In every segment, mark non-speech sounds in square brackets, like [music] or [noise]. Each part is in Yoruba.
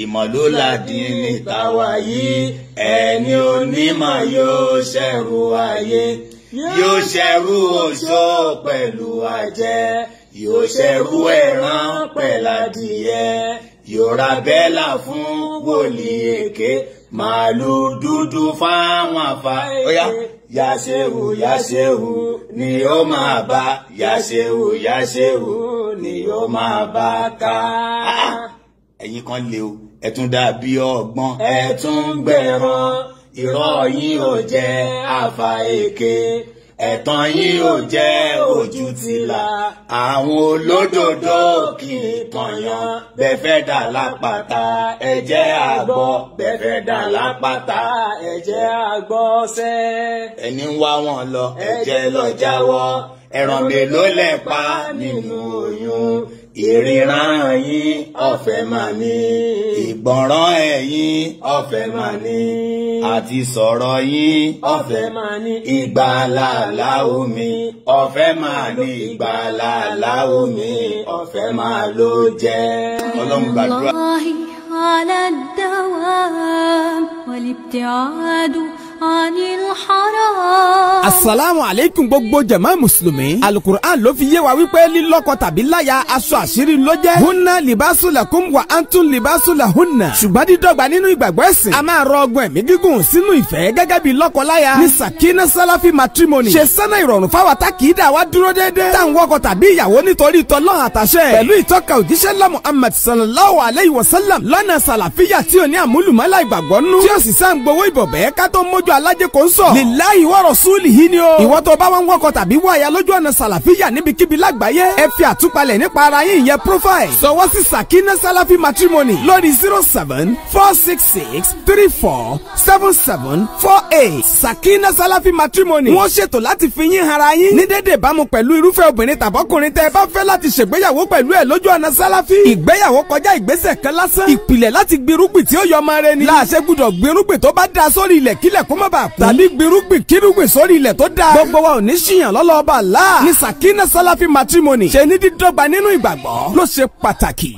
ìmọ̀lóládì ní tàwa yìí ẹni onímọ̀ yóò ṣẹ̀rù ayé yóò ṣẹ̀rù oṣó pẹ̀lú ajẹ́ yóò ṣẹ̀rù ẹran pẹ̀ládìyẹ yóò ra bẹ́là fún wòlíì èké màálù dúdú fáwọn àfa ẹ̀yẹ yàṣẹ́wù yàṣẹ́wù ni ó máa bá yàṣẹ́wù yàṣẹ́wù ni ó máa bá ká. Ah, ẹ̀yin kan lè o ẹ̀tún dàbí ọgbọ́n ẹ̀tún gbẹ̀rán irọ́ yín ò jẹ́ àfà èké ẹ̀tàn yín ò jẹ́ ojú tìlà àwọn olódodo kì í tọ̀yàn bẹ́fẹ́ dà lápáta ẹ̀jẹ̀ àgbọ̀ bẹ́fẹ́ dà lápáta ẹ̀jẹ̀ àgbọ̀ ṣẹ́. ẹni ń wá wọn lọ ẹ̀jẹ̀ lọ jáwọ́ ẹran mélòó lẹ pa nínú oyún ìríran yín ọ̀fẹ́ máa ní ìgbọ̀nràn ẹ̀yin ọ̀fẹ́ máa ní àti sọ̀rọ̀ yín ọ̀fẹ́ máa ní ìgbàlàlà omi ọ̀fẹ́ máa ní ìgbàlàlà omi ọ̀fẹ́ máa ló jẹ́ ọlọ́run gbàdúrà. على الدوام والابتعاد asalaamu aleykum gbogbo jama musulumi alukur'an ló fi yé wa wípé lílọ́kọ tàbí láya aṣọ àṣírí ló jẹ́ hunna libasulakum wa antun libasulahunna ṣùgbọ́n dídọ́gba nínú ìgbàgbọ́ ẹ̀sìn a máa rọ ọgbọ́n ẹ̀mí gígùn sínú ìfẹ́ gẹ́gẹ́ bí lọ́kọ-láya ní sakina salafi matrimony ṣe sẹ́nà ìrọ̀rùn fáwa tá kì í dà wá dúró déédéé tá à ń wọkọ tàbí ìyàwó nítorí tọ́lọ́hàn àtàṣẹ pẹ̀lú ìtọ́ka wa sallam lọ́nà sàlàfíyà tí ò ní àmúlùmọ́lá ìgbàgbọ́ nú tí ó sì sá lọ́dọ̀ alájẹ kò ń sọ. lilayi wọ̀rọ̀ súlì yìí ni o. ìwọ tó bá wọn wọkọ̀ tàbí wọ àyà lójú ọ̀nà sàlàfíà níbikíbi lágbàáyé. ẹ fi àtúpalẹ̀ nípa ara yín ìyẹn profile. sọwọ́ sí sakina salafi matrimony lórí zero seven four six six three four seven seven four eight sakina salafi matrimony. wọ́n ṣètò láti fi yín hara yín. ní dédé ìbámu pẹ̀lú irúfẹ́ obìnrin tàbọ́kùnrin tẹ́ ẹ bá fẹ́ láti ṣègbéyàwó pẹ̀lú ẹ̀ lójú ọ̀nà sálàfí. ìgbéyàwó kọjá ìgbésẹ̀ kan lásán. ìpìlẹ̀ láti gbin irúgbìn tí ó yọ ọmọ rẹ má bàa kú. tàbí gbirúgbìn kírúgbìn sórí ilẹ̀ tó dáa. gbogbo wa ò ní ṣìyàn lọ́lọ́ọ̀bà láà. ní Sakina Salafi matrimony ṣe ní dídọ́gba nínú ìgbàgbọ́ ló ṣe pàtàkì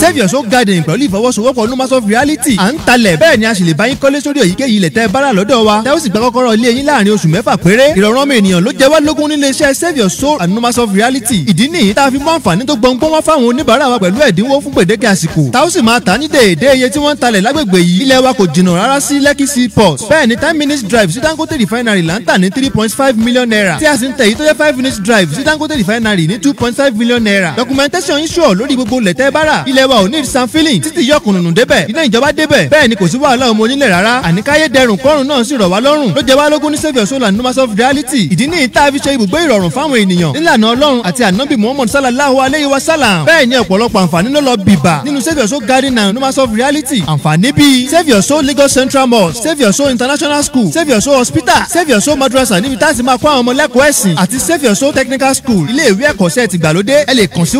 save your soul garden pẹ̀lú ìfọwọ́sowọ́pọ̀ numas of reality à ń talẹ̀ bẹ́ẹ̀ ni a sì lè bá yín kọ́lé sórí èyíkéyìí ilẹ̀ tẹ́ bára lọ́dọ̀ wa tẹ́ ó sì gba kọ́kọ́rọ́ ilé yín láàrin oṣù mẹ́fà péré ìrọ̀rùn ọmọ ènìyàn ló jẹ́ wá lógún nílé iṣẹ́ save your soul and numas of reality ìdí nìyí tá a fi mú àǹfààní tó gbọ̀ngbọ̀n wá fáwọn oníbàárà wa pẹ̀lú ẹ̀dínwó fún gbèdéke àsìkò tá ó sì máa tà ní dèédé iye tí wọ́n ń talẹ̀ lágbègbè yìí ilẹ̀ wa kò jìnnà rárá sí Lekki Seaport bẹ́ẹ̀ ni ten minutes drive sí Dangote refinery là ń tà ní three point five million naira tí a sì ń tẹ̀ yìí tó jẹ́ five minutes drive sí Dangote refinery ní two point five million naira documentation yín sọ̀ lórí gbogbo lẹ̀tẹ́ bára ilẹ̀ ìjọba ò ní san feeling títí yọkùnrùn débẹ̀ iná ìjọba débẹ̀ bẹ́ẹ̀ ni kò sí wàhálà ọmọ onílẹ̀ rárá àníkáyé dẹrùn kọrùn náà sì rọ̀ wá lọ́rùn ló jẹ wá lógún ní saviour soul and numbers of reality ìdí ní ìta fi ṣe ibùgbé ìrọ̀rùn fáwọn ènìyàn nílànà ọlọ́run àti ànábì muhammad sallallahu alayhi wa sallam bẹ́ẹ̀ ni ọ̀pọ̀lọpọ̀ àǹfààní ló lọ bìbà nínú saviour soul garden and numbers of reality àǹfààní bíi saviour soul lagos central mosque saviour soul international school saviour soul hospital saviour soul madrasa níbi tá a ti máa kó àwọn soul technical school ilé ìwé ẹ̀kọ́ṣẹ́ tìgbàlódé ẹ lè kàn sí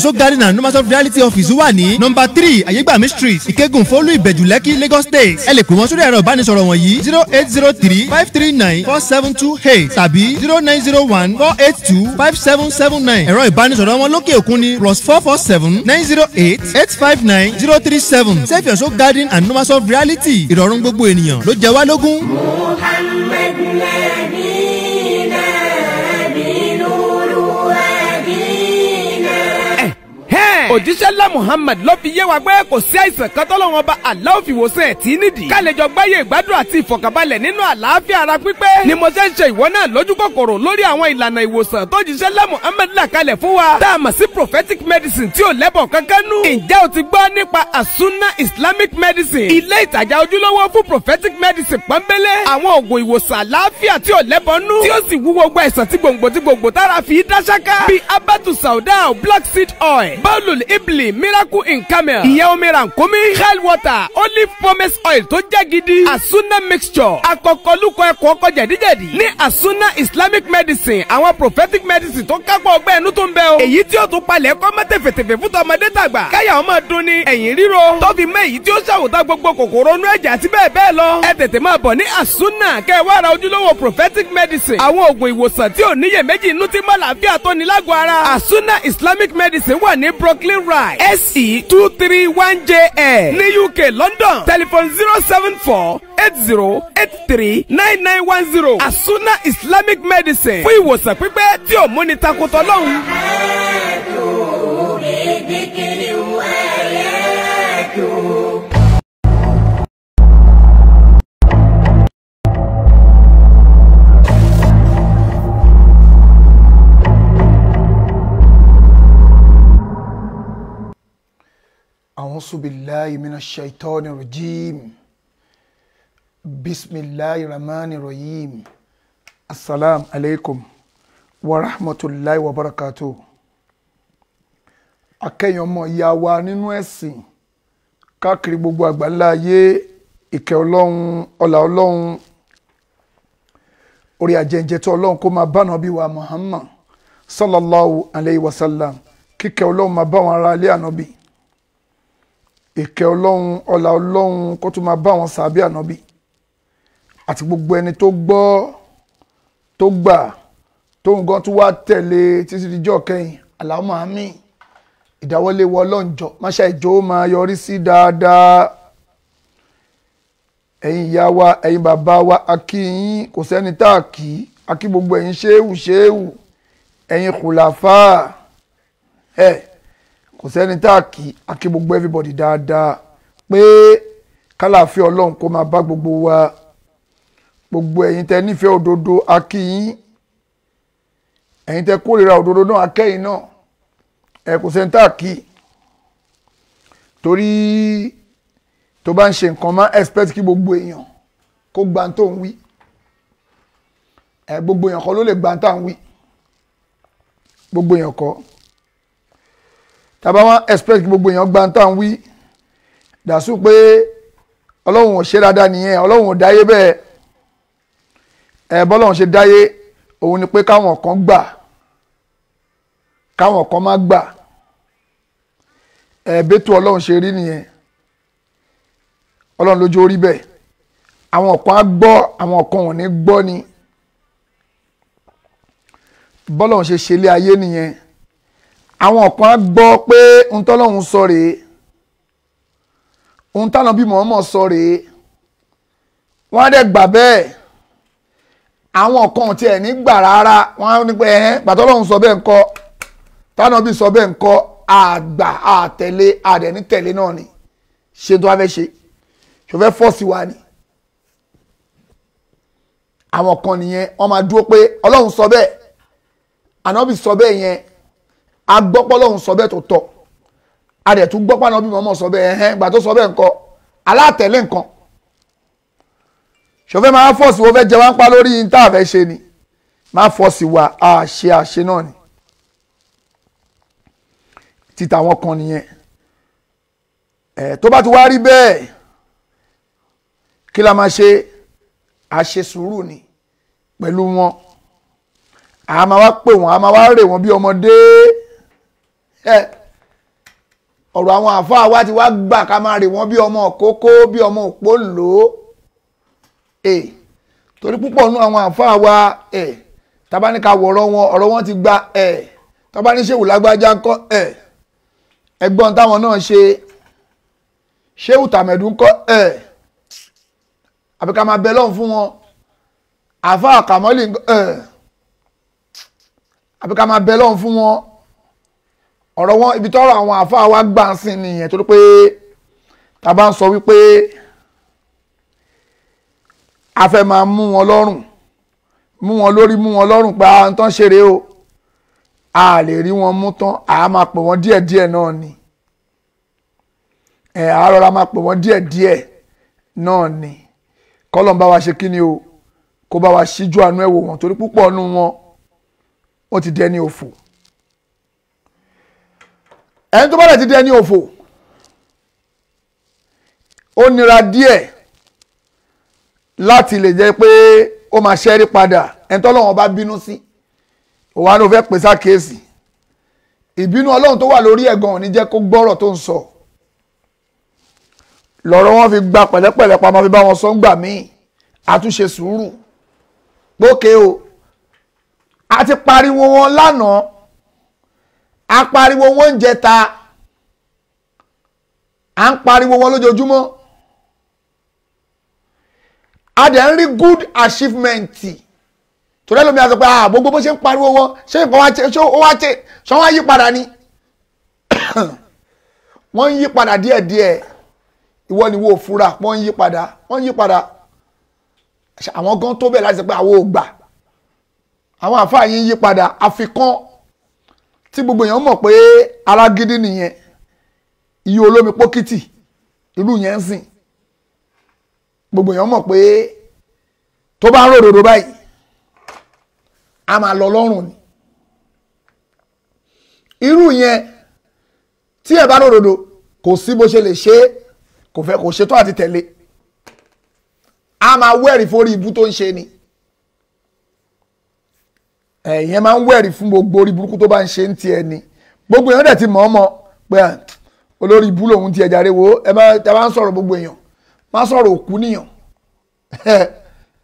soul garden and numbers of reality office wa wà ní nọmba three ayégbàmí street ìkẹ́gùn fólú ìbẹ̀jú lagos state ẹ lè pè wọ́n sórí ẹ̀rọ ìbánisọ̀rọ̀ wọ̀nyí zero eight zero three five three nine four seven two eight tàbí zero nine zero one four eight two five seven seven nine ẹ̀rọ ìbánisọ̀rọ̀ wọn lókè òkun ni plus four four seven nine zero eight eight five nine zero three seven save your soul garden and numbers of reality ìrọ̀rùn gbogbo ènìyàn ló jẹ wá lógún. Muhammed. òjíṣẹ́ ńlá Muhammad ló fi yé wa pé kò sí àìsàn kan tọ́lọ́wọ́n bá Allah fi wòsàn ẹ̀ tí nídìí. ká lè jọ gbáyé ìgbádùn àti ìfọ̀kànbalẹ̀ nínú àlàáfíà ara pípé. ni mo ṣe ń ṣe ìwọ náà lójú kòkòrò lórí àwọn ìlànà ìwòsàn tó jíṣẹ́ ńlá Muhammad là kalẹ̀ fún wa. tá a mọ̀ sí prophetic medicine tí ò lẹ́bọ̀ kankan nú. ǹjẹ́ o ti gbọ́ nípa asuna Islamic medicine. ilé ìtajà ojúlówó fún prophetic medicine pọ́nbélé. àwọn òògùn ìwòsàn àlàáfíà tí ò lẹ́bọ̀ nú. tí ó sì wú gbogbo àìsàn tí gbòǹgbò tí gbòǹgbò black seed oil bawlul ibli miracle in camel ìyẹn omi rànkómi hell water olive pomace oil tó jẹ́ gidi asuna mixture akọkọlùkọ ẹ̀kọ́ ọkọ jẹ̀díjẹ̀dí ní asuna islamic medicine àwọn prophetic medicine tó kápọ̀ ọgbẹ́ ẹnu tó ń bẹ o èyí tí ó tún palẹ̀ kọ́ mọ́ tẹ̀fẹ̀tẹ̀fẹ̀ fún tọmọdé tàgbà káyà ọmọ dun ni ẹ̀yìn ríro tó fi mọ́ èyí tí ó ṣàwòtá gbogbo kòkòrò inú ẹ̀jẹ̀ àti bẹ́ẹ̀ bẹ́ẹ̀ lọ ẹ tètè máa bọ̀ ní asuna kẹ́ ẹ wá ra ojúlówó prophetic medicine àwọn oògùn ìwòsàn tí ò níyèméjì inú ti mọ́ làáfíà asuna islamic medicine wà ní brooklyn Building Right SE two three one JL ní UK London telephone zero seven four eight zero eight three nine nine one zero Asuna Islamic Medicine fún ìwòsàn pípẹ́ tí ò múni takotọ́ lọ́hùn. Ayé tó lè dé kiri wá أعوذ بالله من الشيطان الرجيم بسم الله الرحمن الرحيم السلام عليكم ورحمة الله وبركاته akẹ́yìn ọmọ ìyá wa nínú ẹ̀sìn káàkiri gbogbo àgbáńlá ayé ìkẹ́ ọlọ́run ọlà ọlọ́run orí àjẹjẹ tó ọlọ́run kó máa bá nàbí wa Muhammad sallallahu alayhi wa sallam kíkẹ́ ọlọ́run máa bá wọn ara ilé ànábì ìkẹ́ ọlọ́run ọlà ọlọ́run kó tún máa bá wọn sàbí ànábì àti gbogbo ẹni tó gbọ́ tó gbà tó nǹkan tó wá tẹ̀lé títí dijọ́ kẹyìn aláwọ̀ àmì ìdáwọ́lé wọ ọlọ́njọ́ máṣá ìjọ ó máa yọrí sí dáadáa ẹ̀yin ìyá wa ẹ̀yin bàbá wa akíyín kò sẹ́ni tá a kì í akí gbogbo ẹ̀yin ṣéwù ṣéwù ẹ̀yin kùlàfáà ẹ̀. Eh kò sẹ́ni tá a kì í akí gbogbo everybody dáadáa pé kálàáfíà ọlọ́run kó máa bá gbogbo wa gbogbo ẹ̀yin tẹ nífẹ̀ẹ́ òdodo akí yín ẹ̀yin tẹ kórìíra òdodo náà akẹ́yìn náà ẹ̀ kò sẹ́ni tá a kì í torí tó bá ń ṣe nǹkan máa expect kí gbogbo èèyàn kó gba tó ń wí ẹ̀ gbogbo èèyàn kọ́ ló lè gba tá ń wí gbogbo èèyàn kọ́ tàbá wọn expect gbogbo èèyàn gba tá à ń wí dàsú pé ọlọ́run ò ṣe dáadáa nìyẹn ọlọ́run ò dáyé bẹ́ẹ̀ ẹ bọ́lọ́run ṣe dáyé òun ni pé káwọn kan gbà káwọn kan má gbà ẹ bẹ́tù ọlọ́run ṣe rí nìyẹn ọlọ́run lójú orí bẹ́ẹ̀ àwọn kan á gbọ́ àwọn kan ò ní gbọ́ ni bọ́lọ́run ṣe ṣe ilé ayé nìyẹn àwọn kan gbọ́ pé ohun tọ́lọ́hun sọ rèé ohun táwọn bí mọ̀ọ́mọ̀ sọ rèé wọ́n á dẹ̀ gbà bẹ́ẹ̀ àwọn kan tiẹ̀ ní gbà rárá wọ́n á ní pé ẹ̀hẹ́n gbàtọ́lọ́hun sọ bẹ́ẹ̀ ńkọ́ táwọn bí sọ bẹ́ẹ̀ ńkọ́ àgbà àtẹ̀lé àdẹ̀ní tẹ̀lé náà ni ṣe tó wá fẹ́ ṣe ṣò fẹ́ fọ́ sí wa ni àwọn kan nìyẹn wọ́n máa dúró pé ọlọ́hun sọ bẹ́ẹ̀ ànábì sọ bẹ́ẹ̀ yẹn agbọ́pọ́lọ́hún sọ bẹ́ẹ̀ tó tọ́ a dẹ̀ tún gbọ́pọ́ náà bí mọ́mọ́ sọ bẹ́ẹ̀ ẹ̀hẹ́n gbà tó sọ bẹ́ẹ̀ nǹkan alátẹ̀lé nǹkan ṣòfẹ́ máa fọ́ọ̀sì wo fẹ́ jẹ wá ń pa lórí yín tá a fẹ́ ṣe ni máa fọ́ọ̀sì wa àṣe àṣe náà ni títa wọn kan nìyẹn ẹ tó bá ti wá rí bẹ́ẹ̀ kí la máa ṣe àṣe sùúrù ni pẹ̀lú wọn a máa wá pè wọ́n a máa wá rè wọ́n bí ọmọdé ẹ ọ̀rọ̀ àwọn àfáà wa ti wá gbà ká máa rè wọ́n bí ọmọ kókó bí ọmọ òpó lò ó torí púpọ̀ nú àwọn àfáà wa ẹ tabaníka wọ̀rọ̀ wọn ọ̀rọ̀ wọn ti gba ẹ tabaníṣẹ́wò lágbájá ńkọ́ ẹ ẹgbọ́n táwọn náà ṣe ṣéwù tàmẹ̀dún ńkọ́ ẹ àbí ká máa bẹ lọ́hùn fún wọn àfáà kàmọ́lì ńkọ́ ẹ àbí ká máa bẹ lọ́hùn fún wọn ọ̀rọ̀ wọn ibi tọ́rọ̀ àwọn àáfàá wa gbà ń sìn nìyẹn torí pé ta bá ń sọ wípé a fẹ́ máa mú wọn lọ́rùn mú wọn lórí mú wọn lọ́rùn pé àwọn tán ṣeré o a lè rí wọn mú tán a máa pè wọ́n díẹ̀díẹ̀ náà ni ẹ̀ a rọra máa pè wọ́n díẹ̀díẹ̀ náà ni kọ́lọ́n bá wa ṣe kí ni o kó bá wa ṣíjú àánú ẹ̀ wò wọ́n torí púpọ̀ nù wọn wọ́n ti dẹni òfò ẹni tó bá dẹ̀ ti dẹni òfò ó nira díẹ̀ láti lè jẹ́ pé ó máa ṣẹ́rí padà ẹni tó lọ́wọ́n bá bínú sí òwa ló fẹ́ pèsè àkíyèsí ìbínú ọlọ́run tó wà lórí ẹ̀gàn ò ní jẹ́ kó gbọ́rọ̀ tó ń sọ lọ́rọ̀ wọn fi gba pẹ̀lẹ́pẹ̀lẹ́ pa máa fi bá wọn sọ ń gbà míì àtúnṣe sùúrù pókè o a ti pariwo wọn lánàá a pariwo wọn ń jẹ ta à ń pariwo wọn lójoojúmọ́ a dẹ̀ ń rí good achievement torí ẹlòmíì a sọ pé ah gbogbo bó ṣe ń pariwo wọn ṣé nǹkan wá ṣe ó wá ṣe ṣé wọn yí padà ni [coughs] wọ́n ń yí padà díẹ̀díẹ̀ ìwọ ni wo fura wọ́n ń yí padà wọ́n ń yí padà àwọn gan tó bẹ̀ láti sọ pé àwọn ò gbà àwọn àfáà yìí yí padà àfikún tí gbogbo èèyàn mọ̀ pé alágídí nìyẹn iye olómi pókìtì ìlú yẹn ń sìn gbogbo èèyàn mọ̀ pé tó bá ń ròdòdó báyìí a máa lọ lọ́rùn ni irú yẹn tí ẹ bá ròdòdó kò sí bó ṣe lè ṣe é kò fẹ́ kò ṣetán àti tẹ̀lé a máa wẹ́rìí forí ibú tó ń ṣe ni ẹ̀yẹn máa ń wẹ̀rí fún gbogbo orí burúkú tó bá ń ṣe ń tiẹ̀ ni gbogbo èèyàn dẹ̀ ti mọ̀ ọ́ mọ̀ pé ah, olórí ibú lòun ti ẹ̀jà rewo ẹ má ń sọ̀rọ̀ gbogbo èèyàn má sọ̀rọ̀ òkú nìyàn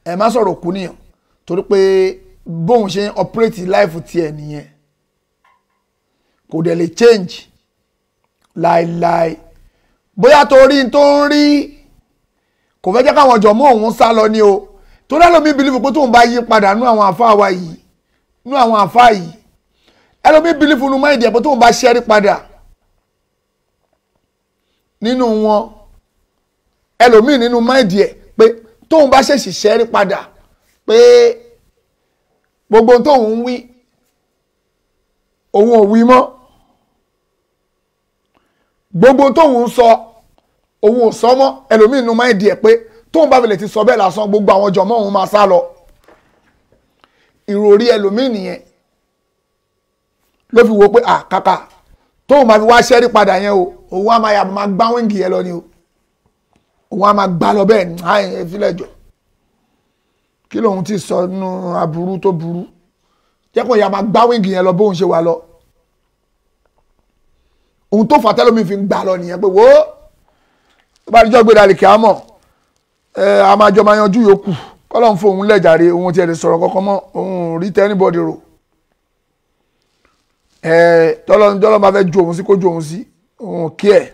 [laughs] ẹ má sọ̀rọ̀ òkú nìyàn torí pé bóun ṣe ń ọpẹ́rẹ́tì láìfù tiẹ̀ nìyẹn kò dẹ̀ lè change láéláé bóyá torí tó ń rí kò fẹ́ jẹ́ káwọn ọ̀jọ̀mọ́ òun sá lọ ni o torí ẹlòmíì bìlífù pé tóun bá yí padà nú àwọn àfáà wa yìí nú àwọn àfa yìí ẹlòmí bílífù nu máìdì ẹ̀bọ̀ tó ń bá ṣẹ́rí padà nínú wọn ẹlòmí nínú máìdì ẹ̀ pé tó ń bá ṣèṣì ṣẹ́rí padà pé gbogbo tó ń wí òun ò wí mọ́ gbogbo tó ń sọ òun ò sọ mọ́ ẹlòmí nínú máìdì ẹ̀ pé tó ń bá fi ti sọ bẹ́ẹ̀ lásán gbogbo àwọn jọmọ́ òun máa sá lọ ìròrí ẹlòmíì nìyẹn ló fi wo pé à kàkà tóun máa fi wá ṣẹ́rí padà yẹn o òun á máa yàgbọ́n máa gbá wíńgì yẹn lọ ni o òun á máa gbá lọ bẹ́ẹ̀ ní àyìn ìfilẹ̀ kí lòun ti sọ nu aburú tó burú jẹ́ kó ya máa gbá wíńgì yẹn lọ bóun ṣe wà lọ òun tó fàtẹ́lómi fi ń gbà lọ nìyẹn pé wò ó tó bá rí jọ́ gbé dalẹ̀ kí á mọ̀ ẹ a máa jọ máa yanjú yòókù kọ́lọ́n fóun lẹ́jàre òun tiẹ̀ lè sọ̀rọ̀ kankan mọ́ òun rí tẹ́nibọ́dì rò ẹ̀ tọ́lọ́n tọ́lọ́n bá fẹ́ ju òun sí kó ju òun sí òun kí ẹ̀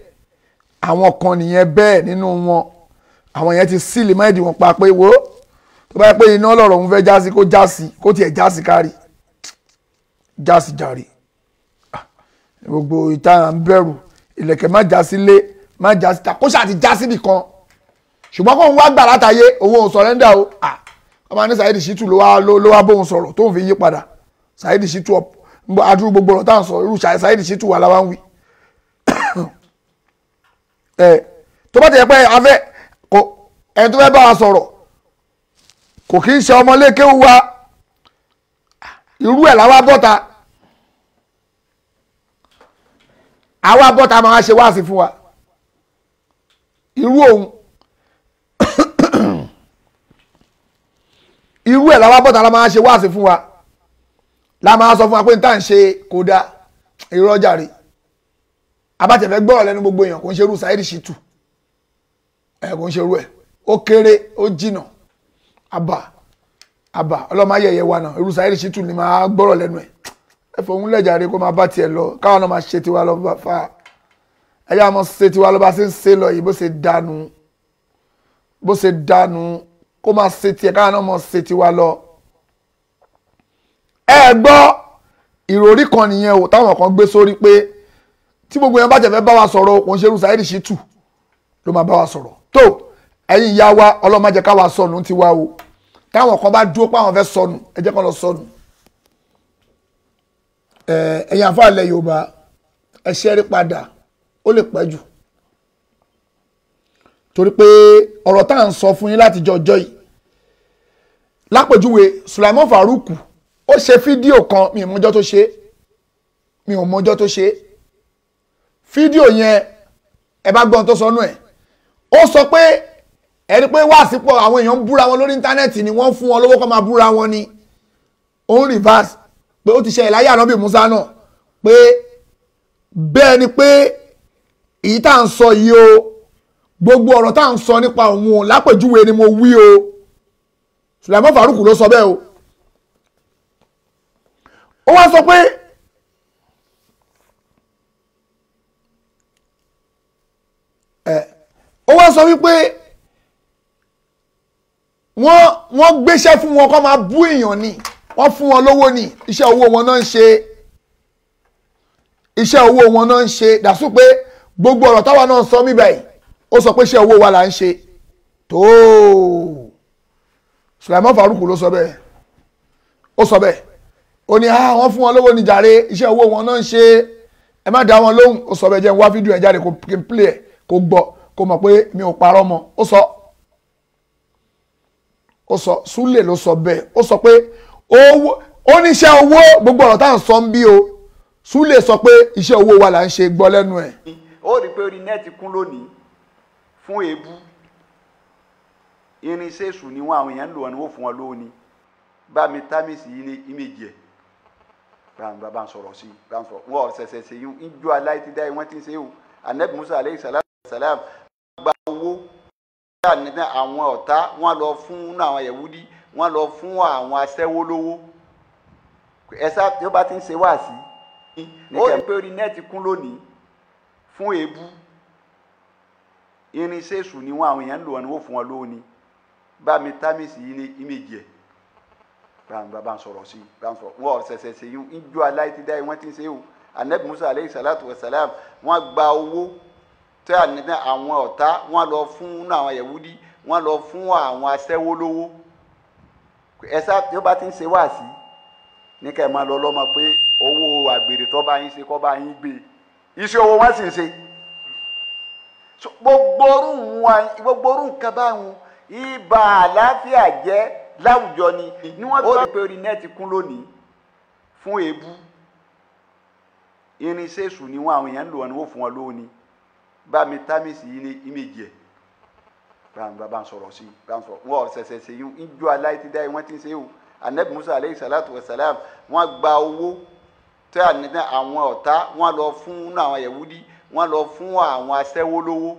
àwọn kan nìyẹn bẹ́ẹ̀ nínú wọn àwọn yẹn ti sílì máìdì wọn pa pé wo tó bá yẹ pé iná lọ̀rọ̀ òun fẹ́ jásí kó jásí kó tiẹ̀ jásí kárí jásí jàre ah, gbogbo ìta à ń bẹ̀rù ìlẹ̀kẹ̀ má jásí lé má jásí ta kó ṣáà ti jásí nìkan ṣùgbọ́n kóun wá gbà látàyé owó òun sọ̀rẹ́ndà o ọmọ ní Saheed Shittu ló wá ló wá bóun sọ̀rọ̀ tóun fi yí padà Saheed Shittu adúrú gbogbo ọ̀rọ̀ táwọn sọ irú Saheed Shittu wà láwa ń wí. [coughs] tó bá ti yẹ pé afẹ́ ẹni tó fẹ́ bá wa sọ̀rọ̀ kò kí ń ṣe ọmọlékéwu wa irú ẹ̀ làwa bọ́ta àwa bọ́ta máa ṣe wáàsí fún wa irú òun irú ẹ̀ làwọn bọ́ta la máa ṣe wáàsí fún wa la máa sọ fún wa pé n tá n ṣe kódà irọ́ jàre abátẹ̀fẹ́ gbọ́rọ̀ lẹ́nu gbogbo èèyàn kò ń ṣerú Saheed Shittu ẹ̀ kò ń ṣerú ẹ̀ ó kéré ó jìnà àbà àbà ọlọ́mọ ayẹyẹ wa náà irú Saheed Shittu ni máa gbọ́rọ̀ lẹ́nu ẹ̀ ẹ fòun lẹ́jàre kó máa bá tiẹ̀ lọ káwọn náà máa ṣe tiwa lọ bá fa ẹ̀yà máa ṣe tiwa lọ bá ṣe ń ṣe lọ yìí bó ṣe dànù bó ṣe dànù kó máa ṣe tiẹ̀ káwọn náà máa ṣe tiwa lọ. ẹ gbọ́ ìròrí kan nìyẹn o táwọn kan gbé sórí pé tí gbogbo yẹn bá jẹ̀fẹ́ bá wa sọ̀rọ̀ kò ń ṣerú Saheed Shittu ló máa bá wa sọ̀rọ̀ tó ẹ̀yin ìyá wa ọlọ́mọdé káwa sọnù ti wa o táwọn kan bá dúró pé àwọn fẹ́ sọnù ẹ jẹ́ kán lọ sọnù ẹ̀yin àfáà ilẹ̀ Yorùbá ẹ ṣẹ́rí padà ó lè pẹ́ jù torí pé ọ̀rọ̀ tá à ń sọ fún yín láti jọjọ́ yìí lápèjúwe Sulaiman Faruku ó ṣe fídíò kan mi ò mọjọ́ tó ṣe mi ò mọjọ́ tó ṣe fídíò yẹn ẹ bá gbọ́n tó sọ nú ẹ̀ ó sọ pé ẹni pé wá sípò àwọn èèyàn ń búra wọn lórí íńtánẹ́ẹ̀tì ni wọ́n fún wọn lówó kó máa búra wọn ni ó ń reverse pé ó ti ṣe ìláyà ànábì Musa náà pé bẹ́ẹ̀ ni pé èyí tá à ń sọ yìí o gbogbo ọ̀rọ̀ tá à ń sọ nípa òun lápèjúwe ni mo wí o Sulaiman Faruku ló sọ bẹ́ẹ̀ o ó wá sọ pé ẹ ó wá sọ wípé wọ́n wọ́n gbéṣẹ́ fún wọn kó máa bú èèyàn ni wọ́n fún wọn lówó ni iṣẹ́ owó wọn náà ń ṣe iṣẹ́ owó wọn náà ń ṣe dàsú pé gbogbo ọ̀rọ̀ táwa náà sọ mí báyìí ó sọ pé iṣẹ́ owó wa là ń ṣe tóó Sulaiman Faruku ló sọ bẹ́ẹ̀ ó sọ bẹ́ẹ̀ ó ní ah wọ́n fún wọn lówó ní jàre iṣẹ́ owó wọn náà ń ṣe ẹ má dá wọn lóhùn ó sọ bẹ́ẹ̀ jẹ́ wá fídíò ẹ̀ jáde kó plé kó gbọ́ kó mọ̀ pé mi ò parọ́ mọ́ ó sọ ó sọ Sule ló sọ bẹ́ẹ̀ ó sọ pé owó ó ní iṣẹ́ owó gbogbo ọ̀rọ̀ táwọn sọ ń bí o Sule sọ pé iṣẹ́ owó wa là ń ṣe gbọ́ lẹ́nu ẹ̀. ó rí i pé orí nẹ́ẹ̀tì kún lónìí fún èébú irinṣẹ́ èṣù ni wọn àwọn èèyàn ń lò wọn ni wọn fún wọn lóni bá mi támìsì yìí ní ìmẹ̀jì ẹ̀ bá bá ń sọ̀rọ̀ sí bá ń sọ̀rọ̀ wọn ọ̀sẹ̀sẹ̀ ṣe yín ìjọ aláìtídá yìí wọ́n ti ń ṣe o anabi musa aleyhi salam gba owó àwọn ọ̀tá wọn lọ fún àwọn yahudi wọn lọ fún àwọn aṣẹ́wó lówó ẹ̀sà tí ó bá ti ń ṣe wáàsí ó ń pè orí nẹ́ẹ̀tì kún lónìí fún èébú irinṣẹ́ èṣù ni wọn àwọn èèyàn ń lò wọn ni wọn fún wọn lówó ni bá mi támìsì yìí ní ìmẹ̀jì ẹ̀ bá bá ń sọ̀rọ̀ sí bá ń sọ̀rọ̀ wọn ṣẹ̀ṣẹ̀ ṣe yín ìjọ aláìtídá yìí wọ́n ti ń ṣe o anabi musa aleyhi salatu wa salam wọ́n gba owó tẹ àwọn ọ̀tá wọ́n lọ fún àwọn yahudi wọ́n lọ fún àwọn aṣẹ́wó lówó ẹ̀sà tí ó bá ti ń ṣe wá sí ní ká ẹ̀ máa lọ lọ́mọ pé owó àgbèrè tó bá yín ṣe kọ́ bá yín gbé iṣẹ́ owó wọn sì ń ṣe gbogbo orú nǹkan báwọn ibà àlàáfíà jẹ́ láwùjọ ni ni wọ́n tó pé orí nẹ́ẹ̀tì kún lónìí fún èébú irinṣẹ́ èṣù ni wọn àwọn èèyàn ń lò wọn ni wọ́n fún wọn lóhùn ni bá mi támìsì yìí ní ìmẹ̀jì ẹ̀ bá ń sọ̀rọ̀ sí bá ń sọ̀rọ̀ wọn ọ̀sẹ̀sẹ̀ ṣe yún ìjọ aláìtídá yìí wọ́n ti ń ṣe yún anabi musa aleyhi salatu wa salam wọ́n gba owó tẹ́ àwọn ọ̀tá wọ́n lọ fún àwọn yahudi wọ́n lọ fún àwọn aṣẹ́wó lówó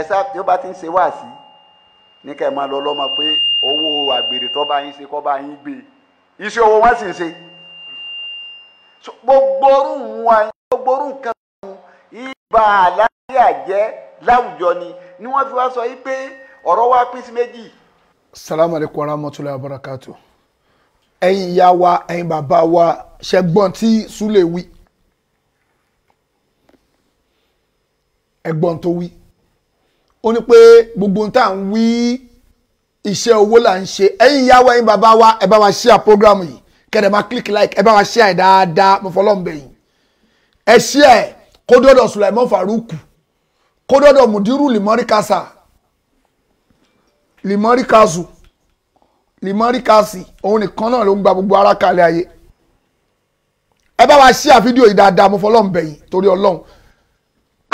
ẹ̀sà tí ó bá ti ń ṣe wáàsí ní kẹ́ ẹ̀ máa lọ lọ́mọ pé owó àgbèrè tó bá yín ṣe kó bá yín gbé iṣẹ́ owó wọ́n sì ń ṣe gbogbo orú wọn gbogbo orú nǹkan wọn ibà àlàyé àjẹ́ láwùjọ ni ni wọ́n fi wá sọ yìí pé ọ̀rọ̀ wa pín sí méjì. salamu alaykum wa rahmatulahi wa barakatu ẹ̀yin ìyá wa ẹ̀yin bàbá wa ṣẹgbọn tí sule wí ẹ̀gbọ́n tó wí ó ní pé gbogbo ohun tá ń wí iṣẹ́ owó là ń ṣe ẹ̀yin ìyá wa ẹ̀yin bàbá wa ẹ bá wa share program yìí kẹ́dẹ̀ máa click like ẹ bá wa share ẹ̀ dáadáa mo fọlọ́ ǹbẹ̀ yìí ẹ share ẹ̀ kó dọ́dọ̀ Sulaiman Faruku kó dọ́dọ̀ Mudiru Limori Kasa Limori Kasu Limori Kasi òun nìkan náà ló ń gba gbogbo ara kalẹ̀ ayé ẹ bá wa share fídíò yìí dáadáa mo fọlọ́ ǹbẹ̀ yìí torí Ọlọ́run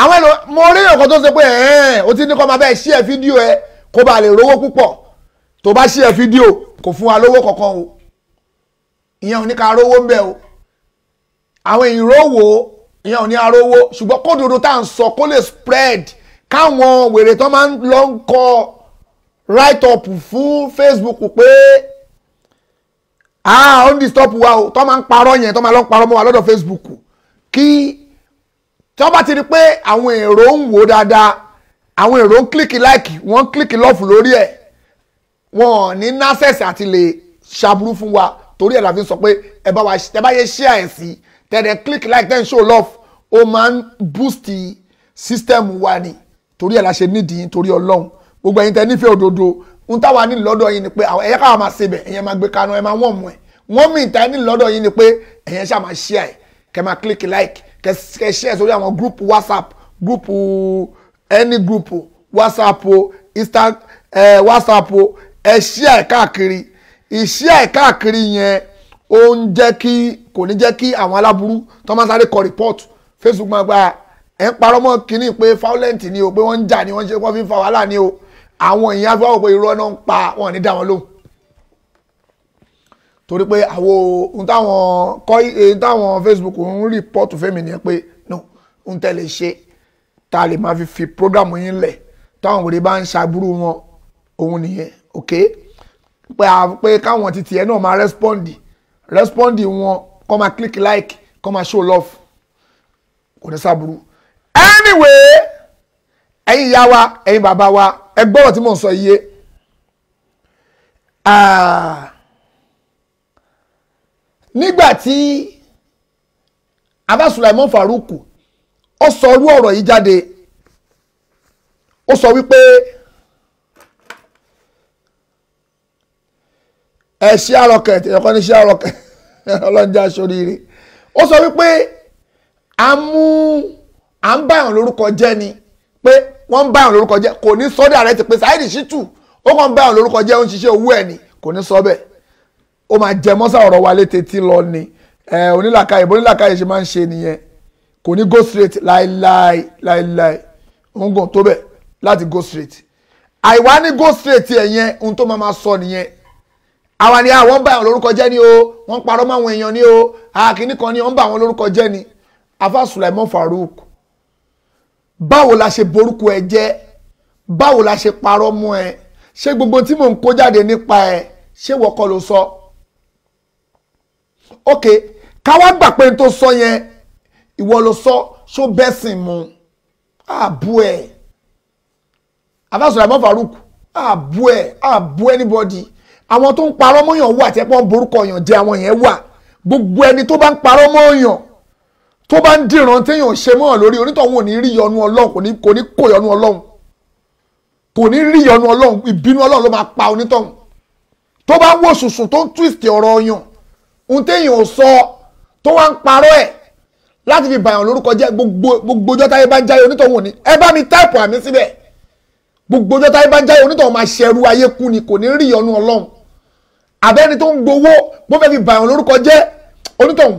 àwọn èlò mo rí nǹkan tó ṣe pé ẹ̀ẹ́n o ti ní kọ́ máa bẹ́ẹ̀ ṣí ẹ fídíò ẹ kó ba lè rówó púpọ̀ tó bá ṣí ẹ fídíò kò fún wa lówó kankan o ìyẹn ò ní ká rówó ń bẹ o àwọn èèyàn rówó ìyẹn ò ní arówó ṣùgbọ́n kódodo tá à ń sọ kó lè spread káwọn wèrè tó máa ń lọ ń kọ write up fún Facebook pé ah ó ń disturb wa o tó máa ń parọ́ yẹn tó máa lọ ń parọ́ mọ́ wa lọ́dọ̀ Facebook kí tí wọ́n bá ti rí pé àwọn èrò ń wò dáadáa àwọn èrò ń kílìkì láìkì wọ́n ń kílìkì lọ́ọ̀fù lórí ẹ̀ wọ́n ní násẹ̀sì àti lè ṣàbúrú fún wa torí ẹ̀ la fi sọ pé ẹ bá wa ẹ bá yẹ ṣíà ẹ̀ sí tẹ̀lé kílìkì láìkì tẹ̀ ń ṣó lọ́ọ̀fù ó máa ń búùsì sísítẹ́ẹ̀mù wa ni torí ẹ̀ la ṣe nídìí torí ọlọ́run gbogbo ẹ̀yin tẹ́ nífẹ̀ẹ́ òdodo ń táwa ní lọ́dọ̀ yín ni pé ẹ̀yẹ káwa máa ṣe bẹ̀ ẹ̀yẹ máa gbé kanu ẹ̀ máa wọ̀n mọ̀ ẹ̀ wọ́n mìíràn tẹ́ ní lọ́dọ̀ yín ni pé ẹ̀yẹ ṣáà máa ṣíà ẹ̀ kẹ́ máa kílìkì láìkì kẹ share sórí àwọn group whatsapp group any group whatsapp o insta eh, whatsapp o ẹ share káàkiri ìshare káàkiri yẹn ó ń jẹ́ kí kò ní jẹ́ kí àwọn aláburú tó máa sáré kọ report facebook máa gba ẹ̀ ń parọ́ mọ́ kínní pé violent ni o pé wọ́n ń jà ni wọ́n ń ṣe wọ́n fi ń fa wàhálà ni o àwọn èèyàn fi wá wò pé irọ́ náà ń pa wọn ní dá wọn lóhùn torí pé àwo ohun táwọn kọ́ ohun eh, táwọn Facebook ń rìpọ́ọ̀tù fẹ́mi nìyẹn pé no ń tẹ̀lé ṣe tá a lè máa fi fi prógrámù yín lẹ̀ táwọn wèrè bá ń ṣàbúrú wọn òun nìyẹn ok pé à pé káwọn ti tiẹ̀ náà máa rẹ́spọ́ǹdì rẹ́spọ́ǹdì wọn kọ́ máa click like kọ́ máa show love kò ní ṣàbúrú anyway ẹ̀yin ìyá wa ẹ̀yin bàbá wa ẹ tí mò ń sọ iye nígbà tí Abba Faruku ó sọ orú ọ̀rọ̀ yìí jáde ó sọ wípé ẹ ṣí àrọkẹ tẹ̀yọkọ ní ṣí àrọkẹ [laughs] ọlọ́njà sóríire ó sọ wípé a mú à ń báyàn lórúkọ jẹ́ ni pé wọ́n ń báyàn lórúkọ jẹ́ kò ní sọ́dọ̀ rẹ ti pé Saheed ó kàn ń báyàn lórúkọ jẹ́ ó ń ṣiṣẹ́ owó ẹ̀ ni kò ní sọ bẹ́ẹ̀ ó máa jẹ mọ́sá ọ̀rọ̀ wa létetí lọ ni onílàkàyè bó onílàkàyè ṣe máa ń ṣe nìyẹn kò ní go straight láéláé láéláé òun gàn tó bẹ̀ láti go straight àìwá ní go straight ẹ̀yẹn ohun tó máa máa sọ nìyẹn àwa ni àwọn bá àwọn lórúkọ jẹ́ ni o wọ́n parọ́ mọ́ àwọn èèyàn ni o àkíní kan ni wọ́n ń bá àwọn lórúkọ jẹ́ ni afa Sulaiman Farouk báwo la ṣe borúkọ ẹ jẹ́ báwo la ṣe parọ́ mọ́ ẹ ṣé gbogbo tí mò ń kó jáde nípa ẹ ṣé wọ́kọ́ ló sọ. So? ok ká wá gbà pé n tó sọ yẹn ìwọ ló sọ ṣó bẹ́ẹ̀ sìn mu àbú ẹ̀ àfàsọ̀rọ̀ àmọ́ Farouk àbú ẹ̀ àbú anybody àwọn tó ń parọ́ mọ́yàn wà tí ẹ pọ́n borúkọ yàn jẹ́ àwọn yẹn wà gbogbo ẹni tó bá ń parọ́ mọ́yàn tó bá ń dìran téèyàn ṣe mọ́yàn lórí onítọ̀hún ò ní rí yọnu ọlọ́run kò ní kò ní kò yọnu ọlọ́run kò ní rí yọnu ọlọ́run ìbínú ọlọ́run ló máa pa onítọ̀hún tó bá ń wò sùsùn tó ń twist ọ̀rọ̀ yàn ohun téèyàn ò sọ tó wá ń parọ́ ẹ̀ láti fi bàyàn lórúkọ jẹ́ gbogbo ọjọ́ táyé bá ń jáyé onítọ̀hún ni ẹ bá mi táìpù àmì síbẹ̀ gbogbo ọjọ́ táyé bá ń jáyé onítọ̀hún máa ṣẹrú ayé kú ni kò ní rí ọ̀nà ọlọ́run àbẹ́ni tó ń gbowó bó fẹ́ fi bàyàn lórúkọ jẹ́ onítọ̀hún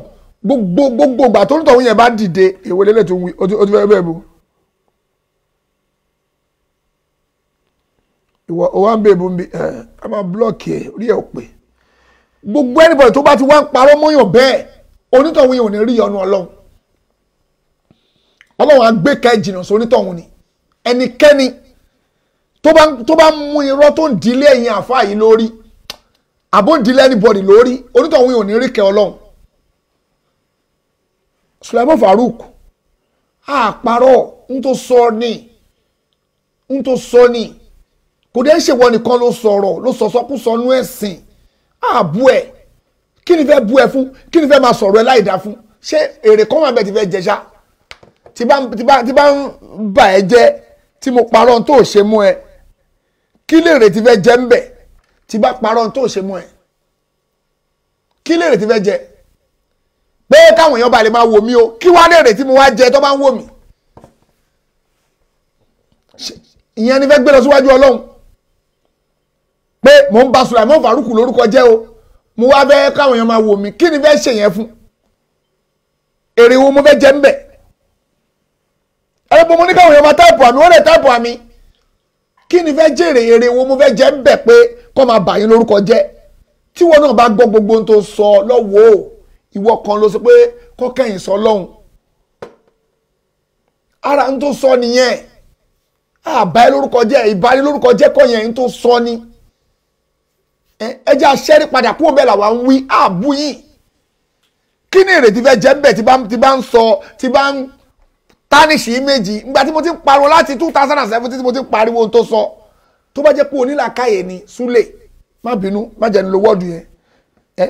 gbogbo gbogbo ìgbà tó onítọ̀hún yẹn bá dìde èwo lélẹ̀ tó wí ó ti fẹ́ bẹ́ẹ̀ bu. ìwọ òwà ń bèbú mi ẹ ẹ máa búlọ̀kì ẹ orí ẹ ò gbogbo anybody tó bá ti wá ń parọ́ mọ́yàn bẹ́ẹ̀ onítọ̀hún yìí ò ní rí ọ̀nà ọlọ́run ọlọ́run agbẹ́kẹ̀ jìnnà sí onítọ̀hún ni ẹnikẹ́ni tó bá mú irọ́ tó ń dilé ẹ̀yìn àfáà yìí lórí àbó ń dilé anybody lórí onítọ̀hún yìí ò ní rí kẹ́ ọlọ́run Sulaiman Farouk àparọ́ ń tó sọ ni ń tó sọ ni kò dẹ́ ṣèwọ nìkan ló sọ̀rọ̀ ló sọ sọkúsọ nú ẹ̀sìn àbú ah, ẹ kí ni fẹ́ bú ẹ fún kí ni fẹ́ máa sọ̀rọ̀ ẹ láì dá fún ṣé èrè kan wà bẹ́ẹ̀ ti fẹ́ jẹ ṣá tí bá ń bà ẹ jẹ́ tí mo parọ́ tó ṣe mú ẹ kí lèrè ti fẹ́ jẹ ń bẹ̀ tí bá parọ́ tó ṣe mú ẹ kí lèrè ti fẹ́ jẹ pé káwọn èèyàn bá lè máa wò mí o kí wá lèrè tí mo wá jẹ tó bá ń wò mí ìyẹn ni fẹ́ gbé lọ síwájú Ọlọ́run pé mò ń ba Sulaiman Faruku lórúkọ jẹ́ o mo wá fẹ́ káwọn èèyàn máa wò mí kí ni fẹ́ ṣe yẹn fún èrè wo mo fẹ́ jẹ́ ńbẹ̀ ẹ̀rọ mo ní káwọn èèyàn máa táìpù àmì wọ́n lè táìpù àmì kí ni fẹ́ jèrè èrè wo mo fẹ́ jẹ́ ńbẹ̀ pé kọ́ máa bà yín lórúkọ jẹ́ tí wọn náà bá gbọ́ gbogbo ohun tó sọ lọ́wọ́ ìwọ kan ló sọ pé kọ́kẹ́yìn sọ lọ́hùn ara ń tó sọ nìyẹn àbáyé lórúkọ jẹ́ ìbáyé lórúkọ jẹ́ kọ́ yẹn ń tó sọ ni ẹjẹ́ aṣẹ́rí padà kúrò bẹ́ẹ̀ làwa ń wí àbú yìí kí ni ìrètí fẹ́ jẹ́ bẹ́ẹ̀ tí bá ń sọ tí bá ń tánìṣì méjì ngbà tí mo ti ń pariwo láti two thousand and seventeen tí mo ti ń pariwo ohun tó sọ tó bá jẹ́ pé onílàkàyè ni súlẹ̀ má bínú má jẹ́ ní lo wọ́ọ̀dù yẹn ẹ́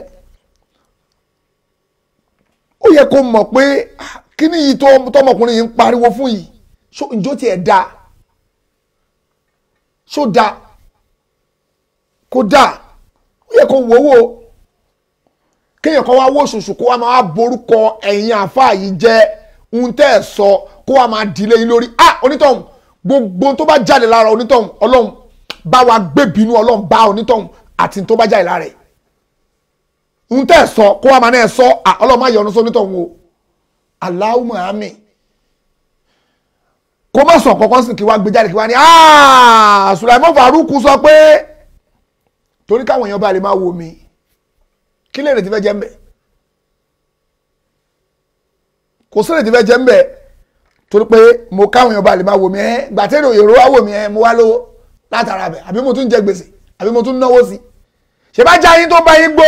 ó yẹ kó mọ̀ pé kí ni yìí tọmọkùnrin yìí ń pariwo fún yìí ṣó ǹjọ́ tiẹ̀ da ṣó da kó dáa ó yẹ kó wowó kéèyàn kan wá wó ṣùṣù kó wá máa borúkọ ẹ̀yìn àfáà yìí jẹ́ ohun tẹ́ ẹ̀ sọ kó wá máa dìlé yín lórí ah onítọ̀hún gbogbo tó bá jáde lára onítọ̀hún ọlọ́run bá wa gbébinú ọlọ́run bá onítọ̀hún àti tó bá jáde lára ẹ̀ ohun tẹ́ ẹ̀ sọ kó wá máa náà sọ ah ọlọ́run má yọnu sọ onítọ̀hún o aláwùmọ̀ àmì kó má sọ kọ́kọ́ sì kí wá gbé jáde kí wá ní ah Sùlàìmọ́ Fàrúkù sọ pé torí káwọn èèyàn bá lè máa wo mi kí lèrè tí fẹ́ jẹ́ ń bẹ̀ kò sí lèrè tí fẹ́ jẹ́ ń bẹ̀ torí pé mo káwọn èèyàn bá lè máa wo mi ẹ́ gbàtẹ́rì òyòrò wá wò mí ẹ́ mo wá lówó látara bẹ̀ àbí mo tún jẹ gbèsè àbí mo tún náwó sí ṣe bá jáyín tó bá yín gbó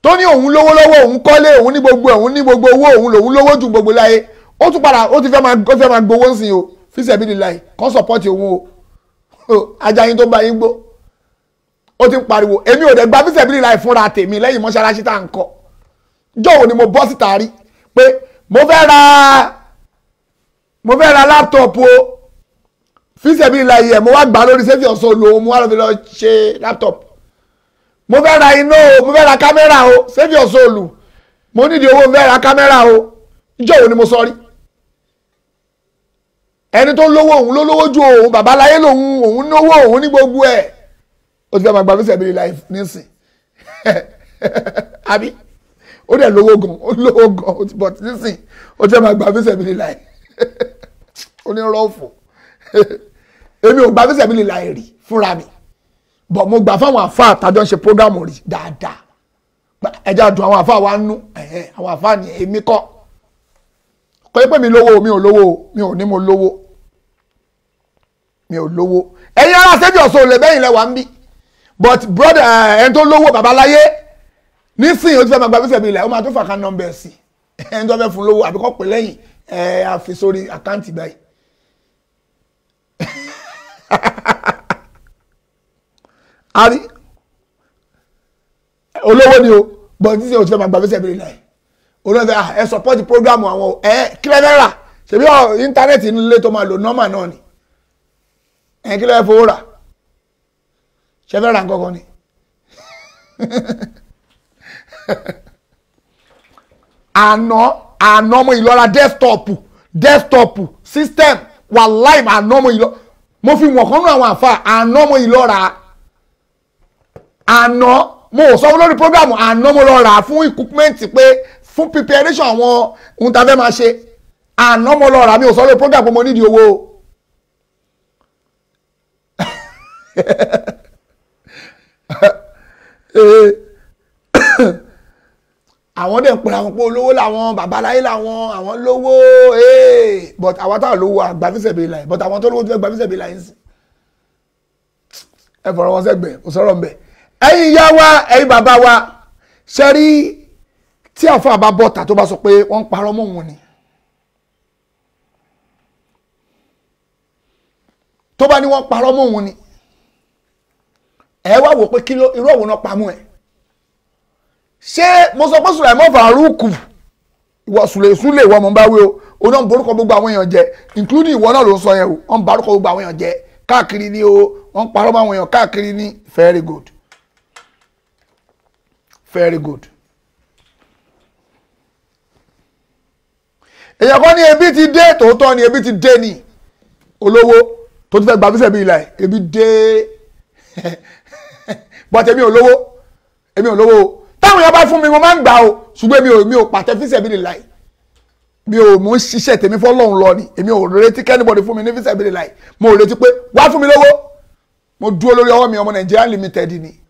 tó ní òun lówó lọ́wọ́ òun kọ́lé òun ní gbogbo òun ní gbogbo owó òun lòun lówó ju gbogbo láyé ó tún padà ó ti fẹ́ máa ó fẹ́ máa o fíṣẹ̀ bí ni láyé kọ́ sọ̀pọ́tì òun o ajáyín [laughs] tó bá yín gbó ó ti ń pariwo èmi ò dẹ̀ gba bísẹ̀ bílí láì fúnra tèmi lẹ́yìn mọ́ṣáláṣí tá à ń kọ́ jọ̀wọ́ ni mo bọ́ síta rí pé mo fẹ́ ra mo fẹ́ ra láptọ̀pù o fíṣẹ̀ bílí láì yẹ mo wá gbà lórí sẹ́fì ọ̀sán olówó mo wá lọ fi ṣe láptọ̀pù mo fẹ́ ra iná o mo fẹ́ ra kámẹ́rà o sẹ́fì ọ̀sán olù mo nídìí owó mo fẹ́ ra kámẹ́rà o jọ̀wọ́ ni mo sọ rí ẹni tó lówó òun ló lówó ju òun babaláyé lòun òun náwó òun ní gbogbo ẹ̀ ó ti fẹ́ máa gba fíṣẹ̀ bíi láì nísìn àbí ó dẹ̀ lówó gan ó lówó gan ó ti bọ̀ nísìn ó ti fẹ́ máa gba fíṣẹ̀ bíi láì ó ní rọ́ọ̀fù èmi ò gba fíṣẹ̀ bíi láì rí fúnra mi bọ̀ mo gbà fáwọn àfa àtàjọ ń ṣe prógámù rí dáadáa ẹja dùn àwọn àfa wa ń nú àwọn àfa ni èmi kọ́ kọ́ yẹ pé mi lówó mi ò lówó mi ò ní mo lówó mi ò lówó ẹ̀yin ará sẹ́jọ́ sọ̀rọ̀ lẹ́bẹ̀yìn lẹ́wà ń bí but brother ẹni tó lówó babaláyé nísìnyí ó ti fẹ́ máa gba fífẹ́ mi ilẹ̀ ó máa tó fàkà nọ́mbẹ̀ sí ẹni tó fẹ́ fún lówó àbíkọ́ pè lẹ́yìn ẹ àfi sórí àkáǹtì báyìí. ari [laughs] olówó ni o but nísìnyí ó ti fẹ́ máa gba fífẹ́ mi ilẹ̀ olóńgbẹ ah, ẹ support program àwọn ẹ kílẹ̀dẹ́rà ṣèbí íńtánẹ́ẹ̀tì nílé tó máa lò nọ́mà náà ni ẹ kílẹ̀ fowó rà ṣe fẹ́ Ano nǹkan kan ni àná mo ìlọra desktop desktop system wàláì àná mo ilo, mo fi wọ̀n kan nú àwọn àfa mo ìlọra àná mo ò sọ lórí program àná mo lọ rà fún equipment pé fún preparation àwọn ohun tá a fẹ́ máa ṣe mo lọ rà mi ò sọ lórí program mo nídìí owó o. [laughs] [coughs] Eh. [coughs] àwọn dẹ̀ ń pera wọn pé olówó làwọn babaláyé làwọn àwọn lówó eh. but àwọn táwọn lówó àgbàfíṣẹ̀ bèè láyé but àwọn tó lówó tó fẹ́ gbàfíṣẹ̀ bèè láyé ń sìn ẹ fọ̀rọ̀ wọn sẹ́gbẹ̀ẹ́ kò sọ̀rọ̀ mbẹ̀ ẹ̀yin ìyá wa ẹ̀yin bàbá wa ṣe rí tí àfáà bá bọ́ta tó bá sọ pé wọ́n ń parọ́ mọ́ òun ni tó bá ní wọ́n parọ́ mọ́ òun ni ẹ wá wò pé kí ló irú òun náà pamọ́ ẹ̀ ṣé mo sọ pé Sulaiman Faruku ìwọ sùlẹ̀sùn lè wọ́n mo bá wí o òun náà ń borúkọ gbogbo àwọn èèyàn jẹ including ìwọ náà ló ń sọ yẹn o wọ́n ń barúkọ gbogbo àwọn èèyàn jẹ káàkiri ni o wọ́n ń parọ́ mọ́ àwọn èèyàn káàkiri ni very good very good. èèyàn kan ní ebi ti dé tòótọ́ ni ebi ti dé ni olówó tó ti fẹ́ gba fíṣẹ̀ bí ilà ebi dé [laughs] but èmi ò lówó èmi ò lówó o táwọn èèyàn bá fún mi mo máa ń gbà o ṣùgbọ́n èmi ò mi ò pàtẹ fíṣẹ̀ mi lè láì mi ò mò ń ṣiṣẹ́ tèmi fọlọ́run lọ ni èmi ò retí kẹ́nìbọ̀dì fún mi ní fíṣẹ̀ mi lè láì mo ò retí pé wá fún mi lówó mo dúró lórí ọwọ́ mi ọmọ Nigeria limited ni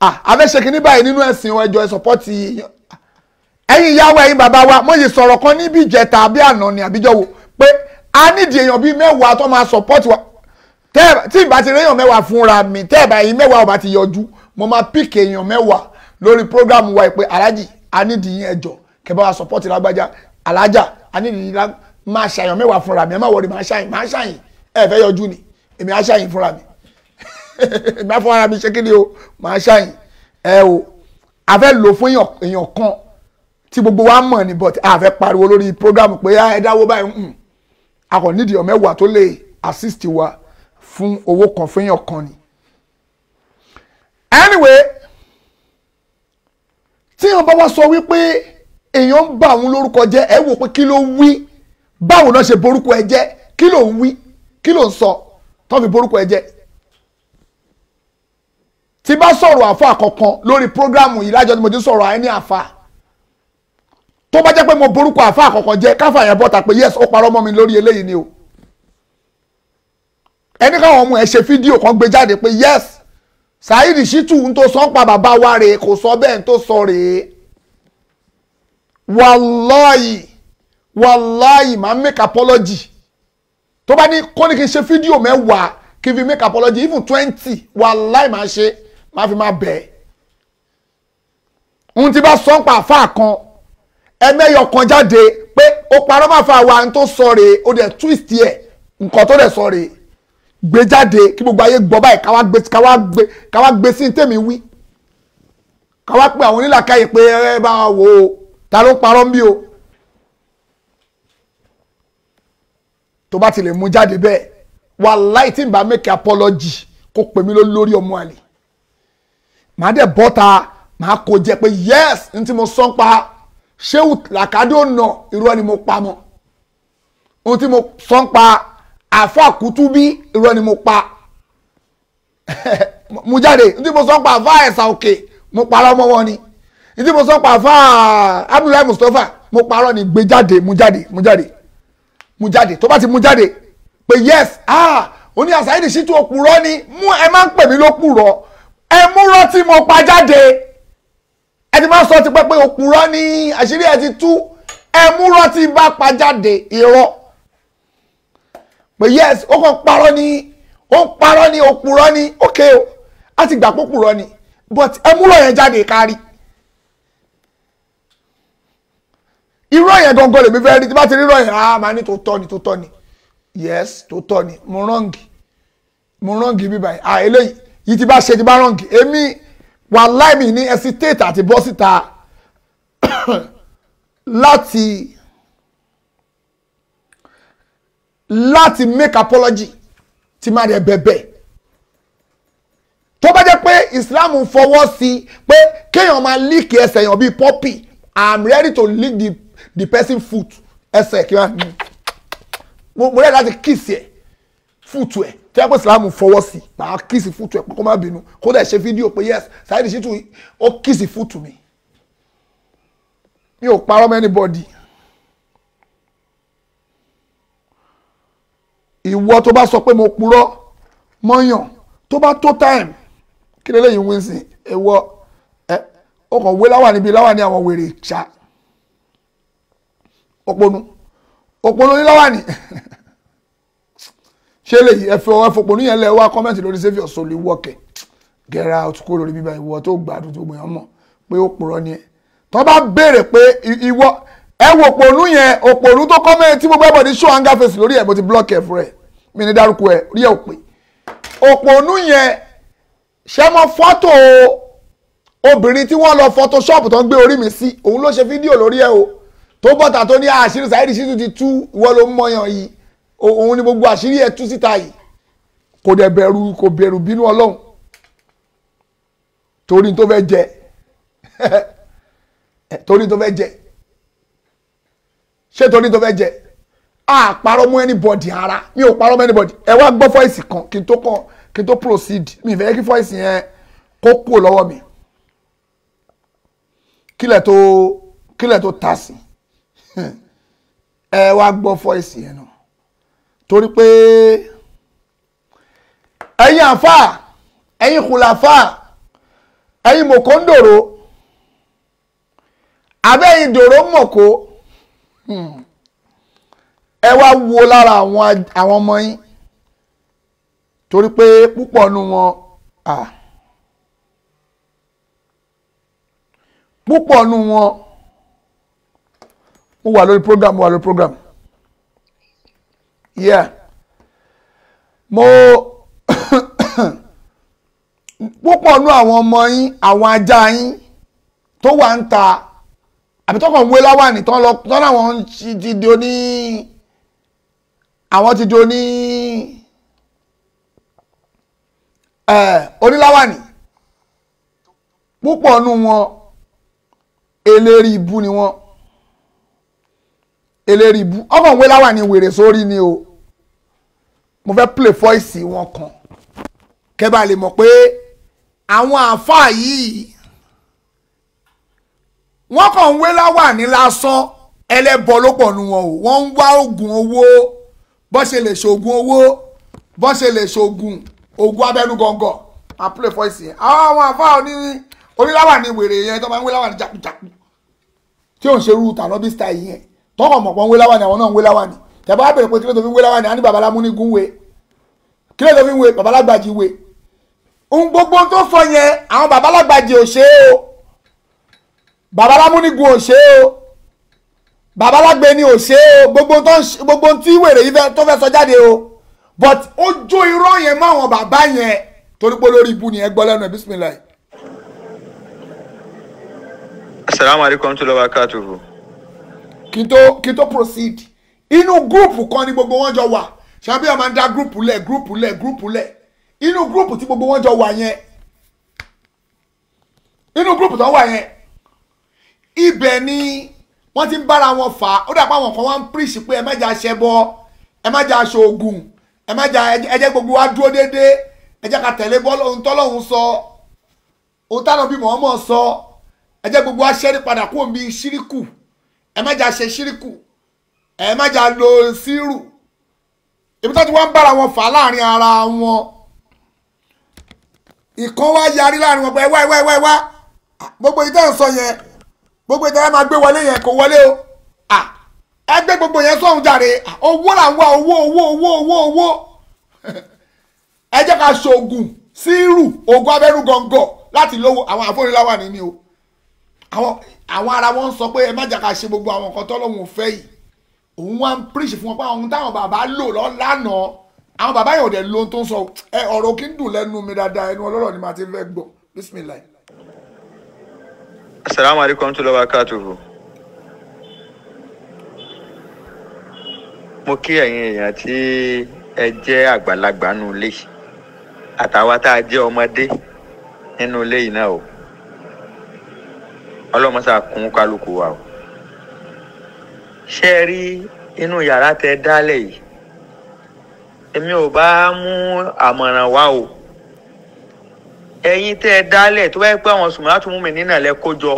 ah abẹ́ṣe kìíní báyìí nínú ẹ̀sìn ẹjọ́ ìsọpọ́tì ẹ̀yin ìyàwó ẹ̀yin bàbá wa mo yìí sọ̀rọ̀ kan níbi ìjẹta àbí àná ni àbíjọ́ wo pé a nídìí èèyàn bíi mẹ́wàá tó máa sọ̀pọ́tì wa tí ìbá ti réyàn mẹ́wàá fúnra mi tẹ́ ìbá yín mẹ́wàá ọba ti yọjú mo máa pick èèyàn mẹ́wàá lórí program wa pé alájì anídìí ẹjọ kẹbà wa support lágbájá alájà anídìí lá máa ṣàyàn mẹ́wàá fúnra mi ẹ má wọrí máa ṣàyìn máa ṣàyìn ẹ fẹ́ yọjú ni èmi á ṣàyìn fúnra mi [laughs] èmi á fúnra mi ṣe kí ni o máa ṣàyìn ẹ o a fẹ́ lò fún èèyàn kan tí gbogbo wa mọ̀ ni but a fẹ́ pariwo lórí program pé ah, ẹ dáwó báyìí a kò nídìí ọmọ tó lè assist wa fún owó kan fẹ́yàn kan ni anyway tí wọn bá wá sọ wípé èèyàn ń bà òun lórúkọ jẹ́ ẹ wò pé kí ló wí báwo náà ṣe borúkọ ẹ jẹ́ kí ló ń wí kí ló ń sọ tó fi borúkọ ẹ jẹ́ tí bá sọ̀rọ̀ àfa kankan lórí prógrámù yìí lájọ́ tí mo ti sọ̀rọ̀ àyẹ́ ní àfa tó bá jẹ́ pé mo borúkọ àfa kankan jẹ́ káfà yẹn bọ́ta pé yes ó parọ́ mọ́ mi lórí eléyìí ni o ẹni káwọn ọmọ ẹ ṣe fídíò kan gbé jáde pé yes Saheed Shittu ń tó sọ ń pa bàbá wa rèé kò sọ bẹ́ẹ̀ ń tó sọ rèé wàláyì wàláyì máa make apology tó bá ní kó ní kí n ṣe fídíò mẹ́wàá kí n fi make apology even twenty wàláyì máa ṣe máa fi máa bẹ̀ ẹ́ ohun tí bá sọ ń pa àfáà kan ẹmẹ́yọ kan jáde pé ó parọ́ máa fa àwa ń tó sọ rèé ó dẹ̀ twist yẹ nǹkan tó dẹ̀ sọ rèé gbé jáde kí gbogbo ayé gbọ́ báyìí káwá gbé káwá gbé káwá gbé sí tèmi wí káwá pé àwọn onílàkàyè pé ẹ bá wò ó ta ló parọ́ ń bí o tó bá ti lè mú jáde bẹ́ẹ̀ wàláì tí n bá make apology kó pè mí lórí ọmọ àlè màá dẹ̀ bọ́ta màá kó jẹ pé yes n tí mo sọ́n pa ṣéwù làkàdé ò nà irọ́ ni mo pa mọ́ ohun tí mo sọ́n pa àfa kútúbí irọ́ ni mo pa mo jáde ntí mo sọ pa àfa ẹ̀sà òkè mo parọ́ mọ́ wọn ni ntí mo sọ pa àfa Abdullahi Mustapha mo parọ́ ni gbé jáde mo jáde mo jáde mo jáde tó bá ti mo jáde pé yes ah oní àṣàyè ní ṣíjú òpùrọ́ ni mú ẹ máa ń pè mí lópùrọ́ ẹ múrọ́ tí mo pa jáde ẹ ti máa sọ ti pẹ́ pé òpùrọ́ ni àṣírí ẹ ti tú ẹ múrọ́ tí bá pa jáde irọ́ pé yes ó kàn parọ́ ni ó ń parọ́ ni ó purọ́ ni ok o a ti gbà pé ni but ẹ múrọ̀ yẹn jáde kárí. irọ́ yẹn gangan lèmi fẹ́ rí tí bá ti rírọ̀ yẹn ah màá ní tó to ni tó tọ́ ni yes to tọ́ ni mo rọ́ǹgì mo rọ́ǹgì bí báyìí ah eléyìí yìí ti bá ṣe ti bá rọ́ǹgì èmi wàláì mi ní hesitate àti bọ́ síta [coughs] láti make apology ti máa rẹ̀ bẹ̀bẹ̀ tó bá jẹ́ pé Islam fọwọ́ sí pé kéèyàn máa lick ẹsẹ̀ èèyàn bíi puppy I'm ready to lick the, the person foot ẹsẹ̀ kí wọ́n mo rẹ̀ láti kiss ẹ̀ fúùtù ẹ̀ tó yẹ pé Islam fọwọ́ sí màá kiss fúùtù ẹ̀ kó má bínú kó dẹ̀ ṣe fídíò pé yes Saheed Shittu ó kiss fúùtù mi mi ò parọ́ mọ́ anybody. ìwọ tó bá sọ pé mo purọ́ mọ́yàn tó bá tó time kí lè lẹ́yìn wíńsì ẹ̀wọ́ ẹ ó kàn wé láwà níbi láwà ní àwọn wèrè ṣá òponu òponu ní láwà ní [laughs] ṣé lè ẹfọ ẹfọponu yẹn lẹ wá kọ́mẹ́ǹtì lórí saviour sọlì wọ́ọ̀kẹ́ get out kúrò lórí bíbá ìwọ tó gbádùn tó gbìyànjú mọ̀ pé ó purọ́ ni ẹ tó bá béèrè pé ìwọ ẹ wò òponu yẹn òponu tó kọ́mẹ́ǹtì gbogbo ẹ̀bọ̀dì show anger face lórí ẹ̀ bó ti block ẹ̀ fún mi ní dárúkọ ẹ̀ rí ẹ̀ òpè òpònú yẹn ṣe mọ fọ́tò obìnrin tí wọ́n lọ fọ́tòṣọ́ọ̀pù tó ń gbé orí mi sí òun ló ṣe fídíò lórí ẹ̀ o tó bọ́ta tó ní ah, àṣírí Saheed Shittu ti tú ìwọ ló ń mọyàn yìí òun ni gbogbo àṣírí ẹ̀ tú síta yìí kò dẹ̀ bẹ̀rù kò bẹ̀rù bínú ọlọ́run torí tó fẹ́ jẹ [laughs] torí tó fẹ́ jẹ ṣé torí tó fẹ́ jẹ àparọ́ mọ́ anybody ara mi ò parọ́ mọ́ anybody ẹ wá gbọ́ fọ́ìsì kan kí n tó kàn kí n tó proceed mi ìfẹ́ kí fọ́ìsì yẹn kó kúrò lọ́wọ́ mi kílẹ̀ tó kílẹ̀ tó ta sí ẹ wá gbọ́ fọ́ìsì yẹn náà torí pé ẹ̀yin àfà ẹ̀yin kùlàfà ẹ̀yin mọ̀kóńdòrò abẹ́yìn dòró mọ̀kó. Hmm ẹ wá wo lára àwọn ọmọ yín torí pé púpọ̀ nu wọn púpọ̀ nu wọn mo wà lórí program mo wà lórí program yeah mo [coughs] púpọ̀ nu àwọn ọmọ yín àwọn ajá yín tó wà ń ta àbí tó kàn wé láwà ní tán lọ tán láwọn ti di oní àwọn ti do ní oníláwàní púpọ̀ nù wọn eléri ibú ni wọn eléri ibú ọmọ òwe láwàní wèrè sórí ni o mo fẹ́ play voice wọn kan kẹ́ bá lè mọ̀ pé àwọn àáfàá yìí wọ́n kàn ń wé láwàní lásán ẹlẹ́bọ ló pọ̀ nù wọn o wọ́n ń wá oògùn owó bọ́ ṣe lè ṣoògùn owó bọ́ ṣe lè ṣoògùn oògùn abẹ́nú gọ̀ǹgọ̀ àpúlẹ̀ fọ́ìsì yẹn àwọn àfa òní oníláwà ní wèrè yẹn tó máa ń wé láwà ní jakujaku tí ò ń ṣe rúùtà lọ́bí style yẹn tọkàn mọ̀pọ̀ ń wé láwà ní àwọn náà ń wé láwà tẹ̀bá wá pé kílẹ̀ tó fi ń wé láwà àní babaláwo ní gún kílẹ̀ tó fi ń wé babalágbàjì we ohun gbogbo tó fọ yẹn àwọn babalágbàjì ò ṣe é o babaláwo ní gún ò ṣe é o babalágbe ni ò ṣe o gbogbo tí wèrè yìí tó fẹ́ sọ jáde o but ó jó irọ́ yẹn mọ́ àwọn bàbá yẹn torí pé lórí ibu nìyẹn gbọ́ lẹ́nu bisimilayi. asalaamu alaykum tó lọ́wọ́ akáàtúrú. kí tó kí tó proceed inú gúrùpù kan ni gbogbo wọn jọ wà ṣàbí ọmọ ń dá gúrùpù lẹ̀ gúrùpù lẹ̀ gúrùpù lẹ̀ inú gúrùpù tí gbogbo wọn jọ wà yẹn inú gúrùpù tó wà yẹn ibẹ̀ ni wọ́n ti ń bára wọn fà á ó dàpọ̀ àwọn kan wá ń píríṣì pé ẹ má jà ṣẹbọ ẹ má jà ṣoògùn ẹ má jà ẹ jẹ́ gbogbo wa dúró déédéé ẹ jẹ́ ká tẹ̀lé ohun tọ́lọ́hún sọ ohun táwọn bíi mọ̀ọ́mọ̀ sọ ẹ jẹ́ gbogbo wa ṣẹ́rí padà kó omi ṣíríkù ẹ má jà ṣe ṣíríkù ẹ má jà lo sírù ibi tó ti wá ń bára wọn fà á láàrin ara wọn ìkan wá yarí láàrin wọn pé ẹ wá wá wá gbogbo ìtàn sọ yẹn gbogbo ìtẹ́wẹ́ máa gbé wọlé yẹn kò wọlé o ẹ gbé gbogbo yẹn sọ̀hún jàre owó là ń wá owó owó owó owó owó [laughs] ẹ jẹ́ ká ṣoògùn sírù oògùn abẹ́rú gọ̀ǹgọ̀ láti lówó àwọn àfọ̀nìláwà ní ni o àwọn ara wọn sọ pé ẹ má jà ká ṣe gbogbo àwọn nǹkan tọ́lọ́hún fẹ́ yìí òun wá ń preach fún wọn pé àwọn táwọn bàbá lò lánàá àwọn bàbá yẹn ò dẹ̀ lo ohun tó ń sọ ọ̀rọ̀ kí ń dùn lẹ́nu mi dáadáa ẹnu ọlọ́rọ̀ ni màá ti fẹ́ gbọ́ bísímìláì. Assalamu alaikum warahmatullahi wabarakatuhu. Mo kí ẹ̀yin èèyàn tí ẹ jẹ́ àgbàlagbà nínú ilé àtàwa tá a jẹ́ ọmọdé nínú ilé yìí náà o. Ọlọ́mọ sá kún kálukú wa o. Ṣé ẹ rí inú yàrá tẹ dálẹ̀ yìí? Èmi ò bá mú àmọ̀ràn wá o ẹ̀yin tẹ́ ẹ dálẹ̀ tó bá yẹ pé àwọn sùmọ́tò mú mi nínà lẹ kó jọ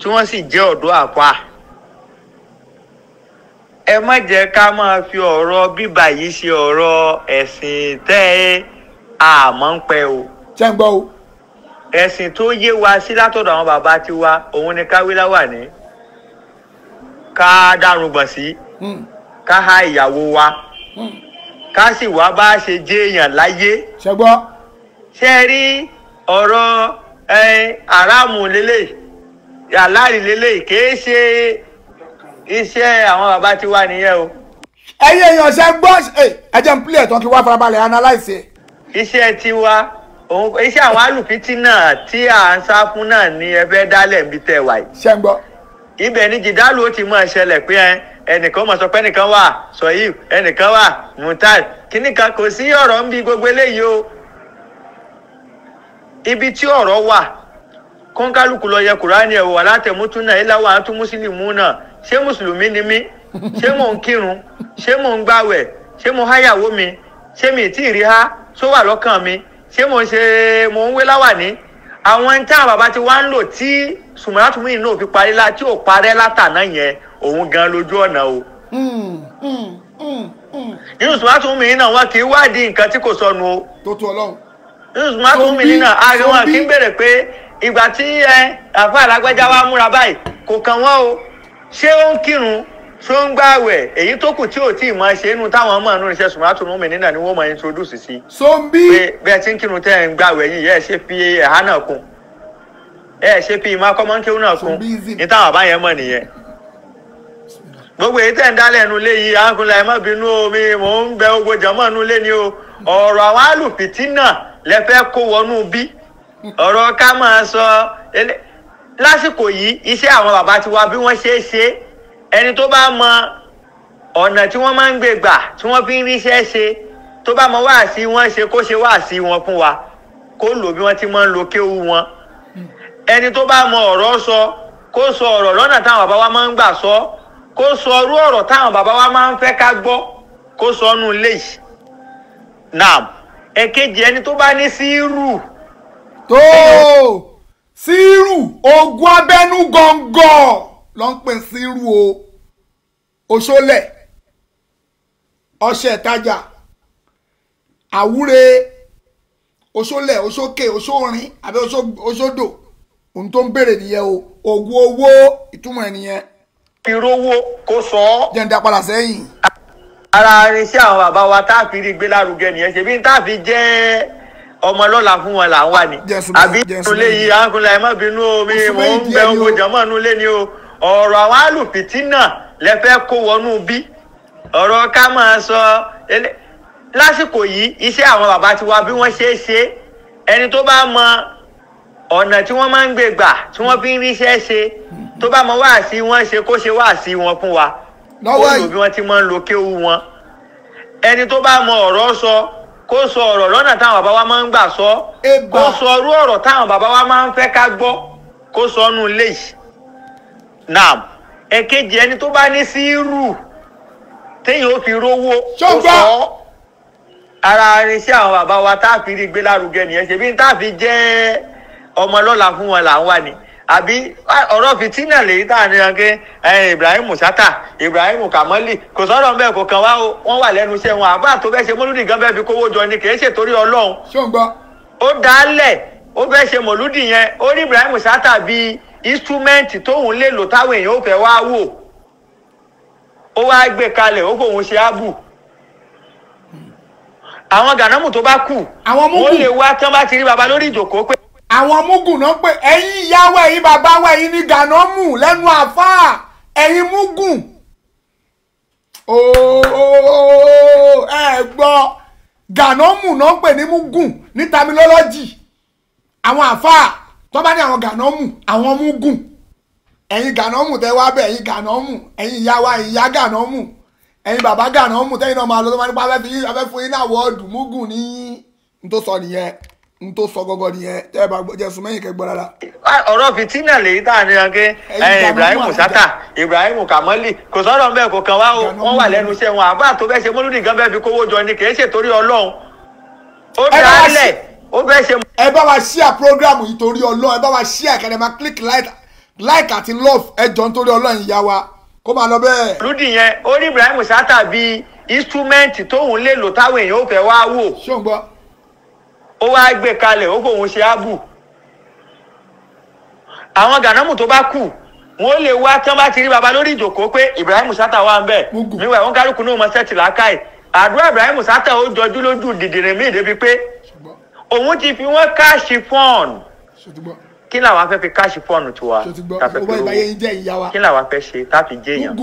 tí wọ́n sì jẹ́ ọ̀dọ́ àpá ẹ má jẹ́ ká máa fi ọ̀rọ̀ bíbà yìí ṣe ọ̀rọ̀ ẹ̀sìn tẹ́ ẹ àmọ́ ń pẹ́ o. ṣé ń gbọ́ o. ẹ̀sìn tó yé wa sí látọ̀dọ̀ àwọn bàbá tiwa òun ni káwílá wà ní ká dárúgbọ̀n sí hmm. ká há ìyàwó wa hmm. ká sì wá bá ṣe jẹ́ èèyàn láyé. ṣé gbọ́. ṣe rí ọ̀rọ̀ aráàmù lélẹ̀ aláàrí lélẹ̀ kìí ṣe iṣẹ́ àwọn bàbá ti wà nìyẹn o. ẹyẹ èèyàn ṣe gbọ́ ẹjẹ ń pílẹ̀ tán kí wá farabalẹ̀ analyze ẹ̀. iṣẹ́ tiwa iṣẹ́ àwọn alùpìtì náà tí à ń sá fún náà ni ẹ fẹ́ dálẹ̀ níbi tẹ̀ wáyé. ṣé ń gbọ́. ibẹ̀ ni jìdálù ó ti mọ̀ ṣẹlẹ̀ pé ẹ ẹnìkan mọ̀ sọ pé ẹnìkan wà ẹnìkan wà kò sí ọ̀rọ̀ ń bi gbogbo eléyìí o ibi tí ọ̀rọ̀ wà kọ́ńkálùkù lọ yẹ kùránì ẹ̀ wà látẹ̀mútúnà ilá wà á tún mùsùlùmí náà ṣé mùsùlùmí ni mí ṣé mò ń kírun ṣé mò ń gbàwẹ̀ ṣé mo háyàwó mi ṣé mi tí ì rí há ṣó wà lọ́kàn mi ṣé mo ṣe mo ń wé láwàní àwọn ẹni tí àwọn bàbá ti wá ń lò tí sùmọ́látùmí náà fi parí la tí ò parẹ́ látàná yẹn òun gan lójú ọ̀nà o. Hmm, hmm, hmm, nínú sùmọ́látùmí náà wọn kì í wádìí nǹkan tí kò sọnù o. tó tó ọlọ́run yusuf makunmi nínú ariwo àti béèrè pé ìgbà tí ẹ àfa alágbèjà wa múra báyìí kò kàn o ṣé ó ń kírun ṣó ń gbààwẹ̀ èyí tó kù tí ò tí ì mọ ṣe inú táwọn ọmọ inú iṣẹ́ mi nínà ni wọ́n mọ introduce sí. sombi. pé bẹ́ẹ̀ tí ń kírun tẹ́ ẹ̀ ń gbààwẹ̀ yìí ẹ̀ ṣe fi ẹ̀há náà kún ẹ̀ ṣe fi ìmọ̀ akọ́mọ́kéwù náà kún ní gbogbo èyí tẹ ń lé yìí omi mò ń bẹ lé ni o lẹ́fẹ́ kó wọnú bí ọ̀rọ̀ ká máa sọ lásìkò yìí iṣẹ́ àwọn bàbá ti wá bí wọ́n ṣe é ṣe ẹni tó bá mọ ọ̀nà tí wọ́n máa ń gbé gbà tí wọ́n fi ń ríṣẹ́ ṣe tó bá mọ wáàsí wọn ṣe kó ṣe wáàsí wọn fún wa kó lò bí wọ́n ti máa ń lo kéwu wọn ẹni tó bá mọ ọ̀rọ̀ sọ kó sọ ọ̀rọ̀ lọ́nà táwọn bàbá wa máa ń gbà sọ kó sọ irú ọ̀rọ̀ táwọn bàbá wa máa ń fẹ́ ká gbọ́ kó sọ ọ́nù léyìí náà. ẹ̀kejì ẹni tó bá ní sírù. tó sírù ogun abẹ́nú gọ̀ǹgọ̀ ló ń pè sírù o òṣòlẹ̀ ọṣẹ ìtajà àwúre òṣòlẹ̀ òṣòkè òṣòrin àbí òṣòdò ohun tó ń béèrè nìyẹn o ogun owó ìtumọ̀ ẹ̀ nìyẹn. ìrówó kò sọ. jẹ́ ń dá padà sẹ́yìn ara irinṣẹ́ àwọn bàbá wa tá a fi rí gbé lárugẹ nìyẹn ṣe bí tá a fi jẹ́ ọmọ lọ́la fún wọn là ń wà ní. àbí ìtúlé yìí arákùnrin àìmọ́ bínú omi mò ń bẹ ohun jọmọ́ inú lé ní o ọ̀rọ̀ àwọn alùpìtì náà lẹ fẹ́ kó wọnú bí ọ̀rọ̀ ká máa sọ lásìkò yìí iṣẹ́ àwọn bàbá ti wá bí wọ́n ṣe é ṣe ẹni tó bá mọ ọ̀nà tí wọ́n máa ń gbé gbà tí wọ́n fi ń ríṣẹ́ ṣe tó bá mọ wáàsí wọn ṣe kó ṣe wáàsí wọn fún wa. lọ́wọ́ yìí kó ti ẹni tó bá mọ ọ̀rọ̀ sọ kó sọ ọ̀rọ̀ lọ́nà táwọn bàbá wa máa ń gbà sọ kó sọ irú ọ̀rọ̀ táwọn bàbá wa máa ń fẹ́ ká gbọ́ kó sọ ẹni tó bá ní sírù téèyàn ó fi rówó ó sọ ọ́ ara irinṣẹ́ wa tá a fi rí gbé lárugẹ nìyẹn ṣe bí tá a fi jẹ́ ọmọ lọ́la àbí ọ̀rọ̀ fìtínà lèyí tá à ní ọ̀gẹ́ Ibrahim Sata Ibrahim Kamali kò sọ̀rọ̀ mbẹ́ kò kàn wá o wọ́n wà lẹ́nu iṣẹ́ wọn àbá tó bẹ́ẹ̀ ṣe mọ́lúdì gan bẹ́ẹ̀ fi kówó jọ ni kì í ṣe torí Ọlọ́run. ó dálẹ̀ ó bẹ́ẹ̀ ṣe mọ́lúdì yẹn ó rí Ibrahim Sata bíi instrumenti tóun lè lò táwọn èèyàn ó fẹ́ wá wò ó wá gbé kalẹ̀ ó fòun ṣe ábù àwọn gànámù tó bá kù àwọn lè wá tán bá ti rí baba lórí ìjòkó pé àwọn mugun náà pé ẹ̀yin ìyáwó ẹ̀yin bàbá wa ẹ̀yin ní gànámù lẹ́nu àfáà ẹ̀yin mugun ooo ẹ gbọ́ gànámù náà pè ní mugun ní tamilọ́lọ́jì àwọn àfáà tó bá ní àwọn gànámù àwọn mugun ẹ̀yin gànámù tẹ́ wá bẹ̀ ẹ̀yin gànámù ẹ̀yin ìyáwó ẹ̀yin ìyá gànámù ẹ̀yin bàbá gànámù tẹ́yìn náà máa lọ tó máa nípa abẹ́fẹ́ fún yín náà wọ́ọ̀dù mugun ní n tó sọ nìyẹn n tó sọ gọgọ nìyẹn tẹ ẹ bá jẹ sùn mẹyìn kẹgbọ rárá. ọ̀rọ̀ fìtínà lèyí tá a nira pé Ibrahim Saka Ibrahim Kamali kò sọ̀rọ̀ bẹ́ẹ̀ kò kàn wá o wọ́n wà lẹ́nu iṣẹ́ wọn àbá tó bẹ́ẹ̀ ṣe mọ́lúdì gan bẹ́ẹ̀ fi kówó jọ ni kì í ṣe torí Ọlọ́run ó dá a lẹ̀ ó bẹ́ẹ̀ ṣe. ẹ bá wa ṣíà program yìí torí Ọlọ́run ẹ bá wa ṣíà kẹ́lẹ́ máa click like like àti love ẹ jọ nítorí Ọlọ́run ìyá wa kó máa lọ bẹ́ẹ̀. lúdì yẹn ó ní Ibrahim Saka bíi instrument tóun lè lò táwọn èèyàn ò fẹ́ wá wò. ṣé o gbọ́ ó wá gbé kalẹ̀ ó kò òun ṣe ábù àwọn gànámù tó bá kù wọn lè wá tí wọn bá ti rí baba lórí ìjòkó pé Ibrahim Sata wà ń bẹ níwáyé wọn kálukú ní ọmọ sẹẹtì làákàyè àdúrà Ibrahim Sata ó jọjú lójú dìdìrín míì débi pé òun ti fi wọn káàṣì fọ́ọ̀nù kí làwọn afẹ́ fi káàṣì fọ́ọ̀nù tiwa tàfẹ́ pé owó kí làwọn afẹ́ ṣe táfi jẹyàn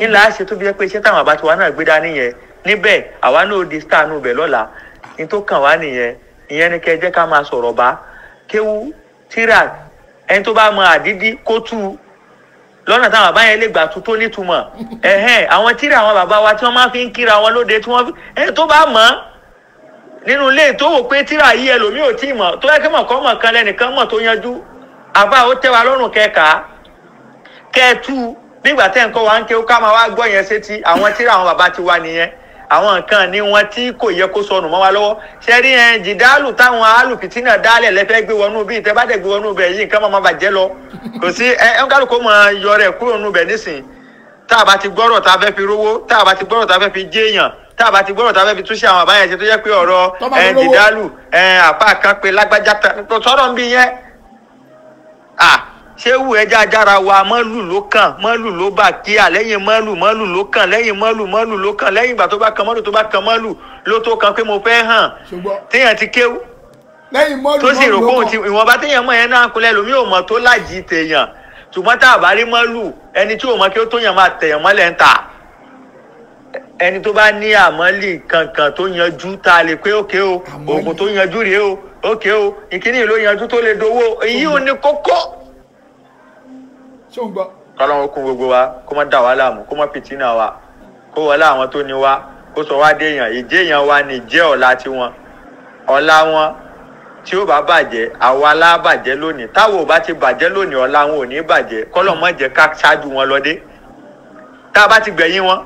kí làá ṣe tó fi jẹ́ pé iṣẹ́ táwọn àbá náà gbé dání yẹn níbẹ̀ àwa náà di star nù bẹ̀ lọ́la ní tó kàn wá nìyẹn ìyẹn ni kẹ́ jẹ́ ká máa sọ̀rọ̀ bá kéwú tíra ẹni tó bá mọ àdídí kó tú u lọ́nà táwọn bàbá yẹn lè gbà tú tó nítumọ̀ [laughs] ẹ̀hẹ́n àwọn tíra àwọn bàbá wa tí wọ́n máa fi ń kíra wọn lóde tí wọ́n fi ẹni tó bá mọ̀ nínú ilé tó wò pé tíra yìí ẹlòmíì ò tí ì mọ̀ tó yẹ kí mọ̀kọ́ mọ̀ kan lẹ́nìkan mọ̀ tó yanjú àbá ó tẹ́ wa lọ́rùn kẹ́ka kẹ́ẹ̀tú nígbà tẹ́ ń kọ́ wa ń ké ká máa wá gbọ́ yẹn sétí àwọn tíra àwọn bàbá ti wa nìyẹn àwọn nǹkan ní wọn tí kò yẹ kó sọnù mọ́ wa lọ́wọ́ ṣẹ́rí ẹ̀ jìdáàlù táwọn alùpìtì náà dálẹ̀ lẹ́fẹ́ gbé wọnú bí ìtẹ́ bá dẹ̀ gbé wọnú bẹ̀ yìí nǹkan máa bàjẹ́ lọ kò sí ẹ ẹ kálù kó máa yọ rẹ̀ kúrò nù bẹ̀ nísìn tá a bá ti gbọ́rọ̀ tá a fẹ́ fi rówó tá a bá ti gbọ́rọ̀ tá a fẹ́ fi jéèyàn tá a bá ti gbọ́rọ̀ tá a fẹ́ fi túnṣe àwọn àbáyẹn ṣe tó jẹ́ pé ọ̀rọ̀ ẹ jìdáàlù ẹ àpá kan pé lágbájá tọ́rọ̀ ń bí yẹn ṣéwù ẹja ajára wa mọ́lù ló kàn mọ́lù ló bà kíá lẹ́yìn mọ́lù mọ́lù ló kàn lẹ́yìn mọ́lù mọ́lù ló kàn lẹ́yìn ìgbà tó bá kan mọ́lù tó bá kan mọ́lù ló tó kan pé mo fẹ́ hàn téèyàn ti kéwù tó sì rò pé òun ti ìwọ̀nba téèyàn mọ̀ yẹn náà kulẹ̀ lómi ò mọ̀ tó lájì téèyàn ṣùgbọ́n tá a bá rí mọ́lù ẹni tí ò mọ̀ kí ó tó yàn máa tẹ̀yàn mọ́lẹ̀ ń ta ẹni tó bá ní àmọ́lì kankan tó yanjú tá a lè pé òkè o oògùn tó yanjú rèé o òkè o ìkíní ló yanjú tó lè dowó èyí ò ní kókó kọ́lọ́wọ́ kún gbogbo wa kó má da wá láàmú kó má pìtínà wa kó wọlé àwọn tó ní wa kó sọ wá déèyàn ìjẹ́ èèyàn wa ni ìjẹ́ ọ̀la tiwọn ọ̀la wọn tí ó bá bàjẹ́ àwa la bàjẹ́ lónìí táwọn ò bá ti bàjẹ́ lónìí ọ̀la wọn ò ní bàjẹ́ kọ́lọ́ mọ̀ jẹ́ ká ṣáájú wọn lọ́dé tá a bá ti gbẹ̀yìn wọn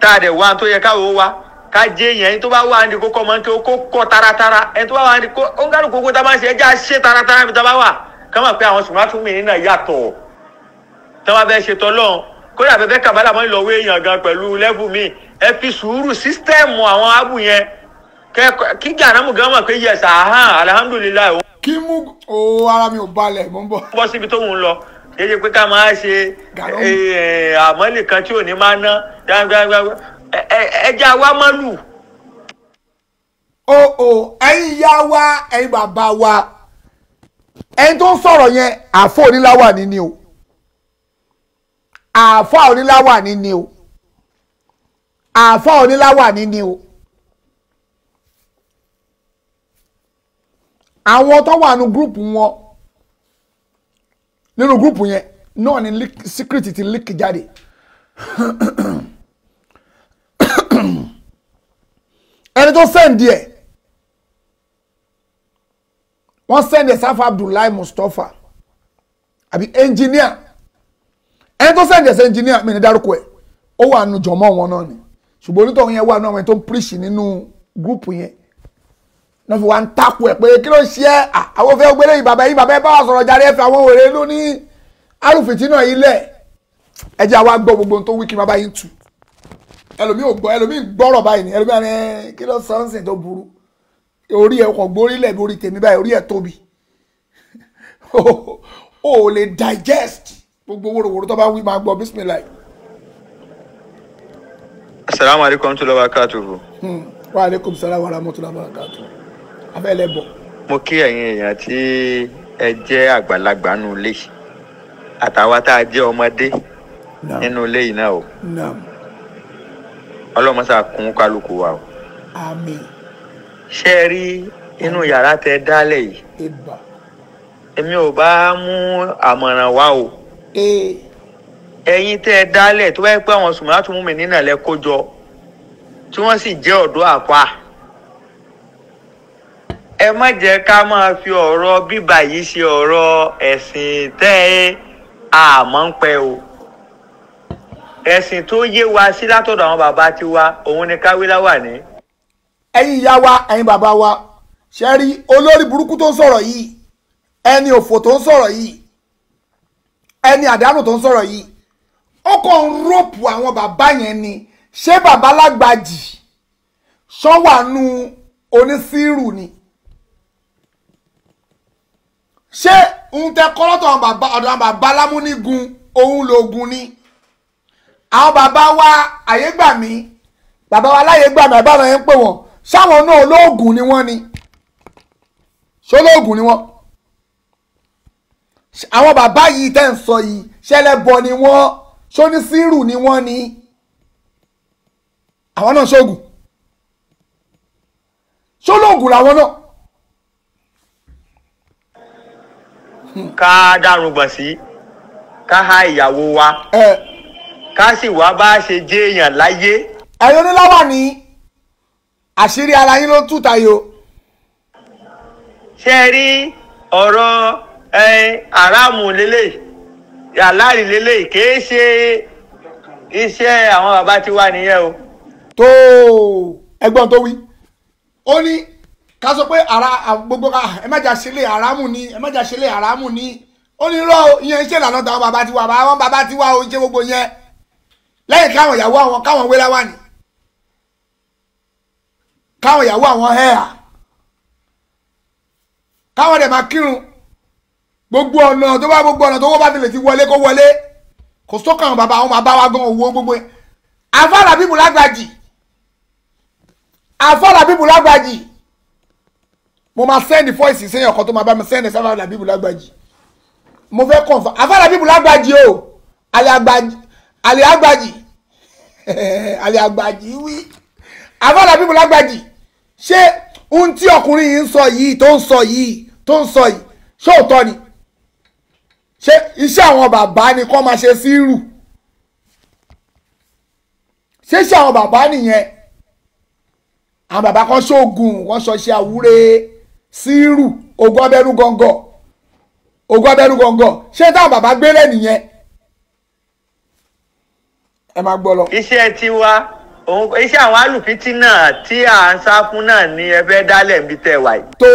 tá a dẹ̀ wá tó yẹ káwọ́ wa ká jẹ́ èèyàn ẹni tó bá wà ní kókó mọ́tò kó kọ́ taratara ẹni tó bá wà ní kó ó ń kálukú kó tá a máa ṣe ẹja ṣe taratara mi tá a bá wà ká mọ̀ pé àwọn sùnmọ́tò mi nínú yàtọ̀ táwọn abẹ́ ṣe tọ́lọ́run kódà abẹ́fẹ́ kàbálà mọ́ ìlọ́wọ́ èèyàn gan pẹ̀lú lẹ́bù mi ẹ fi sùúrù sísítẹ́ẹ̀mù àwọn ábù yẹn kí gànámù gan mọ̀ pé yes ahan alhamdulilayi. kí mú o ara mi ò balẹ̀ mọ́ bọ̀. bọ́ síbi tó ń lọ yéye pé ká máa ṣe àmọ́lì kan tí ò ní máa ná ẹja wa mọ́ lù. o o ẹ̀yin ìyá wa ẹ̀yin bàbá wa ẹni tó ń sọ̀rọ̀ yẹn àfọ̀ oníláwà ni ni o àáfà oníláwàní ni o àáfà oníláwàní ni o àwọn tó wà nínú gúrùpù wọn nínú gúrùpù yẹn náà ni secret ti leak jáde [coughs] ẹni tó sẹ́ǹdì ẹ̀ wọ́n sẹ́ǹdì ẹ̀ sáfà Abdullahi Mustapha àbí ẹnjìníà ẹni tó sẹ́ǹdì ẹ̀sẹ̀ ẹnjìníà mi ní dárúkọ ẹ̀ ó wà nù jọ̀mọ́ wọn náà ni ṣùgbọ́n onítọ̀hún yẹn wà náà wọn tó ń píríṣì nínú gúrùpù yẹn náà fi wá ń takò ẹ̀ pé kí ló ṣe ẹ́ àwọn fẹ́ gbélé yìí bàbá yìí bàbá ẹ bá wà sọ̀rọ̀ jáde ẹ fi àwọn òrè ló ní arúfìtì náà ilẹ̀ ẹ jẹ́ àwa gbọ́ gbogbo tó wí kí bàbá yìí tù ẹlòmíì gbọ́rọ̀ báyìí ẹlòmíì eh, [laughs] digest gbogbo wòròwòrò tó bá wí máa gbọ́ bisimilayi. asalaamu aleykum tula hmm. wa kaatuhu. wa aleykum salaam wa rahmatulah wa kaatuhu. abẹ́ lẹ bọ̀. mo kí ẹ̀yin èèyàn tí ẹ jẹ́ àgbàlagbà nù ilé àtàwa tá a jẹ́ ọmọdé nínú ilé yìí náà o. ọlọ́mọ kún kálukú wa o. àmín. ṣé ẹ rí inú yàrá tẹ dálẹ̀ yìí èmi ò bá mú àmọ̀ràn wá o ẹ̀yin tẹ́ ẹ dálẹ̀ tó báyìí pé àwọn sùnmọ́lá tó mú mi nínà lẹ kó jọ tí wọ́n sì jẹ́ ọ̀dọ́ àpá ẹ má jẹ́ ká máa fi ọ̀rọ̀ bíbà yìí ṣe ọ̀rọ̀ ẹ̀sìn tẹ́ ẹ àmọ́ ń pẹ́ o ẹ̀sìn tó yé wa sí látọ̀dọ̀ àwọn bàbá tiwa òun ni káwílá wà ní. ẹ̀yin ìyá wa ẹ̀yin bàbá wa ṣe rí olórí burúkú tó ń sọ̀rọ̀ yìí ẹni òfò tó ń sọ̀rọ̀ yìí ẹni àdánù tó ń sọ̀rọ̀ yìí ó kàn ń rọ́pù àwọn bàbá yẹn ni ṣé bàbá lágbàjì ṣọ́wàánú onísírù ni ṣé ohun tẹ kọ́ lọ́tọ̀ àwọn bàbá lámúnigun òun lògùn ni àwọn bàbá wa àyégbàmí bàbá wa láyégbàmí àbáwọn yẹn ń pè wọ́n ṣáwọn náà olóògùn ni wọ́n ni ṣolóògùn ni wọ́n àwọn bàbá yìí tẹ́ ń sọ yìí ṣẹlẹ́bọ ni wọ́n ṣónísírù ni wọ́n ni àwọn náà ṣoògùn ṣólóògùn làwọn náà. ká dárúgbọ̀n sí ká há ìyàwó wa ká sì wá bá a ṣe jẹ́ èèyàn láyé. ẹ̀yin oníláwà ni àṣírí ara yín ló tú tayọ. ṣe rí ọ̀rọ̀ ẹyin Aramu lele, aláàrí lélẹ̀ kìí ṣe iṣẹ́ àwọn bàbá tí wà nìyẹn o. tó ẹ̀gbọ́n tó wí ó ní ká sọ pé ara gbogbo ká ah, ẹ má jà sílẹ̀ aráàmù ni ẹ má jà sílẹ̀ aráàmù ni ó ní rọ ìyẹn iṣẹ́ ìlànà táwọn bàbá ti wà àwọn bàbá ti wà ó ṣe gbogbo yẹn lẹ́yìn káwọn ìyàwó àwọn káwọn wéra wà ní káwọn ìyàwó àwọn hẹ́ẹ̀ káwọn dẹ̀ máa kírun gbogbo ọ̀nà tó bá gbogbo ọ̀nà tó wọ́n bá tẹ̀lé ti wọlé kó wọlé kò sọ́kàn bàbá àwọn bàbá wa gan owó gbogbo ẹ̀ àfàlà bíbù lágbàjì àfàlà bíbù lágbàjì mo máa sẹ́ndì fọ́ìsì sẹ́yìn ọ̀kan tó máa bá mi sẹ́ndì sáfàlà bíbù lágbàjì mo fẹ́ kọ̀ǹfà àfàlà bíbù lágbàjì o àlè àgbàjì àlè àgbàjì wí àfàlà bíbù lágbàjì ṣé ohun tí ọkùnrin yìí ń sọ yìí tó ń sọ yìí tó ń sọ yìí ṣóòtọ́ ni ṣé iṣẹ́ àwọn bàbá ni kọ́ máa ṣe sírù ṣé iṣẹ́ àwọn bàbá nìyẹn àwọn bàbá kan ṣoògùn wọ́n sọ ṣe àwúre sírù ogún abẹ́rú gọ́ngọ̀ ogún abẹ́rú gọ́ngọ̀ ṣé táwọn bàbá gbélé nìyẹn ẹ máa gbọ́ lọ. iṣẹ́ tiwa iṣẹ́ àwọn alùpìtì náà tí à ń sá fún náà ni ẹbẹ́ dálẹ̀ ń bí tẹ̀ wáyé. tó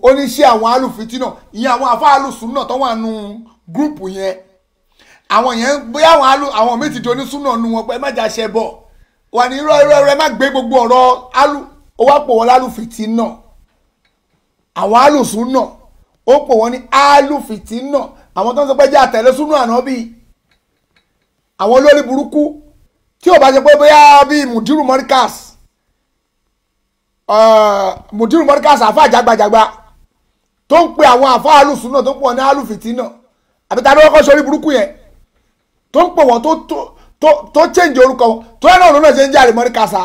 o ní ṣe àwọn alùpìtì náà ìyẹn àwọn àfáà alùsùn náà tó wà nù gúrùpù yẹn àwọn yẹn bóyá àwọn alu àwọn mi ti doni súnà nu wọn pé ẹ má jà ṣẹ bọ wà ní irọ́ irọ́ irọ́ ẹ má gbé gbogbo ọ̀rọ̀ alu ó wá pò wọ́n lálù fìtínà àwọn alu súnà ó pò wọ́n ní alu fìtínà àwọn tó ń sọ pé jẹ́ àtẹ̀lé súnà ànábì àwọn olórí burúkú tí ò bá ṣe pé bóyá bíi mudiru morikas eh, mudiru morikas àfa àjàgbàjàgbà tó ń pe àwọn àfa alùsùn náà tó ń pọ̀ ní alùfìtì náà àbí ta ló kọ́kọ́ sórí burúkú yẹn tó ń pò wọ́n tó tó tó change orúkọ wọn tó yẹn náà òun náà ṣe ń jẹ́ àlèmọ́rí kásá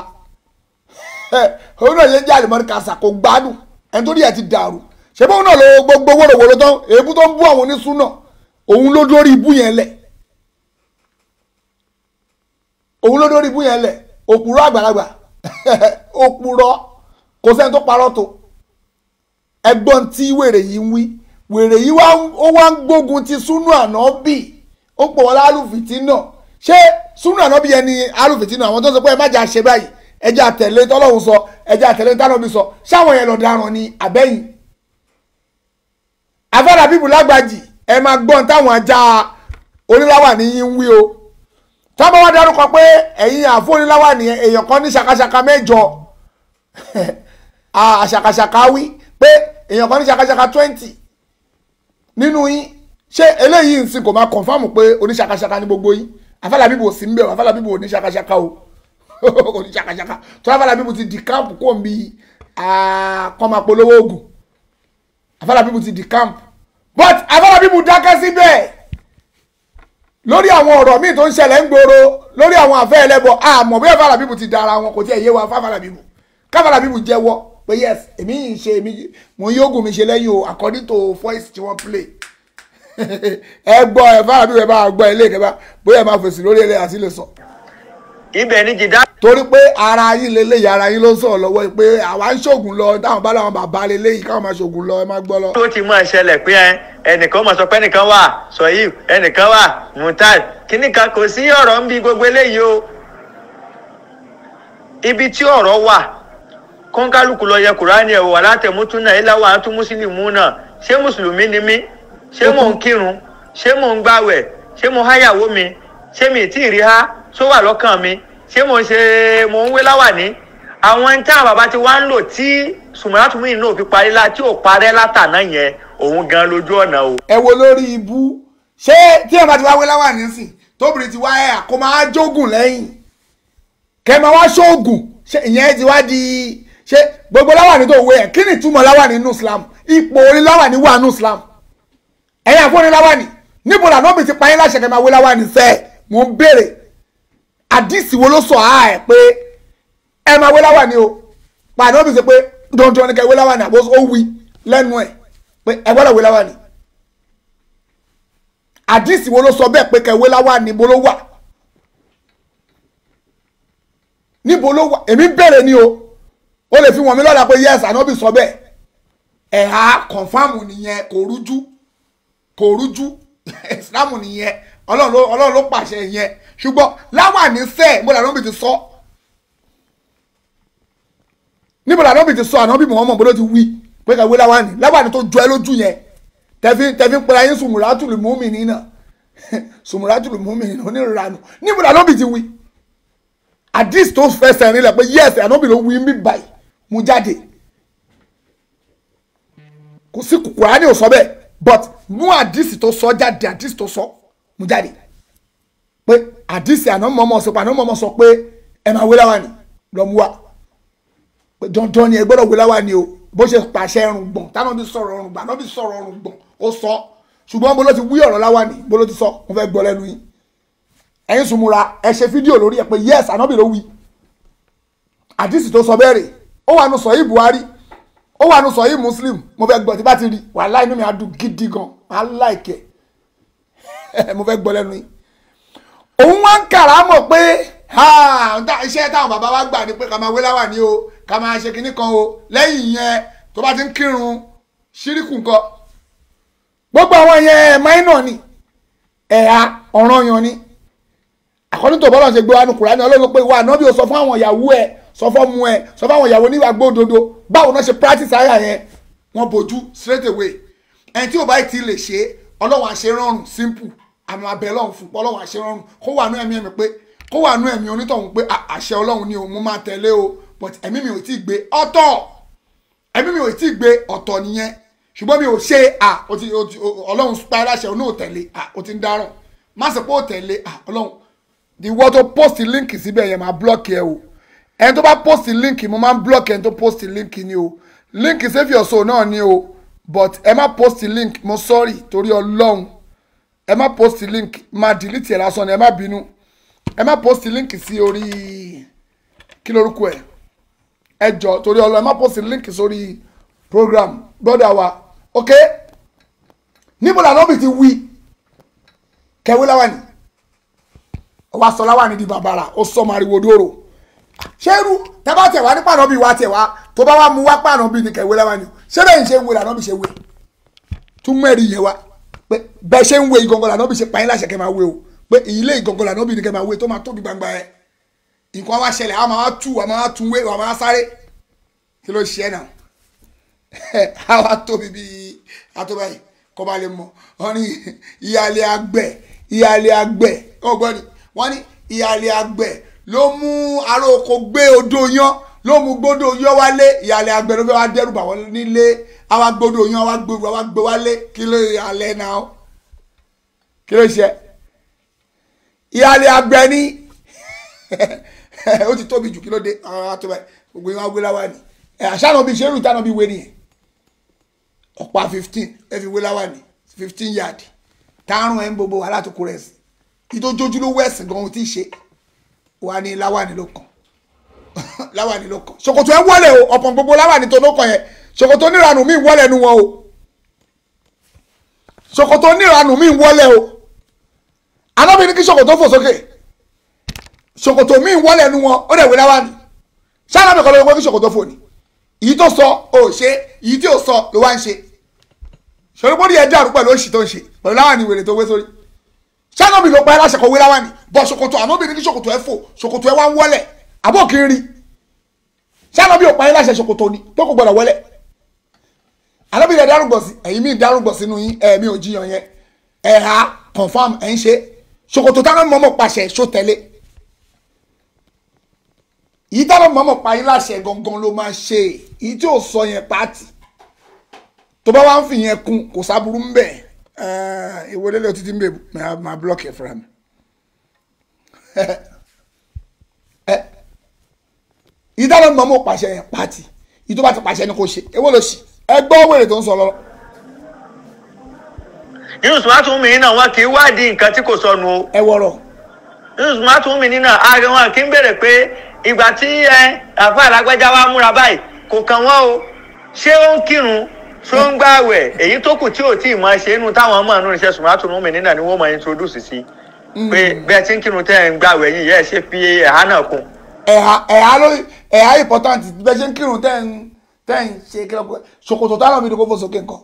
[laughs] òun náà ṣe ń jẹ́ àlèmọ́rí kásá kò gbádùn ẹni tó rí ẹ ti dàrú ṣé bóun náà ló gbogbo wòròwòrò tán èébú tó ń bú àwọn onísùnà òun ló dórí ibú yẹn lẹ̀ òun ló dórí ibú yẹn lẹ̀ òpùrọ̀ àgbàlagbà [laughs] òpùrọ̀ kò sẹ́ni tó parọ́ tó ẹgbọ́n tí wèrè yìí ń wí wèrè yìí ó wá ń gbógun ti súnú ànábì ó pọ̀ wọ́n lálùfìtínà ṣé súnú ànábì yẹn ni alùfìtínà àwọn tó ń sọ pé ẹ má jà ṣe báyìí ẹ jẹ́ àtẹ̀lé tọ́lọ́hún sọ ẹ jẹ́ àtẹ̀lé tánàbí sọ ṣáwọn yẹn lọ daràn ni àbẹ́yìn afárá bíbù lágbàjì ẹ máa gbọ́n táwọn ajá oníláwà ní yín ń wí o tọ́ba wá dárúkọ pé ẹ̀yin àfọ oníláwà ní èèyàn kan ní ṣàkàṣàkà mẹ́jọ [laughs] àṣàkàṣàkà wí pé èèyàn kan ní ṣàkàṣàkà twenty nínú yín ṣé eléyìí nsìn kò máa confam pé oníṣakaṣaka ní gbogbo yín afálábíbò sí ń bẹ̀ afálábíbò oníṣakaṣaka o [laughs] oníṣakaṣaka tó afálábíbò ti di káàpù kò ń bi àkọ́mapolówó oògùn afálábíbò ti di camp but afálábíbò dákẹ́ síbẹ̀ lórí àwọn ọ̀rọ̀ míì tó ń ṣẹlẹ̀ ń gbòòrò lórí àwọn àfẹ́ ẹlẹ́bọ̀ àmọ́ bí afálábíbò ti dára wọn kò tiẹ̀ yé wa fáfálábíbò káfálábíbò jẹ́wọ́ pé yes èmi yìí ń ṣe èmi mo ń yógùn mi ṣe lẹ́yìn o according to voice tí wọ́n play [laughs] ẹ gbọ́ ẹ bá àbí ẹ bá gbọ́ ẹ lé ìdẹ́bà bóyá ẹ máa fèsì lórí ẹ àti lè sọ. ibẹ̀ ni jìdá. torí pé ara yín leléyìí ara yín ló ń sọ̀rọ̀ lọ́wọ́ pé àwa ń ṣògùn lọ táwọn bá láwọn bàbá leléyìí káwọn máa ṣògùn lọ ẹ máa gbọ́ lọ. tó ti mú ẹṣẹlẹ pé ẹnìkan máa sọ pé ẹnìkan wà sọyìí ẹnìkan wà mutai kíníkan kò sí ọ̀rọ̀ ń bi gbogbo eléyìí o ibi tí ọ̀rọ̀ wà kọ́ńkálùkù lọ yẹ kùránì ẹ̀ wò alátẹ̀mútúnà ìlàwọ̀ àtún mùsùlùmúnà ṣé mùsùlùmí ni mí ṣé mò ń kírun ṣé mò ń gbàwẹ̀ ṣé mo háyàwó mi ṣé mi tí ì rí há tó wà lọ́kàn mi ṣé mo ṣe mo ń wé láwàní àwọn tá a bàbá ti wá ń lò tí sùmùràtúmí náà fi parí la tí ò parẹ́ látàná yẹn òun gan lójú ọ̀nà o. ẹ wo lórí ibú ṣé tí ẹ bá ti wá wé láwàní sìn tóbìnrin ti wá ẹ àkó máa jógùn lẹ́yìn kẹ máa wá ṣóògùn ìyẹn ti wá di ṣé gbogbo láwàní tó wé ẹ̀ kí ni ìtumọ̀ láwàní nínú Islam ipò orí láwàní wà nínú Islam ẹ̀yin àfọ́ni láwàní níbo làná mi ti pa yín láṣẹ kẹ́ máa wé láwàní sẹ́ mò ń béèrè àdìsí wo ló sọ á ẹ̀ pé ẹ máa wé láwàní o pàdánù mi sọ pé dandan ni kẹ́ wé láwàní àbó ó wí lẹ́nu ẹ̀ pé ẹ gbọ́dọ̀ wé láwàní àdìsí wo ló sọ bẹ́ẹ̀ pé kẹ́ wé láwàní bo ló wà níbo ló wà èmi béèrè ni o ó lè fi wọ̀n mí lọ́la pé yes ànábì sọ bẹ́ẹ̀ ẹ̀há kọ̀ǹfàmù nìyẹn kò rújú kò rújú ìsìlámù [laughs] nìyẹn ọlọ́run ló pàṣẹ yẹn ṣùgbọ́n láwà ní sẹ́ẹ̀ mo lànà bí ti sọ níbo lànà bí ti sọ ànábì Muhammad bó ló ti wí pé kàwé láwà ní láwà ní tó jọ ẹ lójú yẹn tẹ̀fí tẹ̀fí pẹ̀lú ayé sùmùràtùlù mùmí nínà sùmùràtùlù [laughs] mùmí nínà onírànù níbo lànà bí ti wí àdìs tó fẹsẹ̀ rinlẹ̀ pé yẹ́sẹ̀ ànábì ló wí mí báyìí mú jáde kò sí Kùránì ò sọ bẹ́ẹ̀ but mú àdìsí tó sọ jáde àdìsí tó sọ mú jáde pé àdìsí àná mọ́mọ́ sọ pé àná mọ́mọ́ sọ pé ẹ máa wé láwa ni lọ mú wa pé dandan ni ẹ gbọ́dọ̀ wé láwa ni o bó ṣe pàṣẹ ẹrùn gbọ̀n táná bí sọ̀rọ̀ ọrùn gbà náà bí sọ̀rọ̀ ọrùn gbọ̀n ó sọ ṣùgbọ́n bó ló ti wí ọ̀rọ̀ láwa ni bó ló ti sọ mo fẹ́ gbọ́ lẹ́nu yín ẹ̀yin sùnmùra ẹ ṣe fídíò lórí ẹ̀ pé yes àná bì ló wí àdìsí tó sọ bẹ́ẹ̀ rèé ó wà nù sọ̀yí Buhari ó wà nù sọ̀yí Muslim mo fẹ́ gbọ́ tí bá ti rí wàhálà inú mi á dùn gidi gan á láìkẹ́ [laughs] mo fẹ́ gbọ́ lẹ́nu yìí òun wá ń kàrà mọ̀ pé iṣẹ́ táwọn bàbá wa gbà ni pé ká máa wé láwà ní o ká máa ṣe kinní kan o lẹ́yìn yẹn tó bá ti ń kírun ṣíríkù nǹkan gbogbo àwọn yẹn máínà ni ẹ̀yà ọ̀ranyàn ni àkọ́nítò bọ́lá ṣe gbé wa nù Kùránì Ọlọ́run pé ìwà ànábì ò sọ fún àwọn ìyàwó ẹ̀ sọ fọ́mú ẹ sọ fáwọn ìyàwó níwà gbódodo báwo náà ṣe practice àyà yẹn wọ́n bójú straight away ẹni tí ò bá ti lè ṣe ọlọ́wọ́ àṣẹ rọrùn simple àmọ́ abẹ́ ọlọ́run fún ọlọ́wọ́ àṣẹ rọrùn kó wà nú ẹ̀mí ẹ̀mí pé kó wà nú ẹ̀mí onítọ̀hún pé àṣẹ ọlọ́run ni òun máa tẹ̀lé o but ẹ̀mí mi ò tí ì gbé ọ̀tọ̀ ẹ̀mí mi ò tí ì gbé ọ̀tọ̀ nìyẹn ṣùgbọ́n mi ò ṣe à ọlọ́run parí àṣẹ òun ò tẹ̀lé à ó ti ń dáràn má sì pé ò tẹ̀lé à ọlọ́run the word to post link síbẹ̀ yẹn máa block ẹ o ẹni tó bá pósìtì líǹkì mo máa ń blọ́ọ̀kì ẹni tó pósìtì líǹkì ni o líǹkì save your soul náà ni o but ẹ má pósìtì líǹkì mo sọ́ọ̀rì torí ọlọ́run ẹ má post líǹkì máa dìlítì ẹ̀ lásán ni ẹ má bínú ẹ má pósìtì líǹkì sí orí kí lorúkọ ẹ ẹ jọ torí ọlọ́run ẹ má pósìtì líǹkì sórí program brother wa ok níbo làwọn òbí ti wí kẹwé láwàní wàá sọ láwàní di bàbàrà ó sọ màrìwò dòrò ṣerú tábà tẹ̀ wá nípa ànábì wa tẹ̀ wá tó bá mu wá pa ànábì ní kẹ̀wé láwa ni ṣé bẹ́ẹ̀ ń ṣe ń wé lànábì ṣe wé tún mẹ́rin yẹn wa pé bẹ́ẹ̀ ṣe ń wé ìgangan lànábì ṣe pààyàn láṣẹ kẹ́ máa wé o pé ilé ìgangan lànábì ní kẹ́ máa wé tó máa tóbi gbangba ẹ̀ nǹkan wá ṣẹlẹ̀ àwọn máa tú àwọn máa tún wé àwọn máa sáré kí ló ṣe náà àwọn [laughs] atóbi bíi atóbi báyìí kọ́ bá lè mọ̀ wọ́n ní ìyáálé àgbẹ̀ ìyáálé àgbẹ̀ ọgbọ́n ni wọ́n ní ìyáálé àgbẹ̀ ló mú ará oko gbé odó yan ló mú gbódò yan wálé ìyàlẹ̀ àgbẹ̀rún fẹ́ wá dẹ́rù bàwọ́ nílé àwa gbódò yan àwa gbódò àwa gbé wálé kí ló ìyàlẹ̀ náà kí ló ṣe ìyàlẹ̀ àgbẹ̀ [laughs] ó ti tóbi jù kí ló dé gbogbo yẹn wá gbé láwa ni àṣà náà bí ṣerú ìta náà bí ọ̀pá fifteen ẹ fi wé láwa ni fifteen yard tààrùn ẹ̀ ń gbogbo aláàtúkù rẹ̀ sí kí tó jójú ló wẹ̀sìn gan-an ti ṣe wà ní láwàní ló kàn [laughs] láwàní ló kàn ṣòkòtò ẹ wọlé o ọ̀pọ̀ gbogbo láwàní tó ló kàn yẹn ṣòkòtò níranù míì wọlé nu wọn o ṣòkòtò níranù míì wọlé o alábìnrin kí ṣòkòtò fò sókè ṣòkòtò míì wọlé nu wọn ó dẹ̀ wí láwàní ṣáàlà mi kọ́ ló ń gbé kí ṣòkòtò fò ní èyí tó sọ ò ṣe èyí tí ò sọ ló wá ń ṣe ṣòro bóri dàrú pẹ̀lú òṣì tó ń ṣe pẹ̀lú láwàní wèrè tó gbé sórí sanabi ló pa ẹ láṣẹ kọwé láwa ni bọ ṣòkòtò ànábìrin ní ṣòkòtò ẹ fò ṣòkòtò ẹ wá ń wọlẹ̀ àbọ̀ kì í rí sanabi ò pa ẹ láṣẹ ṣòkòtò ni pé kò gbọdọ̀ wọlẹ̀ ànábìrin ẹ dárúgbọ̀ sí ẹ̀yin mi dárúgbọ̀ sínú yín ẹ̀mí ò jiyàn yẹn ẹ̀ ha confam ẹ̀ ń ṣe ṣòkòtò táwọn mọ̀mọ́ pàṣẹ ṣó tẹ̀lé yìí táwọn mọ̀mọ́ pa yín láṣẹ gangan ló máa ṣe èyí tí ò sọ yẹn pàtì tó bá wá ń fi yẹn kún kò sábúrú ń bẹ̀ẹ́ ee iwerele otiti mbe ma blọk efere m ìdáná mọ̀ mọ̀ pàṣẹ yẹn pàtì ìtọ́ bá ti pàṣẹ ni kò ṣe ewé ló ṣì ẹgbẹ́ wèrè tó ń sọ lọ́rọ́. yunus matumi náà wọn kì í wádìí kò sọnù o. ẹ eh, wa o sóńgbàwẹ̀ èyí tó kù tí ò tí ì máa ṣe inú táwọn ọmọ àánú iṣẹ́ sùnmọ́ àtúnú mi nínà ni wọ́n máa introduce sí pé mm. bẹ́ẹ̀ tí ń kírun tẹ́ ẹ̀ ń yìí yẹ́ ẹ ṣe fi ẹ̀há náà kún. ẹ̀há ẹ̀há important bẹ́ẹ̀ ṣe ń kírun tẹ́ ń tẹ́ ń ṣe kílọ̀pọ̀ ṣòkòtò táwọn ọmọ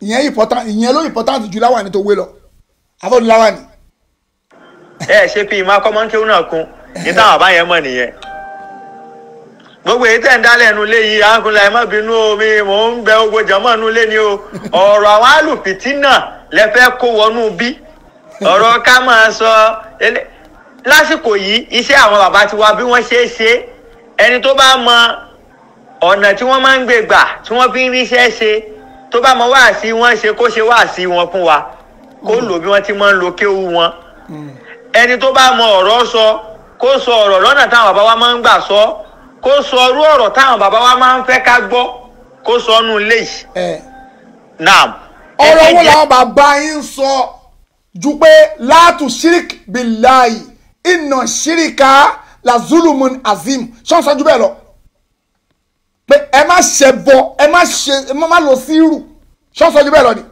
mi important ìyẹn ló important tó wé lọ ẹ ṣe gbogbo èyí tẹ̀ ń dálẹ̀ nu lé yìí àákùnlá ẹ̀ má bínú omi mò ń bẹ ogo jọ̀mọ́ nu lé ni o ọ̀rọ̀ àwọn alùpìtì náà lẹ fẹ́ kó wọnú bí ọ̀rọ̀ ká máa sọ lásìkò yìí iṣẹ́ àwọn bàbá tiwa bí wọ́n ṣe é ṣe ẹni tó bá mọ ọ̀nà tí wọ́n máa ń gbé gbà tí wọ́n fi ń ríṣẹ́ ṣe tó bá mọ wáàsí wọn ṣe kó ṣe wáàsí wọn fún wa kó lò bí wọ́n ti máa ń lo kéwu wọn hmm. ẹni tó bá mọ ọ̀rọ̀ sọ kó sọ ọ̀rọ̀ lọ́nà táwọn bàbá wa máa ń gbà sọ ọ́ kó sọ ọrú ọ̀rọ̀ táwọn bàbá wa máa ń fẹ́ ká gbọ́ kó sọ ọ́nú ilé yìí. naam. ọ̀rọ̀ wo làwọn bàbá yín sọ ju pé láàtú shirik bilayi iná shirika lazulumun azim ṣọ́n sọ ju bẹ́ẹ̀ lọ pé ẹ má ṣe bọ ẹ má ṣe ẹ má lọ sí irú ṣọ́n sọ ju bẹ́ẹ̀ lọ ni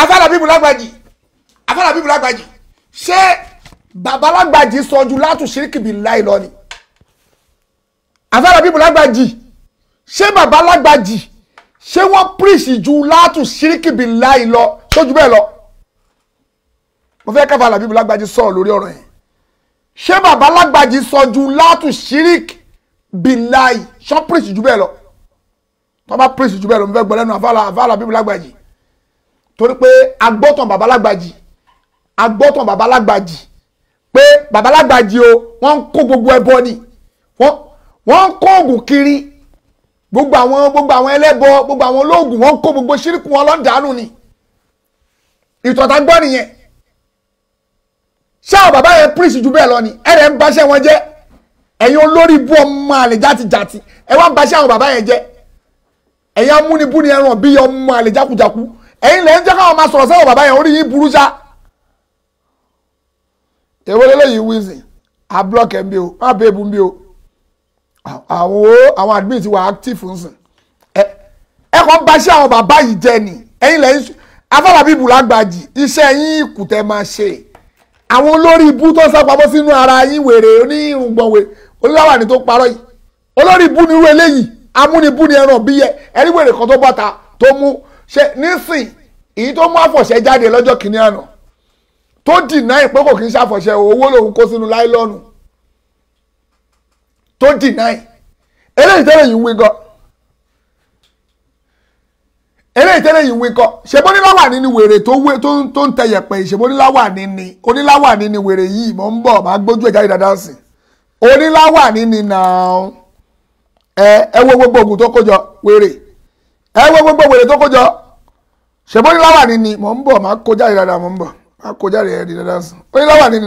afárá bíbu lágbàjì afárá bíbu lágbàjì ṣé bàbá lágbàjì sọ ju láàtú shirik bilayi lọ ni àfẹ́rẹ́ bíbù lágbàjì ṣé bàbá lágbàjì ṣé wọ́n píríṣì ju látù síríkìbì láì lọ sójú bẹ́ẹ̀ lọ mo fẹ́ káfà làbíbù lágbàjì sọ̀rọ̀ lórí ọ̀rọ̀ yẹn ṣé bàbá lágbàjì sọ ju látù síríkìbì láì ṣọ́ píríṣì ju bẹ́ẹ̀ lọ tó bá píríṣì ju bẹ́ẹ̀ lọ mo fẹ́ gbọ́ lẹ́nu àfà làbíbù lágbàjì torí pé agbọ́tàn bàbá lágbàjì agbọ́tàn bàbá lágbàjì pé bàbá lágbàjì o wọ́n ń kó gbogbo ẹbọ ni wọ́n wọ́n ń kó oògùn kiri gbogbo àwọn gbogbo àwọn ẹlẹ́bọ gbogbo àwọn olóògùn wọ́n ń kó gbogbo ṣírìkù wọn lọ́ndàánù ni ìtọ̀tà gbọ́ nìyẹn ṣáà bàbá yẹn prince jù bẹ́ẹ̀ lọ ni ẹ̀rẹ̀ ń baṣẹ́ wọn jẹ́ ẹ̀yin olórí ibú ọmọ àlè játijàti ẹ wá ń baṣẹ́ àwọn bàbá yẹn jẹ́ ẹ̀yin amúnibúni ẹran bíi ọmọ àlè jákujàku ẹ̀yin lẹ́yìn jẹ́ káwọn máa sọ̀rọ̀ sẹ́wọ̀n bàbá yẹn orí yín burú ṣá. èwo lélẹ́yìí wíìsì àbúlọ̀kẹ́ ń o má bẹ́ẹ̀ bú ń o àwọn àwọn admin ti wà active nsìn ẹ ẹ kàn bá iṣẹ́ àwọn bàbá yìí jẹ ni ẹ̀yin lẹ́yìn afọlábí bùlágbàjì iṣẹ́ yín kù tẹ́ máa ṣe àwọn olórí ibú tó ń sápamọ́ sínú ara yín wèrè onírùngbọ̀n wèrè oníláwàní tó parọ́ yìí olórí ibú ni irú eléyìí amúnibú ni ẹran bíyẹ ẹni wèrè kan tó bọ́ta tó mú ṣe nísìn èyí tó mú àfọ̀ṣẹ jáde lọ́jọ́ kìnìún àná tó dì náà ìpẹ́kọ̀ kì í ṣàfọ̀ṣẹ owó lòun kó sínú láìlọ́nù tọ deny eléyìí tẹ́lẹ̀ yìí ń wí eléyìí tẹ́lẹ̀ yìí ń wí gan ṣèbó níláwà ní ni wèrè tó ń tẹyẹ̀pẹ̀ ṣèbó níláwà ní ni oníláwà ní ni wèrè yìí mọ̀ ń bọ̀ máa gbójú ẹ̀ jáde dáadáa sí oníláwà ní ni náà ẹ wo gbogbo ògùn tó kójọ wèrè ẹ wo gbogbo wèrè tó kójọ ṣèbó níláwà ní ni mọ̀ ń bọ̀ máa kó jáde dáadáa mọ̀ ń bọ̀ máa kó jáde dáadáa sí oníláwà ní ni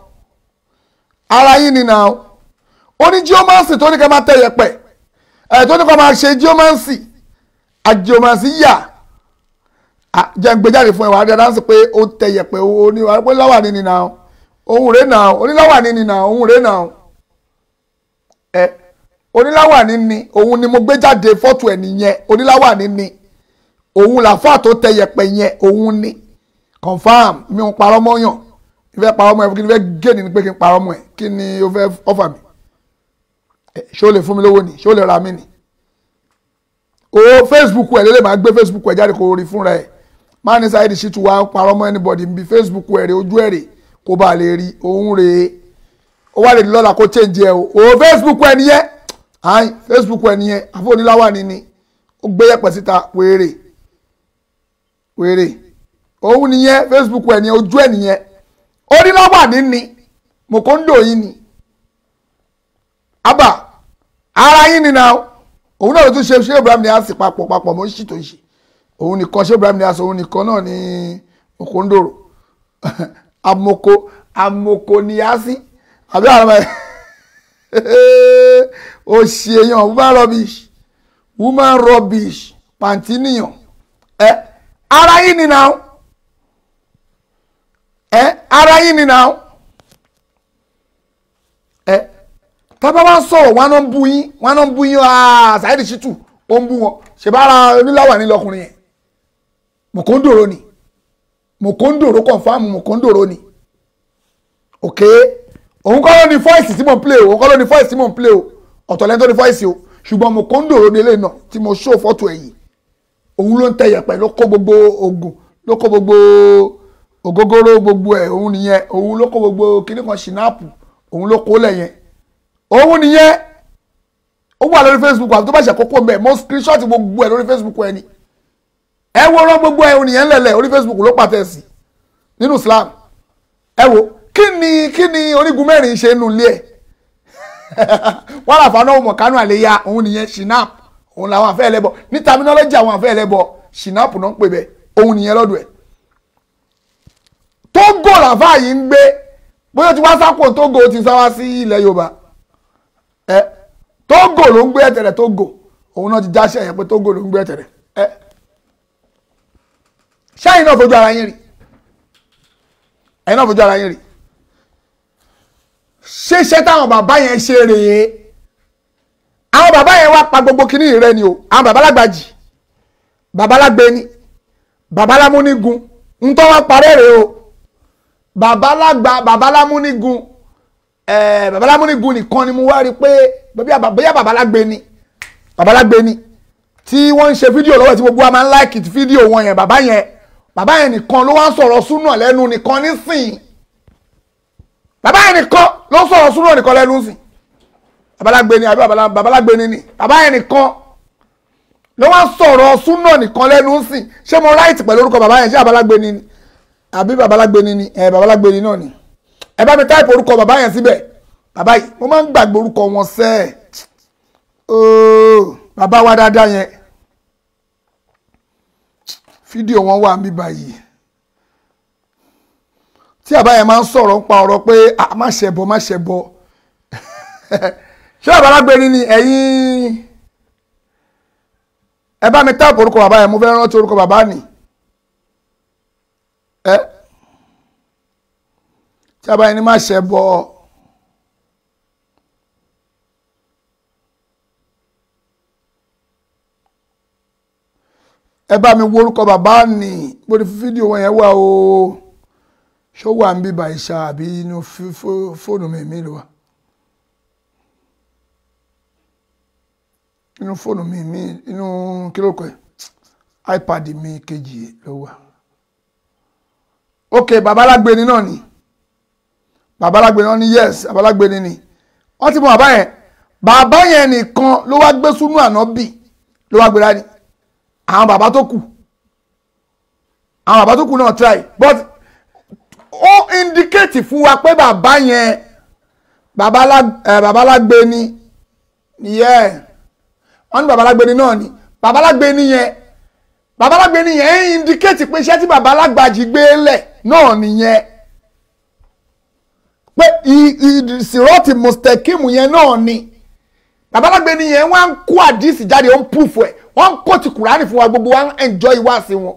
ara yín ni náà ó ní geomancy tó ní ká máa tẹ̀yẹ̀pẹ̀ ẹ̀ tó ní ká máa ṣe geomancy àgeomancy yà jẹ́ǹgbẹ́jáde fún ẹ̀ wàá dáadáa sí pé ó tẹ̀yẹ̀pẹ̀ ó ní wàá pé láwà ní ni náà òun rèé náà oníláwà ní ni náà òun rèé náà ẹ oníláwà ní ni òun ni mo gbé jáde fọ́tò ẹ̀ nìyẹn oníláwà ní ni òun làfáà tó tẹ̀yẹ̀pẹ̀ yẹn òun ni confam mi ò parọ́ mọ́yàn ìfẹ́ parọ́ mọ́ ẹ kí ni fẹ́ gé ni pé kí n parọ́ mọ́ ẹ kí ni o fẹ́ ọ̀fà mi eh, ṣé o lè fún mi lówó ni ṣé o lè ra mi ni o Facebook ẹ lélẹ̀ máa gbé Facebook ẹ jáde kó rí fúnra ẹ má ní Saheed Shittu wá parọ́ mọ́ anybody níbi Facebook ẹ rè ojú ẹ rè kó bá lè rí òun rè é ó wá lè lọ́la change ẹ o o Facebook ẹ niye. ayi Facebook ẹ nìyẹn àfọ̀níláwà ni ni ó gbé yẹ̀pẹ̀ síta wéré wéré òun nìyẹn Facebook ẹ niye. ojú ẹ niye onílọ́wà ní ni mòkóńdò yín ni abba ara yín ni náà òun náà ló tún ṣe ṣé Ibrahim Niasse papọ̀ papọ̀ mọ́ ṣì tó ṣe òun nìkan ṣé Ibrahim Niasse òun nìkan náà ní mòkóńdòrò [laughs] amoko amoko Niasse àbí àwọn ọmọ ẹ ó ṣe èèyàn woman rubbish woman rubbish pàǹtí nìyàn ẹ ara yín ni náà ẹ ara yín ni náà ẹ tábà wá ń sọ̀rọ̀ wọn náà ń bú yín wọn náà ń bú yín ah, Saheed Shittu ó ń bú wọn ṣèbára oníláwà ní lọkùnrin yẹn mọ̀kóńdòrò ni mọ̀kóńdòrò kọ̀ǹfàmù mọ̀kóńdòrò ni òkè òun kọ́ ló ní fọ́ìsì tí mò ń plé o òun kọ́ ló ní fọ́ìsì tí mò ń plé o ọ̀tọ̀ lẹ́ni tó ní fọ́ìsì o ṣùgbọ́n mọ̀kóńdòrò ni eléyìí náà tí mo ṣó fọ́tò ẹ̀yìn òun ló ń tẹ̀yẹ̀ pẹ̀ ló kó gbogbo ogun ló kó gbogbo ògógóró gbogbo ẹ̀ òun nìyẹn òun ló kó gbogbo kinní kan ṣìnáàpù òun ló kó lẹ̀ yẹn òun nìyẹn ó wà lórí Facebook àti tó bá ṣe àkókò mẹ́ mo screenshot gbogbo ẹ̀ lórí Facebook ẹ̀ ni ẹ wo rán gbogbo ẹ̀ òun nìyẹn lẹ̀lẹ̀ orí Facebook ló pàtẹ́ sí nínú Islam ẹ wo kí ni kí ni orígun mẹ́rin ṣe nù lé ẹ̀ [laughs] wọ́n rà ọmọ kánú àléyá òun nìyẹn ṣìnáàpù òun làwọn àfẹ́ ẹlẹ́bọ ní terminology àwọn àfẹ́ ẹlẹ́bọ ṣìnáàpù náà ń pè bẹ́ẹ̀ òun nìyẹn lọ́dọ̀ ẹ̀ Tógò làfà yìí ń gbé bóyá tí wá sápò Tógò ti sá wá sí ilẹ̀ Yorùbá ẹ Tógò ló ń gbé ẹ̀tẹ̀rẹ̀ Tógò òun náà ti jáṣẹ́ yẹn pé Tógò ló ń gbé ẹ̀tẹ̀rẹ̀ ẹ ṣẹ́yìn náà fojú ara yín rí ẹ̀yin náà fojú ara yín rí ṣéṣẹ́ táwọn bàbá yẹn ṣe rèé àwọn bàbá yẹn wá pa gbogbo kinní rẹ ni o àwọn bàbá lágbàjì bàbá lágbẹni bàbá lámúnigun ń tọ́ wá parẹ́ rèé o babalagba babalamunigun ẹẹ eh, babalamunigun nìkan ni mo wá rí i pé bóyá babalagbe ni babalagbe ni tí wọ́n ń ṣe fídíò lọ́wọ́ tí gbogbo wa máa ń láìkì fídíò wọn yẹn bàbá yẹn bàbá yẹn nìkan ló wá ń sọ̀rọ̀ súnà lẹ́nu nìkan nísìn bàbá yẹn nìkan ló ń sọ̀rọ̀ súnà nìkan lẹ́nu nísìn babalagbe ni àbí babalagbe ni ni bàbá yẹn nìkan ló wá ń sọ̀rọ̀ súnà nìkan lẹ́nu nísìn ṣé mo ráìtì pẹ̀lú orúkọ bàbá yẹn ṣé babalagbe ni ni àbí babalágbéni ni ẹ babalágbéni náà ni ẹ bá mi táìpù orúkọ bàbá yẹn síbẹ̀ bàbá yìí mo máa ń gbàgbé orúkọ wọn sẹ́ ẹ̀ ooo bàbá wa dáadáa yẹn fídíò wọn wà níbí báyìí tí bàbá yẹn máa ń sọ̀rọ̀ ń pa ọ̀rọ̀ pé a má ṣe bọ̀ má ṣe bọ̀ [laughs] ṣé babalágbéni ni ẹ̀yin ẹ bá mi táìpù orúkọ bàbá yẹn mo fẹ́ rántí orúkọ bàbá nìí. tí a bá yẹn ní má ṣe bọ ẹ bá mi worúkọ bàbá nì lórí fídíò wọn yẹn wà o ṣó wà ń bíbà ìṣá àbí inú fóònù mi mi ló wà inú fóònù mi mi inú kílókọ ẹ ipad mi kejì ló wà ok babalágbéni náà ni bàbá alágbèni wọn yes bàbá alágbèni ni wọn ti mọ bàbá yẹn bàbá yẹn nìkan ló wá gbé súnú ànábì ló wá gbéra ni àwọn bàbá tó kù àwọn bàbá tó kù náà try but ó indicate fún wa pé bàbá yẹn bàbá eh, alágbèni yẹ wọn ní bàbá alágbèni náà ni bàbá alágbèni yẹn bàbá alágbèni yẹn indicate pé iṣẹ́ tí bàbá alágbàjì gbé lẹ̀ náà nìyẹn pé ìsìrọ́ọ̀tì mùsítẹ́kìmù yẹn náà ni babalágbé ni yẹn wọ́n á ń kó àdìsí jáde ó ń púfù ẹ̀ wọ́n ń kó ti kùránì fún wa gbogbo wa ń enjoy ìwà sí wọn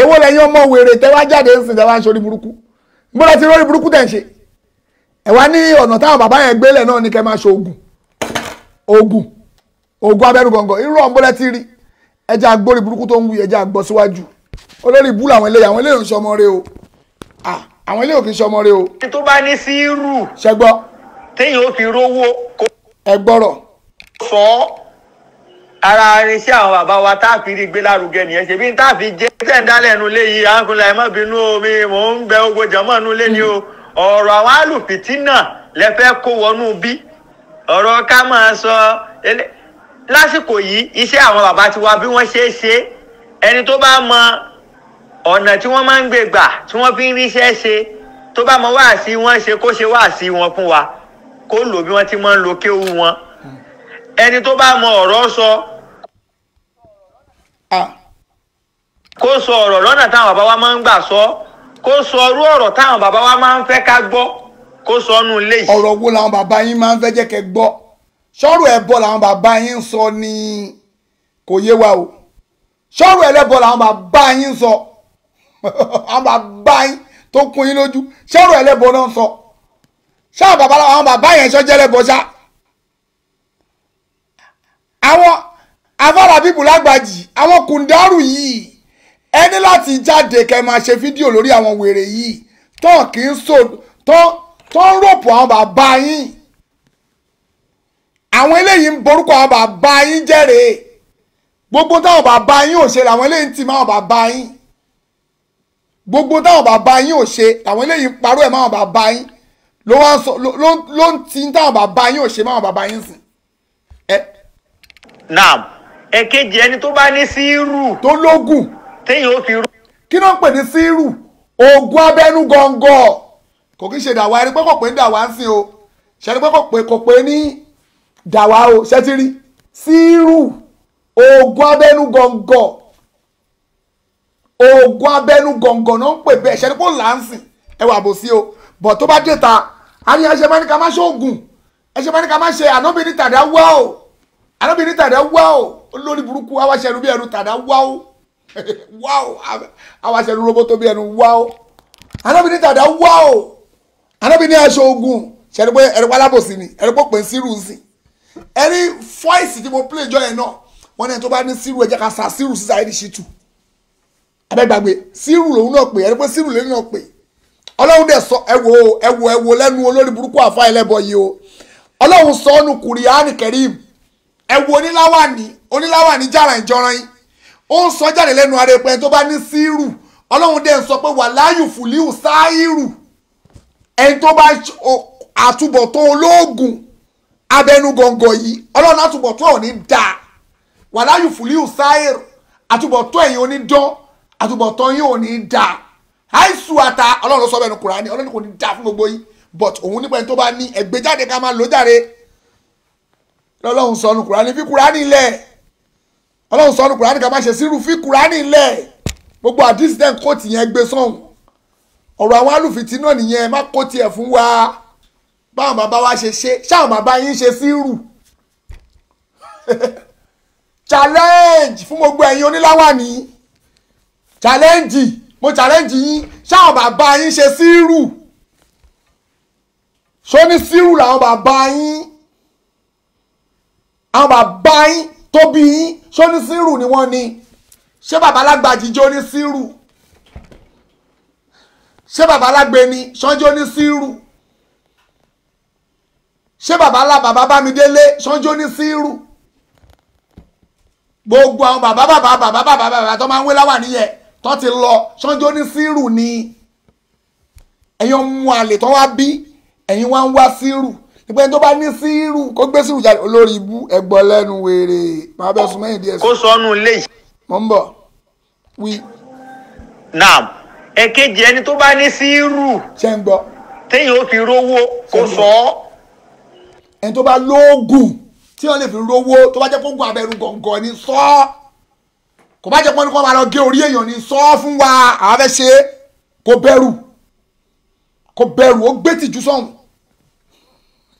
èwo lẹ́yìn ọmọ wèrè tẹ́wá jáde ń sìn tẹ́wá ń sori burúkú gbọ́dọ̀ ti rori burúkú tẹ̀ ń ṣe ẹ̀ wá ní ọ̀nà táwọn bàbá yẹn gbélé náà ni kẹ́ máa ṣe oògùn oògùn oògùn abẹ́rù gọ̀ǹgọ̀ irú ọ̀nbọ́lẹ́ ti rí ẹja agbórí burúkú tó ń wuyì ẹja àgbọ̀ síwájú olórí ìbúlọ̀ àwọn eléyà àwọn ń ṣọmọ rẹ o ah àwọn ilé òkè sọmọ rẹ o. ẹni tó bá ní síírù. ṣẹgbọ́. téèyàn ó fi rówó. ẹ gbọ́rọ̀. sọ ara irinṣẹ́ àwọn bàbá wa tá a fi rí gbé lárugẹ nìyẹn ṣe bí n tá a fi jẹ́ tẹ̀ǹdálẹ̀ nu lé yìí àákùnlẹ̀ ẹ̀ má bínú omi mò ń bẹ ogo jọ̀mọ́ nu lé ni o ọ̀rọ̀ àwọn alùpìtínà lẹ fẹ́ kó wọnú bí ọ̀rọ̀ ká máa sọ lásìkò yìí iṣẹ́ àwọn bàbá tiwa bí wọ́n ṣe é ṣe ẹni tó bá mọ ọ̀nà tí wọ́n máa ń gbé gbà tí wọ́n fi ń ríṣẹ́ ṣe tó bá mọ wáàsí wọn ṣe kó ṣe wáàsí wọn fún wa kó lò bí wọ́n ti máa ń lo kéwú wọn ẹni tó bá mọ ọ̀rọ̀ sọ kó sọ ọ̀rọ̀ lọ́nà táwọn bàbá wa máa ń gbà sọ kó sọ irú ọ̀rọ̀ táwọn bàbá wa máa ń fẹ́ ká gbọ́ kó sọ ọ́nù ilé yìí. ọ̀rọ̀ wo làwọn bàbá yín máa ń fẹ́ jẹ́ kẹ́ gbọ́ sọ́rọ̀ ẹbọ làwọn bàbá yín sọ ni kò yé wa o sọ́rọ̀ ẹlẹ́bọ làwọn bàbá yín sọ. So [laughs] àwọn bàbá yín tó kún yín lójú ṣọ́rọ̀ ẹlẹ́bọ náà ń sọ ṣáà bàbá àwọn bàbá yẹn ṣọ́ jẹ́lẹ́bọ ṣá. àwọn afárá bíbù lágbàjì àwọn kùndàrú yìí ẹ ní láti jáde kẹ́ máa ṣe fídíò lórí àwọn wèrè yìí tó kì í so tó ń ròpò àwọn bàbá yín àwọn eléyìí ń borúkọ àwọn bàbá yín jẹ́rèé gbogbo táwọn bàbá yín ò ṣe làwọn eléyìí ń tì máa bàbá yín gbogbo táwọn bàbá yín ò ṣe làwọn eléyìí ń parọ́ ẹ̀ máwọn bàbá yín ló wá ń sọ ló ń ti táwọn bàbá yín ò ṣe máwọn bàbá yín sìn. naam ẹ̀kejì ẹni tó bá ní síírù. tó lógùn. téèyàn ó fi rú. kí ló ń pè ní síírù oògùn abẹ́nú gọ̀ǹgọ̀ kò kí ṣe dàwa ẹni pé kò pé ní dàwa ń sìn o ṣẹni pé kò pé kò pé ní dàwa o ṣẹ́tìrí síírù oògùn abẹ́nú gọ̀ǹgọ̀ oògùn abẹ́nú gọ̀ǹgọ̀ náà ń pè bẹ́ẹ̀ ṣẹ́ni kó là ń bò sí o bọ̀ tó bá dé ta a ní ẹṣẹ̀ máa ní ká má ṣe oògùn ẹṣẹ̀ máa ní ká má ṣe ànábìnrin tàdá wá o ànábìnrin tàdá wá o olórí burúkú awáṣẹ́nu bí ẹnu tàdá wá o [laughs] wá o awáṣẹ́nu roboto bí ẹnu wá o ànábìnrin tàdá wá o ànábìnrin aṣọ oògùn ṣẹ́ni pé ẹ̀rọ alábòsí ni ẹ̀rọ pé pèsè rúùsì ẹ̀rí fọ́ìsì tí mo play jọ yẹn náà wọ́n ni ẹni tó bá ní sírù ẹ̀jẹ̀ ká sa sírù sísá ẹni ṣì tù abẹ́gbàgbé sírù lòun náà pè ẹni pé sírù lòun náà pè ọlọ́run dẹ̀ sọ ẹwò ẹwò ẹwò lẹ́nu olórí burúkú àfa ẹlẹ́bọ yìí o ọlọ́run sọ ọ́nù kùrìánì kẹrìm ẹwò oníláwàní oníláwàní jàrà ìjọra yín ó ń sọ jáde lẹ́nu ara ẹ̀pẹ́ tó bá ní sírù ọlọ́run dẹ̀ sọ pé wàláyù fùlíù sáírù ẹni tó bá àtúbọ̀tán olóògùn abẹnugọ̀ngọ̀ yìí ọlọ́run àtúbọ̀tán ò ní dáa wàláyù fùlíù sáírù àtúbọ̀tán ẹ̀yìn onídán àtúbọ̀tán yóò ní da. àìsù ata ọlọ́run ló sọ bẹ́ẹ̀ ní Kùránì ọlọ́run kò ní dáa fún gbogbo yín but òun nípa ẹni tó bá ní ẹgbẹ́ jáde ká máa lò jáde lọ́lọ́run sọ ní Kùránì fi Kùránì lẹ̀ ọlọ́run sọ ní Kùránì ká máa ṣe sírù fi Kùránì lẹ̀ gbogbo àdìsí dẹ́n kóòtù yẹn gbé sọ́hùn ọ̀rọ̀ àwọn alùfìtì náà nìyẹn má kóòtù ẹ̀ fún wa báwọn bàbá wa ṣe ṣe ṣáwọn bàbá yín ṣe sírù [laughs] challenge fún gbogbo ẹ̀yin oníláwà nìyí challenge mo challenge yín ṣáwọn bàbá yín ṣe sírù ṣó ní sírù làwọn bàbá yín àwọn bàbá yín tó bí yín ṣó ní sírù ni wọ́n ni ṣé bàbá alágbàjì jó ní sírù ṣé bàbá alágbe ni ṣánjó ní sírù ṣé bàbá ńlá bàbá bámidélé ṣánjó ní sírù gbogbo àwọn bàbá bàbá bàbá bàbá bàbá tó máa ń wé láwà nìyẹn tó ti lọ ṣánjọ́ ní sírù ni ẹ̀yin ọmọ àlè tó wá bí ẹ̀yin wá ń wá sírù ìpẹ́ tó bá ní sírù kó gbé sírù jáde olórí ibú ẹgbọ́ lẹ́nu wèrè máa bẹ́ sùn mẹ́yìn díẹ̀ sí. kó sọnù ilé yìí. mo ń bọ̀ wí. naam èkejì ẹni tó bá ní sírù. ṣé ń gbọ́. téèyàn ó fi rówó kó sọ ọ́. ẹni tó bá lóògùn tí wọ́n lè fi rówó tó bá jẹ́ kó gun abẹ́rù ni sọ́ọ́. So kò bá jẹ́ pọ́n ní kó máa lọ gé orí èèyàn ni sọ ọ́ fún wa àwọn fẹ́ ṣe é kó bẹ̀rù kó bẹ̀rù ó gbé tìjú sọ̀hún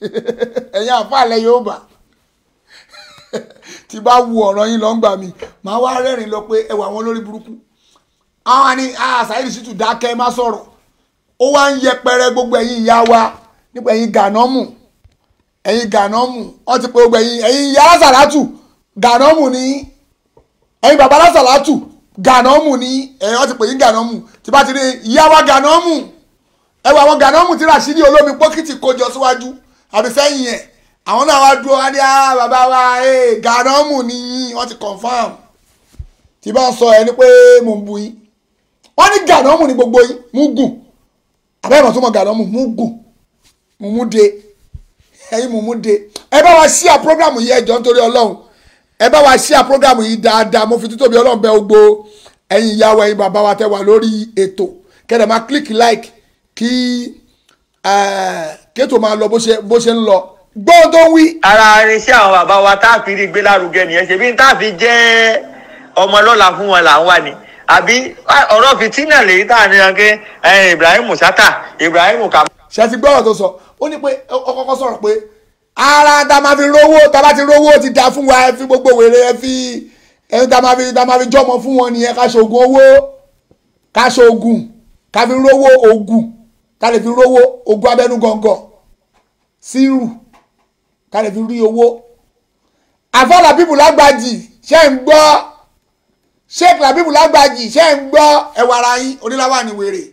[laughs] ẹ̀yin àfàlẹ́ yóò [laughs] tí bá wu ọ̀rọ̀ yín lọ ń gbà wá rẹ́rìn lọ pé ẹwà wọn lórí burúkú àwọn ni àṣàyèdè sì tún dákẹ́ má sọ̀rọ̀ ó wá ń yẹpẹrẹ gbogbo ẹ̀yin ìyá wa nípa ẹ̀yin gànọ́mù ẹ̀yin gànọ́mù wọ́n ti pe gbogbo ẹ̀yin ẹ̀yin ìyá sàràtù gànọ́mù ni yín ẹ̀yin bàbá lásàlátù gànọ́mù ni ẹ̀ ọ́ ti pè yín gànọ́mù tí bá ti rí ìyá wa gànọ́mù ẹ wà àwọn gànọ́mù tí Rashidi olómi pókìtì kojọ síwájú àbí sẹ́yìn ẹ̀ àwọn náà wá dúró wá bàbá wa ee gànọ́mù ni yín ti confam tí bá ń sọ ẹni pé mò ń bu yín wọ́n ní gànọ́mù ni gbogbo yín mú gùn àbẹ́rẹ́ mọ̀ tó mọ̀ gànọ́mù mú gùn mú mú de ẹ̀yin mú mú de ẹ bá wa ṣí à program yìí ẹjọ́ nítorí Ọlọ́run ẹ bá wa ṣíà prógrámù yìí dáadáa mo fi títóbi ọlọ́run bẹ̀ gbogbo ẹ̀yin ìyá wa ẹ̀yin bàbá wa tẹ́ wà lórí ètò kẹ́dẹ̀ máa click like kí kétò máa lọ bó ṣe ń lọ gbọ́n tó wí. ara irinṣẹ́ àwọn bàbá wa tá a fi rí gbé lárugẹ nìyẹn ṣe bí tá a fi jẹ́ ọmọ lọ́la fún wọn là ń wà ní àbí ọ̀rọ̀ fìtínà lèyí tá a ní ọkẹ́ Ibrahim Sata Ibrahim Kamal. ṣe ti gbọ́ ọ̀rọ̀ tó sọ ó ní pé ó sọ̀rọ̀ pé ara tá a máa fi rówó tá bá ti rówó ti dá fún wa ẹ fi gbogbo wèrè ẹ fi ẹni tá a máa fi tá a máa fi jọmọ fún wọn nìyẹn ká ṣoògùn owó ká ṣoògùn ká fi rówó oògùn ká lè fi rówó oògùn abẹ́nú gọ̀ǹgọ̀ sírù ká lè fi rí owó àfọlà bíbù lágbàjì ṣe ń gbọ́ sheikh labibu lágbàjì ṣe ń gbọ́ ẹwà ara yín oníláwà ni wèrè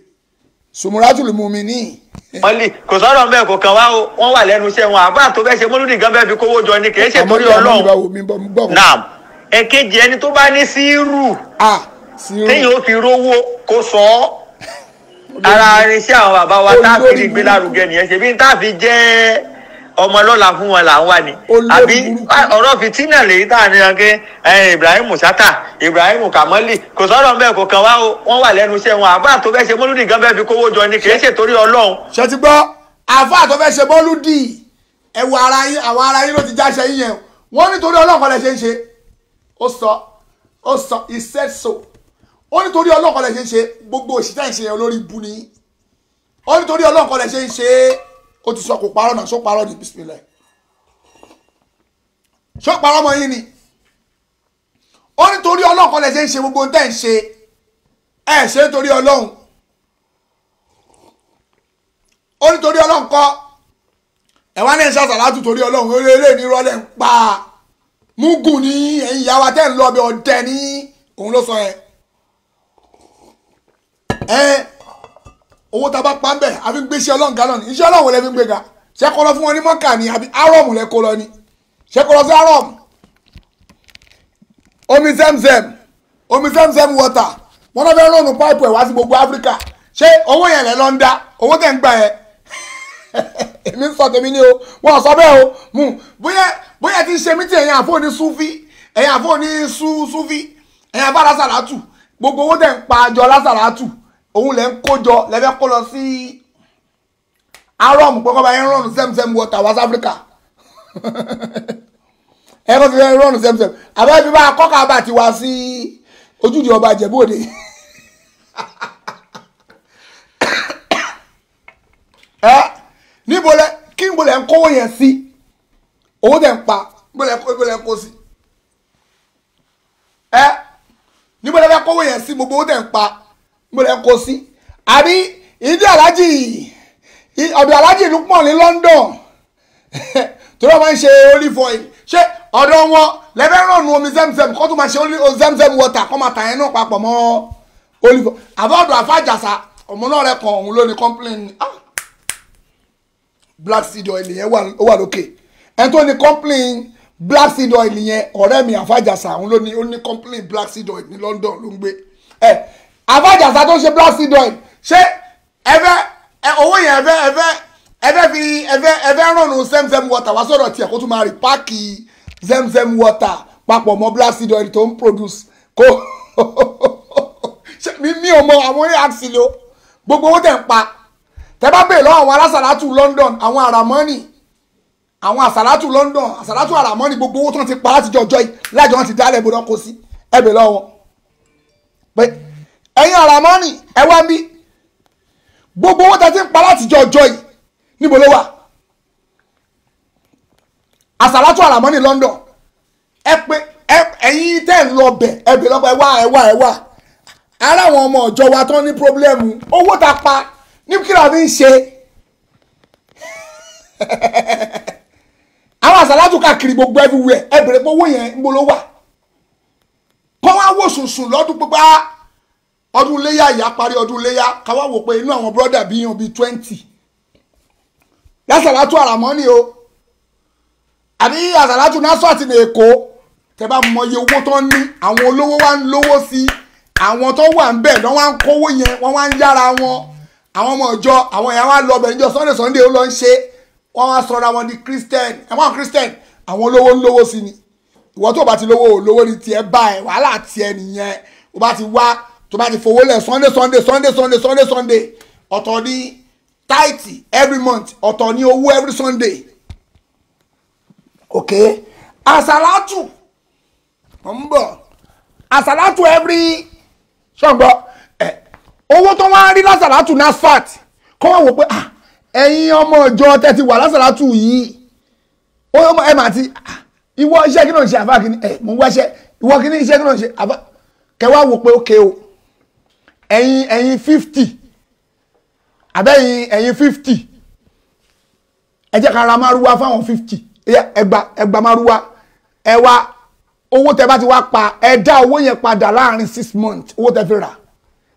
sùmùràtùlùmùmí nìyí wọ́n lè kò sọ̀rọ̀ ń bẹ́ẹ̀ kò kàn wá o wọ́n wà lẹ́nu iṣẹ́ wọn àbá tó bẹ́ẹ̀ ṣe mọ́lúdì gan bẹ́ẹ̀ fi kówó jọ ni kì í ṣe torí ọlọ́run naam èkejì ẹni tó bá ní sírù téèyàn ó fi rówó kó sọ ọ́ ara irinṣẹ́ àwọn bàbá wa tá a nìyẹn ṣe bí tá a fi ọmọ lọ́la fún wọn là ń wà ní. àbí ah, ọ̀rọ̀ fìtínà lèyí tá à ní ọ̀gẹ́ Ibrahim Sata Ibrahim Kamali kò sọ̀rọ̀ mbẹ́ kò kàn wá o wọ́n wà lẹ́nu iṣẹ́ wọn àbá tó fẹ́ ṣe mọ́lúdì gan bẹ́ẹ̀ fi kówó jọ ni kì í ṣe torí Ọlọ́run. ṣe ti gbọ́ àfa tó ṣe mọ́lúdì ẹ̀wù ara yín àwọn ara yín ló ti jáṣẹ yín yẹn wọ́n nítorí Ọlọ́run ṣe ń ṣe ó sọ ó sọ he said so ó nítorí Ọlọ́run kọ́ lẹ ṣe ń ṣe gbogbo òṣìṣẹ́ ìṣe olórí bu ni ó ó ti sọ kò parọ́ náà sọ parọ́ ní bisimilẹ̀ sọ parọ́ mọ́ yín ni ó nítorí ọlọ́run kọ́ lẹ ṣe ń ṣe gbogbo tẹ́ ń ṣe ẹ ṣe nítorí ọlọ́run ó nítorí ọlọ́run kọ́ ẹ wá ní ẹ̀ ṣàṣà látù torí ọlọ́run eré eré ní rọ́lẹ̀ ń pa mugun ní ẹ̀yìn ìyá tẹ́ ń lọ ọbẹ̀ ọ̀dẹ ní òun ló sọ ẹ owó tá a bá pa ń bẹ̀ àfi gbé iṣẹ́ ọlọ́run galọ́ọ̀nù iṣẹ́ ọlọ́run lẹ́fi ń gbé ga ṣé kó lọ fún wọn ní mọ́kà ni àbí arọ́ọ̀mù lẹ kó lọ ni ṣé kó lọ sí arọ́ọ̀mù omi zemzem omi zemzem water wọn náà fẹ́ rọrùn páìpù ẹ̀ wá sí gbogbo áfíríkà ṣé owó yẹn lẹ lọ ń dá owó tẹ̀ ń gbà yẹn [laughs] èmi ń sọ tèmi ni o wọn ò sọ bẹ́ẹ̀ o mú bóyá bóyá ti ṣe mí ti ẹ̀yin àfọ̀ ní súfì ẹ̀yin àfọ̀ ní súfì ẹ̀yin àfọ̀ lásàlátù gbogbo owó tẹ̀ ń pa àjọ lásàlátù òun lẹ ń kójọ lẹfẹ kó lọ sí arom pọkọ bá yẹn rọrùn zemzem water west africa [laughs] ẹ kọ́ fi yẹn rọrùn zemzem àbẹ́ fi bá kọ́kà bá ti wá sí ojúde ọba jẹ̀bóde. [coughs] ẹ níbo lẹ kí n bolẹ̀ ń kówó yẹn sí owó tẹ̀ ń pa bolẹ̀ ń kó sí ẹ níbo lẹ fẹ́ kówó yẹn sí gbogbo owó tẹ̀ ń pa mo lẹ kó sí àbí ìdí aláàjì ọ̀dọ̀ aláàjì ìlú pọ̀ ní London [laughs] tó lọ́ máa ń ṣe olive oil ṣé ọ̀dọ̀ wọn lẹ́fẹ̀ràn nu omi zemzem kó tó máa ṣe zemzem water kó máa tà yẹn náà papọ̀ mọ́ olive oil àbọ̀dọ̀ àfàjàsà ọmọ náà rẹ kàn òun ló ní complain ah black seed oil yẹn wà lókè ẹni tó ní complain black seed oil yẹn ọ̀rẹ́ mi àfàjàsà òun ló ní ó ní complain black seed oil ní London ló ń gbé ẹ. Eh, àfàjàsá tó ṣe black seed oil ṣé ẹfẹ owó yẹn ẹfẹ ẹfẹ ẹfẹ fi ẹfẹ ẹfẹ rànù zemzem water wá sọ̀rọ̀ tiẹ̀ kó tún máa rí páàkì zemzem water papọ̀ mọ́ black seed oil tó ń produce kó [laughs] mi mi ò mọ àwọn orí axi lo gbogbo owó tẹ̀ ń pa tẹ́ bá bèèrè lọ́wọ́ àwọn alásàlátù London àwọn àràmọ́nì àwọn àsàlátù London àsàlátù àràmọ́nì gbogbo owó tó ti pa láti jọjọ́ yìí láìjọ́ wọn ti dálẹ̀ ìbòdàn kò sí ẹ̀bẹ̀ lọ́wọ́ pé ẹ̀yin àràmọ́nì ẹ wá ń bí gbogbo owó tẹ́ ti ń pa látijọ́ ọjọ́ yìí níbo ló wà àsàlátù àràmọ́nì London ẹ pé ẹ̀yin tẹ́ ń lọ bẹ̀ ẹ bẹ̀ lọ́pọ̀ ẹ wá ẹ wá ẹ wá ara àwọn ọmọ ọ̀jọ́ wa tán ní pírọ́blẹ́mù owó ta pa ní kíra fi ń ṣe [laughs] àwọn àsàlátù káàkiri gbogbo everywhere ẹ bèrè pé owó yẹn ń bo ló wà kọ́ wá wò sùnsùn lọ́dún gbogbo á ọdún léyà ìyá parí ọdún léyà káwá wò pé inú àwọn brọ́dà bí yan bíi twenty lásàlátù àràmọ́nì o àbí àsàlátù násọ àti èkó tẹ́ bá mọye owó tó ń ní àwọn olówó wa ń lówó sí àwọn tó wà ń bẹ̀ náà wá ń kówó yẹn wọ́n wá ń yára wọn àwọn ọmọ ìjọ àwọn ìyá wa lọ bẹ̀ níjọ sunday sunday ó lọ ń ṣe wọ́n wá sọra wọn di christian ẹ̀wọ̀n christian àwọn olówó ń lówó sí ni ìwọ tó bá ti lówó olówó ni tiẹ̀ bá ẹ̀ wàhálà tiẹ̀ nìyẹn ó bá ti wá tó bá ti fowó lẹ̀ sunday sunday sunday sunday sunday sunday ọ̀tọ̀ ní tithe every month ọ̀tọ̀ ní owó every sunday okay asalatu mo ń bọ̀ asalatu every ṣọ̀gbọ́ ẹ̀ owó tó wá rí lásàlátù nasfat kọ́ wọ́n wò pé ah, ẹ̀yin ọmọ ìjọ tẹ́tí wà lásàlátù yìí ó yọ ọmọ ẹ̀ màá ti ah, ìwọ iṣẹ́ kí náà ṣe àfáà kí ni ẹ̀ mo ń wáṣẹ́ ìwọ kí ni iṣẹ́ kí náà ṣe àfáà kẹwàá wò pé ó ké o ẹ̀yin ẹ̀yin fifty àbẹ́yìn ẹ̀yin fifty ẹ jẹ́ ká ra márúwá fáwọn fifty ẹgbà ẹgbà márúwá ẹ wá owó tẹ bá ti wá pa ẹ dá owó yẹn padà láàrin six months owó tẹ fi rà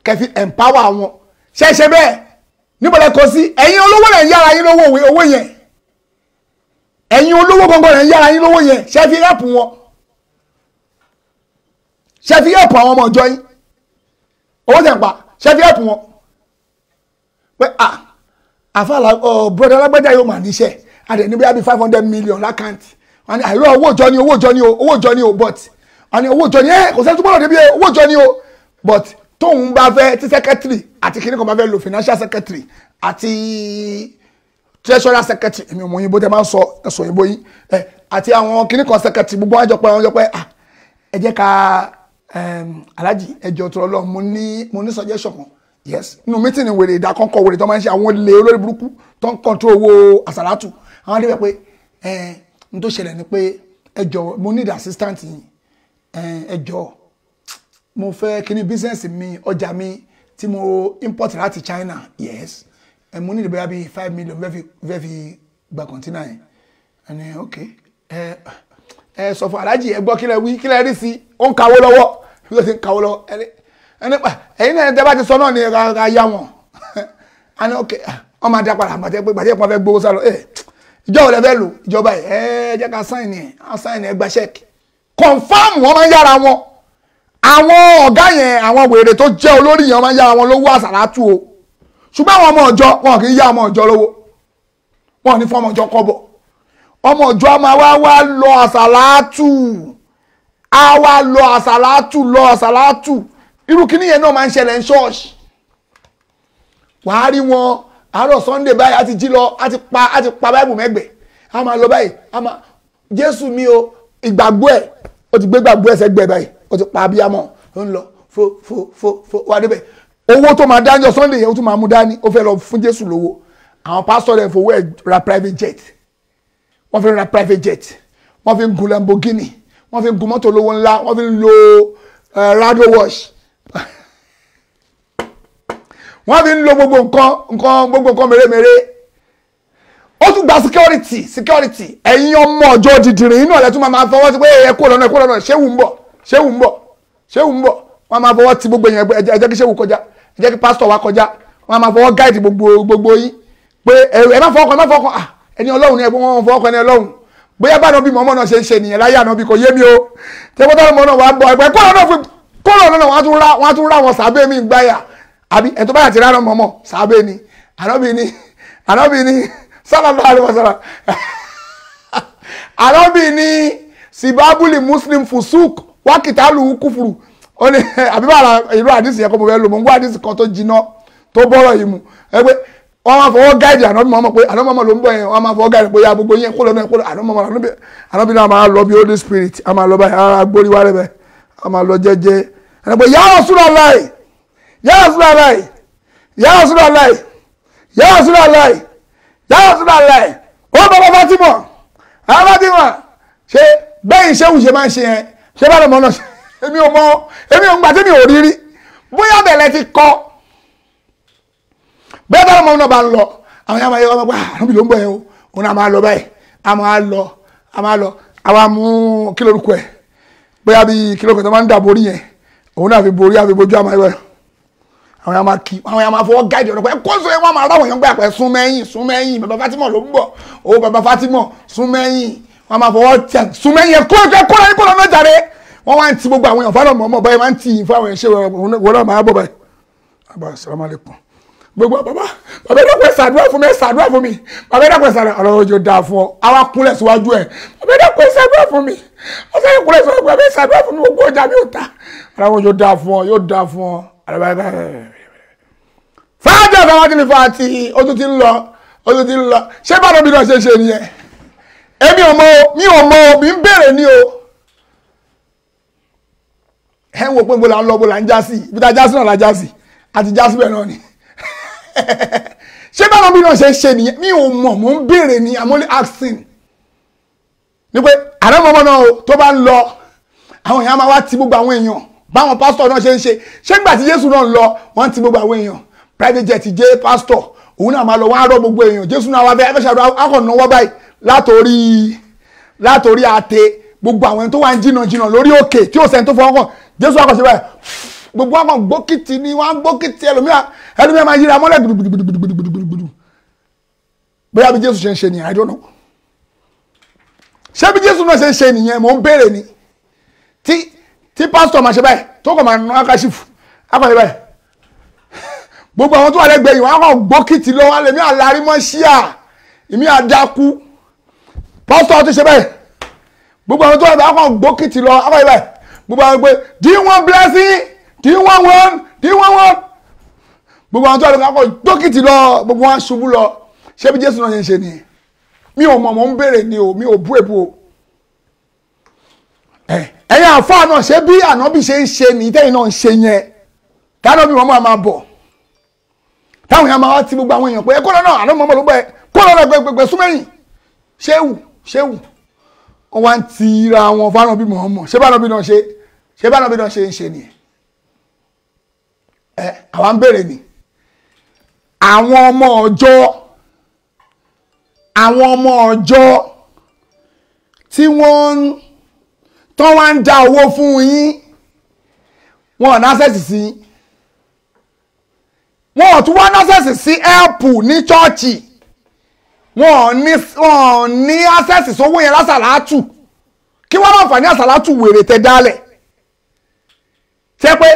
kẹ́ empower wọn ṣẹṣẹ bẹ́ẹ̀ níbo lẹ kọ sí ẹ̀yin olówó rẹ ń yára yín lówó owó yẹn ẹ̀yin olówó gbọngàn rẹ ń yára yín lówó yẹn ṣẹ fi help wọn ṣẹ fi help àwọn ọmọ ọjọ́ yín owó tẹ̀ ń pa ṣe fi ẹ̀pù wọn pé ah àfàlà brọ́dà alágbẹ́dà yóò mà níṣẹ́ àdè níbi àbí five hundred million lákàntì wọn ni àìró owó ìjọ ni owó ìjọ ni o owó ìjọ ni o but wọn ni owó ìjọ ni ẹ kò sẹ́ni tó gbọ́dọ̀ débi owó ìjọ ni o but tóun bá fẹ́ tí secretary àti kìnìkan bá fẹ́ lo financial secretary àti treasurer secretary èmi ọmọ òyìnbó tẹ máa ń sọ ẹ̀sọ̀ òyìnbó yín àti àwọn kìnìkan secretary gbogbo àjọpẹ́ àwọn àjọpẹ́ ẹ jẹ́ ká Alaji, ẹjọ tó lọ mo ní mo ní suggestion kan yes inú meeting ni wèrè ìdákọ́kọ́ wèrè tó máa ń ṣe àwọn olè olórí burúkú tó ń control owó àsàlátù àwọn adébẹ̀ pé n tó ṣẹlẹ̀ ni pé ẹjọ mo need assistant ẹjọ mo fẹ́ kíní business mi ọjà mi tí mo import láti China yes mo need bóyá bíi five million fẹ́ fi gbà kọ́ńtínà yẹn ẹni ok ẹ sọ fún aláàjì ẹ gbọ́ kílẹ̀ wí kílẹ̀ rí sí ó ń kawó lọ́wọ́ bí ó ti ń kawó lọ́wọ́ ẹni pa ẹ̀yin náà tẹ́ bá ti sọ náà ni ra ya wọn àní ok wọ́n máa dá padà gbàtẹ́ pé gbàtẹ́ pọ́n fẹ́ gbowó sálọ ẹ ìjọ òlẹ̀ fẹ́ lò ìjọba ẹ jẹ́ ká sáìnì ẹ á sáìnì ẹ gba ṣẹ́ẹ̀kì confam wọn máa ń yára wọn àwọn ọ̀gá yẹn àwọn wèrè tó jẹ́ olórí yẹn máa ń yára wọn lówó àsàlátù o ṣùgbọ́n àwọn ọmọ ọ̀jọ́ wọn kì í yá ọmọ ọ̀jọ́ lówó wọn ò ní fọmọ ọ̀jọ́ kọ́bọ̀ ọmọ ìjọ a máa wá wá lọ àsàlátù a wá lọ àsàlátù lọ àsàlátù irú kíní yẹn náà máa ń ṣẹlẹ̀ ní ṣọ́ọ̀ṣì wàá rí wọn àárọ̀ sunday báyìí a ti jí lọ a ti pa a ti pa báìbù mẹ́gbẹ̀ẹ́ a máa lọ báyìí a máa jésù mi o ìgbàgbọ́ ẹ̀ o ti gbé gbàgbọ́ ẹ̀ sẹ́gbẹ̀ẹ́ báyìí o ti pa abiyamọ o ń lọ fo fo fo fo wà débẹ̀ owó tó máa dájọ́ sunday yẹn o tún máa mú dání o fẹ́ lọ fún jésù lówó àwọn pásítọ̀ rẹ̀ fowó ẹ̀ ra private jet wọ́n fi ń ra private jet wọ́n fi ń gun wọ́n fi ń gun mọ́tò olówó wọ́n fi ń eh, rado wash [laughs] wọ́n fi ń gbogbo nǹkan gbogbo nǹkan mèremère ó tún gba security security ẹ̀yin ọmọ ọjọ́ dìdìrín inú ọ̀lẹ́tún máa fọwọ́ sí pé ẹ kó lọ́nà ẹ kó lọ́nà ń bọ̀ ń bọ̀ wọ́n máa fọwọ́ ti gbogbo ẹ jẹ́ kọjá ẹ jẹ́ wa kọjá wọ́n máa fọwọ́ gáìdì gbogbo gbogbo ẹni ọlọ́run ni ẹgbẹ́ wọn fọwọ́ kan ẹni ọlọ́run bóyá bá náà bí mọ́mọ́ náà ṣe ń ṣe nìyẹn láyé àná bí kò yé mi o tẹ́gbọ́tà ọmọ náà wàá gbọ́ ẹgbẹ́ kọ́lọ́ náà fi kọ́lọ́ náà wọ́n á tún rá wọn sábẹ́ mi gbáyà àbí ẹ̀ tó bá yà ti mọ́mọ́ sábẹ́ ni ànábì ni ànábì ni sallallahu [laughs] ànábì ni sibabuli muslim fusuk wákìtálù kúfùrù ó ní [laughs] àbí bàrà ìlú àdìsí yẹn kó mo fẹ́ lò mọ́ ń gbọ́ àdìsí wọ́n máa fọwọ́ gáìdì ànábì mọ́mọ́ pé ànábì mọ́mọ́ ló ń bọ̀ yẹn wọ́n máa fọwọ́ gáìdì pé ya gbogbo yẹn kó lọ́nà ìkólọ́ ànábì mọ́mọ́ ànábì ànábì náà máa lọ bí holy spirit a máa lọ báyìí ara gbórí wálé bẹ́ẹ̀ a máa lọ jẹ́jẹ́ ànábì ya Rasulullah ya Rasulullah ya Rasulullah ya Rasulullah ya Rasulullah ó bàbá Fatima àwọn Fatima ṣe bẹ́yìn ṣéwù ṣe máa ń ṣe yẹn ṣé bá lọ́mọ náà èmi ò mọ èmi ò ń gbà tẹ́mi ò rírí bóyá bẹ̀rẹ̀ ti kọ́ bẹ́ẹ̀ bá ọmọ náà bá ń lọ àwọn yàrá yẹn wọ́n gbà àrùn ló ń bọ̀ yẹn o òun náà máa lọ báyìí a máa lọ a máa lọ àwa mú kí lorúkọ ẹ̀ bóyá bíi kí lorúkọ tó máa ń dà borí yẹn òun náà fi borí àfi bojú àmọ́ ẹ̀rọ àwọn yàrá máa kí àwọn yàrá máa fọwọ́ gáìdì ọ̀rọ̀ pé kó sọ yẹn wọ́n máa ráwọ̀ yẹn gbà pé sún mẹ́yìn sún mẹ́yìn bàbá Fatima ló ń bọ̀ o bàbá Fatima sún mẹ́yìn wọ́n máa fọwọ́ tẹ̀ sún mẹ́yìn kó ẹ̀kọ́ kó lọ́ọ́ kó lọ́ọ́ náà jàre wọ́n wá ń ti gbogbo àwọn èèyàn fáwọn ọmọ ọmọ báyìí máa ń ti yìn fún àwọn ẹ̀ṣẹ́ wọn náà máa bọ̀ báyìí. àbá assalamu alaikum gbogbo bàbá bàbá ẹ̀dá pẹ̀ ṣàdúrà fún mi ẹ̀ ṣàdúrà fún mi bàbá ẹ̀dá pẹ̀ ṣàdúrà ọ̀rọ̀ òjò dáa fún ọ àwa kúnlẹ̀ síwájú ẹ̀ bàbá ẹ̀dá pẹ̀ ṣàdúrà fún mi ọ̀sẹ̀ yìí kúnlẹ̀ síwájú bàbá ẹ̀ ṣàdúrà fún mi gbogbo ọjà mi ò ta ọ̀rọ̀ òjò dáa fún ọ yóò dáa fún ọ. fáájì ọ̀sán wájú ni fàtí ó tún ti ń lọ ó tún ti ń lọ ṣé báwo bí náà ṣe ṣe nìyẹn èmi ò mọ mi ò mọ mi ń béèrè ni o ẹ ń wo pé bó la ń lọ bó la ń já ibi tá a já náà la já àti já síbẹ̀ náà ni. [laughs] ṣé báwọn bí náà ṣe ṣe nìyẹn mi ò mọ̀ mò ń béèrè ní amólé axin ni pé àrẹ́mọ́mọ́ náà tó bá ń lọ àwọn èèyàn máa wá ti gbogbo àwọn èèyàn báwọn pásítọ̀ náà ṣe ń ṣe ṣé nígbà tí Jésù náà lọ wọ́n ti gbogbo àwọn èèyàn private jet jẹ́ pásítọ̀ òun náà máa lọ wọ́n á rọ gbogbo èèyàn Jésù náà wá fẹ́ ṣàdúrà akọ̀nà wọ́n báyìí látòrí látòrí àtẹ gbogbo àwọn tó wà ń jìnnà jìnnà lórí òkè tí ò sẹ́ni tó fọwọ́ kàn Jésù akọ̀ṣe báyìí gbogbo àwọn gbókìtì ni wọ́n gbókìtì ẹlòmíràn ẹlòmíràn máa yíra mọ́lẹ̀ gbùdùgbùdùgbùdùgbùdù bóyá bí Jésù ṣe ń ṣe nìyẹn I don't know ṣé bí Jésù náà ṣe ń ṣe nìyẹn mò ń béèrè ni tí tí pásítọ̀ máa ṣe báyìí tó kọ̀ máa ná akáṣífù akọ̀ṣe báyìí gbogbo àwọn tó wà lẹ́gbẹ̀ẹ́ yìí wọ́n á gbókìtì lọ́wọ́ ẹlòmíràn alárí mọ́ ṣíà ìmí àdákú gbogbo àwọn tó wà lẹ́gbẹ̀ẹ́ akọ̀ gbókìtì lọ́wọ́ akọ̀ṣe báyìí gbogbo àwọn gbé do you want blessing? tí wọ́n wọ́n tí wọ́n wọ́n gbogbo àwọn tó àdúgbò akọ dókítì lọ gbogbo wọn ṣubú lọ ṣé jésù náà yẹn ṣe ni mi ò mọ̀ mọ̀ ń béèrè ni o mi ò bú èbú o ẹ̀yin àfáà náà ṣé bí ànábì ṣe ń ṣe ní tẹ́yìn náà ń ṣe yẹn tánábì wọn máa bọ̀ táwọn èèyàn máa wá ti gbogbo àwọn èèyàn pé kó lọ́nà àná mọ̀mọ́ ló gbẹ kó lọ́nà gbẹgbẹgbẹ súnmẹ́yìn ṣéwù ṣéwù wọn wá ń tira wọn fáwọn bí mọ̀ọ́mọ̀ ṣé bá ànábì náà ṣe ṣe bá ànábì náà ṣe ń ṣe nìyẹn ẹ àwa ń béèrè ni àwọn ọmọ ọjọ́ àwọn ọmọ ọjọ́ tí wọ́n ń tán wá ń da owó fún yín wọn ò násẹ̀sì sí wọn ò tún wá násẹ̀sì sí ẹ̀pù ní chọ́ọ̀chì wọn ò ní wọn ò ní ásẹ̀sì sówó yẹn lásàlátù kí wọ́n máa fà ní àsàlátù wèrè tẹ̀ dálẹ̀ tẹ́ pé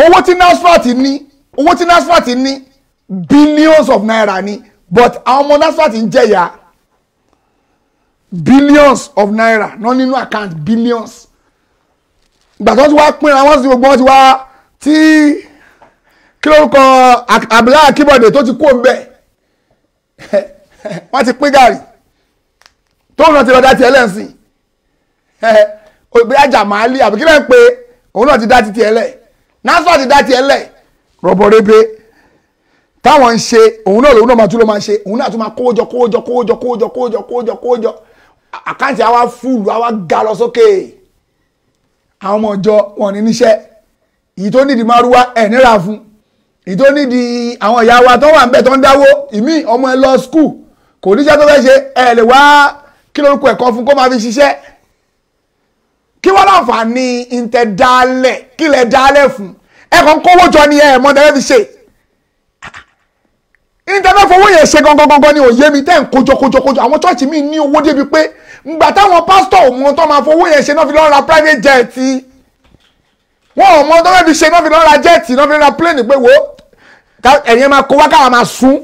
owó tí NASFAT ní owó tí NASFAT ní billions of naira ni but àwọn ọmọ NASFAT ń jẹ̀yà billions of naira náà nínú account billions ìgbà tó ti wá pínra wọ́n sì gbogbo wọn ti wá tí kí lórúkọ Àbílà Akínbọ̀dé tó ti kú òun bẹ́ẹ̀ [laughs] wọ́n ti pín gàrí tóun náà ti lọ dá tiẹ̀ lẹ́sìn òbí [laughs] ajá màálí àbí kí lẹ́yìn pé òun náà ti dá ti tiẹ̀ lẹ̀ NASFAT ti dá tiẹ̀ lẹ̀ rọ̀bọ̀ rebe táwọn ń ṣe òun náà lòun náà máa tún ló máa ṣe òun náà tún máa kówójọ kówójọ kówójọ kówójọ kówójọ kówójọ kówójọ àkáǹtì àwa fúlù àwa ga lọ sókè àwọn ọmọ ọjọ́ wọn ní níṣẹ́ èyí tó nídìí márúwá ẹ̀ níra fún èyí tó nídìí àwọn ìyá wa tó wà ń bẹ̀ tó ń dáwó ìmí ọmọ ẹ lọ skul kò níṣẹ́ tó fẹ́ ṣe ẹ lè wá kí lórúkọ fún kó máa fi ṣiṣẹ́ kí wọ́n láǹfààní ìtẹ̀ dálẹ̀ kí lẹ̀ dálẹ̀ fún ẹ̀kọ́ kówó jọ ni ẹ̀ mọ́ tẹ́lẹ̀ fi ṣe ìtẹ̀ fowó yẹn ṣe gangan gangan ni òye mi tẹ́ ń kójọ kójọ kójọ àwọn chọ́ọ̀chì mi ní owó débi pé ngbà táwọn pásítọ̀ òmùọ́ tó máa fowó yẹn ṣe náà fi lọ́ọ́ ra private jet wọn ò mọ tó fẹ́ fi ṣe náà fi lọ́ọ́ ra jet náà fi ra plane pé wo ẹ̀yin máa kó wá káwa máa sún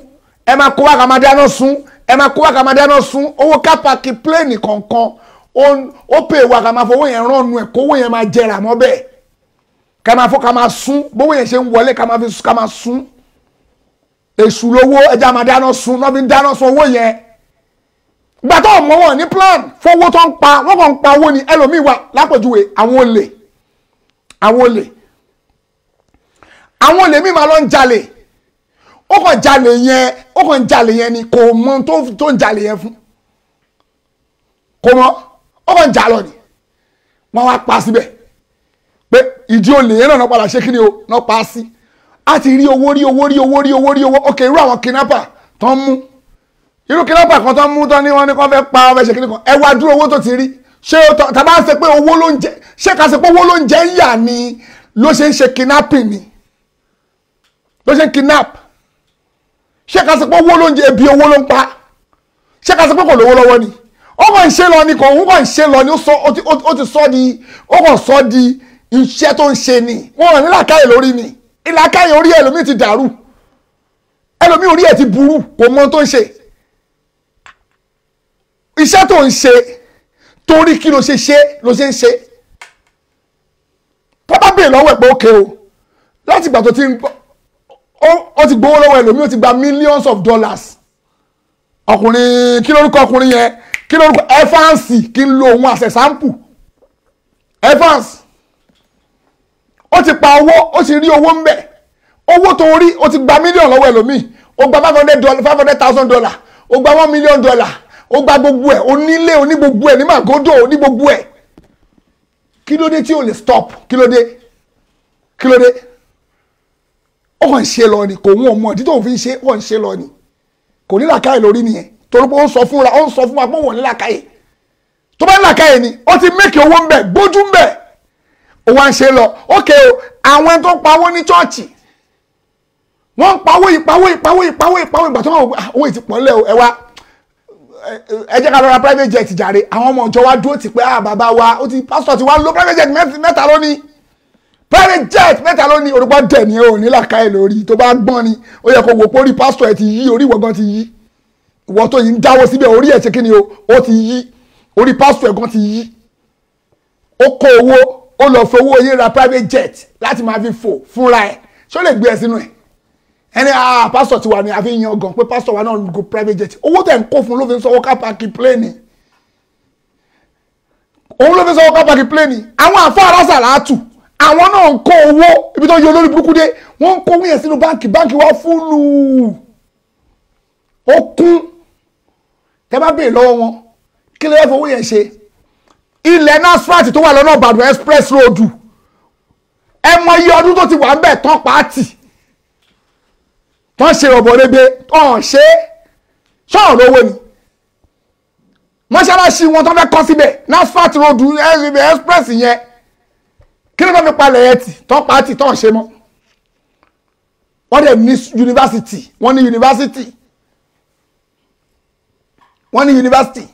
ẹ máa kó wá káwa máa dáná sún ẹ máa kó wá máa dáná sún owó kápákí plane kọ̀ọ̀kan ó pè wá ká máa fowó yẹn rànnù ẹ̀ kówó yẹn máa jẹrà mọ́ bẹ́ẹ̀ ká máa fọ́ ká máa sún bówó yẹn ṣe ń wọlé ká máa fi ká máa sún èṣù lówó ẹja máa dáná sun náà fi ń dáná sun owó yẹn gbà tó mọ wọn ní plan fowó tó ń pa wọn kàn ń pa owó ni ẹlòmíì wà lápèjúwe àwọn olè àwọn olè àwọn olè míì máa lọ ń jalè ó kàn jalè yẹn ó kàn jalè yẹn ni kò mọ tó ń jalè yẹn fún kò mọ ọkọ̀ ń jà lọ ni wọ́n wá pa síbẹ̀ pé ìdí olè yẹn náà náà padà ṣé kí ni o náà sí a ti rí owó rí owó rí owó rí owó rí owó ok irú àwọn kidnapper tó ń mú irú kidnapper kan tó ń mú tó ní wọn ní kàn fẹ́ pa ọmọ ẹ̀ṣẹ̀ kìnnìkan ẹ wá dúró owó tó ti rí ṣé tàbá ṣe pé owó ló ń jẹ ṣé ká ṣe pé owó ló ń jẹ yà ni ló ṣe ń ṣe kidnapping ni ló ṣe ń kidnap ṣé ká ṣe pé owó ló ń jẹ ebi owó ló ń pa ṣé ká ṣe pé kò lówó lọ́wọ́ ni ó kàn ń ṣe lọ ni kò ń kàn ń ṣe lọ ni ó ti sọ di ó kàn sọ di iṣẹ́ tó ń ṣe ni wọ́n ràn nílàkàyè lórí ni ìlàkàyè orí ẹlòmíì ti dàrú ẹlòmíì orí ẹ̀ ti burú kò mọ tó ń ṣe iṣẹ́ tó ń ṣe torí kí ló ṣe ṣe ló ṣe ń ṣe pápá bèè lọ́wọ́ ẹ̀ pé ókè o láti ìgbà tó ti ń ó ti gbowó lọ́wọ́ ẹlòmíì ó ti gba millions of dollars ọkùnrin kí lórúkọ ọkùnrin yẹn kí lórúkọ evans kí n lo òun àṣẹ sample evans ó ti pa owó ó ti rí owó ń bẹ̀ owó tó rí ó ti gba mílíọ̀nù lọ́wọ́ ẹlòmíì ó gba five hundred thousand dollar ó gba one million dollar ó gba gbogbo ẹ̀ onílé oní gbogbo ẹ̀ ní màgódò oní gbogbo ẹ̀ kí ló dé tí o lè stop kí ló dé kí ló dé ó kàn ń ṣe lọ ni kò ń wọ́n mọ̀ títí òun fi ń ṣe ó kàn ń ṣe lọ ni kò ní làákàyè lórí nìyẹn torí pé ó ń sọ fúnra ó ń sọ fún wa pé òun ní làkàyè tó bá ní làkàyè ni ó ti mẹ́kì owó ń bẹ̀ gbójú ń bẹ̀ ó wá ń ṣe lọ ókè o àwọn ẹni tó ń pawó ní chọ́ọ̀chì wọ́n ń pawó ìpawó ìpawó ìpawó ìpawó ìgbà tó wọ́n ah, owó ìtì ẹ wá ẹ jẹ́ ká lọ ra private jet jàre àwọn ọmọ ìjọ wa dúró ti pé ah bàbá wa ó ti pásítọ̀ ti wá lo private jet mẹ́ta lónìí private jet mẹ́ta lónìí orúkọ dẹ̀ ni ò ní làkàyè lórí tó bá gbọ́n ni ó yẹ kó wò pórí pásítọ̀ ẹ ti yí orí ìwọ̀gán ti yí ìwọ tó yìí ń dáwọ́ síbẹ̀ orí ẹ̀ ṣe kí ni o ó ti yí orí pásítọ̀ ẹ̀gbọ́n ti yí ó kó owó ó lọ fowó yín ra private jet láti máa fi fò fúnra ẹ̀ ṣó lè gbé ẹ sínú ẹ̀ ẹni ah pásítọ̀ tiwa ni àfi yan gan pé pásítọ̀ wa náà go private jet owó tẹ̀ ń kó fún ló fi ń sanwó ká pàkì pléènì òun ló fi sanwó ká pàkì pléènì àwọn àfọ arásà làátù àwọn náà ń kó owó ibi tó yẹ olórí burúkú dé wọ́n ń kó wíyẹn sínú báǹkì báǹkì wa fúlùú ó kún tẹ́ bá béèrè lọ́wọ́ wọn kí ló fẹ́ fowó yẹn ṣe ilẹ̀ NASFAT tó wà lọ́nà Ìbàdàn express road ẹ mọ iye ọdún tó ti wà ń bẹ̀ tán pàtì tán ṣe rọ̀bọ̀ rebe ọ̀hún ṣe ṣọ́ọ̀rọ̀ owó ni mọ́ṣáláṣí wọn tán fẹ́ kọ́ síbẹ̀ NASFAT road express yẹn kí ló fẹ́ fi palẹ̀ yẹn tì tán pàtì tán ṣe mọ́ wọ́n dẹ̀ ní yunifásitì wọ́n ní yunifásitì wọ́n ní yunifásitì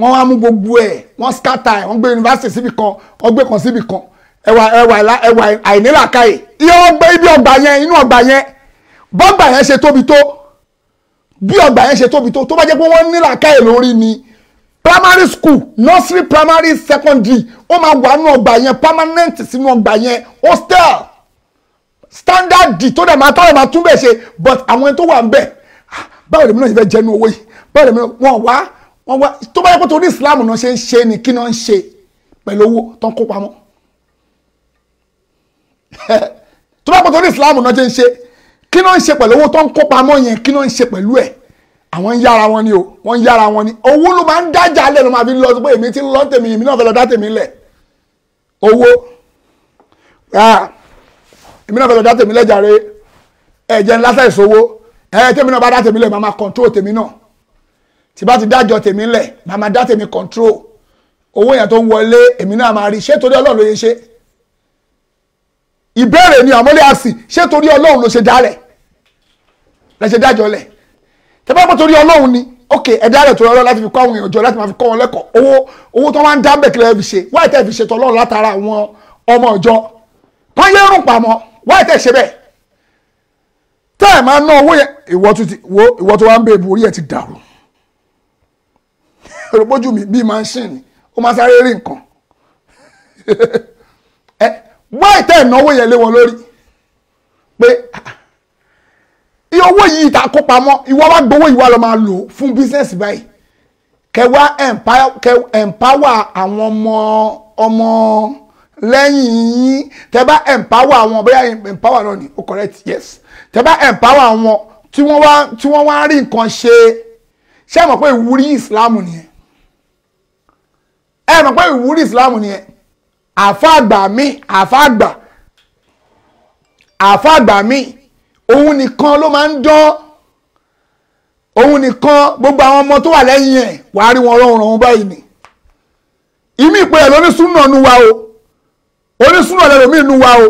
wọ́n wá mú gbogbo ẹ̀ wọ́n scatter ẹ̀ wọ́n gbé yunifásitì síbi kan wọ́n gbé kan síbi kan ẹwà ẹwà ẹwà àìnílàkàyè iye ọgbẹ ibi ọgbà yẹn inú ọgbà yẹn bọ́gbà yẹn ṣe tóbi tó bí ọgbà yẹn ṣe tóbi tó tó bá jẹ́ pé wọ́n nílàkàyè lórí ni primary school nursery primary secondary ó máa wà nínú ọgbà yẹn permanent sínú ọgbà yẹn hostel standard d tó dẹ̀ máa tọ́lẹ̀ máa tún bẹ̀ ṣe but àwọn tó wà ń bẹ̀ ah, báwo lèmi náà ṣe fẹ́ jẹ́ nu owó yìí bẹ́ẹ̀ lèmi wọn wá wọn wá tó bá yẹ pé torí islam náà ṣe ń ṣe ni kí náà ń ṣe pẹ̀lú owó tó ń kó pamọ́ [laughs] tó bá yẹ pé torí islam náà ṣe ń ṣe kí náà ń ṣe pẹ̀lú owó tó ń kó pamọ́ yẹn kí náà ń ṣe pẹ̀lú ẹ̀ àwọn ń yára wọn ni o wọ́n ń yára wọn ni owó ló máa ń dájà lẹ̀ ló máa fi lọ sí pé èmi ti ń lọ tèmi èmi náà fẹ́ lọ dá tèmi lẹ̀ owó èmi náà fẹ́ lọ dá tèmi lẹ̀ jàre ẹ̀jẹ̀ ńlá sẹ́yìn sówó ẹ̀ẹ́dẹ́gbẹ̀mí náà bá dá tèmi lẹ̀ máa máa kọ̀ńtró tèmi náà tí bá ti dájọ́ tèmi ńlẹ̀ màá máa dá tèmi control owó yẹn tó ń wọlé èmi náà máa rí ṣé torí ọlọ́run ló yẹ ṣe ìbéèrè ni àmọ́lé àsì ṣé torí ọlọ́run ló ṣe dálẹ̀ lẹ ṣe dájọ́ lẹ̀ tẹ́ bá pọ̀ torí ọlọ́run ni ok ẹ dálẹ̀ torí ọlọ́run láti fi kọ́ àwọn èèyàn jọ láti máa fi kọ́ wọn lẹ́kọ̀ọ́ owó owó tó máa ń dábẹ̀ kílẹ̀ fi ṣe wáyé tẹ́ fi ṣe tọ́lọ́run látara àwọn ọmọ ọjọ́ pààyè rùn pàmọ́ wáyé tẹ́ ṣe bẹ́ẹ̀ tẹ́ máa ná owó yẹn ìwọ tó wá ń bèbú orí ẹ̀ ti dàrú ẹ̀rọ pójú mi bíi manṣíìnì ó máa sáré rí nǹkan [laughs] ẹ wá ìtẹ́ ìnáwó yẹn lé wọn lórí pé iye owó yìí ta kó pamọ́ ìwọ wá gbowó ìwà lọ máa lò fún bísíǹsì báyìí kẹwà empower àwọn ọmọ ọmọ lẹ́yìn yín tẹ bá àwọn bóyá empower náà ni ó correct yes tẹ bá empower àwọn tí wọ́n wá tí wọ́n wá rí nǹkan ṣe ṣé mọ̀ pé ìwúrí ìsìlámù nìyẹn ẹ mọ̀ pé ìwúrí ìsìláàmù nìyẹn àfáàgbà mi àfáàgbà àfáàgbà mi òun nìkan ló máa ń dán òun nìkan gbogbo àwọn ọmọ tó wà lẹ́yìn ẹ̀ wàá rí wọn rọrùn ọ̀hún báyìí ni ìmí ìpè ẹ̀ lónísùnà nu wa o onísùnà lẹ́lòmíì nu wa o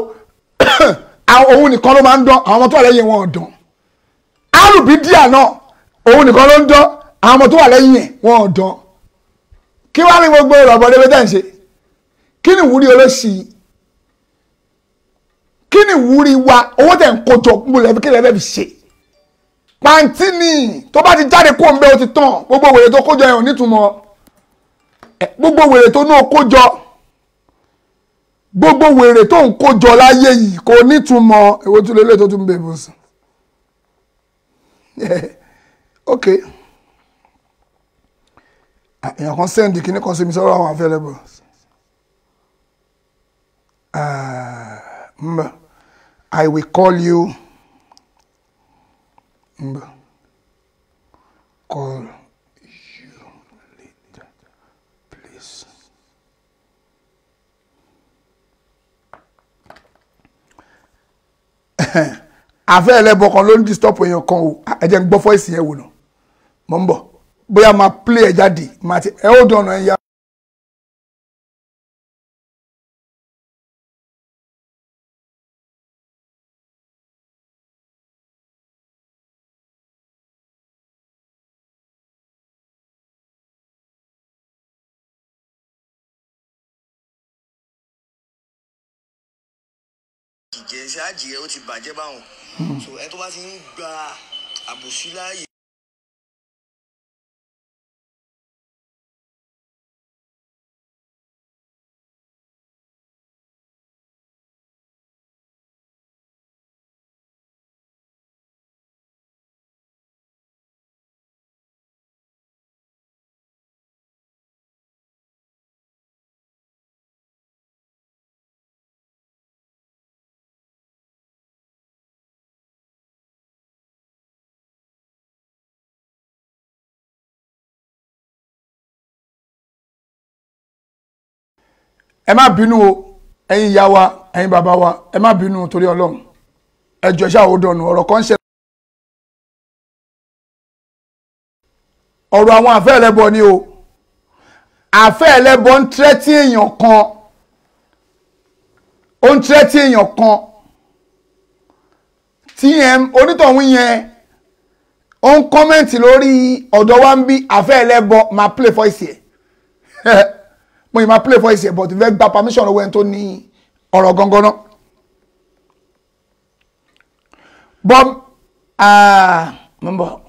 [coughs] òun nìkan ló máa ń dán àwọn ọmọ tó wà lẹ́yìn wọn ò dán alùbídíà náà òun nìkan ló ń dán àwọn ọmọ tó wà lẹ́yìn wọn dán kí wá ní gbogbo ìrọ̀bọ̀ débẹ̀ tẹ̀ ń ṣe kí ni ìwúrí olóṣì kí ni ìwúrí wa owó tẹ̀ ń kojọ múlẹ̀ kí lẹ́fẹ̀ fi ṣe pàǹtí ni tó bá ti jáde kó ń bẹ́ o ti tán gbogbo wèrè tó kójọ yẹn ò nítumọ̀ gbogbo wèrè tó náà kójọ gbogbo wèrè tó ń kójọ láyé yìí kò nítumọ̀ èwo tún lélẹ̀ tó tún bẹ̀rù sùn [laughs] ok èèyàn kan send kinní kan sí mi sọ́rọ̀ àwọn available ah, mbà I will call you mbà call you later please. àfẹ́ [laughs] ẹlẹ́bọ̀ kan ló ń disturb èèyàn kan o ẹ jẹ́ gbọ́ fọ́ ìsìn yẹn wò nà mò ń bọ̀ bóyá máa play ẹ̀ jáde máa ti ẹ̀ ó dọ̀nà ẹ̀ yá. ìjẹsẹ àjìyẹ ó ti bàjẹ́ báwọn hmm. so ẹ tó bá ti gba àbòsí láàyè. ẹ má bínú o ẹ̀yin ìyá wa ẹ̀yin bàbá wa ẹ má bínú torí Ọlọ́run ẹ jọ̀ọ́ ṣáà dọnu ọ̀rọ̀ kan ṣe. ọ̀rọ̀ àwọn àfẹ́ ẹlẹ́bọ ni o àfẹ́ ẹlẹ́bọ ń tẹ́tí èèyàn kan ó ń tẹ́tí èèyàn kan tí yẹn onítọ̀hún yẹn ó ń kọ́mẹ́ǹtì lórí ọ̀dọ̀ wa ń bí àfẹ́ ẹlẹ́bọ máa play voice yẹn [laughs] mo ma play voice ẹ̀ but ìfẹ́ gba permission lọ́wọ́ ẹni tó ní ọ̀rọ̀ gangan náà. bọ́m ah, mo ń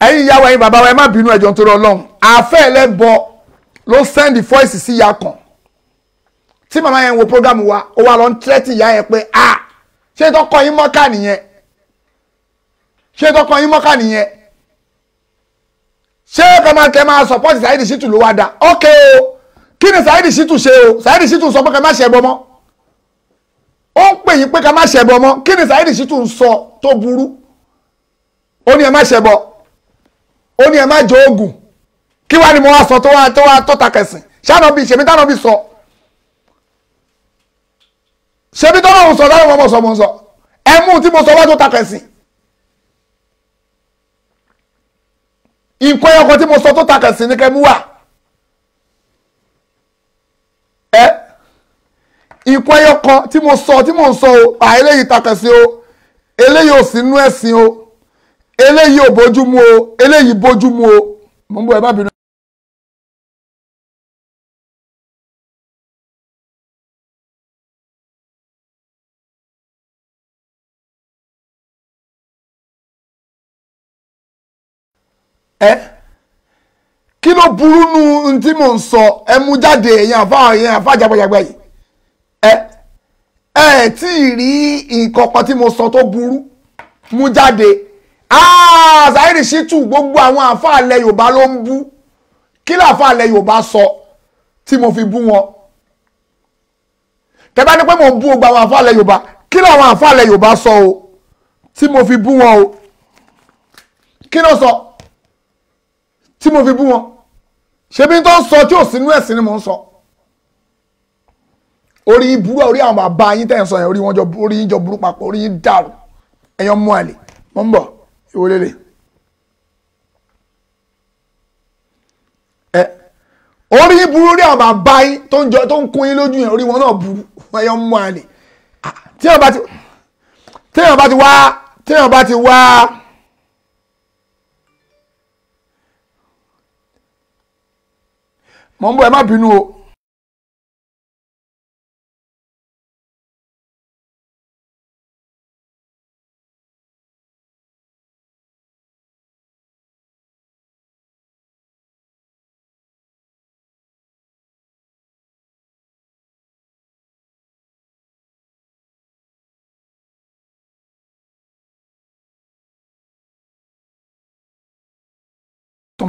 ẹ̀yin ìyàwó ẹ̀yin bàbá wa ẹ má bínú ẹjọ́ nítorí ọlọ́run àfẹ́ ẹlẹ́bọ ló send voice sí ìyá kan tí màmá yẹn wo program wa ó wá lọ ń tẹ́tì ìyá yẹn pé ah ṣé tọkọ yín mọ́ká nìyẹn ṣé tọkọ yín mọ́ká nìyẹn ṣé kọ́mọ̀kẹ́ máa support Saheed Shittu ló wá dá ok o kí ni Saheed Shittu ṣe o Saheed Shittu sọ pé ká má ṣe ẹbọ mọ́ ó ń pè yín pé ká má ṣe ẹbọ mọ́ kí ni Saheed Shittu ń sọ tó burú ó ní ẹ má ṣe ẹbọ ó ní ẹ má jẹ oògùn kí wàá ni mo wá sọ tó wá tó wá tọ́ta kẹsìn ṣáná bíi ṣèmi táná bíi sọ ṣèmi tọ́nà òun sọ táwọn ọmọ sọ mo ń sọ ẹ mú tí mo sọ wá tó ta kẹsìn nǹkan ẹyọkan tí mo sọ tó ta kẹsìn ni kẹ mú wà ẹ nǹkan ẹyọkan tí mo sọ tí mo ń sọ o àìlèyí ta kẹsìn o eléyìí ò sí nú ẹ̀sìn o eléyìí ò bójú mu o eléyìí bójú mu o mo ń bọ̀ ẹ má bínú. ẹ kí ló burú nu n tí mò ń sọ ẹ mú jáde èèyàn àfa èèyàn àfa jagbajagba yìí ẹ ẹ tí ì rí nǹkan kan tí mo sọ tó burú mú jáde. Saheed Shittu gbogbo àwọn àáfàá ilẹ̀ Yorùbá ló ń bú kí làáfàá ilẹ̀ Yorùbá sọ tí mo fi bú wọn tẹ́ bá ní pé mo ń bú gbogbo àwọn àáfàá ilẹ̀ Yorùbá kí làwọn àáfàá ilẹ̀ Yorùbá sọ o tí mo fi bú wọn o kí ló sọ tí mo fi bú wọn ṣebí tó ń sọ tí ò sínú ẹ̀sìn ni mò ń sọ orí ibú orí àwọn bàbá yín tẹ̀ ń sọ yẹn orí yín jọ burú papọ̀ orí yín dàrú ẹ̀yàn mú àlè mò ń bọ̀ ìwò lélẹ̀ ẹ orí burú rí àwọn bàbá yín tó ń jọ tó ń kún yín lójú yẹn orí wọn náà burú wọn yọ mú àlè ah, téèyàn bá ti téèyàn bá ti wá téèyàn bá ti wá. mọ̀ ń bọ̀ ẹ má bínú o.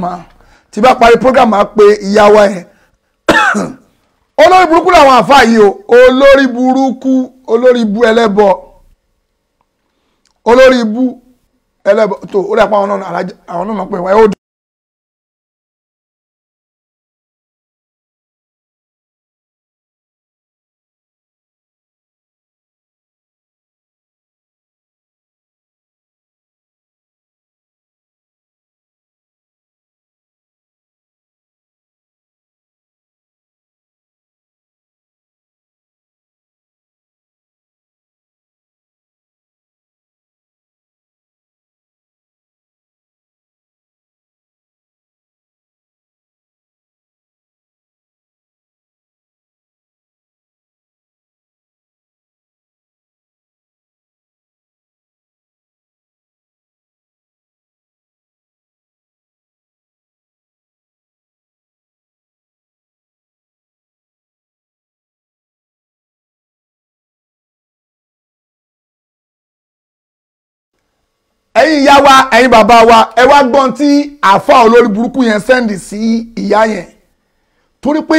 customer tí bá parí program máa pe ìyá wa yẹn [coughs] olórí burúkú làwọn àfa yìí o olórí burúkú olórí bu ẹlẹ́bọ olórí bu ẹlẹ́bọ tó ó dàpọ̀ àwọn náà àwọn náà pè wá ó ẹ̀yin ìyá wa ẹ̀yin bàbá wa ẹ wá gbọ́n tí àfa olórí burúkú yẹn sẹ́ndì sí ìyá yẹn torí pé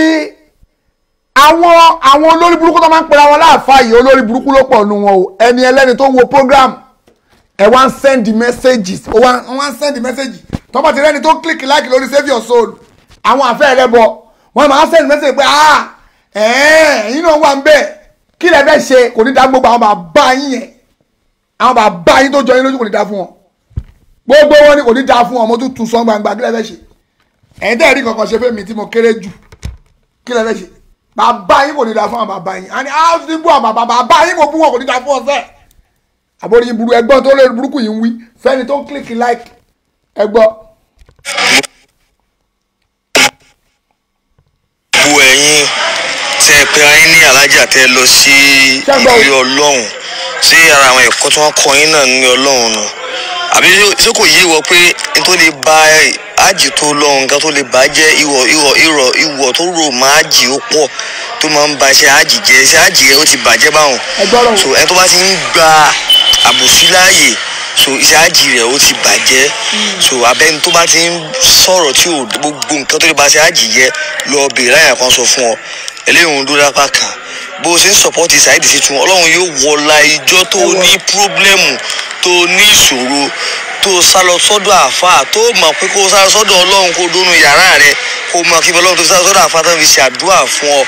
àwọn àwọn olórí burúkú tó máa ń pera wọn láàfa yìí olórí burúkú ló pọ̀ nù wọn o ẹni ẹlẹ́ni tó wo program ẹ wá ń sẹ́ndì messages ó wá ń sẹ́ndì messages tó bá ti rẹ́ni tó click like lórí save your soul àwọn àfẹ́ rẹ bọ̀ wọ́n máa ń sẹ́ndì message pé ah ẹ̀ẹ́n ẹ̀yin náà wà ń bẹ̀ kí lẹ fẹ́ ṣe kò ní dá gbogbo àwọn bàbá yín yẹn àwọn bàbá yín tó jọ yín lójú kò ní da fún wọn gbogbo wọn ni kò ní da fún wọn mo tún tún sọ gbangba kí lẹ fẹ́ ṣe ẹ̀yin tẹ́ rí kankan ṣe fẹ́mi tí mo kéré jù kí lẹ fẹ́ ṣe bàbá yín kò ní da fún àwọn bàbá yín àní á ti bú àwọn bàbá bàbá yín kò bú wọn kò ní da fún ọsẹ àbórí burú ẹ̀gbọ́n tó lórí burúkú yìí ń wí fẹ́ni tó ń kílìkì láìkì ẹ̀gbọ́n. bu ẹ̀yin tẹ pé ayé ní alájà tẹ lọ sí ilé Ọlọ́run ṣé ara àwọn ẹ̀kọ́ tí wọ́n kọ́ yín náà ní ọlọ́run nù àbí ṣé kò yí wọ pé n tó lè ba ájì tó lọ́hùn nǹkan tó lè bà jẹ́ ìwọ̀ ìwọ̀ ìrọ̀ ìwọ̀ tó rò má ájì ó pọ̀ tó máa ń ba iṣẹ́ ájì jẹ́ iṣẹ́ ájì rẹ̀ ó ti bàjẹ́ báwọn so ẹni tó bá ti ń gba àbòsí láàyè so iṣẹ́ ájì rẹ̀ ó ti bàjẹ́ hmm. so abẹ́ni tó bá ti ń sọ̀rọ̀ tí ò gbogbo nǹkan tó lè ba iṣẹ́ ájì jẹ́ lọ bèèrè láyà kan sọ fún ọ eléyìí ń dúró lápá kan bó o ṣe ń sọpọ́tì ṣáìdì sí tun ọlọ́run yóò wọlá ìjọ tó ní pírọ́blẹ́mù tó ní ìṣòro tó sá lọ sọ́dọ̀ àáfàá tó mọ̀ pé kó sá lọ sọ́dọ̀ ọlọ́run kó dónú yàrá rẹ kó mọ̀ kí ọlọ́run tó sá lọ sọ́dọ̀ àáfàá tó fi ṣe àdúrà fún ọ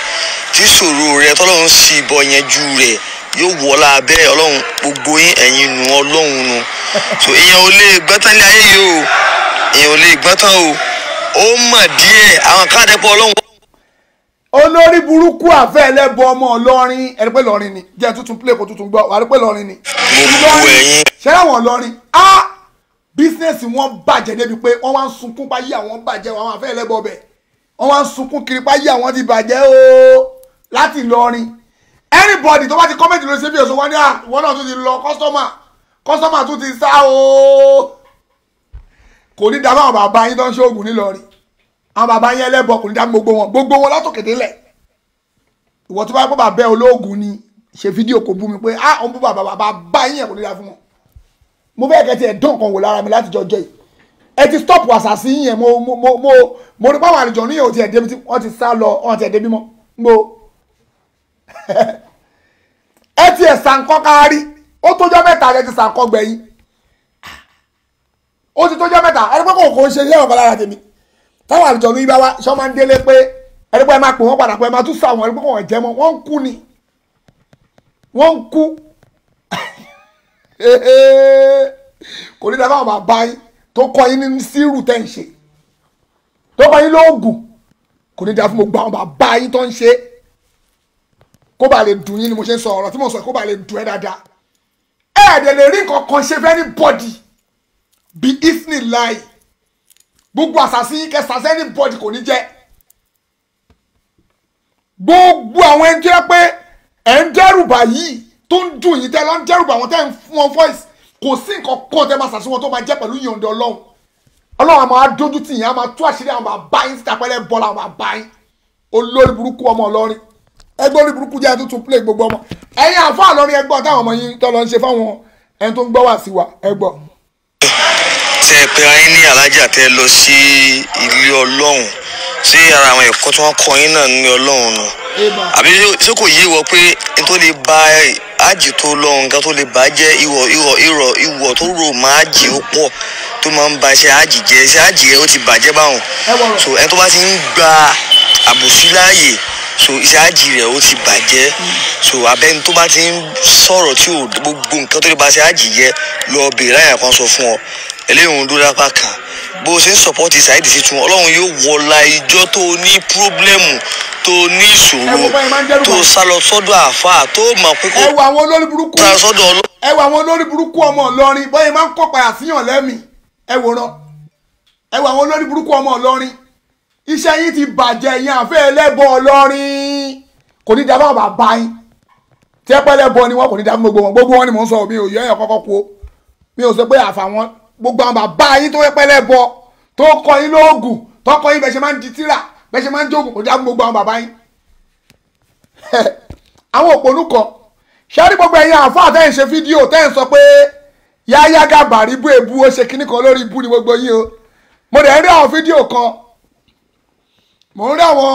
tí ìṣòro rẹ tọ́lọ́run sì bọ̀ yẹn ju rẹ̀ yóò wọlá abẹ́rẹ́ ọlọ́run gbogbo yín ẹ̀yin nu ọlọ́run nu [laughs] so èèyàn ò lè gbọ́tán lé ayé yìí o èèyàn ò lè gbọ́tán o ó mọ̀ díẹ̀ àwọn káàdẹ́pọ̀ ọlọ́run olórí burúkú àfẹ́lẹ́bọ ọmọ ọlọ́rin ẹni pé lọ́rin ni jẹ́ tuntun play kó tuntun gbọ́ wàá rí pé lọ́rin ni. ṣé àwọn lọ́rin á bísínẹ́sì wọn bàjẹ́ débi pé wọ́n wá ń sunkún páyé àwọn bàjẹ́ wọn àfẹ́lẹ́bọ ọbẹ̀ wọ́n wá ń sunkún kiri páyé àwọn ti bàjẹ́ ooo láti lọ́rin. anybody tó bá ti kọ́mẹ̀tì lórí ṣébí ọ̀ṣun wọn ní àwọn náà tún ti lọ kọ́sítọ́mà kọ́sítọ́mà tún ti sá ooo kò ní dábàá bàbá yín tó ń àwọn bàbá yẹn ẹlẹ́bọ kò ní dá gbogbo wọn gbogbo wọn látòkè délẹ̀ ìwọ tó bá pọ̀ bàbá olóògùn ni ṣe fídíò kò bú mi pé ah òun bú bàbá bàbá bá yẹn kò ní dá fún wọn mo bẹ́ẹ̀ kẹ́ ti ẹ̀ dán kan wò lára mi láti jọjọ́ yìí ẹ ti stop àṣàṣì yẹn mo mo mo mo mo ní báwọn àlejò níyẹn ò ti ẹ̀ débi tí wọ́n ti sá lọ wọ́n ti ẹ̀ débi mọ́ mo [laughs] ẹ ti ẹ̀ sànkọ́ kárí ó tójọ́ ah. mẹ́ta ẹ ti sànkọ́ gbẹ̀yìn ó ti tójọ́ mẹ́ta ẹ ní kò kò ń ṣe iṣẹ́ ọ̀gá lára tèmi táwọn àlùjọ ní ibà wa ṣé wọ́n máa ń délé pé ẹni pé ẹ máa pè wọ́n padà pé ẹ máa tún sàwọn ẹni pé wọ́n jẹ́ mọ́ wọ́n ń kú ni wọ́n ń kú kò ní dábàá àwọn bàbá tó kọ́ yín ní sírù tẹ́ ń ṣe tó kọ́ yín lóògùn kò ní dáa fún gbogbo àwọn bàbá yín tó ń ṣe kó bàa lè dùn yín ni mo ṣe ń sọ ọ̀rọ̀ tí mo sọ kó bàa lè dùn ẹ́ dáadáa ẹ̀ lè rí nǹkan kan ṣe fẹ́ ní bọ́dì bí isni láì gbogbo àṣàṣì kẹsàṣẹ ní bọ́ọ̀dì kò ní jẹ́ gbogbo àwọn ẹni tó yẹ pé ẹ̀ ń dẹ́rùbà yìí tó ń dùn yìí tẹ́ lọ ń dẹ́rùbà wọn tẹ́ ń fún wọn voice kò sí nǹkan kan tẹ́ máa ṣàṣìwọ́n tó máa jẹ́ pẹ̀lú yọ̀ǹda ọlọ́run ọlọ́run àmọ́ adójú tì yín àmọ́ tú àṣírí àmọ́ àbá yín síta pẹ́lẹ́ bọ́ọ̀lù àmọ́ àbá yín olórí burúkú ọmọ ọlọ́rin ẹgbẹ́ olórí burúkú jẹ́ tuntun play gbogbo ọmọ ẹ̀yin àfọ́ àlọ́rin ẹgbọ́n táwọn ọmọ yín tọ́ lọ ń ṣe fáwọn ẹni tó ń gbọ́ wá sí wa ẹgbọ́n tẹ ẹ pera yín ní tẹ lọ sí ilé ọlọ́run ṣé ara àwọn ẹ̀kọ́ tí wọ́n kọ yín náà ní ọlọ́run nù àbí ṣé kò yé wọ pé n tó lè ba ájì tó lọ́run gan tó lè bà jẹ́ ìwọ̀ ìwọ̀ ìrọ̀ ìwọ̀ tó rò má ájì ó pọ̀ tó máa ń ba iṣẹ́ ájì jẹ́ iṣẹ́ ájì rẹ̀ ó ti bàjẹ́ báwọn so ẹni tó bá ti ń gba àbòsí láàyè so iṣẹ́ ájì rẹ̀ ó ti bàjẹ́ hmm. so abẹ́ni tó bá ti ń sọ̀rọ̀ tí ò gbogbo nǹkan tó lè ba iṣẹ́ ájì jẹ́ lọ bèèrè láyà kan sọ fún ọ eléyìí òun dúró lápá kan bó o ṣe ń sọpọ́tì ṣáìdì sí tun ọlọ́run yóò wọlá ìjọ tó o ní pírọ́blẹ́mù tó o ní ìṣòro tó o sá lọ sọ́dọ̀ àáfàá tó o mọ̀ pé kó o sá sọ́dọ̀ ọlọ́run. ẹ wo àwọn olórí burúkú ọmọ ọlọ́rin bọ́yẹ̀ máa ń kọ́ padà síyàn lẹ́mìí ẹ wòran ẹ wo àwọn olórí burúkú ọmọ ọlọ́rin iṣẹ́ yín ti bàjẹ́ yín àfẹ́ ẹlẹ́bọ ọlọ́rin kò ní dábàá bàbá yín tí ẹ pẹ́ lẹ́bọ ni wọn kò ní dábàá gbogbo wọn gbogbo wọn ni mò ń sọ mi ò yọ ẹ̀yọ̀ kọ́kọ́ o mi ò sọ pé àfàwọn gbogbo àwọn bàbá yín tó pẹ́ lẹ́bọ tó kọ yín lóògùn tó kọ yín bẹ́ẹ̀ ṣe máa ń di tíra bẹ́ẹ̀ ṣe máa ń jókòó kò já gbogbo àwọn bàbá yín. [laughs] àwọn òpònú kan ṣẹ́rí gbogbo ẹ̀yin àfáà tẹ́ ń ṣe fídíò tẹ́ ń sọ pé Yahya Gabari bú èbú ó ṣe kíní kan lórí ibú ni gbogbo yín o mo dẹ̀ ń rí àwọn fídíò kan mo ń rí àwọn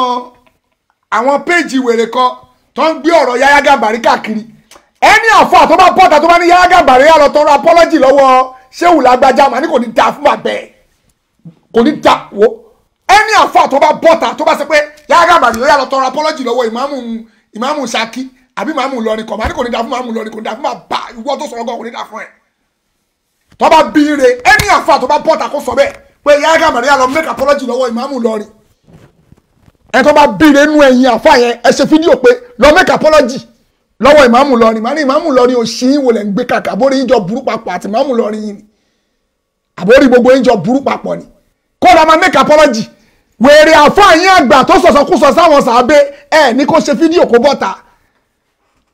àwọn péèjì wèrè kan tó ń gbé ọ̀rọ̀ Yahya Gabari káàkiri ẹni àfáà tó bá pọ̀ta tó bá ní Yahya Gabari yá lọ tọrọ apọ́lọ́jì lọ́wọ́ ṣéwù lágbájá màá ní kò ní da fún bàbá ẹ̀ kò ní da wo ẹni àfa tó bá bọ́ta tó bá sọ pé yàrá bàbá yóò yà lọ tọrọ apọ́lọ́jì lọ́wọ́ ìmáàmù ìmáàmù Ṣakí àbí ìmáàmù lọrin kọ̀ màá ní kò ní da fún ìmáàmù lọrin kò ní da fún bàbá ìwọ tó sọ̀rọ̀ gan kò ní da fún ẹ̀ tó bá bí ire ẹni àfa tó bá bọ́ta kó sọ bẹ́ẹ̀ pé yàrá bàbá yà lọ make apọ́lọ́jì lọ́wọ́ ìmáàmù lọrin ẹ̀ tó bá bí ire nú ẹ̀yìn àfa yẹn ẹ ṣe fídíò pé lọ make apọ́lọ́jì lọ́wọ́ ìmáàmù lọ́rin màá ní ìmáàmù lọ́rin òṣì yín wo lẹ̀ ń gbé kàkà àbórí yín jọ burú papọ̀ àti ìmáàmù lọ́rin yín ni àbórí gbogbo yín jọ burú papọ̀ ni kódà máa make apology wèrè àfọ̀yín àgbà tó sọ̀sọ̀kúsọ sáwọn sàbẹ̀ ẹ̀ ní kó ṣe fídíò kó bọ́ta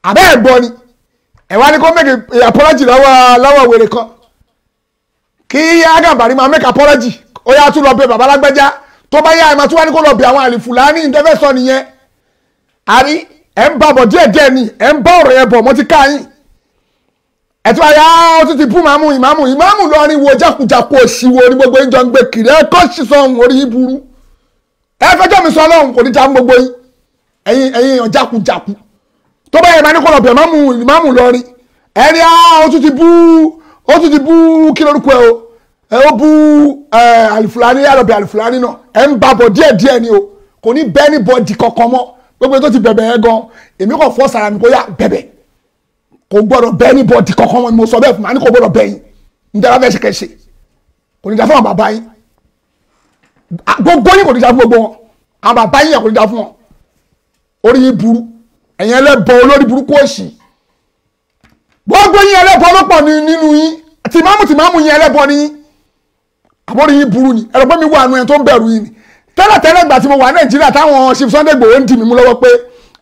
àbẹ́ ẹ̀ gbọ́ ni ẹ̀ wá ní kó make apology lọ́wọ́ lọ́wọ́ wèrè kan kí agàbàrí máa make apology ó yá tún lọ bẹ bàbá tó bá yá ẹ̀ máa tún wá ní kó lọ bẹ àwọn àlìfùlání ìdẹ́fẹ́sọ nìyẹn àrí ẹ̀ ń bá bọ̀ ni ẹ̀ ń bá ọ̀rọ̀ yẹn bọ̀ mo ti ká yín ẹ̀tún àyà ọtún ti bú màmú ìmáàmù ìmáàmù lọrin wo jákujàku òṣìwò ní gbogbo ìjọ ń gbé kiri ẹ kọ́ sí sọ̀hún orí burú ẹ fẹjọ́ mi sọ ọlọ́run kò ní já gbogbo yín ẹ̀yin ẹ̀yin jákujàku tó bá yẹ máa ní kọ́ lọ́bẹ̀ ìmáàmù ìmáàmù lọrin ẹni ọtún ti bú ọtún ti bú kí lórúkọ o ẹ ó bú àlùfùlání alọ́bẹ̀ àlùfùlání náà ẹ ń babọ̀ díẹ̀díẹ̀ ni o kò ní bẹ́ẹ̀ ní bọ́ọ̀dì kankan mọ́ gbogbo tó ti bẹ̀bẹ̀ yẹn gan èmi kò fọ́ sara mi kó yá bẹ̀bẹ̀ kò gbọ́dọ̀ bẹ́ ní bọ́ọ̀dì kankan wọn ni mo sọ bẹ́ẹ̀ fún mi àní kò gbọ́dọ̀ bẹ́ yín ní dára fẹ́ẹ́ ṣẹkẹ́ṣe kò ní dá fún àwọn bàbá yín gbogbo yín kò ní dá fún gbogbo wọn àwọn bàbá yín yẹn kò ní dá fún wọn orí yín burú ẹ̀yin ẹlẹ́bọ olórí burúkú òṣì gbogbo yín ẹlẹ́bọ ọlọ́pọ̀ nínú yín tìmáàmù tìmáàmù yín ẹlẹ́bọ ni yín àbórí yín burú ni ẹ̀rọ pé mi wà nù ẹ̀ tó ń bẹ̀rù yín ni tẹ́lẹ̀tẹ́lẹ̀ gbà tí mo wà nàìjíríà táwọn Chief Sunday Igboho ń dì mí mú lọ́wọ́ pé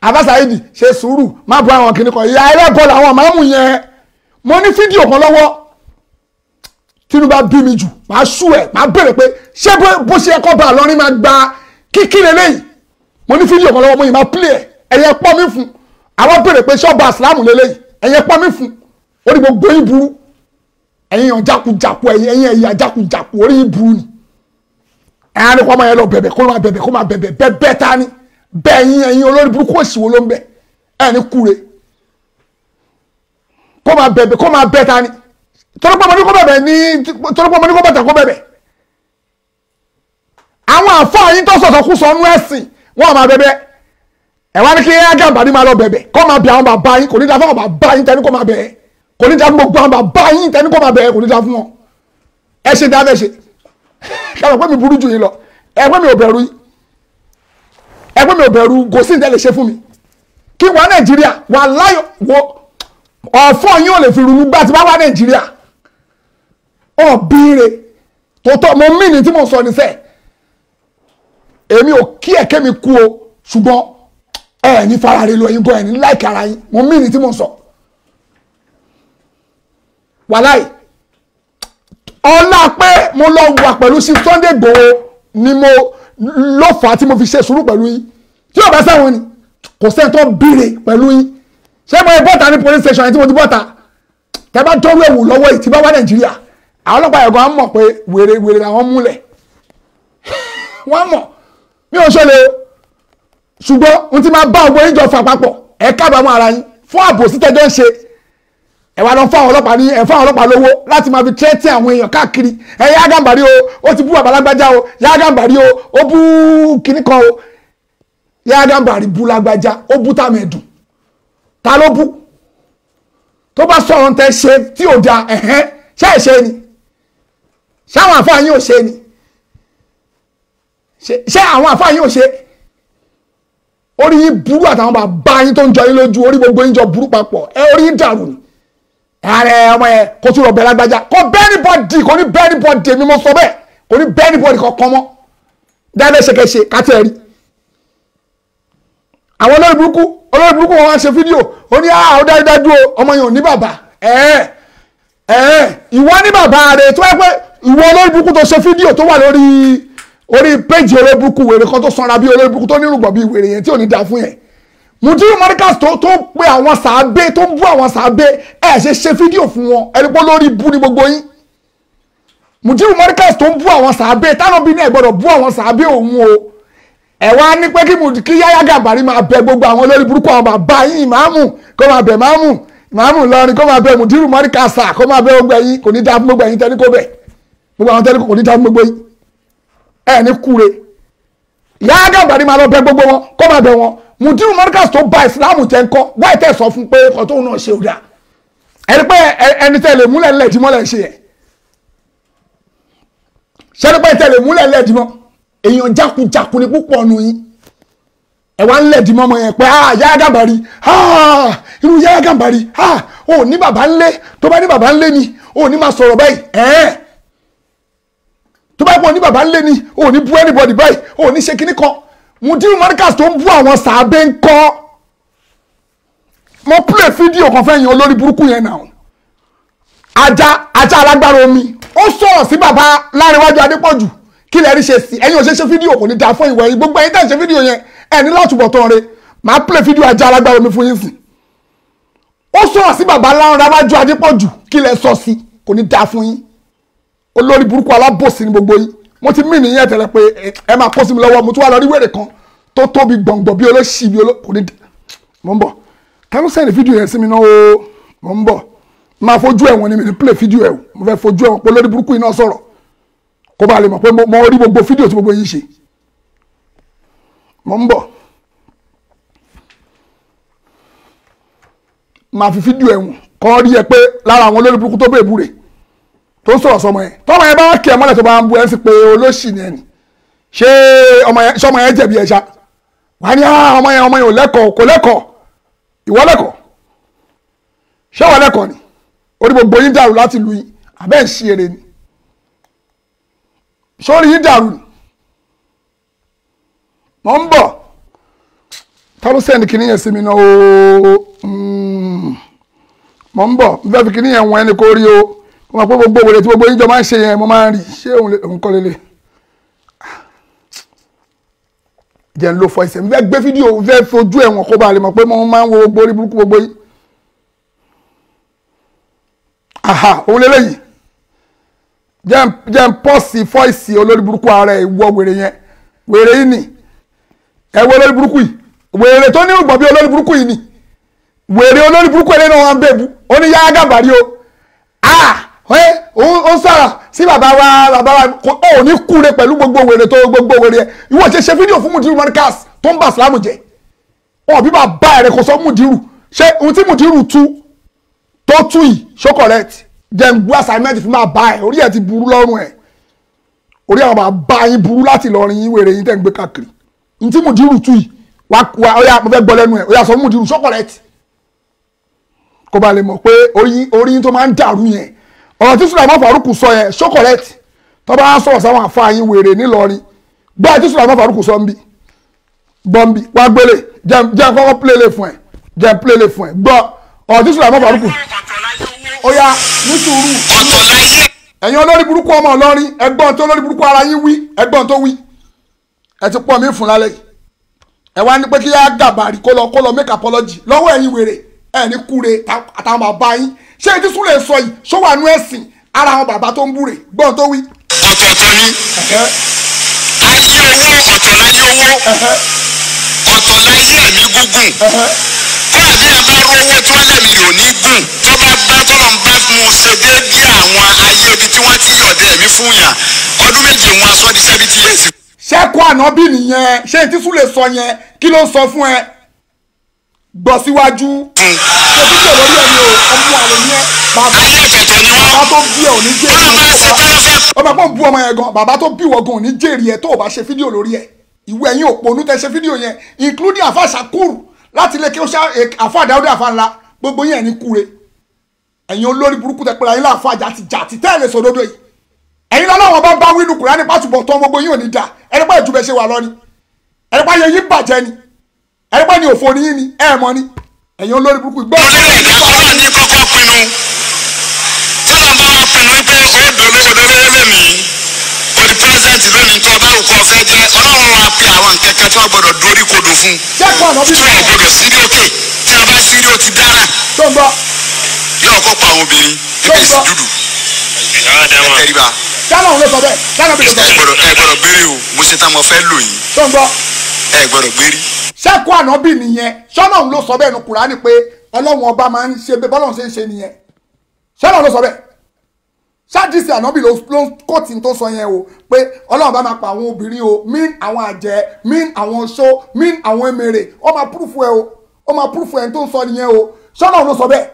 abasaidi ṣe sùúrù má bu àwọn kìnnìkan ìyá ẹlẹ́bọ̀lù àwọn màmú yẹn mo ní fídíò kan lọ́wọ́ tinubu bí mi jù máa sú ẹ máa bèrè pé ṣé bó ṣe ẹkọ bá lọrin máa gba kíkí lélẹyìí mo ní fídíò kan lọ́wọ́ mo yìí máa pílẹ ẹyẹ pọ mi fún àwọn bèrè pé ṣọba àsìlámù lélẹyìí ẹyẹ pọ mi fún orí gbogbo yín burú ẹ̀yin ọjàkújàkú ẹ̀yin ẹ̀yin ẹ̀yà jàkújàkú orí yín burú ni ẹ̀yà ni kò máa yẹ lọ bẹ̀bẹ̀ kó máa bẹ̀bẹ̀ kó máa bẹ̀bẹ̀ bẹ̀bẹ̀ ta ni bẹ̀yìn ẹ̀yìn olórí burúkú òsì wo ló ń bẹ̀ ẹ̀ ní kúre kó máa bẹ̀bẹ̀ kó máa bẹ̀ ta ni tọ́lọ́pọ̀ mọ́ni kó bẹ̀bẹ̀ ní tọ́lọ́pọ̀ mọ́ni kó bàtà kó bẹ̀bẹ̀ àwọn àfáà yín tó sọ̀tọ̀ kú sọ nú ẹ̀sìn wọ́n máa bẹ̀bẹ̀ ẹ̀ wá ní kí ẹ̀yà gàmbàdì máa lọ bẹ̀bẹ̀ kó máa bẹ̀ àwọn bàbá yín kò ní da fún àwọn bàbá yín tẹ́ni kó máa bẹ̀ kò ní da fún gbogbo àwọn bàbá yín tẹ́ni kó máa bẹ̀ kò ní da fún wọn ẹ ṣe dáadáa ṣe ẹ mọ̀ pé mi burú jù yín lọ ẹ pé mi ò bẹ̀rù yín ẹ pé mi ò bẹ̀rù gosin tẹ́lẹ̀ ṣe fún mi kí wá nàìjíríà wà láyọ̀ wọ ọ̀fọ̀ yín ò lè fi ronú gbà tí wá wá nàìjíríà ọ̀bìnrin rẹ̀ tòótọ́ mo mí ni tí mo sọ ní sẹ́ èmi ò kí ẹ̀kẹ́ mi kú o ṣùgbọ́n ẹ̀ẹ́ni fara rẹ lọ yín gan ẹ̀ẹ́ni láìka ara yín mo mí ni tí mo sọ wàláì ọlá pé mo lọ wà pẹ̀lú sí Sunday Igboho ni mo ló fà á tí mo fi ṣe sùúrù pẹ̀lú yín tí ò bá sẹ́wọ̀n ni kò sẹ́ni tó bìrè pẹ̀lú yín ṣé mo bọ́ta ní police station yẹn tí mo ti bọ́ta tẹ́ bá tọ́rú ẹ̀wù lọ́wọ́ yìí tí bá wá Nàìjíríà àwọn ọlọ́pàá yẹn gan mọ̀ pé wèrè wèrè làwọn múlẹ̀ [laughs] wọ́n mọ̀ mi ò ṣọlẹ̀ ṣùgbọ́n n ti máa bá ògbó yín jọ fà papọ̀ ẹ̀ kábàámọ̀ ara yín fún àbòsí tẹ́jọ́ ń ṣe ẹ wá lọ fáwọn ọlọ́pàá ní ẹ fáwọn ọlọ́pàá lówó láti máa fi tẹ́tí àwọn èèyàn káàkiri ẹ yá gàmbàrí o ó ti bú àbálágbájá o yá gàmbàrí o ó bú kinní kan o yá gàmbàrí bú lágbájá ó bú tàmẹ̀dùn ta ló bú tó bá sọ ọ̀hún tẹ ṣe tí ò da ẹ̀hẹ́n ṣé ẹ̀ ṣe ni ṣáwọn àfáà yín ò ṣe ni ṣé àwọn àfáà yín ò ṣe orí yín burú àtàwọn bàbá yín tó ń jọ yín lójú orí gbogbo yín jọ burú papọ̀ ẹ orí yín dàrú ni ààrẹ ọmọ yẹn kó tún lọ bẹ lágbájá kó bẹ́ẹ̀ni bọ́dì kò ní bẹ́ẹ̀ni bọ́dì èmi mo sọ bẹ́ẹ̀ kò ní bẹ́ẹ̀ni bọ́dì kankan mọ́ dáadáa ṣekeṣe kátì ẹ̀rí. àwọn olórí burúkú olórí burúkú wọn wá ṣe fídíò ó ní àwọn ah, dájúdájú ọmọ yẹn ò ní bàbá ẹ̀ẹ́ ẹ̀ẹ́ ìwọ ní bàbá rẹ̀ tó yẹ pé ìwọ olórí burúkú tó ṣe fídíò tó wà lórí orí péjì olórí burúkú wèrè kan tó sanra bí olórí burúkú tó nírùngbọ̀n bí wèrè yẹn tí ò ní da fún yẹn mùdírù mọ́ríkàs tó tó pe àwọn sàábé tó bú àwọn sàábé ẹ̀ ṣe ṣe fídíò fún wọn ẹ̀rìpọ̀ lórí bú ní gbogbo yín mùdírù mọ́ríkàs tó ń bú àwọn sàábé táwọn bí náà gbọ́dọ̀ bú àwọn sàábé òun o ẹ̀ wá ní pé kí mùdí kí Yahya Gàbàrí máa bẹ gbogbo àwọn lórí burúkú àwọn bàbá yín ìmáàmù kó máa bẹ máàmù ìmáàmù lọrin kó máa bẹ mùdírù mọ́ríkàs sà kó máa bẹ gbogbo yín kò ní dá fún gbogbo yín tẹ́ni kó bẹ̀ gbogbo àwọn tẹ́ni kò ní dá fún gbogbo yín ẹ̀ ní kúre Yahya Gàbàrí máa lọ bẹ gbogbo wọn kó máa mudiru markaz tó ba ìsìláàmù jẹ́ ńkọ́ wáyé tẹ̀ sọ fún pé ọkọ̀ tóun náà ṣe ò dáa ẹni pé ẹni tẹ̀ lè múlẹ̀ ńlẹ̀ dìmọ́ lẹ̀ ń ṣe yẹn ṣẹ́ni pé tẹ̀ lè múlẹ̀ ńlẹ̀ dìmọ́ èèyàn jákujàku ni púpọ̀ nù yín ẹ wá ńlẹ̀ dìmọ́ ọmọ yẹn pé ah yáyà gàbàrí ah irú yáyà gàbàrí ah ní bàbá ńlé tó bá ní bàbá ńlé ni ò ní máa sọ̀rọ̀ báyìí ẹ̀ẹ́ tó bá pọ̀ ní bàbá ńlé ni ò ní bú anybody báyìí ò ní ṣe kinní kan mudiru marcus tó ń bú àwọn sàábé ń mo play fídíò kan fẹ́yìn olórí burúkú yẹn náà ajá ajá alágbára omi ó sọ̀rọ̀ sí bàbá láríwájú adépọ̀jù kí lẹ́rìí ṣe sí ẹ̀yin ò ṣe ṣe fídíò kò ní da fún ìwẹ̀ gbogbo ẹ̀yin tẹ̀ ṣe fídíò yẹn ẹ̀ ní tán re màá play fídíò ajá alágbára omi fún yín sìn ó sọ̀rọ̀ sí bàbá láríwájú adépọ̀jù kí lẹ́ sọ sí kò ní da fún yín olórí burúkú alábòsí ni gbogbo yín mo ti mí nìyẹn tẹ́lẹ̀ pé eh, ẹ máa kó sí mi lọ́wọ́ mo tún wà lọ rí wèrè kan tó tóbi gbọ̀ngbọ̀n bí olóṣì bí olókùn ní mo ń bọ̀ ta ló sẹ́ni fídíò yẹn sí mi náà o mo ń bọ̀ máa fojú ẹ̀wọ̀n ni mi ní play fídíò ẹ̀ mo fẹ́ fojú ẹ̀wọ̀n pé lórí burúkú iná sọ̀rọ̀ kó bá lè mọ̀ pé mo rí gbogbo fídíò tí gbogbo yín ṣe mo ń bọ̀ máa fi fídíò ẹ̀wọ̀n kọ́ rí ẹ pé lára àwọn olórí burúkú tó bẹ̀ búre tó ń sọ̀rọ̀ sọmọ yẹn tọ́mọ yẹn bá wá kí ẹ mọ́lẹ̀ tó bá ń bu ẹ ń fi pé olóṣì yẹn ni ṣé ọmọ yẹn jẹ̀bi ẹ̀ṣá wà ní ah, ọmọ yẹn ọmọ yẹn ò lẹ́kọ̀ọ́ kò lẹ́kọ̀ọ́ ìwọ lẹ́kọ̀ọ́ ṣé wà lẹ́kọ̀ọ́ ni orí gbogbo yín dàrú láti lu yín àbẹ́ ń ṣí eré ni sórí yín dàrú ni mọ̀ ń bọ̀ ta sẹ́ni kìíní yẹn sí mi náà ooo mọ̀ hmm. ń bọ̀ n fi kìíní yẹn wọ́n ẹni kó o ó máa pé gbogbo wèrè tí gbogbo yín jọ máa ń ṣe yẹn mo máa ń rí ṣé òun kọ́ lélẹ̀ jẹ́ ń lo fọ ẹsẹ̀ mi fẹ́ gbé fídíò fẹ́ fojú ẹ̀wọ̀n kó ba lè mọ̀ pé mo máa ń wo gbogbo orí burúkú gbogbo yín aha òun lélẹ́yìn jẹ́ ń pọ́ọ̀sì fọ́ìsì olórí burúkú ara ẹ̀ wọ wèrè yẹn wèrè yìí nì ẹ wo olórí burúkú yìí wèrè tó ní ìgbọ̀n bí olórí burúkú yìí nì wèrè olórí burúkú yìí náà wọn bẹ̀bù ó ní yáyá gàbàrí o ah ẹ ó sọ̀rọ̀ sí bàbá wa bàbá wa ó ní kúre pẹ̀lú gbogbo wèrè tó gbogbo wèrè ìwọ ṣe ṣe fídíò fún mudiru marcus tó ń bà sílámù jẹ́ wọn bí bàbá rẹ̀ kò sọ mudiru ṣé ohun tí mudiru tú tó tú yìí ṣó correct jẹ́ ń gbú assignment fún bàbá ẹ̀ orí ẹ̀ ti burú lọ́rùn ẹ̀ orí àwọn bàbá yín burú láti lọ rin yín wèrè yín tẹ́ ń gbé káàkiri ohun tí mudiru tú yìí wà ó yà mo fẹ́ gbọ́ lẹ́nu ẹ̀ ó yà sọ mudiru ṣó correct kó ba lè mọ̀ pé orí yín tó máa ń dàrú yẹn ọ̀rọ̀ tí Sulaiman Faruku sọ yẹn ṣó correct tó bá sọ̀rọ̀ sáwọn àfààyàn wèrè nílọrin gbọ́ tí Sulaiman Faruku sọ ń bí bọ́m̀bì wá gbélé jẹ́ kọ́kọ́ pélélé fún ẹ̀ jẹ́ pélélé fún ẹ̀ gbọ́ ọ̀rọ̀ tí Sulaiman Faruku ó yá ní sùúrù ẹ̀yin olórí burúkú ọmọ Ìlọrin ẹgbọ́n tó olórí burúkú ara yín wí ẹgbọ́n tó wí ẹ ti pọ̀ mí fún lálẹ́ yìí ẹ wá ní pé kí yá gàbàrí kó lọ kó lọ make apology lọ́wọ́ ẹ̀yin wèrè ẹ̀ ní kúre àtàwọn bàbá ṣé ti súnlẹ̀ sọ yìí ṣọwọ́ àánú ẹ̀sìn ara àwọn bàbá tó ń búre gbọ́n tó wí. ọ̀tọ̀ọ̀tọ̀ ni ayé owó ọ̀tọ̀ láyé owó ọ̀tọ̀ láyé ẹ̀mí gúngùn kódà bí ẹ bá rówó tó ẹlẹ́mìí ò ní gùn tó bá bá tọ́lọ̀ ń bá mu ṣe déédéé àwọn ayé ibi tí wọ́n ti yọ̀dẹ̀ ẹ̀mí fún yàn ọdún méjì wọn aṣọ ti ṣẹ́bi ti yẹ̀ sí. ṣẹ́kù ànábì nìyẹn ṣé etí súnlẹ̀ sọ yẹn kí ló sọ fún ẹ gbọ́ síwájú ṣebí tẹ̀ lórí ẹni o ọmọ àwọn yẹn bàbá bàbá tó bí ẹ ò ní jèrè ẹ ọmọ pọ̀ bu ọmọ yẹn gan bàbá tó bí wọ gan ò ní jèrè ẹ tó o bá ṣe fídíò lórí ẹ ìwé ẹ̀yin òpònú tẹ ṣe fídíò yẹn including afa Shakur láti ilé kí ó ṣá afa e, Dáúdà afa ńlá gbogbo yẹn ní kure ẹ̀yin olórí burúkú tẹ pẹ̀lú ayé láàfa jàti jàti tẹ́lẹ̀ sọ̀dọ́dọ̀ yìí ẹ̀yin lọ́lọ́wọ́n bá ń bá wínú kùránì pàtùbọ̀ tán gbogbo yìí ò ní dà ẹ̀rẹ́pà ìjùbẹ̀ ṣe wà lọ́ni ẹ̀rẹ́pà yẹn yín bàjẹ́ ni ẹni pé ní òfò ni yín ni ẹ mọ ni ẹ̀yin olórí burúkú gbọ́. olórí ìlà ọlọ́run ní kọ́kọ́ pinnu tọ́lá bá wa pinnu pé òdòdó òdòdó lónìí òdì president lónìí tó bá òkú ọ̀fẹ́ jẹ́ ọlọ́run wa pe àwọn kẹ̀kẹ́ tó gbọdọ̀ dorí kodò fún tí wọ́n gbọdọ̀ sí ní òkè tí a bá sí ní òtí dára yóò kó pa àwọn obìnrin níbi ìsìn dúdú ẹ̀ẹ́dẹ́gbà tálọ̀ ń lọ sọ bẹ́ẹ̀ tálọ̀ bí lọ sọ bẹ́ẹ̀. ẹ gbọdọ̀ bẹ́ẹ̀ o mo ṣe tá mo fẹ́ lò yín. tó ń gbọ́ ẹ gbọ́dọ̀ gbé rí. sẹ́kù ànábì nìyẹn sọ́nà òun ló sọ bẹ́ẹ̀ nu kùránì pé ọlọ́run ọba máa ń ṣe bẹ́ẹ̀ bọ́lọ́run ṣe ń ṣe nìyẹn sọ́nà ló sọ bẹ́ẹ̀ ṣáàdìsí ànábì ló ń kọ́tì tó sọ yẹn o pé ọlọ́run bá máa pa àwọn obìnrin o mean àwọn àjẹ́ mean àwọn oṣó mean àwọn emèrè ó máa púrùfù ẹ o ó máa púrùfù ẹ tó ń sọ nìyẹn o sọ́nà ló sọ bẹ́ẹ̀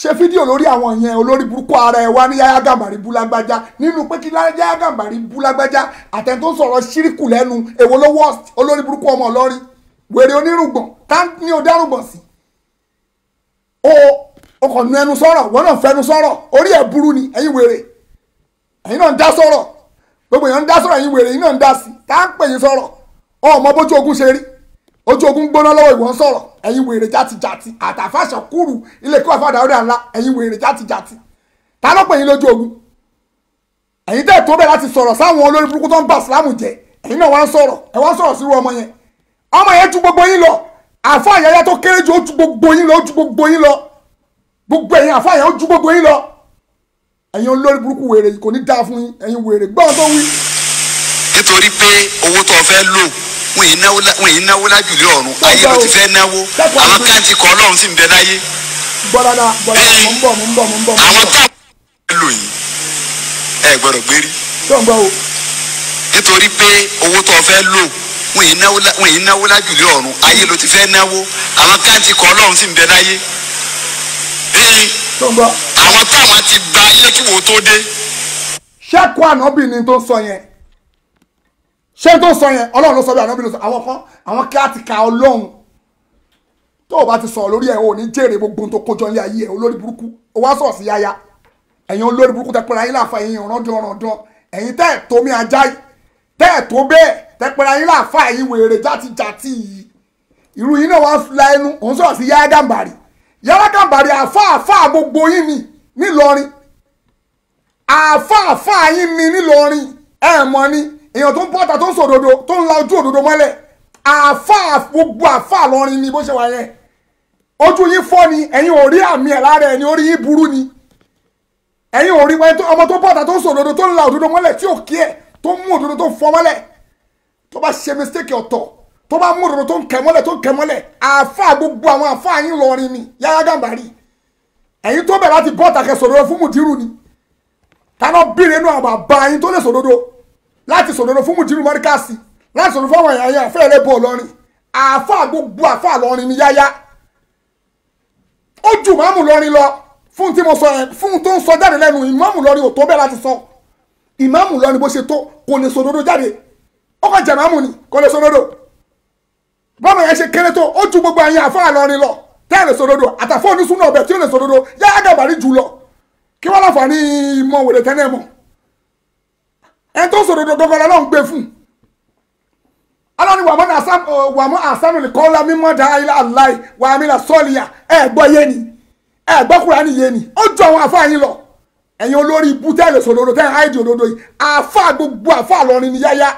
ṣe fídíò lórí àwọn yẹn olórí burúkú ara ẹ wá ní yáyá gàmbàrí búlágbájá nínú pé kí yáyá gàmbàrí búlágbájá àtẹn tó sọ̀rọ̀ ṣíríkù lẹ́nu èwo ló wọ́ olórí burúkú ọmọ lọ́rí wèrè onírùngbọ̀n ká ní o dárùngbọ̀n sí. o o kàn nu ẹnu sọ̀rọ̀ wọ́n náà fẹnu sọ̀rọ̀ orí ẹ̀ burú ni ẹ̀yin wèrè ẹ̀yin náà ń dá sọ̀rọ̀ gbogbo èèyàn ń dá sọ̀rọ̀ ẹ̀yin wèrè ẹ̀yin náà ń dá sí tá à ọmọ bójú ogun ṣe rí ojú ogun gbóná lọ́wọ́ ìwọ ń sọ̀rọ̀ ẹ̀yin wèrè játijàti àtàfàṣà kúrú ilé kí wà fàdà ọ̀dà ńlá ẹ̀yin wèrè játijàti ta ló pè yín lójú ogun ẹ̀yin tẹ́ tó bẹ́ẹ̀ láti sọ̀rọ̀ sáwọn olórí burúkú tó ń ba ìsìlámù jẹ ẹ̀yin náà wá ń sọ̀rọ̀ ẹ̀ wá ń sọ̀rọ̀ sí irú ọmọ yẹn ọmọ yẹn ju gbogbo yín lọ àfa àyàyà tó kéré ju ó ju gbogbo yín lọ ó ju gbogbo yín lọ gbogbo ẹ̀yin àfa àyàyà ó gbogbo yín lọ ẹ̀yin olórí burúkú wèrè kò ní dáa fún yín ẹ̀yin wèrè gbọ́n tó wí. nítorí pé owó tó o fẹ́ lò wọn yìí náwó wọn yìí náwó ayé ló ti fẹ́ náwó àwọn káàntì kọ́ ọlọ́run sì ń bẹ láyé. bọ́dọ̀dà bọ́dọ̀dà mò ń bọ̀ mò ń bọ̀ mò ń bọ̀. àwọn tó ń lò yìí ẹ gbọ́dọ̀ gbérí. nítorí pé owó tó fẹ́ lò wọn yìí náwó wọn yìí ayé ló ti fẹ́ náwó àwọn káàntì kọ́ ọlọ́run sì ń bẹ láyé. àwọn táwọn ti gba ayé kí wo tó dé. ṣẹ́kọ̀ọ́ ànábì ni tó sọ yẹn ṣé tó sọ yẹn ọlọ́run ló sọ bí ànábì ló sọ àwọn kan àwọn kí á ti ka ọlọ́run tó o bá ti sọ̀rọ̀ lórí ẹ̀ o ní jèrè gbogbo tó kójọ ilé ayé ẹ̀ olórí burúkú o wá sọ̀ sí yáyá ẹ̀yin olórí burúkú tẹpẹ́rẹ́ ayé láàfa ẹ̀yin ọ̀rọ̀dún ọ̀rọ̀dún ẹ̀yin tẹ́ ẹ̀ tó mi ajá yìí tẹ́ ẹ̀ tó bẹ́ẹ̀ tẹpẹ́rẹ́ ayé láàfa ẹ̀yin wèrè játijàti yìí irú yìí náà wá la ẹnu òun sọ̀rọ̀ sí yáyá gàmbàrì yáyá gàmbàrì àfa gbogbo yín ni nílọrin àfa àfa yín ni nílọrin ẹ̀ mọ́ ni èèyàn tó ń bọ́ta tó ń sòdodo tó ń la ojú òdodo mọ́lẹ̀ àáfàá gbogbo àáfàá lọ́rin ni bó ṣe wà yẹn ojú yín fọ́ ni ẹ̀yin ò rí àmì ẹ̀ lára ẹ̀ ni orí yín burú ni ẹ̀yin ò rí ọmọ tó bọ́ta tó ń sòdodo tó ń la òdodo mọ́lẹ̀ tí ò kí ẹ̀ tó ń mú òdodo tó ń fọ́ mọ́lẹ̀ tó bá ṣe mistake ọ̀tọ̀ tó bá mú òdodo tó ń kẹ̀ mọ́lẹ̀ tó ń kẹ̀ mọ́lẹ̀ àáfàá gbogbo àwọn àáfàá yín lọ́rin ni Yahya Gambari ẹ̀yin tó bẹ̀rẹ̀ láti bọ́ta kẹsòdodo fún mùdírù ni táná bíire inú àwọn bàbá yín tó lè sòdodo láti sòdodo fún mùtírù mọ́ríkàsì láti sòdodo fáwọn èèyàn yẹn àfẹ́ ẹlẹ́bọ̀ lọ́rin àáfà gbogbo àfà lọ́rin ni yáyá ó ju màmù lọ́rin lọ fún tí mo sọ yẹn fún tó ń sọ jáde lẹ́nu ìmáàmù lọ́rin ò tó bẹ́ẹ̀ láti sọ ìmáàmù lọ́rin bó ṣe tó kò lè sòdodo jáde ó kàn jẹ̀ màmù ni kò lè sòdodo bọ́mọ yẹn ṣe kéré tó ó ju gbogbo àyàn àfà lọ́rin lọ tẹ́ẹ̀ lè sòdodo àtàfọ́ onísùnà ọbẹ̀ tí ó lè sòdodo yáyá gàbàrí jù lọ kí wọ́n láǹfààní mọ̀ wèrè tẹ́lẹ̀ mọ̀ ẹ tó sòdodo gangan lọ́lọ́run gbé fún ọlọ́ni wàmọ́ àsánù lè kọ́ lámí mọ́dà ayílá aláì wàmí sọ́ọ̀lìyà ẹ gbọ́ yé ni ẹ gbọ́ Kùránì yé ni ó ju àwọn àfáà yín lọ ẹ̀yin olórí ibú tẹ́lẹ̀ sòdodo tẹ́lẹ̀ áìdì òdodo yìí gbogbo lọrin ni yáyá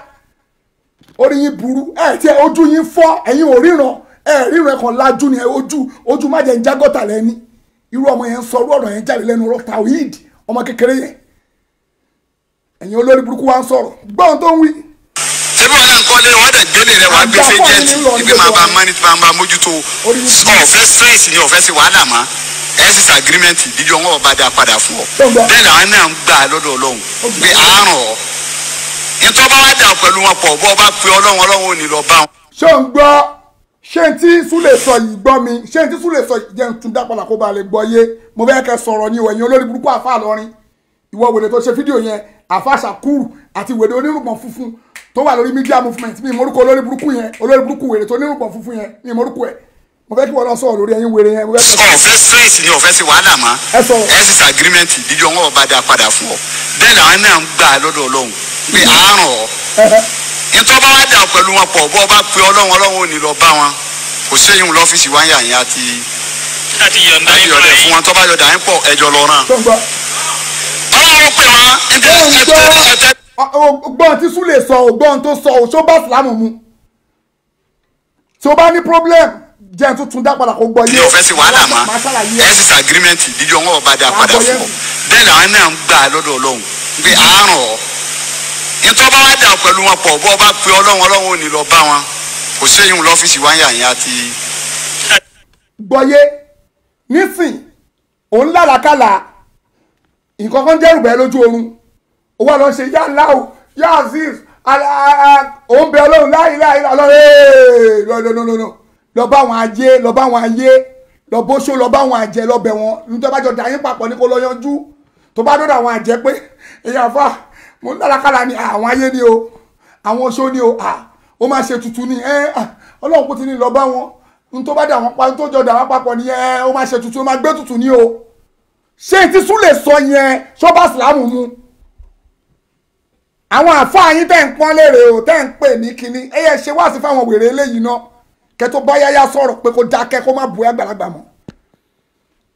orí yín burú ẹ tí ojú yín fọ́ ẹ̀yin ò ríran ẹ ríran ẹ kàn lajú ni ojú ojú má ń jágọ́ta lẹ́ni irú ọmọ yẹn ń sọ yẹn jáde lẹ́nu ọmọ kékeré ẹ̀yin olórí burúkú wa ń sọ̀rọ̀ gbọ́n tó ń wí. ṣébí wọn náà ń kọ́lé dẹ̀ gbélé rẹ wàá gbèsè jẹ́ẹ̀tì ibi máa bá manage máa bá mójútó ọ̀fẹ́ stress ni ọ̀fẹ́ sí wàhálà mọ́ exit agreement dídí ọwọ́ ọba dá padà fún ọ bẹ́ẹ̀ làwọn náà ń gbà lọ́dọ̀ ọlọ́run pé àárọ̀ ọ nítorí bá wá dà pẹ̀lú wọn pọ̀ bọ́ bá pe ọlọ́run ọlọ́run ò ní lọ bá wọn. ṣé ń gbọ́ ṣé n tí súlè sọ yìí gbọ́ mi ṣé n tí súlè sọ yìí jẹ́ n tún dápọ̀ làkó ba lè gbọ́ yé mo fẹ́ kẹ́ sọ̀rọ̀ ni ìwẹ̀yìn olórí burúkú àfa àlọ́rin ìwọ wèrè tó ṣe fídíò yẹn àfàṣàkúrù àti wèrè onírùngbọ̀n funfun tó wà lórí media movement mi ìmọ̀rúkọ olórí burúkú yẹn olórí burúkú wèrè tó onírùngbọ̀n funfun yẹn mi ìmọ̀rúkọ ẹ̀ mo fẹ́ kí wọ́n lọ sọ̀rọ̀ lórí ẹyin wèrè yẹn. ọ̀fẹ́ stress ni ọ̀fẹ́ sí wàhálà mọ́ ẹ̀sìs agreement ìdíjọ́ wọn ọba dá padà fún ọ bẹ́ẹ̀ làwọn náà ń gbà lọ́dọ̀ ọlọ́run pé àárọ̀ ọ nítorí bá wá dà pẹ̀lú wọn pọ̀ bọ́ bá pe ọlọ́run ọlọ́run ò ní lọ bá wọn kò séyìn lọ́fíìsì wáyà yẹn àti àti yọ̀ǹda yín pọ̀ ẹ̀jọ̀ lọ́ràn ọgbọ́n tí súlè sọ ọgbọ́n tó sọ òṣó bá sìlámù mu tí o bá ní problem jẹ́ tuntun dá padà kó gbọ́ yé. mi ò fẹ́ sí wàhálà mọ́ ẹ̀sìs agreement ìdíjọ́ wọn ọba dá padà fún ọ bẹ́ẹ̀ làwọn náà ń gbà lọ́dọ̀ ọlọ́run pé àárọ̀ ọ́ nítorí bá wá dà pẹ̀lú wọn pọ̀ bọ́ bá pe ọlọ́run ọlọ́run ò ní lọ bá wọn kò séyìn lọ́fíìsì wáyà yẹn àti. gbọ́yé nísìn òun lálàkàlà nǹkan kan dẹ́rù bẹ́ẹ̀ lójú oorun ó wà lọ ṣe yá ńlá o yá azeez òun bẹ ọlọ́run láì láì lọ lọ lọ bá wọn ajé lọ bá wọn ayé lọ bóṣó lọ bá wọn àjẹ lọ bẹ wọn nítorí bá jọ dà yín papọ̀ ní kó lọ yanjú tó bá dọ́dọ̀ àwọn àjẹ pé èèyàn àfa mo ń dárakára ni àwọn ayé ni o àwọn oṣó ni o ó máa ṣe tuntun ni ọlọ́run kò ti ní lọ bá wọn nítorí bá dà wọn pa nítorí jọ dà wọn papọ̀ ni ó máa ṣe tuntun ó máa gbé tuntun ni o ṣé ti sún lè sọ yẹn ṣọba ìsìlámù mu àwọn àfáà yín tẹ́ ń pọ́n léèrè o tẹ́ ń pè ní kinní ẹ yẹ ṣe wá sí fáwọn wèrè eléyìí náà kẹ́ tó bá yáyá sọ̀rọ̀ pé kó dákẹ́ kó má bu àgbàlagbà mọ́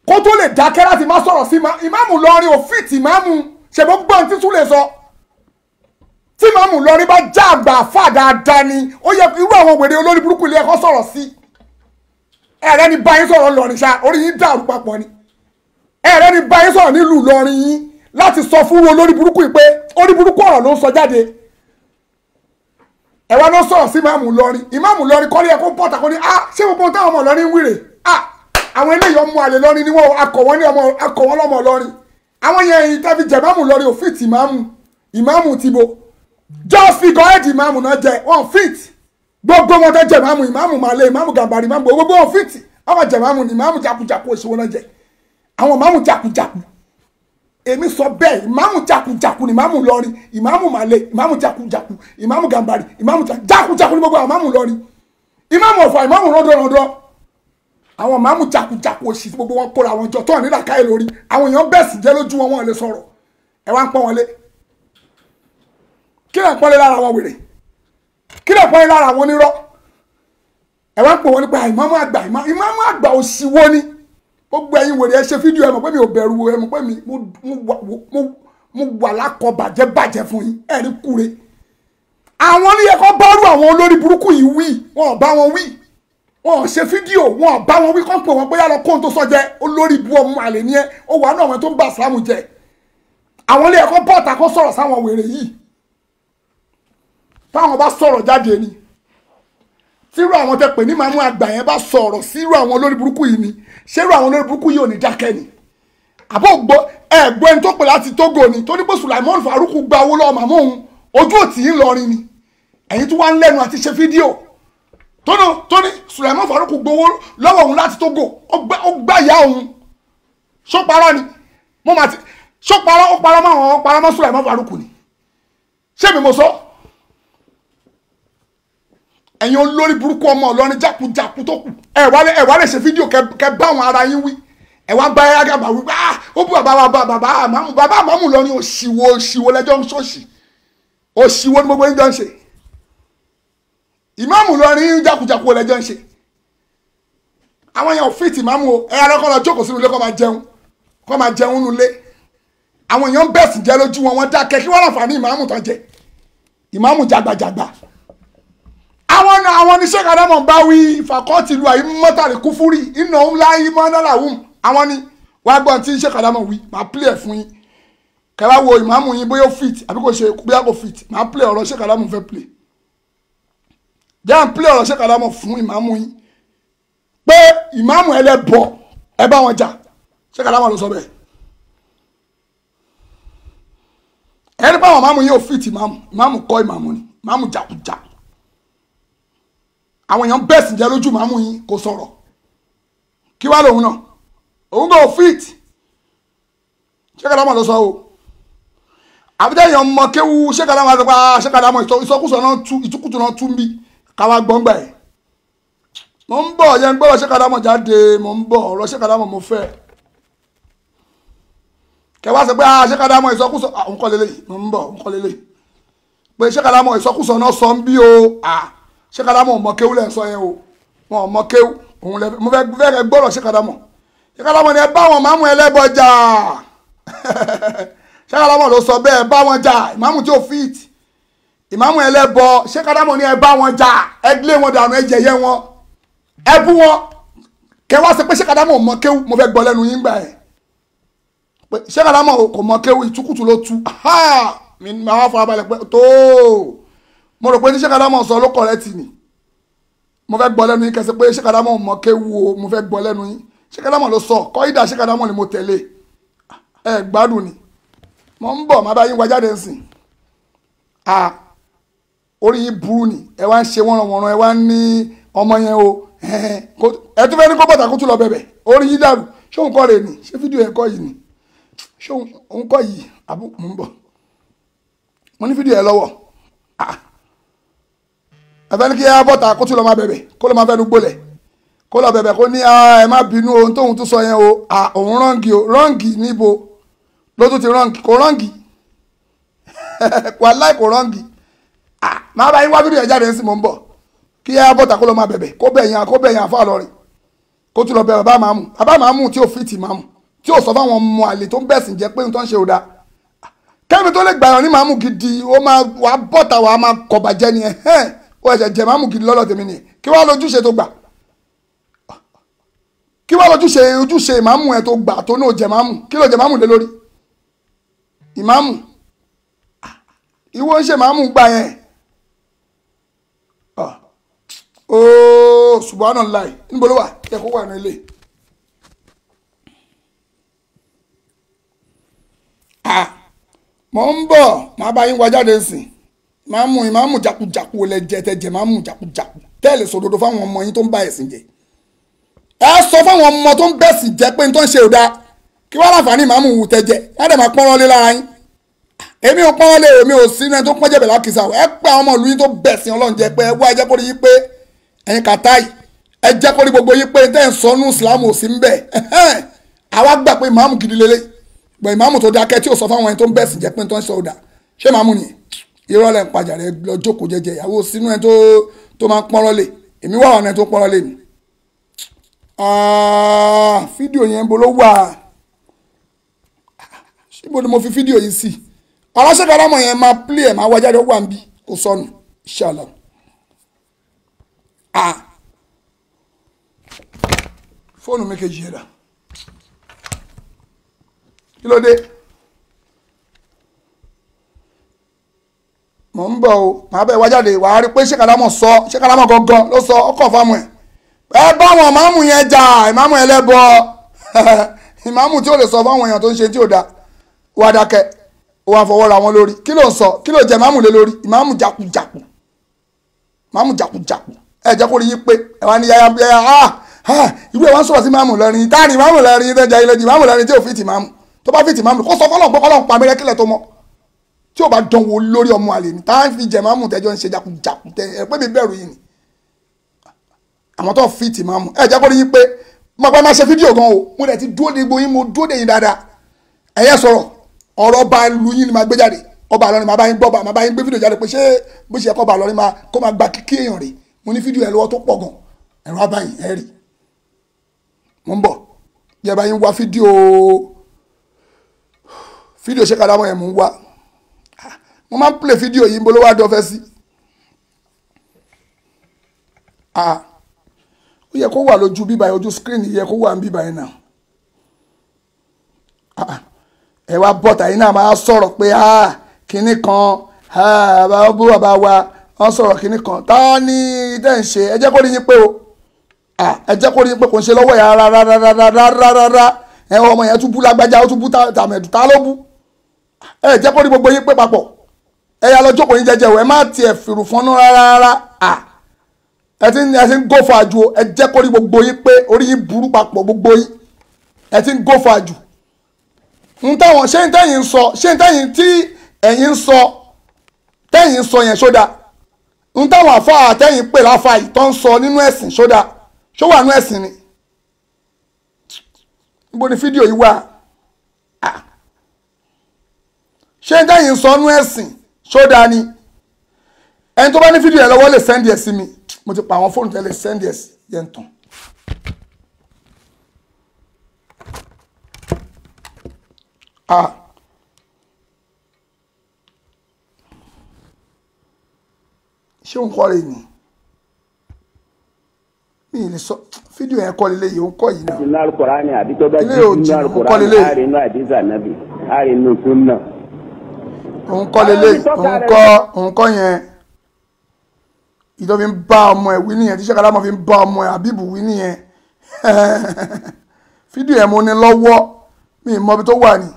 kó tó lè dákẹ́ láti má sọ̀rọ̀ sí ìmáàmù lọ́rin òfìtì ìmáàmù ṣègbọ́n gbọ́n tí sún lè sọ tí ìmáàmù lọ́rin bá já àgbà àfà dáadáa ni ó yẹ irú àwọn wèrè olórí burúkú ilé ẹ̀kọ́ sọ̀rọ̀ sí ẹ̀rẹ́ ni báyìí sọ̀rọ̀ lọ́rin ṣá orí yín dàrú papọ̀ ni ẹ̀rẹ́ ni báyìí sọ̀rọ̀ nílùú Ìlọrin yín láti sọ fún wọn lórí burúkú yìí pé orí burúkú ọ̀rọ̀ ló ń sọ jáde ẹ wá ló sọ̀rọ̀ sí ìmáàmù Ìlọrin ìmáàmù Ìlọrin kọ́lé ẹ̀kọ́ pọ̀tà kọ́ni ah ṣé gbogbo táwọn ọmọ Ìlọrin ń wèrè ah àwọn eléyìí ọmọ àlè lọ́rin ni wọ́n akọ̀wọ́ ní ọmọ akọ̀wọ́ lọ́mọ Ìlọrin àwọn yẹn yìí tẹ́ fi jẹ ìmáàmù Ìlọrin ò fit ìmáàmù ìmáàmù tìbo just figure head ìmáàmù náà jẹ wọn fit gbogbo wọn tẹ́ jẹ ìmáàmù ìmáàmù màlẹ ìmáàmù gàmbàrì ìmáàmù gbogbo wọn fit àwọn jẹ ìmáàmù ni ìmáàmù jakujaku òṣèwọ́n náà jẹ àwọn ìmáàmù jakujaku èmi sọ bẹ́ẹ̀ ìmáàmù jakujaku ni ìmáàmù lọrin ìmáàmù màlẹ ìmáàmù jakujaku ìmáàmù gàmbàrì ìmáàmù jakujaku ni gbogbo àwọn ìmáàmù lọrin ìmáàmù ọ̀fà ìmáàmù rọ́dọ̀rọ̀dọ̀ àwọn ìmáàmù jakujaku òsì gbogbo wọn kóra wọn jọ tọ́ọ̀ nílà káyè lórí àwọn èèyàn bẹ́ẹ̀ sì jẹ́ lójú wọn wọn lè sọ̀rọ̀ ẹ wá ń pọ́n wọn lé kí lè pọ́n lé lára wọn wèrè kí lè pọ́n lé lára wọn nírọ́ ẹ wá ń pọ́n wọn nípa ìmáàmù àgbà ìmáàmù àgbà òsì wo ni gbogbo ẹ̀yin wèrè ẹ ṣe fídíò ẹ mọ̀ pé mi ò bẹ̀rù ẹ mọ̀ pé mi mo wà lákọ bàjẹ́ bàjẹ́ fún yín ẹ̀rí kúre àwọn ní ẹ̀kọ́ bárú àwọn olórí burúkú yìí wí wọn ò bá wọn wí wọn ò ṣe fídíò wọn ò bá wọn wí kán pè wọn bóyá lọ kóhun tó sọ jẹ olórí bu ọmọ àlè ni ẹ ó wà náà àwọn tó ń bá ìsìlámù jẹ àwọn ilé ẹ̀kọ́ bọ́ọ̀tà kan sọ̀rọ̀ sáwọn wèrè yìí táwọn bá sọ̀rọ̀ jáde ni tírú àwọn tẹ pè ní màmú àgbà yẹn bá sọ̀rọ̀ sírú àwọn olórí burúkú yìí ni ṣérú àwọn olórí burúkú yìí ò ní dákẹ́ ni àbó gbọ́ ẹ̀gbọ́n ẹni tó pè láti Togo ni tó ní pé Sulaimon Faruku gba owó lọ́wọ́ màmú òun ojú òtí ń lọrin ni ẹ̀yin tó wá ń lẹ́nu àti ṣe fídíò tóní tóní Sulaimon Faruku gbowó lọ́wọ́ òun láti Togo ó gbá ìyá òun ṣó parọ́ ni mo mà ti ṣó parọ́ ó parọ́ mọ́ àwọn parọ́ mọ́ Sulaimon Faruku ni ṣé mi mo sọ. So? ẹ̀yin olórí burúkú ọmọ ọlọ́rin jákujáku tó kù ẹ̀ wá lè ẹ̀ wá lè ṣe fídíò kẹ bá àwọn ara yín wí ẹ̀ wá bá ẹ̀yà gàbà wí ah ó bú bàbá wa bàbá àmàmù bàbá àmàmù lọ́rin òṣìwò òṣìwò lẹ́jọ́ ń ṣọ́ọ̀ṣì òṣìwò ni gbogbo yín jọ ń ṣe ìmáàmù lọ́rin jákujáku lẹ́jọ́ ń ṣe àwọn èèyàn fíìtì ìmáàmù o ẹ̀yà rẹ̀ kọ́ lọ jókòó sínú ilé kọ́ máa jẹun kọ́ máa jẹun nulẹ̀ àwọn èèyàn bẹ̀sìn jẹ́ lójú wọn wọ́n dákẹ́ kí wọ́n láǹfààní ìmáàmù tán jẹ ìmáàmù jàgbàjàgbà àwọn náà àwọn oníṣẹ́ kàdámọ̀ bá wí fàkọ́ọ̀tì lu àyè mọ́tàrí kúfúrì iná ńlá ìmọ̀ọ́nàláwùm àwọn ni wàá gbọ́n tí iṣẹ́ kàdámọ̀ wí máa pílẹ̀ fún yín kẹ́wá wo ìmáàmù yín bóyá fit àbí kò ṣe bóyá kò fit máa pílẹ̀ ọ̀rọ̀ iṣẹ́ kàdámọ̀ fẹ́ pílẹ̀ jẹ́ à ń pílẹ̀ ọ̀rọ̀ iṣẹ́ kàdámọ̀ fún ìmáàmù yín pé ìmáàmù ẹ lẹ́bọ̀ ẹ bá wọn jà iṣẹ́ kàdámọ̀ ló sọ bẹ́ẹ̀ ẹni pé àwọn ìmáàmù yín ò fit ìmáàmù ìmáàmù kọ́ ìmáàmù ni ìmáàmù jàkújàkú àwọn èèyàn bẹ́ẹ̀ sì jẹ́ lójú màmú yín kò sọ̀rọ̀ kí wá lòun náà òun kò fit ṣẹ́kàdámọ̀ ló sọ o àbíjá èèyàn mọ kéwu ṣẹ́kàdámọ̀ àti pa ah, ṣẹ́kàdámọ̀ ìsọkúsọ náà tú ìtukùtù náà tú mi káwá gbọ́ngbà ẹ̀ mo ń bọ̀ yẹn gbọ́dọ̀ ṣẹ́kàdámọ̀ jáde mo ń bọ̀ ọ̀rọ̀ ṣẹ́kàdámọ̀ mo fẹ́ kẹwàá sọ pé ah, ṣẹ́kàdámọ̀ ìsọkúsọ ah, òun kọ́ lélẹ̀ mo ń bọ̀ òun kọ́ lélẹ̀ pé ṣẹ́kàdámọ̀ ìsọkúsọ náà sọ ń bí o ah ṣé Kadamu ọmọ kéwú lẹ sọ yẹn o wọn ọmọ kéwú òun lẹ mo fẹ́ fẹrẹ gbọ́rọ̀ ṣé Kadamu ni ẹ bá wọn máàmù ẹlẹ́bọ jà [laughs] ṣé Kadamu ló sọ bẹ́ẹ̀ bá wọn jà ìmáàmù tí ò fit ìmáàmù ẹlẹ́bọ ṣé ni ẹ bá wọn jà ẹ lé wọn dànù ẹ jẹyẹ wọn ẹ bú wọn kẹwàá sọ pé ṣé Kadamu ọmọ kéwú mo fẹ́ gbọ́ lẹ́nu yín gbà ẹ pé ṣé Kadamu ìtukùtù ló tu mi máa fọ abalẹ pé tóo mo rò pé ní ṣẹ́kàdámọ̀ sọ ló kọ̀rẹ́tì ni mo fẹ́ gbọ́ lẹ́nu yín kẹsẹ̀ pé ṣẹ́kàdámọ̀ mọ̀ kéwu o mo fẹ́ gbọ́ lẹ́nu yín ṣẹ́kàdámọ̀ ló sọ kọ́ídà ṣẹ́kàdámọ̀ ni mo tẹ̀lé ẹ gbádùn ni mo ń bọ̀ má bá yín wá jáde nsìn a orí yín burú ni ẹ wá ń ṣe wọ́nranwọ̀nran ẹ wá ń ní ọmọ yẹn o ẹ tún fẹ́ ní kó bọ̀tà kó tún lọ bẹ̀bẹ̀ orí yín dàrú ṣé òun kọ́ rè ni ṣé fídíò ẹ̀ kọ́ yìí ni ṣé òun kọ́ yìí àbúkù mo ń bọ̀ mo ní fídíò ẹ̀ lọ́wọ́ ah ẹ̀fẹ́ ní kí ẹ bọ́ta kó tún lọ máa bẹ̀bẹ̀ kó lọ máa fẹ́ nu gbólẹ̀ kó lọ bẹ̀bẹ̀ kó ní ẹ má bínú ohun tóun tún sọ yẹn o òun rọ́ǹgì o rọ́ǹgì níbo ló tún ti rọ́ǹgì kò rọ́ǹgì [laughs] wàláì kò rọ́ǹgì máa bá yín wá fídíò jáde sí mò ń bọ̀ kí ẹ bọ́ta kó lọ máa bẹ̀bẹ̀ kó bẹ̀yàn kó bẹ̀yàn àfa lọ́rin kó tún lọ bẹ̀ bàbá màmú bàbá màmú tí ò fìtì màmú tí ò sọ fáwọn ọmọ àlè tó ń bẹ̀sìn jẹ́ pé nǹkan ṣe ò kẹ́mi tó lè gbàyàn ní màmú gidi ó máa wà bọ́ta wà á máa kọ̀bàjẹ́ ni ẹ̀ ó ẹ̀ṣẹ̀ jẹ̀ máàmù gidi lọ́dọ̀ tèmi nìyẹn kí wàá lójúṣe tó gbà kí wàá lójúṣe ojúṣe ìmáàmù ẹ̀ tó gbà tó náà jẹ̀ máàmù kí ló jẹ̀ máàmù lé lórí ìmáàmù ìwọ ń ṣe máàmù gbà yẹn ah. ooo subhanallah níbo ló wà kẹ́ kó wà ní ilé. Ah. mò ń bọ̀ màá bá yín wá jáde sìn máàmù ìmáàmù jakujaku lẹ jẹ tẹ jẹ máàmù jakujaku tẹ́lẹ̀ sòdodo fáwọn ọmọ yín tó ń bá ẹ̀sìn jẹ ẹ sọ fáwọn ọmọ tó ń bẹ̀sìn jẹ pé n tó ń ṣe òda kí wọ́n láǹfààní ìmáàmù wù tẹ jẹ wọ́n dẹ̀ máa pọ́nrọ́lé lára yín èmi ò pọ́nrọ́lé èmi ò sí náà tó pọ́n jẹ̀bẹ̀ lákìsà ẹ pé àwọn ọmọ ìlú yín tó bẹ̀sìn ọlọ́run jẹ pé ẹ wá ẹ jẹ́ kó rí yín pé ẹ̀yin kàtáì ẹ jẹ́ kó rí gbogbo yín pé tẹ́ ń sọ nù ìsìlámù ò sí ń bẹ̀ àwa gbà pé ìmáàmù gidi lélẹ̀ ìmáàmù tó dákẹ́ tí ò sọ fáwọn ẹni tó ń bẹ̀sìn jẹ pé n tó ń ṣe òda ṣé màmú nìyẹn irọ́ lẹ́ ń pàjà rẹ lọ jókòó jẹ́jẹ́ ìyàwó sínú ẹ tó tó máa ń pọ́nrọ́ lè èmi wà ọ̀nà ẹ tó pọ́nrọ́ lè mi. Ah, fídíò yẹn bo ló wà síbo ni mo fi fídíò yìí sí ọlọ́sẹ̀ karamọ̀ yẹn máa plé ẹ̀ máa wájà ló wà ń bí kò sọnù ṣàlọ́. Ah. fóònù mi kejì yẹn dà kí ló dé. mò ń bọ̀ o màá bẹ̀ wá jáde wàá rí pé ṣékadámọ̀ sọ ṣékadámọ̀ gangan ló sọ ọkọ̀ fáwọn ẹ̀ ẹ bá wọn ìmáàmù yẹn jà ìmáàmù ẹlẹ́bọ [laughs] ìmáàmù tí ò lè sọ fáwọn èèyàn tó ń ṣe tí ò da wà dákẹ́ wà fọwọ́ ra wọn lórí kí ló ń sọ kí ló jẹ ìmáàmù lé lórí ìmáàmù jàkújàkù ìmáàmù jàkújàkù ẹ jẹ́ kó rí yín pé ẹ wá ní yáyá yáyá ah ah irú ẹ wá ń sọ̀rọ̀ sí ìmáàmù lẹ́rin táàrí ìmáàmù lẹ́rin ìmáàmù lẹ́rin tí ò fi tì ìmáàmù tó bá fi tì ìmáàmù kó sọ fọlọ́n pé kọ́lọ́n tí ò bá dánwò lórí ọmọ àlè ni táà ń fi jẹ máàmù tẹjọ ń ṣe jakunjakun tẹ ẹ pé mi bẹ̀rù yìí ni àwọn tó fi tì máàmù ẹ jẹ́ kó rí yín pé mo pa máa ṣe fídíò gan o mo dẹ̀ ti dúró de gbogbo yín mo dúró de yín dáadáa ẹ̀yẹ sọ̀rọ̀ ọ̀rọ̀ ọba lu yín ni máa gbé jáde ọba àlọ́rin máa bá yín gbọ́ ọba máa bá yín gbé fídíò jáde pé ṣé bó ṣe ẹ̀kọ́ ọba àlọ́rin máa kó máa gba kíkí èèyàn rè mo ní fídíò ẹ̀ lọ́wọ́ tó pọ̀ gan ẹ̀rọ abáyìn ẹ̀ rì mo ń bọ̀ yẹ bá yín wá fídíò fídíò ṣé kàdámọ́ ẹ̀ mò ń wá mo máa ń play fídíò yìí bó ló wá dọ́fẹ́ sí. ó yẹ kó wà lójú bíbá yẹn ojú screen yẹ kó wà ń bíbá yẹn náà. ẹ wá bọ́tà yìí náà máa sọ̀rọ̀ pé kinní kan bó bàbá wa wọ́n sọ̀rọ̀ kinní kan tá a ní dẹ́ ń ṣe ẹ jẹ́ kó rí yín pé o ẹ jẹ́ kó rí yín pé kò ń ṣe lọ́wọ́ yẹn rárá rárá rárá rárá ẹ ọmọ yẹn tún bú lágbájá ó tún bú tàmẹ̀dù tá ló bú ẹ jẹ́ kó rí gbogbo yín pé papọ̀ ẹ̀yà lọ́jọ́ kò ní jẹjẹ wẹ̀ ẹ má tiẹ̀ fìrù fọ́nú rárá rárá à ẹ ti ń ẹ ti ń gòfò àjù ẹ jẹ́ kó rí gbogbo yín pé orí yín burú papọ̀ gbogbo yín ẹ ti ń gòfò àjù ń táwọn ṣé ń tẹ́yìn ń sọ ṣé ń tẹ́yìn tí ẹ̀yin ń sọ tẹ́yìn ń sọ yẹn ṣódà ń táwọn àfa àtẹ́yìn pè láfa yìí tó ń sọ nínú ẹ̀sìn ṣódà ṣó wà nínú ẹ̀sìn ni níbo ni fídíò yìí wà ṣé ń tẹ́yìn sọ nínú ẹ̀sìn ṣódà ni ẹni tó bá ní fídíò ẹ lọ́wọ́ lè sẹ́ndì ẹ̀ sí mi mo ti pa àwọn fóònù tẹ́lẹ̀ sẹ́ndì ẹ̀ sí yẹn tán. Ah. ṣé òun kọ́ rẹ̀ ni mi ì lè sọ fídíò yẹn kọ́ lílé yìí òun kọ́ yìí náà. ilé òjì òun kọ́ lílé yìí nkọ́ lélẹ̀ nkọ́ nkọ́ yẹn ìjọ fi ń bá ọmọ ẹ̀ wí nìyẹn tí sẹ́kàlámọ̀ fi ń bá ọmọ ẹ̀ àbíbù wí nìyẹn [laughs] fídíò ẹ̀ mo ní lọ́wọ́ mi ì mọ ibi tó wà ní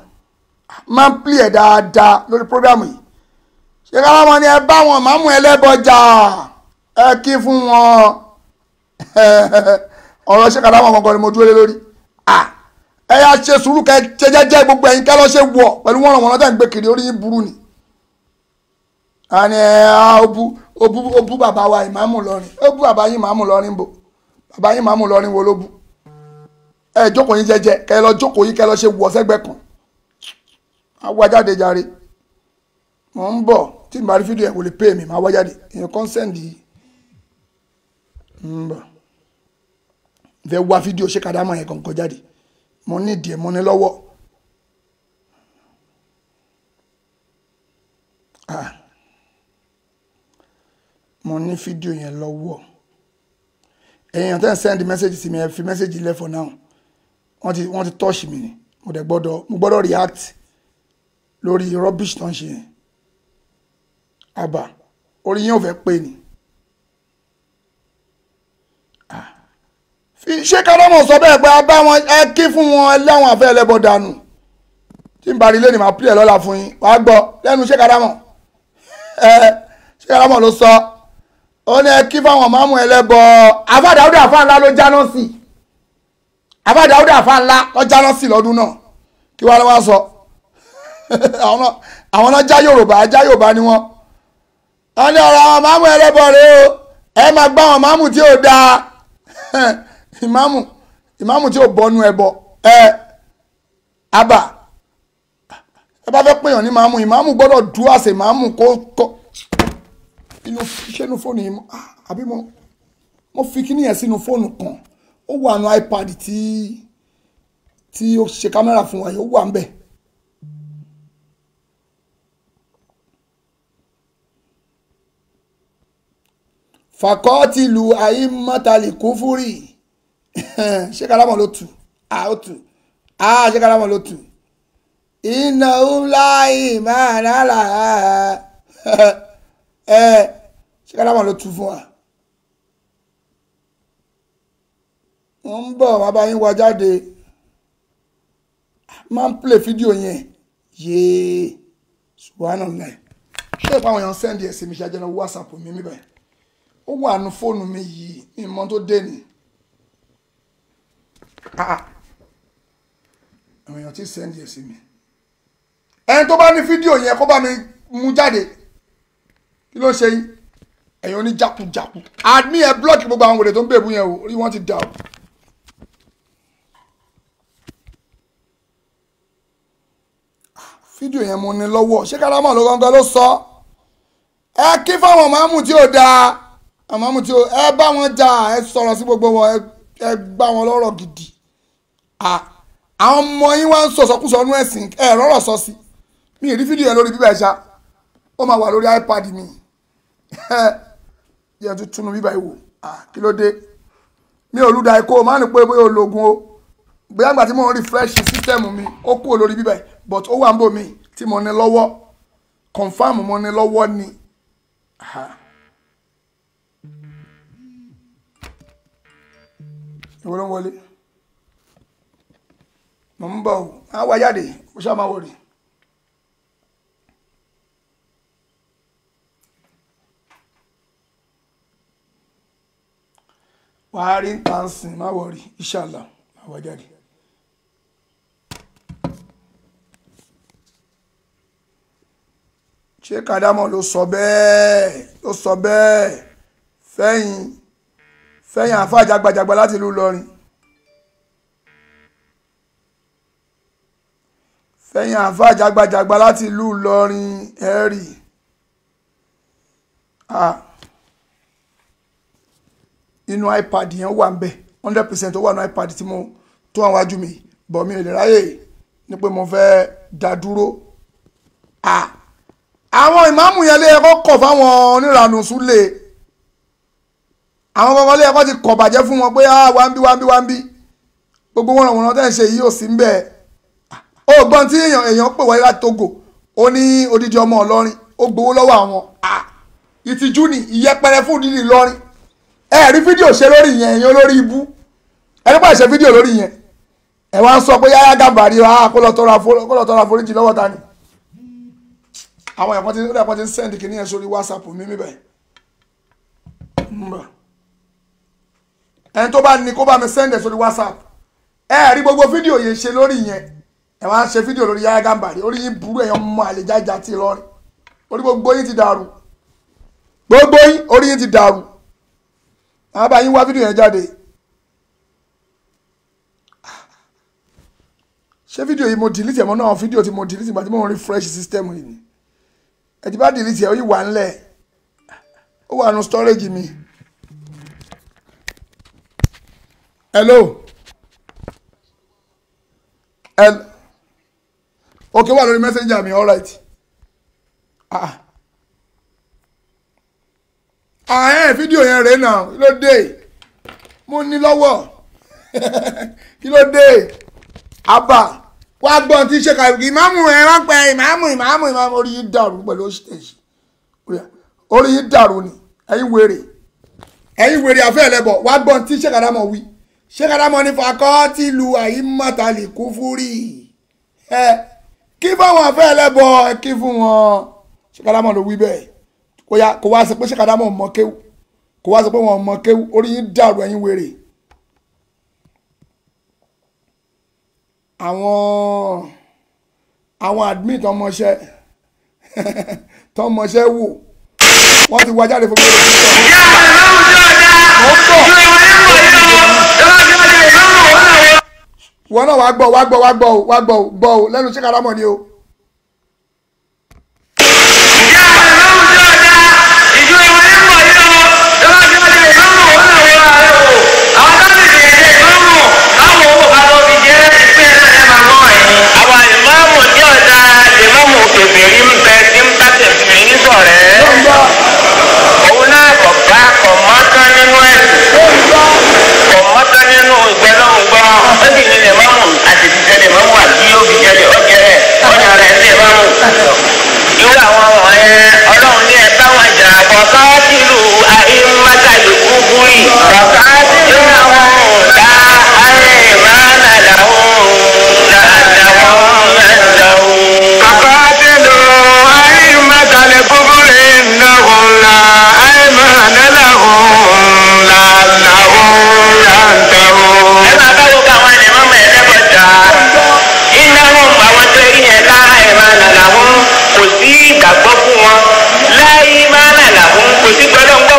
máa ń pìlì ẹ̀ dáadáa lórí prógrámù yìí sẹ́kàlámọ̀ ni ẹ bá wọn màmú ẹlẹ́bọjà ẹ kí fún wọn [laughs] ọ̀rọ̀ sẹ́kàlámọ̀ gangan ni mo dúró lé lórí ẹ yá ṣe sùúrù kẹ jẹjẹjẹ gbogbo ẹ̀yin kẹ́ lọ́ ṣe wọ̀ pẹ̀lú wọn ràn wọn lọ́jà ń gbé kiri orí yín burú ni. Ani ẹ obu obu obu bàbá wa ìmáàmù lọrin obu bàbá yín ìmáàmù lọrin bo bàbá yín ìmáàmù lọrin wo ló bu ẹ jókòó yín jẹ́jẹ́ kẹ lọ jókòó yín kẹ lọ ṣe wọ sẹgbẹ kan àwa jáde jàre mò ń bọ̀ tí n bá rí fídíò ẹ wò lè pè mí màá wá jáde èèyàn consent yìí ń bọ̀ fẹ́ wá fídíò ṣe kàdámà yẹn kọ̀ọ̀kan jáde mo ní ìdí ẹ̀ mo ní lọ́wọ́. mo ní fídíò yẹn lọ́wọ́ èèyàn tẹ́ ń send message sí mi ẹ fi message lẹ̀ for now wọ́n ti wọ́n ti touch mi mo dẹ̀ gbọ́dọ̀ mo gbọ́dọ̀ react lórí rubbish tó ń ṣe yẹn àbá orí yẹn ò fẹ́ pé ni. Ah. ṣé kárámọ̀ sọ bẹ́ẹ̀ pé a bá wọn ẹ kí fún wọn ẹlẹ́wọ̀n àfẹ́ ẹlẹ́bọ̀ dànù tí n bari lé ní màá pílẹ̀ lọ́la fún yín wàá gbọ́ lẹ́nu ṣé kárámọ̀ [laughs] ṣé kárámọ̀ ló sọ. So ó ní ẹ kí fáwọn máàmù ẹlẹ́bọ àfàdáwùdà àfà ńlá ló jáná sí àfàdáwùdà àfà ńlá ló jáná sí lọ́dún náà kí wàá wá sọ [laughs] àwọn náà já Yorùbá já Yorùbá ni wọ́n ó ní ọ̀rọ̀ àwọn máàmù ẹlẹ́bọ rẹ o ẹ máa gbá àwọn máàmù tí ò dáa [laughs] ìmáàmù ìmáàmù tí ò bọ́nu ẹbọ ẹ abà ẹ bá fẹ́ pèèyàn ní máàmù ìmáàmù gbọ́dọ̀ dúró àṣẹ kó kó inú sínú fóònù yìí ah, àbí mo mo fi kíní yẹn sínú fóònù kan ó wà nù ipad tí tí ó ṣe kámẹ́rà fún wa yìí ó wà ń bẹ̀. fàkọ́tìlù àyímọ́tàlì kúfúrì [laughs] ṣé kalamọ̀ ló tù á ó tù á ṣé kalamọ̀ ló tù iná ńlá ìmọ̀ àná ẹ ṣé kálámà ló tu fún wa. mo ń bọ̀ bàbá yín wá jáde máa ń play fídíò yẹn yéé ṣùgbọ́n àná ṣé ìpàwọn èèyàn sẹ́ndì ẹ̀ sí mi ṣáájú náà whatsapp mi mi báyìí ó wà nù fóònù mi yìí mi mọ tó dé ni ah, ah. àwọn èèyàn ti sẹ́ndì ẹ̀ sí mi ẹni tó bá ní fídíò yẹn kó bá mi mú jáde kí ló ṣe yín ẹ̀yin oníjàkújàkú àmì ẹ̀ blọ́ọ̀kì gbogbo àwọn wèrè tó ń bèbú yẹn o orí wọn ti dà o. fídíò yẹn mo ní lọ́wọ́ ṣé kárámà ló gangan ló sọ ẹ kí fáwọn màmú tí ò dáa àwọn màmú tí ò ẹ bá wọn jà ẹ sọ̀rọ̀ sí gbogbo wọn ẹ gbá wọn lọ́rọ̀ gidi àwọn ọmọ yín wá ń sọ̀sọ̀kúsọ nú ẹ̀sìn ẹ rọ́rọ̀ sọ sí mi ì rí fídíò yẹn lórí bíbẹ̀ ṣá ó máa wà lórí iPad mi yẹ tún túnú bíbá ìwò kí ló dé mi ò lùdà ikó má ní pé bóyá ológun o bóyá àgbà tí mo ń refresh system mi ó kúrò lórí bíbá but ó wà ń bò mí tí mo ní lọ́wọ́ confam mo ní lọ́wọ́ ni. ìwọ ló ń wọlé mo ń bọ̀ ọ́ àwa jáde ó ṣáà máa wọlé. wàá rí tàǹsìn má wọrí inshallah má wá jáde. ṣé kàdámọ̀ ló sọ bẹ́ẹ̀ ló sọ bẹ́ẹ̀ fẹ́yìn fẹ́yìn àáfàá jagbajagba láti ìlú Ìlọrin fẹ́yìn àáfàá jagbajagba láti ìlú Ìlọrin ẹ̀rì. Ah nínú ipad yẹn wà ń hundred percent ó wà ní ipad tí mo tó àwọn wájú mi bọ̀ mi ò lè ráyè ni pé mo fẹ́ dá dúró àwọn ìmáàmù yẹn lé ẹkọ kọ̀ fáwọn oníranù súlẹ àwọn kọkọ lé ẹkọ ti kọ̀ bàjẹ́ fún wọn pé ah wáńbí wáńbí wáńbí gbogbo wọn rànwọ́n tẹ̀ ń ṣe yìí ò sí ń bẹ̀ ó gbọ́n tí èèyàn èèyàn pè wáyé láti Togo ó ní odidi ọmọ Ìlọrin ó gbowó lọ́wọ́ àwọn ìtìjú ni ìyẹpẹrẹ fún òdìdí Ìlọrin ẹ rí fídíò ṣe lórí yẹn ẹ̀yin olórí ibú ẹni bá ṣe fídíò lórí yẹn ẹ wá ń sọ pé Yahya Gambari wa kó lọ tọrọ àforíjì lọ́wọ́ ta ni àwọn ẹ̀kọ́ ti ń ẹ̀kọ́ ti ń sẹ́ndì kìíní yẹn sórí whatsapp mi mi bẹ́ẹ̀ ẹni tó bá ní kó bá mi sẹ́ndì sórí whatsapp ẹ rí gbogbo fídíò yẹn ṣe lórí yẹn ẹ wá ń ṣe fídíò lórí Yahya Gambari orí yín burú ẹ̀yàn mọ àlè jájá ti lọ́rin orí gbogbo yín ti dàrú gbogbo yín orí yín ti dàrú àwọn bá yín wá fídíò yẹn jáde ṣé fídíò yìí mo delete ẹ̀mọ́ náà fídíò tí mo delete ìgbà mo ń refresh system yìí ni ẹ ti bá delete ẹ̀ ó yìí wà ńlẹ̀ ó wà nù storage mi. hello hello ok wà lórí messenger mi right. ah. ah àhẹ́n fídíò yẹn rèé náà kí ló dé mo ní lọ́wọ́ [laughs] kí ló dé abba wá gbọ́n tí ṣe kàwé ìmáàmù ẹ̀ ránpẹ́ ìmáàmù ìmáàmù ìmáàmù orí yìí dàrú pẹ̀lú oṣìṣẹ́ orí yìí dàrú ni ẹ̀yin wèrè ẹ̀yin wèrè àfẹ́ ẹlẹ́bọ̀ wá gbọ́n tí ṣe kàdámọ̀ wí ṣe kàdámọ̀ ní fakọ́ tí lu àyí mọ̀tàlì kú fúrì ẹ kí fáwọn àfẹ́ ẹlẹ́bọ̀ kí fún wọn ṣe kàdámọ̀ ló wí bẹ́ẹ̀ kó yá kó wá sọ pé ṣé kàdámọ̀ mọ kéwú kó wá sọ pé wọn mọ kéwú orí yín dàrú ẹ̀yin wèrè. àwọn àwọn admin tọmọṣẹ [laughs] tọmọṣẹ wò wọn ti wá jáde fún mi. wọn náà wá gbọ́ wá gbọ́ wá gbọ́ wá gbọ́ gbọ́ lẹ́nu ṣé kàdámọ̀ ni o. ọlọ́run ní ẹ bá wọn jà bọ̀káàtìlù àìmọ́tàlù kúkúrì bọ̀káàtìlù àwọn ọ̀dà 我心在浪。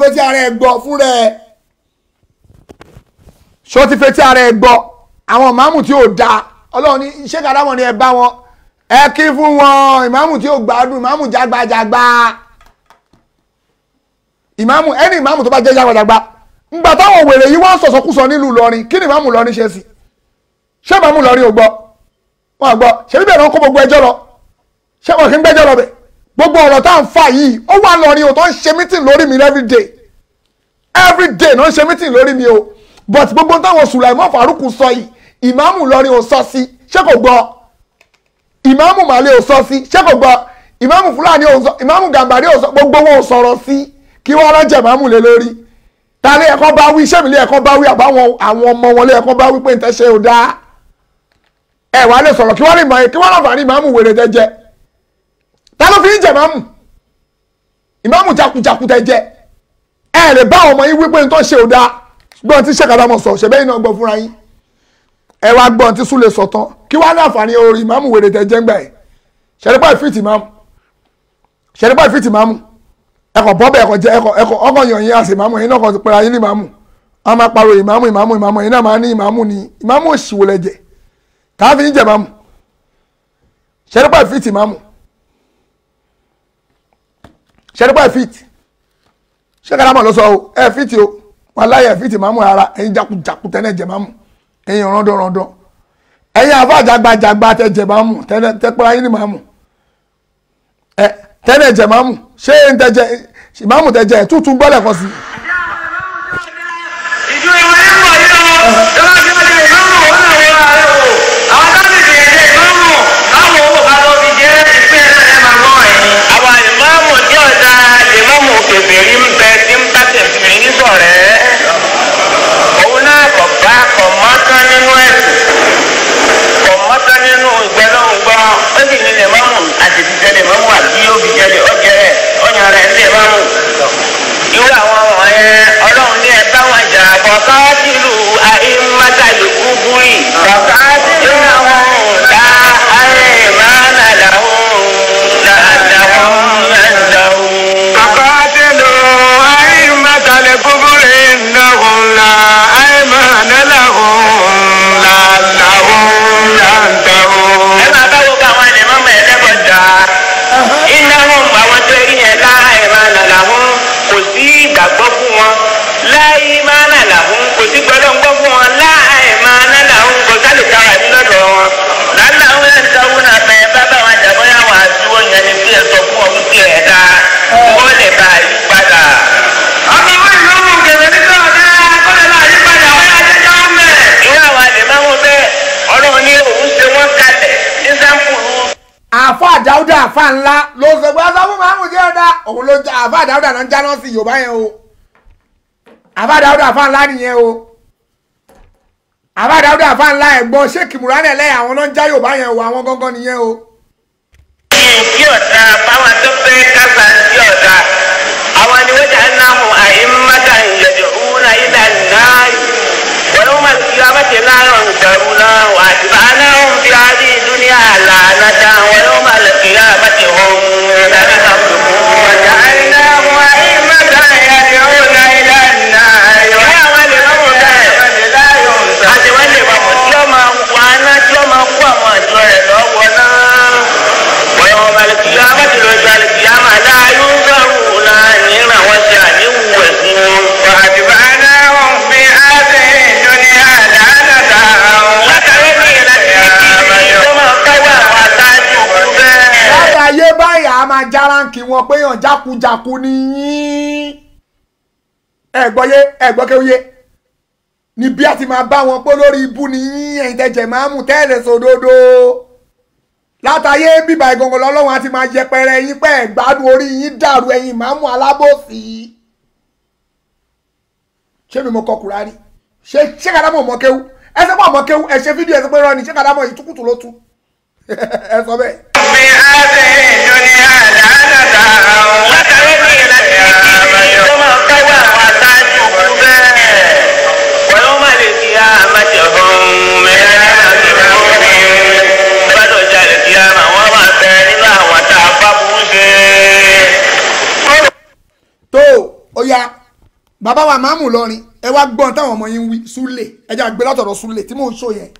fetí ara ẹ̀ gbọ́ fúnra ẹ̀ ṣó ti fetí ara ẹ̀ gbọ́ àwọn ìmáàmù tí ò da ọlọ́run ní iṣẹ́ kàdámọ̀ ni ẹ bá wọn ẹ kí fún wọn ìmáàmù tí ò gbádùn ìmáàmù jágbajàgba ìmáàmù ẹni ìmáàmù tó bá jẹ́ jágbajàgba ngbà táwọn wèrè yìí wá sọ̀sọ̀kúsọ nílùú lọrin kí ni ìmáàmù lọrin ṣe sí ṣé ìmáàmù lọrin ò gbọ́ wọn gbọ́ ṣèbí bẹ̀rẹ̀ wọn kó gbogbo ẹjọ́ lọ ṣé wọn kì í gbẹ́jọ́ gbogbo ọ̀rọ̀ tá à ń fà yìí ó wà lọ́rin o tó ń ṣe mítìn lórí mi every day every day ló ń ṣe mítìn lórí mi o but gbogbo táwọn Sùlàìmọ́ Fàrúkù sọ yìí ìmáàmù lọ́rin ò sọ sí ṣé kò gbọ́ ìmáàmù màlẹ́ ò sọ sí ṣé kò gbọ́ ìmáàmù Fúlàní ò sọ ìmáàmù Gàmbàrí ò sọ gbogbo wọn ò sọ̀rọ̀ sí kí wọ́n ránjẹ̀ ìmáàmù lé lórí ta lé ẹ̀kọ́ bá wí ṣẹ́mi lé ẹ̀kọ́ bá wí àbáwọn àwọn ọmọ wọn lé ẹ̀kọ́ bá wí pé ń tẹ́ ṣe ò dáa ẹ̀ wá lè sọ̀rọ̀ kí wọ́n lè mọ̀ kí wọ́n lọ́ọ̀fà ní ìmáàmù wèrè jẹ́jẹ́ ta ló fi ń jẹ ìmáàmù ìmáàmù jakujaku tẹ jẹ ẹ lè bá ọmọ yín wípé n tó ṣe ò dáa gbọ́n tí sẹ́kàdámọ̀ sọ ṣẹ̀bẹ́ iná gbọ́n fúnra yín ẹ wá gbọ́n tí súlẹ̀ sọ tán kí wàá ní àǹfààní orí ìmáàmù wèrè tẹ jẹ́ ńgbà yìí ṣẹ̀dẹ́pá ìfìtì ìmáàmù ṣẹ̀dẹ́pá ìfìtì ìmáàmù ẹkọ̀ bọ́bẹ̀ ẹkọ̀ jẹ́ ẹkọ̀ ẹkọ̀ ọkọ̀ yàn yín àṣẹ ìmáàmù yín náà kọ̀ pẹ̀lú ayé ní ìmáàmù a máa parọ́ ìmáàmù ìmáàmù ìmáàmù yín náà máa ní ìmáàmù ní ìmáàmù òṣìwò lẹ́jẹ̀ káfíń jẹ̀ ìmáàmù ṣẹ̀dẹ́pá ìfìtì ìmáàmù ṣẹ́dúpọ̀ ẹ̀ fìtì ṣé kálámọ̀ ló sọ o ẹ̀ fìtì o wàláyé ẹ̀ fìtì máàmù ara ẹ̀yin jakujaku tẹ́lẹ̀ jẹ máàmù ẹ̀yin rọ́ndọ̀rọ̀ndọ̀ ẹ̀yin àfa jagbajagba tẹ́ jẹ máàmù tẹ́ pẹ́ ayé ni máàmù ẹ̀ tẹ́lẹ̀ jẹ máàmù ṣé máàmù tẹ́ jẹ tútù gbọ́lẹ̀ kan sí i. báwọn kèfèrí ń bẹ tí ń bá kèfèrí sọ̀rẹ́ òun náà kò bá kò mọ́tán nínú ẹ̀sìn kò mọ́tán nínú ìgbẹ́lọ́hùn gbọ́ ó sì ní lè mọ́mù àtẹ̀tí tẹ́lẹ̀ mọ́mù àbí òbí tẹ́lẹ̀ ọ̀jẹ̀ rẹ̀ ọ̀yàn rẹ̀ lè mọ́mù. irú àwọn ọmọ yẹn ọlọ́run ní ẹ báwọn jà kọ̀ọ̀kan sílùú àìmọ́tàlùkù gúrì. dáúdà àfa ńlá ló sọ pé ọsọ fún màmú jẹ́ ọ̀dà òun ló àfa dáúdà náà ń jáná sí yorùbá yẹn o àfa dáúdà àfa ńlá nìyẹn o àfa dáúdà àfa ńlá ẹ̀gbọ́n ṣéèkì múránì ẹlẹ́yà àwọn náà ń já yorùbá yẹn o àwọn gangan nìyẹn o. kí ọ̀tá báwa tó fẹ́ kásá sí ọ̀tá àwọn ni wọ́n jẹ́ náà àyínmáta ìyẹ̀dẹ̀ òun àyínlá náà wọ́n máa fi abájẹ́ náà ń dàrú náà wà á ti bá náà ń fi àárín dúníà làánà dáhùn wọ́n máa. فأخذتهم ránkì wọn pé yàn jákujàku ni yín ẹ̀gbọ́yé ẹ̀gbọ́kéwúyé ni bí a ti máa bá wọn pé lórí ibú ni yín ẹ̀yin tẹ̀jẹ̀ máa mú tẹ́lẹ̀ sòdodo látàyé bíbá ìgbọ̀ngàn lọ́lọ́run àti máa yẹpẹrẹ yín pẹ́ ẹ̀gbádùn orí yín dàrú ẹ̀yin ìmáàmù alábòsí ṣé mi mo kọ Kùránì ṣé ṣé kàdámọ̀ mọ́kéwú ẹ ṣe pọ̀ mọ́kéwú ẹ ṣe fídíò ẹ ṣe pé rọ́ọ̀nì ṣé kàdámọ̀ yìí ló tú [laughs] ẹ sọ bẹ́ẹ̀. bàbá wa máàmù lọrin ẹ wá gbọ́n táwọn ọmọ yín ń wí súlẹ̀ ẹ jẹ́ àgbẹ̀ látọ̀rọ̀ súlẹ̀ tí mò ń sọ yẹn.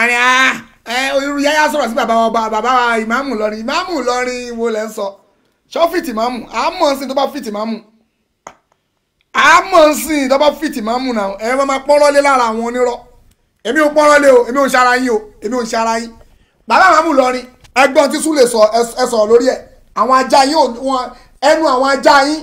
àrìn àá ẹ irú yáyá sọ̀rọ̀ sí bàbá wa bàbá wa ìmáàmù lọrin ìmáàmù lọrin wo lẹ́ ń sọ ṣọ́ fìtì máàmù àmọ́ sí tó bá fìtì máàmù àmọ́ sí tó bá fìtì máàmù náà ẹ máa máa pọ́nrọ́ lé lára àwọn onírọ́ èmi ò pọ́nrọ́ lé o èmi ò ń ṣara yín o èmi ò ń ṣara yín bàbá máàmù lọrin ẹgbọ́n tí súlẹ̀ sọ ẹ sọ̀rọ̀ lórí ẹ àwọn ajá yín ẹnu àwọn ajá yín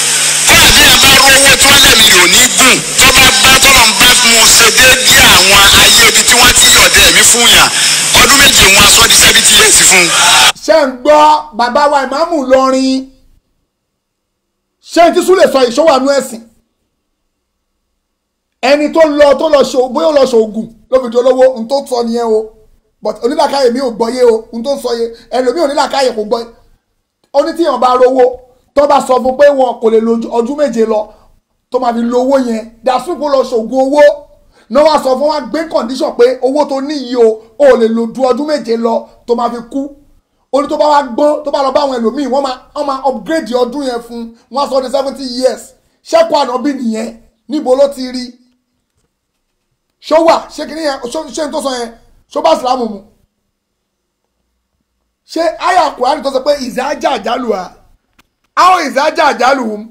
fáà ní abá rówó tí wọ́n lẹ́mí rò ní gùn tó bá bá tọ́lọ̀ ń bá mu ṣe déédéé àwọn ayé ibi tí wọ́n ti yọ̀dẹ̀ mí fún yàn ọdún méje wọn aṣọ di seventy years fún. ṣé ń gbọ́ bàbá wa ìmáàmù lọrin ṣé tí súlẹ̀ sọ ìṣòwò àánú ẹ̀sìn ẹni tó lọ tó lọ ṣe bóyá ó lọ ṣe oògùn lóbìdí olówó n tó sọ nìyẹn o but onílàkàyè mi ò gbọ́yé o n tó sọ yẹ ẹlòmíì onílàkàyè kò gbọ́yé oní tíyàn bá rówó tó bá sọ fún pé wọn kò lè lo ọdún méje lọ tó máa fi lo owó yẹn dasupo lọ ṣògùn owó náà wá sọ fún wa gbé condition pé owó tó ní yìí o ò lè lo du ọdún méje lọ tó máa fi kú orí tó bá wá gbọ́n tó bá lọ bá àwọn ẹlòmíì wọ́n máa wọ́n máa upgrade ọdún yẹn fún wọ́n sọ ní seventy years ṣẹ́kù ànábì nìyẹn níbo ló ti rí ṣó wà ṣé kí nìyẹn ṣé n tó sọ yẹn ṣó bá sàlámù mu ṣé àyà kùránì tó sọ pé ìzájà àjálù à àwọn ìzájà àjálù wọn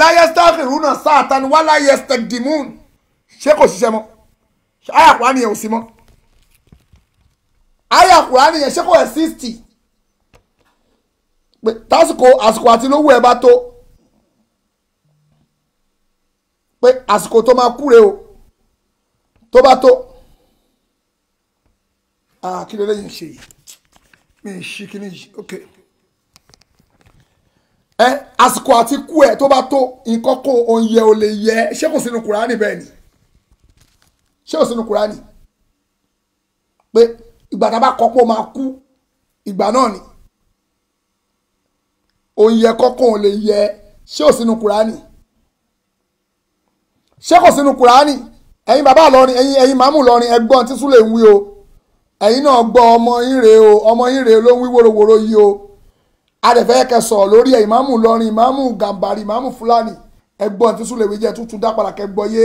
láyé stáfìrù náà sáàtàn wà láyé stẹdìmún ṣé kò ṣiṣẹ́ mọ́ àyà Kùránì yẹn ò sí mọ́ àyà Kùránì yẹn ṣé kò ẹ̀ sísítì tásìkò àsìkò àti lówó ẹ bá tó pé àsìkò tó máa kúre o tó bá tó ah, kí ló lẹ́yìn ṣe yìí mi ì okay ẹ àsìkò àti kú ẹ tó bá tó nǹkan kó òun yẹ ò lè yẹ ṣé kò sínú kùránì bẹ́ẹ̀ ni ṣé kò sínú kùránì pé ìgbà tá a bá kọ pé ó máa kú ìgbà náà ni òun yẹ kọ́kọ́ òun lè yẹ ṣé kò sínú kùránì ṣé kò sínú kùránì ẹ̀yin bàbá lọrin ẹ̀yin ẹ̀yin màmú lọrin ẹgbọ́n tí súlẹ̀ ń wí o ẹ̀yin náà gbọ́ ọmọ yín o ọmọ yín ló ń wí wóróworó yìí o adẹ̀fẹ́ kẹ sọ̀rọ̀ lórí ẹ̀ ìmáàmù lọ́rin ìmáàmù gàmbàrí ìmáàmù fúlàní ẹgbọ́n tí súlẹ̀wé jẹ́ tuntun dápadà kẹgbọ́ yé.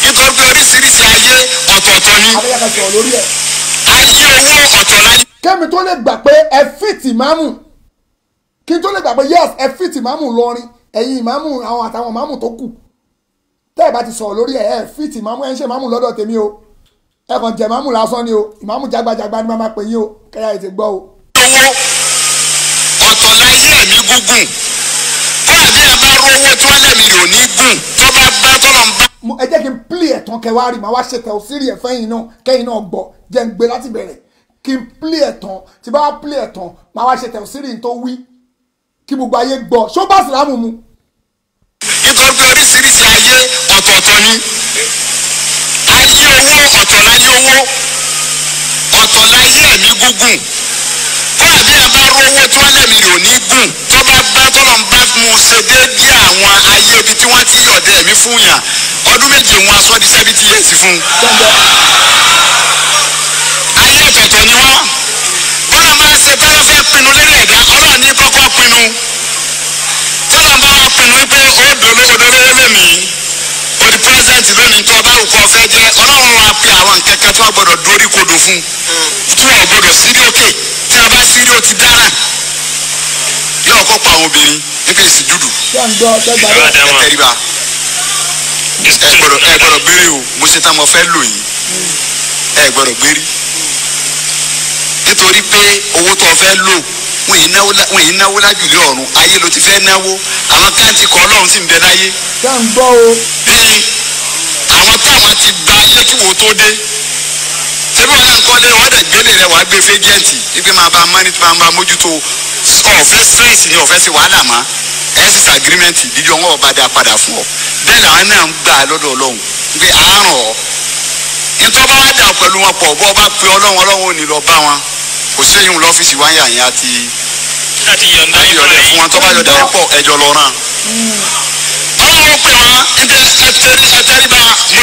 nítorí pé oríṣiríṣi ayé ọ̀tọ̀ọ̀tọ̀ ni. adẹ̀fẹ́ kẹ sọ̀rọ̀ lórí ẹ̀. ayé owó ọ̀tọ̀ láyé. kẹ́mi tó lè gbà pé ẹ fit ìmáàmù kí tó lè gbà pé yes ẹ fit ìmáàmù lọ́rin ẹ̀yin ìmáàmù àwọn àtàwọn ìmáàmù tó kù tẹ́ ẹ bá ti sọ̀rọ̀ lórí ẹ̀ ẹ fit ìmáàmù ẹ ń ṣe ìmáàmù lọ́dọ̀ tèmi o ẹ kàn jẹ́ ìmáàmù lásán ni o ìmáàmù jágbajàgba ni màá máa pè yín o kẹ́yà ètè gbọ́ o. owó gùn kódà bí yẹn bá rówó tí wọ́n lẹ́mìí rò ní gùn tó bá bá tọ́lọ̀ ń bá. ẹ jẹ́ kí n play ẹ̀tàn kẹwàá rí màá wá ṣe tẹ̀ ọ́ sírì ẹ̀fẹ́ yìí náà kẹ́yìn náà gbọ́ jẹ́ ń gbé láti bẹ̀rẹ̀ kí n play ẹ̀tàn tí bá wá play ẹ̀tàn màá wá ṣe tẹ̀ ọ́ sírì tó wí kí gbogbo ayé gbọ́ ṣó bá sìlámù mu. nítorí oríṣiríṣi ayé ọ̀tọ̀ọ̀tọ̀ ni ayé owó ọ̀tọ̀ láyé owó ọ̀tọ̀ láyé ẹ̀mí gígùn tí wọ́n bá bá tọ́lọ̀ ń bá mu ṣe déédéé àwọn ayé ibi tí wọ́n ti yọ̀dẹ̀ ẹ̀mí fún yàn ọdún méje wọn aṣọ di seventy years fún. ayé ọ̀tọ̀ọ̀tọ̀ ni wọ́n bọ́lá máa ṣe tọ́lọ́ fẹ́ pinnu lérí ẹ̀dá ọlọ́run ní kọ́kọ́ pinnu tọ́lọ́ bá wá pinnu wípé ó dolówó dolówó lẹ́mìí odi president lónìí tó ọba òkú ọfẹ jẹ ọlọ́run wa pe àwọn nkẹ́kẹ́ tó gbọ́dọ̀ dórí kodo fún tí wọ́n gbọ́dọ̀ sírí òkè tí wọ́n bá sírí ó dára náà kọ́ pa àwọn obìnrin nípa èsì dúdú. ẹtẹríba ẹ gbọ́dọ̀ ẹ gbọ́dọ̀ gbére o mo ṣe tán mo fẹ́ lò yín ẹ gbọ́dọ̀ gbére nítorí pé owó tó o fẹ́ lò wọn yìí náwó wọn yìí náwó lájùlé ọ̀run ayé ló ti fẹ́ náwó àwọn tí wọn ti kọ Ọlọ́run sì ń bẹ láyé. ká ń gbọ́ o. bẹ́ẹ̀ni àwọn táwọn ti gba ayé kí wo tó dé ṣebí wọn náà kọ́lé wọn dẹ̀ gbélé rẹ wàá gbé fẹ́jẹ̀ǹtì ibi máa bá mọ́ni máa bá mójútó ọ̀fẹ́ stress ni ọ̀fẹ́ sí wàhálà mọ́ ẹ̀sìs agreement dídí ọ̀hún ọba dá padà fún ọ bẹ́ẹ̀ làwọn náà ń gbà lọ́dọ̀ ọlọ́run pé àárọ̀ ọ́ nítorí ọba wa dà pẹ̀lú wọn pọ̀ bọ́ ọba pe ọlọ́run ọlọ́run ò ní lọ bá wọn kò sí èyí lọ́fíìsì wáyà yẹn àti àti yọ̀ǹda fún wọn tó bá yọ̀ǹda pọ̀ lọ́ràn. Mm tọ́lọ́wọ́ pè wá ẹtẹ́ríba mo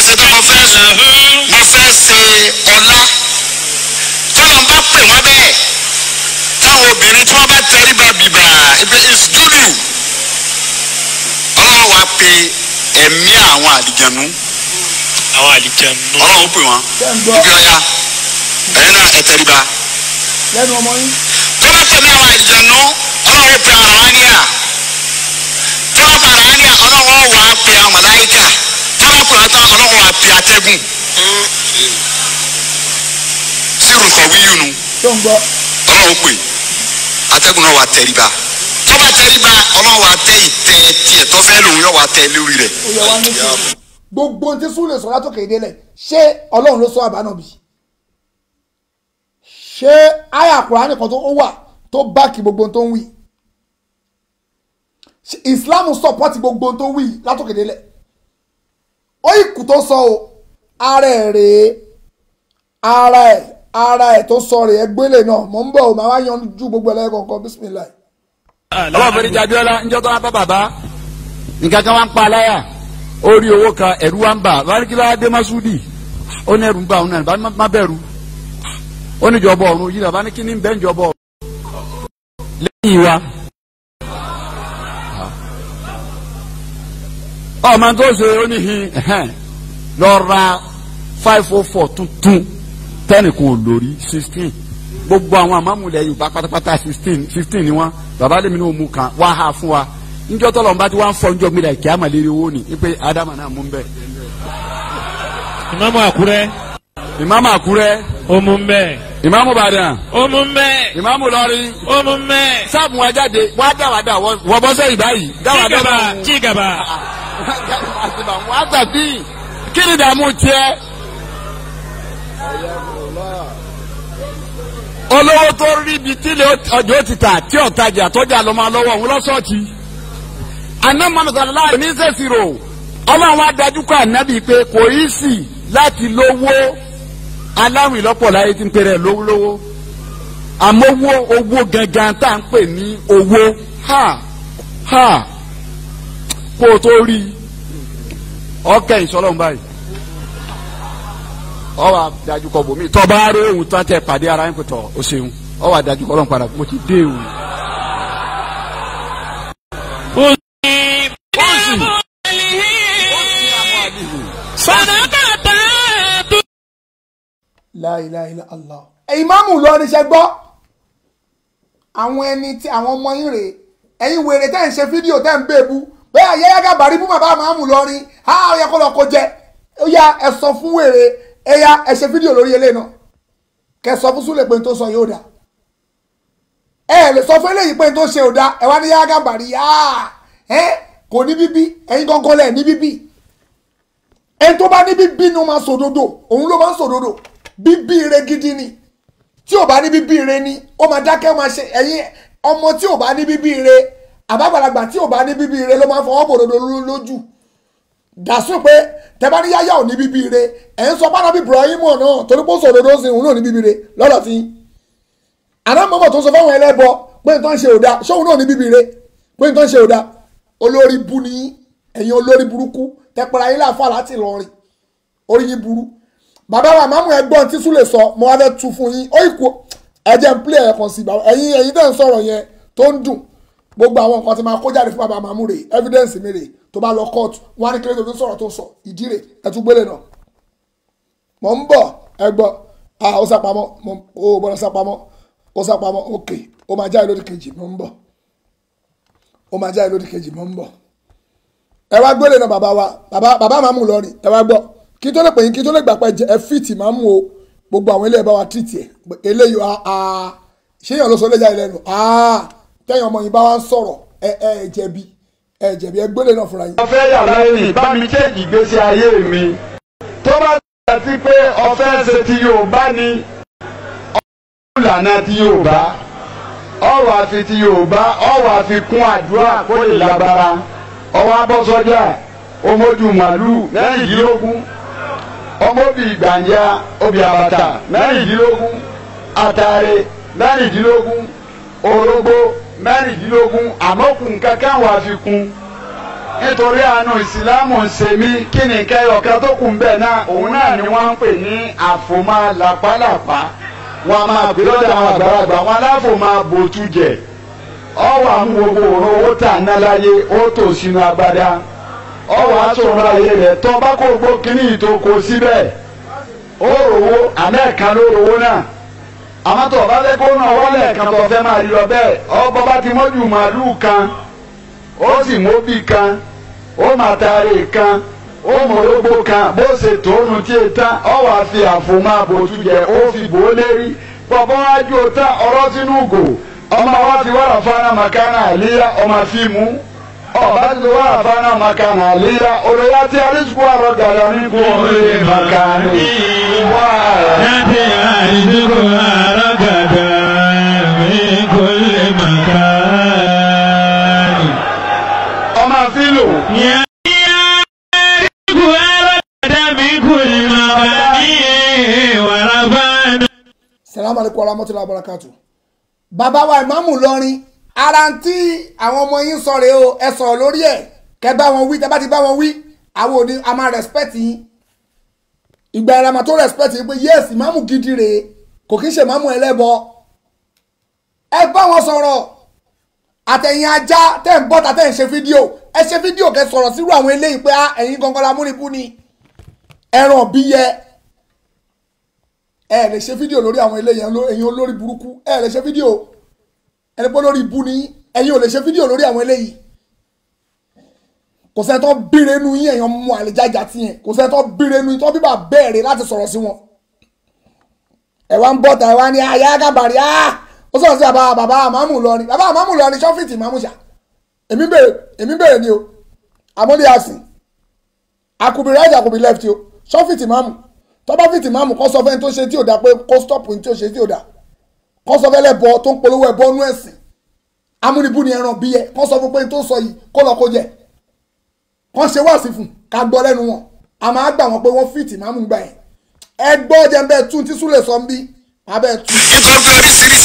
ṣe pé mo fẹ́ mo fẹ́ ṣe ọlá tọ́lọ́ bá pè wá bẹ́ẹ̀ táwọn obìnrin tí wọ́n bá tẹríba bìbà ibi ìsúdúdù ọlọ́wọ́ wa pe ẹ̀mí àwọn àlìjẹ̀nu àwọn àlìjẹ̀nu ọlọ́wọ́ pè wá ibi ọ̀ya ẹ̀yin náà ẹ̀tẹ̀ríba tọ́lọ́ tẹ̀lé àwọn àlìjẹ̀nu ọlọ́wọ́ pe àwọn àníyà tí wọ́n fara á ní ọlọ́wọ́ wà á pe àwọn màláìkà tí wọ́n pè wọ́n tán ọlọ́wọ́ wà á pe atẹ́gùn. sírù nǹkan wíyù nu ọlọ́wọ́ pè atẹ́gùn náà wà á tẹríba tó bá tẹríba ọlọ́wọ́ wà á tẹ ìtẹ́ tiẹ̀ tó fẹ́ lòun yóò wà á tẹ lórí rẹ̀. gbogbo ohun tí sùn lè sọ látòkè délẹ̀ ṣé ọlọ́run ló sọ àbánàbí ṣé àyà Kùránì kan tó wà tó báàkì gbogbo ohun tó ń wí islam support gbogbo tó wí látòkè délẹ̀ ó ìkù tó sọ o ara ẹ̀ rèé ara ẹ̀ ara ẹ̀ tó sọ rèé gbélé náà mò ń bọ̀ ò máa wá yanjú gbogbo ẹlẹ́yẹ kọ̀ọ̀kan bisimilayi. àwọn òfin ìjà abiola ń jọ́ tó wá bá bàbá nǹkan kan wá ń pa aláyà ó rí owó kan ẹ̀rú wá ń bà wá ní kí lóò ó ní ẹ̀rù ń bà òun náà má bẹ̀rù ó ní jọ̀bọ̀ ọ̀run yìí bàbá ní kí ní bẹ́ẹ̀ jọ̀bọ̀ lẹ́yìn wa. ọmọ tó ṣe oníhin lọ ra five oh four two ten ò lórí sixteen gbogbo àwọn àmàmúlẹ̀ yorùbá pátápátá sixteen fifteen ni wọ́n bàbá lèmi ní òmu kan wá ha fún wa njọ́ tọ́lọ̀ ń bá ti wá ń fọ́ njọ́ owó ni pé adama náà mú bẹ́ẹ̀. àkúrẹ́. àkúrẹ́. bẹ́ẹ̀. bàdàn. bẹ́ẹ̀. lọ́rí. bẹ́ẹ̀. wa wàá gbàgbé kí ni dààmú tiẹ̀. olówó tó rí ibi tí ọjọ́ ti tà tí ọ̀tajà tọ́jà lọ́ máa lọ́wọ́ òun lọ́sọ̀ọ̀tì. àná mọ̀nàkànlá oníṣẹ́sirò ọlọ́run ànábì pé kò í sì láti lówó aláwìn lọ́pọ̀ láyé tí ń pèrè àmọ́ owó owó gangan tá à ń pè ní owó ha ha. kó o tó rí ọkẹ́ ìsọlọ́run báyìí ọwọ́ adájú kọ bòmí tọ́ba aró ohun tó ń tẹ pàdé ara yín kò tọ̀ ó ṣeun ọwọ́ adájú kọ́ ọlọ́run padà mo ti dé o. láìláìlá allah ìmáàmù lọrin ṣe gbọ́ àwọn ẹni tí àwọn ọmọ yín rèé ẹ̀yin wèrè tẹ́ ń ṣe fídíò tẹ́ ń bèbú pé àyẹ́yá gàbàrí mú bàbá màmú lọ́rin á ọ̀yà kó lọ kó jẹ ó yá ẹ sọ fún wèrè ẹ yá ẹ ṣe fídíò lórí eléyìí náà kẹ sọ fún súlẹ̀ pé n tó sọ yóò dáa ẹ lè sọ fún eléyìí pé n tó ṣe ò da ẹ wá ní yára gàbàrí yá ẹ kò ní bíbí ẹ̀yin kankan lẹ ní bíbí ẹ tó bá ní bíbí ni ó máa sòdodo òun ló máa ń sòdodo bíbí rẹ gidi ni tí ò bá ní bíbí rẹ ni ó máa dákẹ́ ó máa ṣe ẹ̀yin ọmọ tí ò bá ní bíbí rẹ àbágbàlagbà tí ò bá ní bíbí ire ló máa ń fọwọ́ bòdodo lójú dàsú pé tẹ́bárí yáyà ò ní bíbí ire ẹ̀ ń sọ bára bí Ibrahim náà torí pé ó sọ òdodo sí òun náà ní bíbí ire lọ́dọ̀ tí arámọ́mọ́ tó sọ fáwọn ẹlẹ́bọ pé nǹkan ń ṣe òda ṣóun náà ní bíbí ire pé nǹkan ń ṣe òda olórí bú ni ẹ̀yin olórí burúkú tẹpẹ́ra yín láàfà láti lọ́rin orí yín burú bàbá wa màmú ẹgbọ́n tí súlè sọ mo wá fẹ́ tu fún yín ó ì kú ẹ̀jẹ̀ ń plé ẹ̀kan sí ẹ̀yin ẹ̀yin tẹ́ ń sọ̀rọ̀ yẹn tó ń dùn gbogbo àwọn nǹkan tí máa kó jáde fún bàbá màmú rè evidence mi rè tó bá lọ kóòtù wọn á ní kílódé tó sọ̀rọ̀ tó sọ ìdí rè ẹ tún gbélé náà mọ̀ ń bọ̀ ẹ gbọ́ a ó sàpamọ́ ó gbọ́dọ̀ sàpamọ́ ó sàpamọ́ ok ó máa jáde lódì kejì mọ̀ ń bọ̀ ó máa jáde lódì kejì mọ̀ ń bọ̀ ẹ wá gbélé náà bàbá wa bàbá bàbá màmú lọrin ẹ wá gbọ́ kí tó lè pè yín kí tó lè gbà jẹ ẹ fìtì màmú o tẹ́yìn ọmọ yìí bá wá ń sọ̀rọ̀ ẹ ẹ jẹ̀bi ẹ jẹ̀bi ẹ gbélé náà fúnra yín. ọ̀fẹ́ yàrá ẹni bá mi ṣéèjì ìgbésí ayé mi tó bá tẹ̀ sí pé ọ̀fẹ́ ṣe ti Yorùbá ni ọ̀fẹ́ ìlànà ti Yorùbá ọ̀rọ̀ àfi ti Yorùbá ọ̀rọ̀ àfi kún àdúrà kó lè lágbára ọwọ́ abọ́sọ́jà ọmọdún màlúù mẹ́rìndínlógún ọmọbi gbàǹjà obì àbàtà mẹ́rìndínlógún àtàrè mẹ́rìndínlógún orógbó mẹ́rìndínlógún àmọ́ kù nǹkan kan wà fi kún nítorí àánú ìsìlámù ń ṣe mí kí ni kẹyọ̀kẹ́ tó kù ń bẹ̀ náà òun náà ni wọ́n ń pè ní àfòmá làpálàpá wọn máa pè lọ́dọ̀ àwọn àgbàlagbà wọn aláfòmá bòtú jẹ ọwọ́ gbogbo owó agbada ọwọ́ àtòrun ayé rẹ̀ tọ́ bá kó gbó kínní ìtòkò síbẹ̀ ó àmẹ́ẹ̀kan ló náà. àmọ́ tó o bá fẹ́ kó nà wọlé kan tó o fẹ́ máa rí lọ bẹ́ẹ̀ ọgbọ bá ti mọjú màálùú kan ó sì móbì kan ó màtàrí kan ó mòrógbó kan bó ṣe tóónù tí e ọ wàá fi àfòmọ àbòtú jẹ ó fi bò ó lérí pọpọ wájú o ọ̀rọ̀ sínú gò ọmọ wa fi wàrà fara màkàrà àlíyá ọmọ fíìmù ọba ti wà fana makana lila olóyà tí arísùkú àrọ gàdá ní kò lè makani wà. yàtí àrísùkú salamu alaykum wa rahmatulahi wa barakatu. bàbá wa ìmáàmù lọrin ara ń tí àwọn ọmọ yín sọ rèé o ẹ sọ̀rọ̀ lórí ẹ̀ kẹ́ bá wọn wí tẹ́ bá ti bá wọn wí àwọn òní a máa respect yín ìgbà ìrànmà tó respect yín pé yes ìmáàmù gidi rèé kò kí ń ṣe ìmáàmù ẹlẹ́bọ ẹ bá wọn sọ̀rọ̀ àtẹ̀yìn ajá tẹ̀ ń bọ́ta tẹ̀ ń ṣe fídíò ẹ ṣe fídíò kẹ́ sọ̀rọ̀ sírú àwọn eléyìí pé ah, ẹ̀yin gangan la múnikú ni ẹran bí ẹ lè ṣe fídíò lórí àwọn eléyìí ẹ̀yin olórí burúkú ẹ lè ṣe fídíò ẹni pé lórí ibú ni ẹ̀yin ò lè ṣe fídíò lórí àwọn eléyìí kò sẹ́ni tó bíire nu yín ẹ̀yàn mú àlejájà ti yẹn kò sẹ́ni tó bíire nu yín tó bíbà bẹ́ẹ̀rẹ̀ láti sọ̀rọ̀ sí wọn. ẹ wá ń bọ̀ tà ẹ wá ní ayá kábàárì á ó sọ̀rọ̀ sí bàbá bàbá àmàmù lọrin bàbá àmàmù lọrin ṣọ́fìtì ìmàmùṣà èmi bèrè èmi bèrè ni o àmúlẹ̀ àsìn àkùbìrẹ́ kò bí lẹ́fìtì o ṣọ́fìtì ìmàmù tọ́ba fìtì máàmù kọ́ sọ fẹ́ni tó ṣe tí ò dá pé kó stọ́pù ní tí ò ṣe tí ò dá kọ́ sọ fẹ́ lẹ́bọ tó ń polówó ẹ̀bọ nú ẹ̀sìn amúnibú ni ẹran bí yẹ kọ́ sọ fún pé tó ń sọ yìí kó lọ kó jẹ kọ́ ṣe wáàsí fún ká gbọ́ lẹ́nu wọn a máa gbà wọn pé wọ́n fìtì máàmù gbà yẹn ẹ gbọ́ jẹ́ bẹ́ẹ̀ tún tí súlẹ̀ sọ ń bí abẹ́ tún. nǹkan bí oríṣiríṣi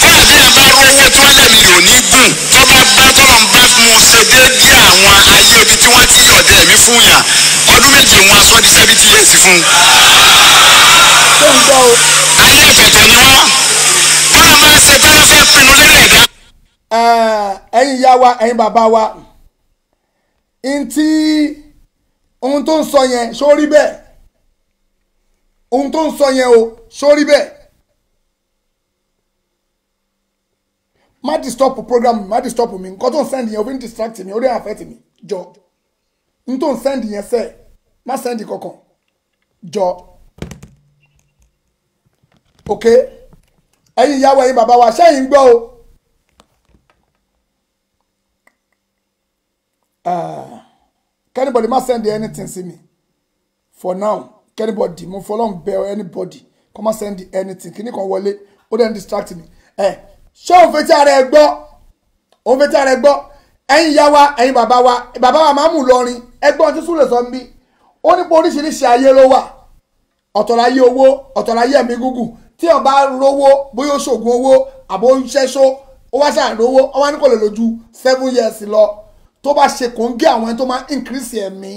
kódà bí yàn bá rówó tọ́lẹ̀ mi ò ní gùn tó bá bá tọ́lọ̀ ń bá mu ṣe déédéé àwọn ayé ibi tí wọ́n ti yọ̀dẹ̀ ẹ̀mí fún yàn ọdún méje wọn aṣọ di seventy years fún ayé ìfẹ̀tọ̀ ni wọ́n bọ́lá máa ń ṣe tó bá fẹ́ pinnu lérí ẹ̀dá. ẹ̀yin ìyá wa ẹ̀yin bàbá wa ntí ohun tó ń sọ yẹn ṣó bẹ́ẹ̀ ohun tó ń sọ yẹn o ṣó rí bẹ́ẹ̀ má disturb program mi má disturb mi nǹkan tó ń send yẹn ó fi ń distract mi ó dé affect mi jọ n tó ń send yẹn sẹ́ẹ̀ má send kankan jọ ok ẹ̀yin ìyàwó ẹ̀yin bàbá wa ṣẹ́yìn gbọ́ o. Ah, can anybody má send anything sí mi for now can anybody mo fọlọ́n bẹ anybody kọ́ má send anything kíní kan wọlé ó dẹ́n distract mi ẹ̀. Eh, ṣé òun fetí ara ẹ gbọ́ òun fetí ara ẹ gbọ́ ẹ̀yin ìyá wa ẹ̀yin bàbá wa bàbá wa máa mú lọrin ẹgbọ́n tí súlẹ̀ sọ ń bí ó nípa oríṣiríṣi ayé ló wà ọ̀tọ̀rọ̀ ayé owó ọ̀tọ̀rọ̀ ayé ẹ̀mí gúgùn tí wọn bá rówó bóyá oṣoògùn owó àbó ṣẹ́ṣó ó wá ṣàn rówó ó ní kò lè lójú seven years lọ tó bá ṣe kò ń gé àwọn ẹni tó máa increase ẹ̀mí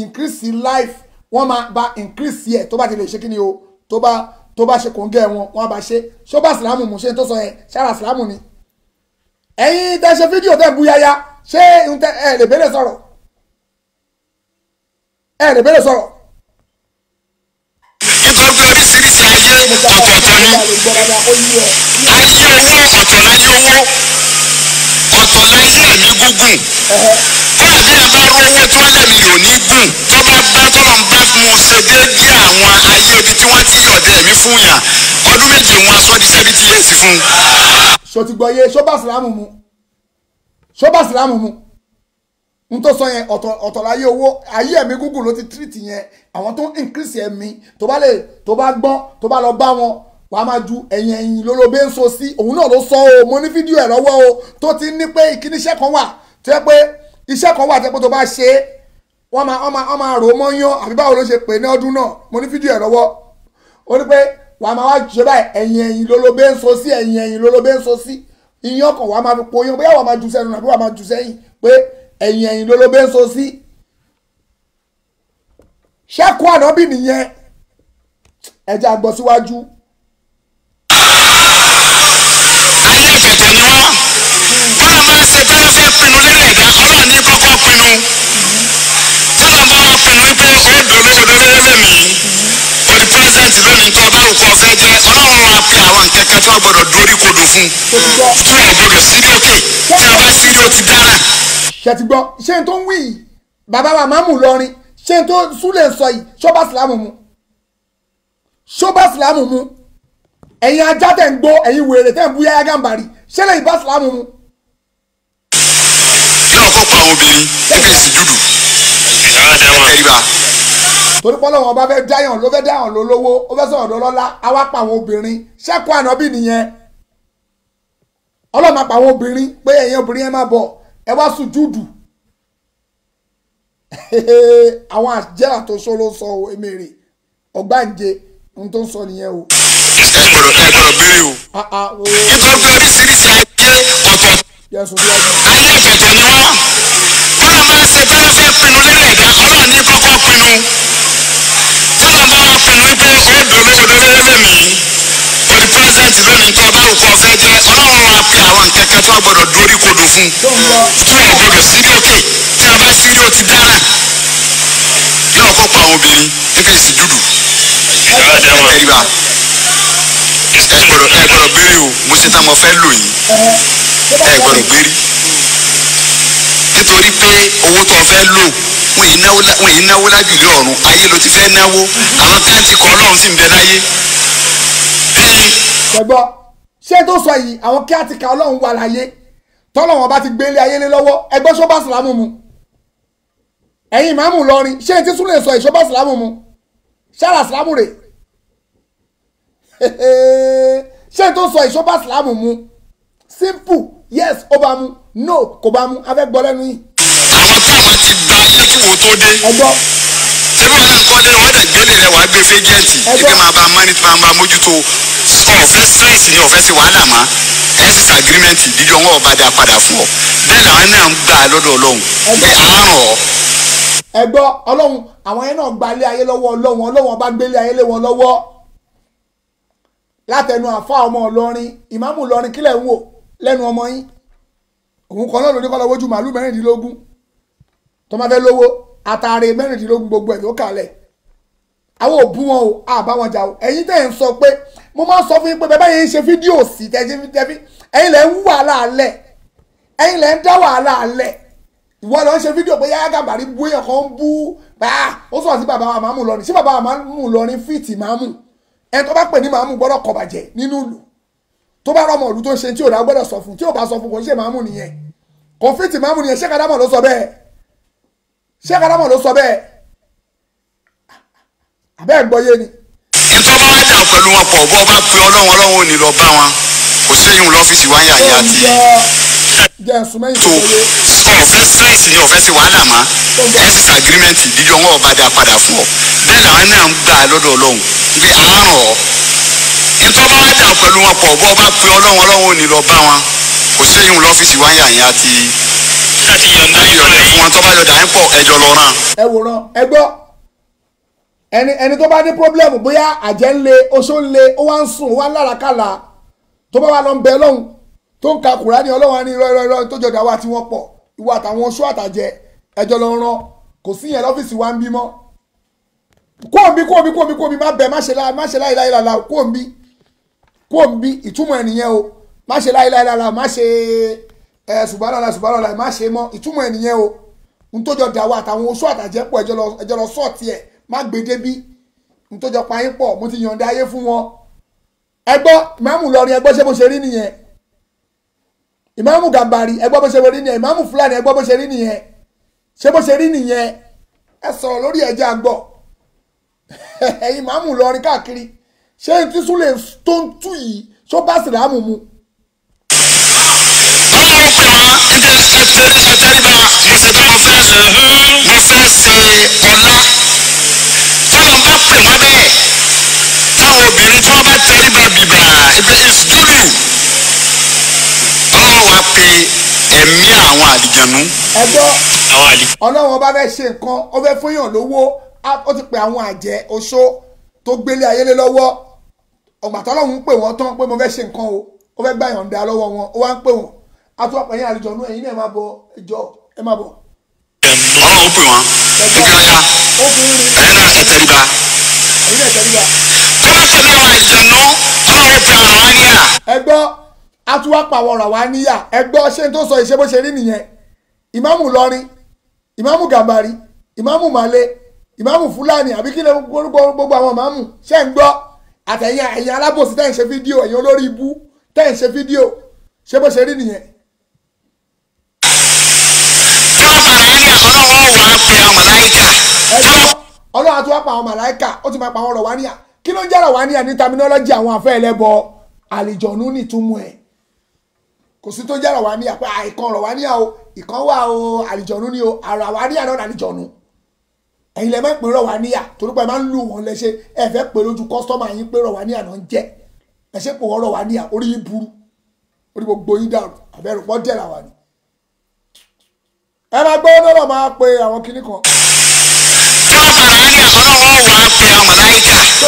increase life wọ́n máa ba increase ẹ̀ tó bá ti lè ṣe kí ni o tó bá tó bá ṣe kòńgẹ́ wọn wọn bá ṣe ṣó bá sìlámù mú ṣe tó sọ yẹn ṣára sìlámù ni. ẹ̀yin tẹ́ ṣe fídíò tẹ́ bu yaya ṣé ẹ lè bẹ̀rẹ̀ sọ̀rọ̀ ẹ lè bẹ̀rẹ̀ sọ̀rọ̀. nítorí oríṣiríṣi ayé ọ̀tọ̀ọ̀tọ̀ ni ayé owó ọ̀tọ̀ láyé owó ọ̀tọ̀ láyé ẹ̀mí gúngùn bí ẹ bá rówó tó lẹ́mí ò ní gùn tó bá bá tọ́lọ̀ ń bá mu ṣe déédéé àwọn ayé ibi tí wọ́n ti yọ̀dẹ̀ ẹ̀mí fún yàn ọdún méjì wọn aṣọ ní sẹ́ẹ̀dì ti yé sí fún. sotigbọ ye ṣó mu ṣó bá mu n tó sọ yẹn ọ̀tọ̀ láyé owó ayé ẹ̀mí gúngùn ló ti tírìtì yẹn àwọn tó ń increase ẹ̀mí tó bá lè tó bá gbọ́n tó bá lọ bá wọn wàá máa ju ẹ̀yìn ẹ̀yìn lólobé ń so sí òun náà ló sọ o mo ní fídíò ẹ̀ lọ́wọ́ o tó ti ní pé ìkíníṣẹ́ kan wà tó yẹ pé iṣẹ́ kan wà tẹ́pẹ́ tó bá ṣe é wọ́n máa wọ́n máa wọ́n máa rò ó mọ́yán àbí báwo ló ṣe pè ní ọdún náà mo ní fídíò ẹ̀ lọ́wọ́ ó ní pé wà á máa wá jù báyìí ẹ̀yìn ẹ̀yìn ló ló bẹ́ ń so sí ẹ̀yìn ẹ̀yìn ló ló bẹ́ ń so sí iyán kan wà á máa fi po iyán bóyá wà á máa jù sẹ́nu àbí wà á máa jù sẹ́yìn pé ẹ̀yìn ẹ̀yìn ló ló bẹ́ ń so sí. ṣẹ́kù ànábì nìyẹn ẹja gbọ́ síwájú dáadáa tí wọ́n gbọ́dọ̀ dórí kodò fún tí wọ́n gbọ́dọ̀ sírí òkè tí a bá sírí ó ti dára. ṣètì gbọ́ ṣé n tó ń wí yìí bàbá wa máa mú lọrin ṣé n tó súlẹ̀ sọ yìí ṣọ́bà sílámù mu ṣọ́bà sílámù mu ẹ̀yin ajá tẹ̀ ń gbó ẹ̀yin wèrè tẹ̀ ń bú yáyá gàmbàrí ṣẹlẹ̀ ìbá sílámù mu. ṣé ọkọ̀ pa obìnrin kékeré sí dúdú ẹ̀rí bá torí pé ọlọ́run ọba fẹ́ dáyàn ló fẹ́ dáyàn ló lówó ó fẹ́ sọ̀rọ̀ lọ́lọ́lá àwa pa àwọn obìnrin ṣẹ́kọ̀ ànábì nìyẹn ọlọ́run máa pa àwọn obìnrin pé ẹ̀yin obìnrin yẹn máa bọ̀ ẹ wá sùjúdù [laughs] àwọn àjẹ́rà tó sọ ló sọ èmi rè ọgbàǹje ohun tó ń sọ nìyẹn o. nǹkan ah, ah, bí oríṣiríṣi ajé ọ̀tọ̀ àwọn ọ̀tọ̀ọ̀tọ̀ ni wọ́n bọ́lá máa ń ṣe bá fẹ́ pinnu lórí ẹ̀dá ọlọ́run ní kọ́kọ́ pinnu àmọ́ pé ọ̀dọ̀ mélòó ló fẹ́ mi for the lónìí tó bá òkú ọ̀fẹ́ jẹ́ ọlọ́run wa pe àwọn nǹkan kan tí wọ́n gbọ́dọ̀ dorí kodò fún tí wọ́n gbọ́dọ̀ sí lókè tí wọ́n bá sí ní dára yóò kó pa àwọn obìnrin gẹ́gẹ́ sì dúdú ẹ̀ríba ẹ gbọ́dọ̀ gbérí o mo ṣe tán mo fẹ́ lò yín ẹ gbọ́dọ̀ gbérí nítorí pé owó tó fẹ́ lò wọn yìí náwó wọn yìí náwó lágbègbè ọ̀run ayé ló ti fẹ́ náwó àwọn káàntì kan ọlọ́run sì ń bẹ láyé. ṣẹgbọ́ ṣé tó sọ yìí àwọn káàntì kan ọlọ́run wà láyé tọ́lọ̀ wọn bá ti gbélé ayé lé lọ́wọ́ ẹgbẹ́ ṣọ́bà sàlámù mu ẹ̀yin ìmáàmù lọrin ṣé etí súnlẹ̀ sọ ìṣọ́bà sàlámù mu ṣáàrà sàlámù rè [laughs] ṣé tó sọ ìṣọ́bà sàlámù mu simple yes ó bá mu no kò bá mu afẹ́ gbọ́ lẹ́nu yìí. àwọn tó wá ti gba ilé kí wò ó tó dé. ẹ gbọ́. sẹ́mi náà kọ́ lẹ́nu wọ́n dẹ̀ gbélé rẹ̀ wàá gbé fẹ́jẹ̀ntì. ẹ gbọ́ ibi máa bá mọ́ni máa máa mójútó ọ̀fẹ́ stress ni ọ̀fẹ́ sí wàhálà má ẹ sì agreement dídí ọwọ́ ọba dá padà fún ọ bẹ́ẹ̀ làwọn náà ń gbà lọ́dọ̀ ọlọ́run pé àárọ̀ ọ. ẹ gbọ́ ọlọ́run àwọn yẹn náà gba ilé ayé lọ́wọ́ ọlọ́run ọlọ́run ọba gbélé ayé lé wọn lọ́wọ́ látẹnu àfa ọmọ ọlọrin ìmáàmù ọlọrin kílẹ̀ ń wò lẹ́nu ọmọ yín òun kan náà ló ní kọ́ lọ wojú màálù mẹ́rìndínlógún tó máa fẹ́ lówó àtàrí mẹ́rìndínlógún gbogbo ẹ̀ ló kalẹ̀ àwọn ò wọn o àbá wọn jà o ẹ̀yin tẹ̀ ń sọ pé mo máa ń sọ fún yín pé bẹ́ẹ̀ yẹn ń ṣe fídíò sí tẹ́jú tẹ́bí ẹ̀yin lẹ̀ ń wú wàhálà alẹ̀ ẹ̀yin lẹ̀ ń dá wàhálà alẹ̀ ìwọ lọ ń ṣe fídíò pé Yahya Gàbàrí bú èèyàn kan ń bú báà ó sọ̀rọ̀ sí bàbá wa Màmú Ìlọrin sí bàbá wa Màmú Ìlọrin fìtì Màmú ẹ̀ tó bá pè ní Màmú gbọ́dọ̀ kọ̀ nínú ìlú tó bá rọmọ òdu tó ń ṣe tí ò dá gbọ́dọ̀ sọ fún tí ò bá sọ fún kò ń ṣe màmú nìyẹn kọfíìtì màmú nìyẹn ṣé kàdámọ̀ ló sọ bẹ́ẹ̀ ṣé kàdámọ̀ ló sọ bẹ́ẹ̀ àbẹ́ẹ̀ gbọ́yé ni. ẹni tó bá wá dà pẹ̀lú wọn pọ̀ bọ́ bá pe ọlọ́run ọlọ́run ò ní lọ bá wọn kò séyìn lọ́fíìsì wáyà yá ti tó ọ̀fẹ́ fẹ́ǹsì ni ọ̀fẹ́ sí wàhálà má ẹ̀sìs agreement ìdíjọ́ wọn ọba dá padà fún ọ bẹ́ẹ̀ làwọn náà ń gbà lọ́dọ̀ ọlọ́run bí àárọ̀ ìtọ́ba wa dà pẹ̀lú wọn pọ̀ bọ́ bá pe ọlọ́run ọlọ́run ò ní lọ bá wọn kò sí ìhùn lọ́fíìsì wáyà yẹn àti yọ̀lẹ̀ fún wọn tọ́ba yọ̀dà yín pọ̀ ẹjọ́ lọ rán. ẹ wòran ẹ gbọ́ ẹni tó bá ní pọ́blẹ́mù bóyá àjẹ́ ń le oṣó ń le ó wá ń sùn ó wá lárakàlà tó bá wà lọ ń bẹ lọ́hùn tó ń ka Kùránì ọlọ́wọ́n ní irọ́ irọ́ irọ́ tó jọjà wá tí wọ́n pọ̀ ìwọ àtàwọn oṣó àtàjẹ ẹjọ́ lọ rán kò sí yẹn lọ́fíìsì wa ń bímọ kóòmí kóòmí kóòmí kóòmí má bẹ̀ má ṣe láyé láyé láyé láyé kóòmí kó o bí ìtumọ̀ ẹnìyẹn o má ṣe láìláìlára má ṣe ẹ ṣùgbọ́nlọ́la ṣùgbọ́nlọ́la má ṣe mọ́ ìtumọ̀ ẹnìyẹn o n tó jọ dàwọ àtàwọn oṣù àtàjẹ́ pọ̀ ẹjọ́ lọ sọ́ọ̀tì ẹ̀ má gbèdé bí n tó jọ payín pọ̀ mo ti yànda ayé fún wọn ẹgbọ́ ìmáàmù lọrin ẹgbọ́ ṣe bó ṣe rí nìyẹn ìmáàmù gàmbàrí ẹgbọ́ bó ṣe rí nìyẹn ìmáàmù fúlàní ẹgbọ́ bó ṣe rí nìyẹn ṣe bó ṣe rí nìyẹn ẹ sọ̀rọ̀ lórí ẹ̀jẹ̀ àgbọ̀ [laughs] ìmáàmù lọrin káàkiri ṣé n ti súnlẹ̀ tó ń tú yìí ṣó bá sì ráàmù mu. táwọn obìnrin tí wọ́n bá tẹ́ríba bìbà ìsúdúdù ọlọ́wọ́ wa pe ẹ̀mí àwọn àlìjànú. ẹ gbọ́ ọlọ́wọ́n bá fẹ́ ṣe nǹkan ó fẹ́ fún yàn lówó ó ti pe àwọn àjẹ́ oṣó tó gbélé ayé lọ́wọ́ ọgbà tọ́lọ́hún pè wọ́n tán pé mo fẹ́ ṣe nǹkan o ó fẹ́ gbà yọ̀ǹda lọ́wọ́ wọn ó wá ń pè wọ́n a tún ọ̀pọ̀ yín àlejò ọ̀nù ẹ̀yin náà ẹ máa bọ̀ ẹjọ́ ẹ máa bọ̀. ọlọ́run pè wọ́n kíkẹ́ ọ̀yà ẹ̀yin náà ti tẹríba. ẹ̀yin náà tẹríba. kọ́mọ tẹ̀lé àwọn àjànú ọlọ́run ti ara wa níyà. ẹ gbọ́ a tún wá pàwọ̀ ọ̀rọ̀ wa níyà ẹ gbọ́ ṣé n tó sọ ìṣe bó ṣe rí nìyẹn ìmáàmù lọrin ìmáàmù gàbàrí ìmáàmù màlẹ ìmáàmù fúlàní àbí kí lè gbogbo àwọn ìmáàmù ṣẹ́ àtẹ̀yìn ẹ̀yìn alábòsí tẹ̀ ń ṣe fídíò ẹ̀yìn olórí ibú tẹ̀ ń ṣe fídíò ṣé bó ṣe rí nìyẹn. ọlọ́run àti wá pa àwọn màláìkà ó ti máa pa àwọn rọ̀wánìyà kí ló ń jẹ́ rọ̀wánìyà ní terminology àwọn àfẹ́ ẹlẹ́bọ àlìjọ̀nú nìtumọ̀ ẹ̀ kò sí tó jẹ́ rọ̀wánìyà pé àìkan rọ̀wánìyà o ìkan wà o àlìjọ̀nú ni o àràwánìyà náà àlìjọ̀nú ẹ̀yin lẹ máa ń pè rọ̀ wá níyà torí ẹ máa ń lù wọ́n lẹ́sẹ̀ ẹ fẹ́ pè lójú kọ́sítọ́mà yín pé rọ̀ wá níyà náà ń jẹ́ ẹ ṣe pò wọ́n wá níyà orí yín burú orí gbogbo yín dàrú àbẹ̀rù pọ́ díẹ̀ làwà ni. ẹ máa gbọ́ lọ́rọ̀ máa pe àwọn kinní kan. tí wọ́n sọ̀rọ̀ ní àbọ̀lọ́wọ́ wà á pe àwọn màláìkà tí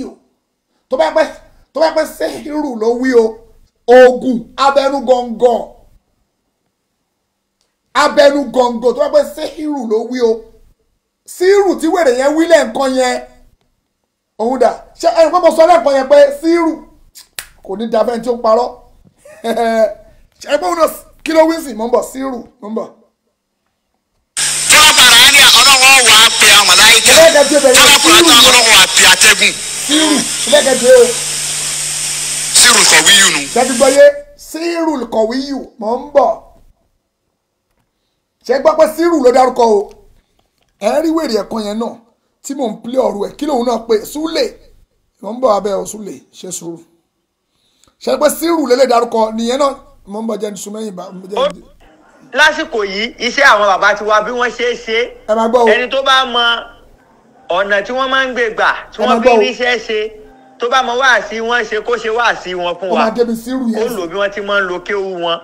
wọ́n tó bá pẹ́ tó bá pẹ́ sẹ́hìrù ló wí o oògùn abẹnugọ̀ngọ̀ abẹnugọ̀ngọ̀ tó bá pẹ́ sẹ́hìrù ló wí o sírù tí wèrè yẹn wí lẹ́ǹkan yẹn òun dà ṣe ẹni pé mo sọ lẹ́ǹkan yẹn pé sírù kò ní dafẹ́ tí ó parọ́ ṣe ẹni pé òun náà kí ló wí sí mo ń bọ̀ sírù mo ń bọ̀. tí wọ́n fara á ní ọlọ́wọ́ wàá pe àwọn màláìkà tábàkùnrin àti ọlọ́wọ́ àti àtẹ́gùn sírù lẹ́gẹ̀ dé o. sírù kọ̀wíyù nu. ṣẹ́bi gbọ́yé sírù kọ̀wíyù mọ̀ ń bọ̀ ṣe gbọ́ pé sírù ló dárúkọ o ẹ rí wèrè ẹ̀kan yẹn náà tí mò ń pilẹ̀ ọ̀rọ̀ ẹ̀ kí lòun náà pé súlè mò ń bọ̀ abẹ́ ọ̀ súlè ṣe sùúrù ṣe pé sírù lélẹ̀ dárúkọ nìyẹn náà mò ń bọ̀ jẹ́ sùmẹ́yìn bá lásìkò yìí iṣẹ́ àwọn bàbá ti wá bí wọ́n ṣe é ṣe ẹni tó bá mọ ọ̀nà tí wọ́n máa ń gbé gbà tí wọ́n fi ríṣẹ́ ṣe tó bá mọ sí wọn ṣe kó ṣe sí wọn fún wa ó lò bí wọ́n ti máa ń lo kéwu wọn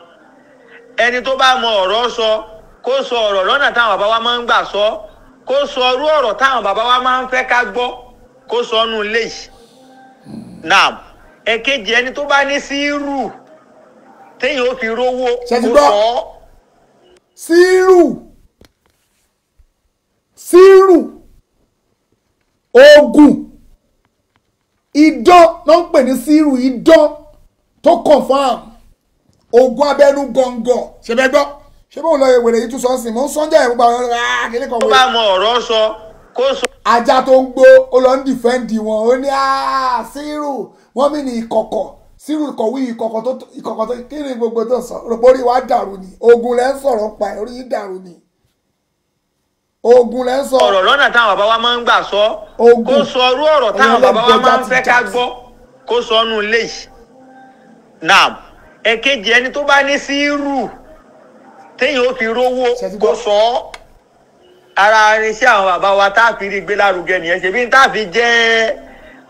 ẹni tó bá mọ ọ̀rọ̀ sọ kó sọ ọ̀rọ̀ lọ́nà táwọn bàbá wa máa ń gbà sọ kó sọ irú ọ̀rọ̀ táwọn bàbá wa máa ń fẹ́ ká gbọ́ kó sọ nù léyìí naam ẹ̀kejì ẹni tó bá ní sírù téèyàn ó fi rówó kó sọ ọ́. sírù sírù. oògùn idán ló ń pè ní síìrù idán tó confam oògùn abẹ́nú gọ̀ǹgọ̀ ṣe bẹ́ẹ̀ gbọ́ ṣé bóun lọ wèrè yìí tún sọ sí mò ń sọ́njà ẹ̀ gbogbo àwọn ọ̀rọ̀ kíní kan wèrè. ó bá mọ ọ̀rọ̀ sọ kó sọ. ajá tó ń gbó ó lọ ń dìfẹ́ǹdì wọn ó ní ah, síìrù wọ́n mí ní ìkọ̀kọ̀ sírù ìkọ̀wé ìkọ̀kọ̀ tó kí ni gbogbo tó sọ rògbòrí wa dàrú ni ogun lẹ́ ń sọ̀rọ̀ pa ẹ̀ orí dàrú ni ogun lẹ ń sọ. ọ̀rọ̀ lọ́nà táwọn bàbá wa máa ń gbà sọ. ogun kó sọ irú ọ̀rọ̀ táwọn bàbá wa máa ń fẹ́ ká gbọ́ kó sọ nù léyìí. naam ẹ̀kejì ẹni tó bá ní sírù téèyàn ó fi rówó kó sọ ọ́ ara irinṣẹ́ àwọn bàbá wa tá a fi rí gbé lárugẹ nìyẹn ṣe bí tá a fi jẹ́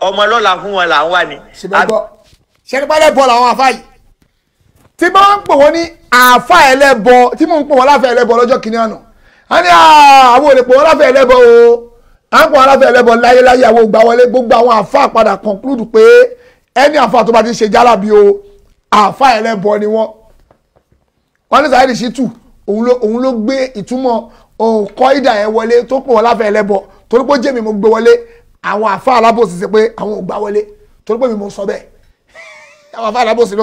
ọmọ lọ́la fún wọn là ń wà ní. ṣe ní pálẹ̀ bọ́ làwọn àfáà yìí tí bá ń pè wọ́n ní àfáà ẹlẹ́bọ tí mò ń pè wọ́n láfẹ́ ẹlẹ́bọ lọ́jọ́ kìnìún àná a ní ah, àwọn òrèpò aláfẹ́ ẹlẹ́bọ o à ń pọ̀ aláfẹ́ ẹlẹ́bọ láyéláyé àwọn ògbà wọlé gbogbo àwọn àfa padà conclude pé ẹni àfa tó bá ti ṣe jálàbí o àfa ẹlẹ́bọ ni wọ́n wọ́n ní Saheed Shittu òun ló gbé ìtumọ̀ òǹkọ́ ìdà yẹn wọlé tó pọ̀ aláfẹ́ ẹlẹ́bọ torí pé jẹ́mi mo gbé wọlé àwọn àfa alábòsí ṣe pé àwọn ògbà wọlé torí pé mi mo sọ bẹ́ẹ̀ [laughs] àwọn àfa alábòsí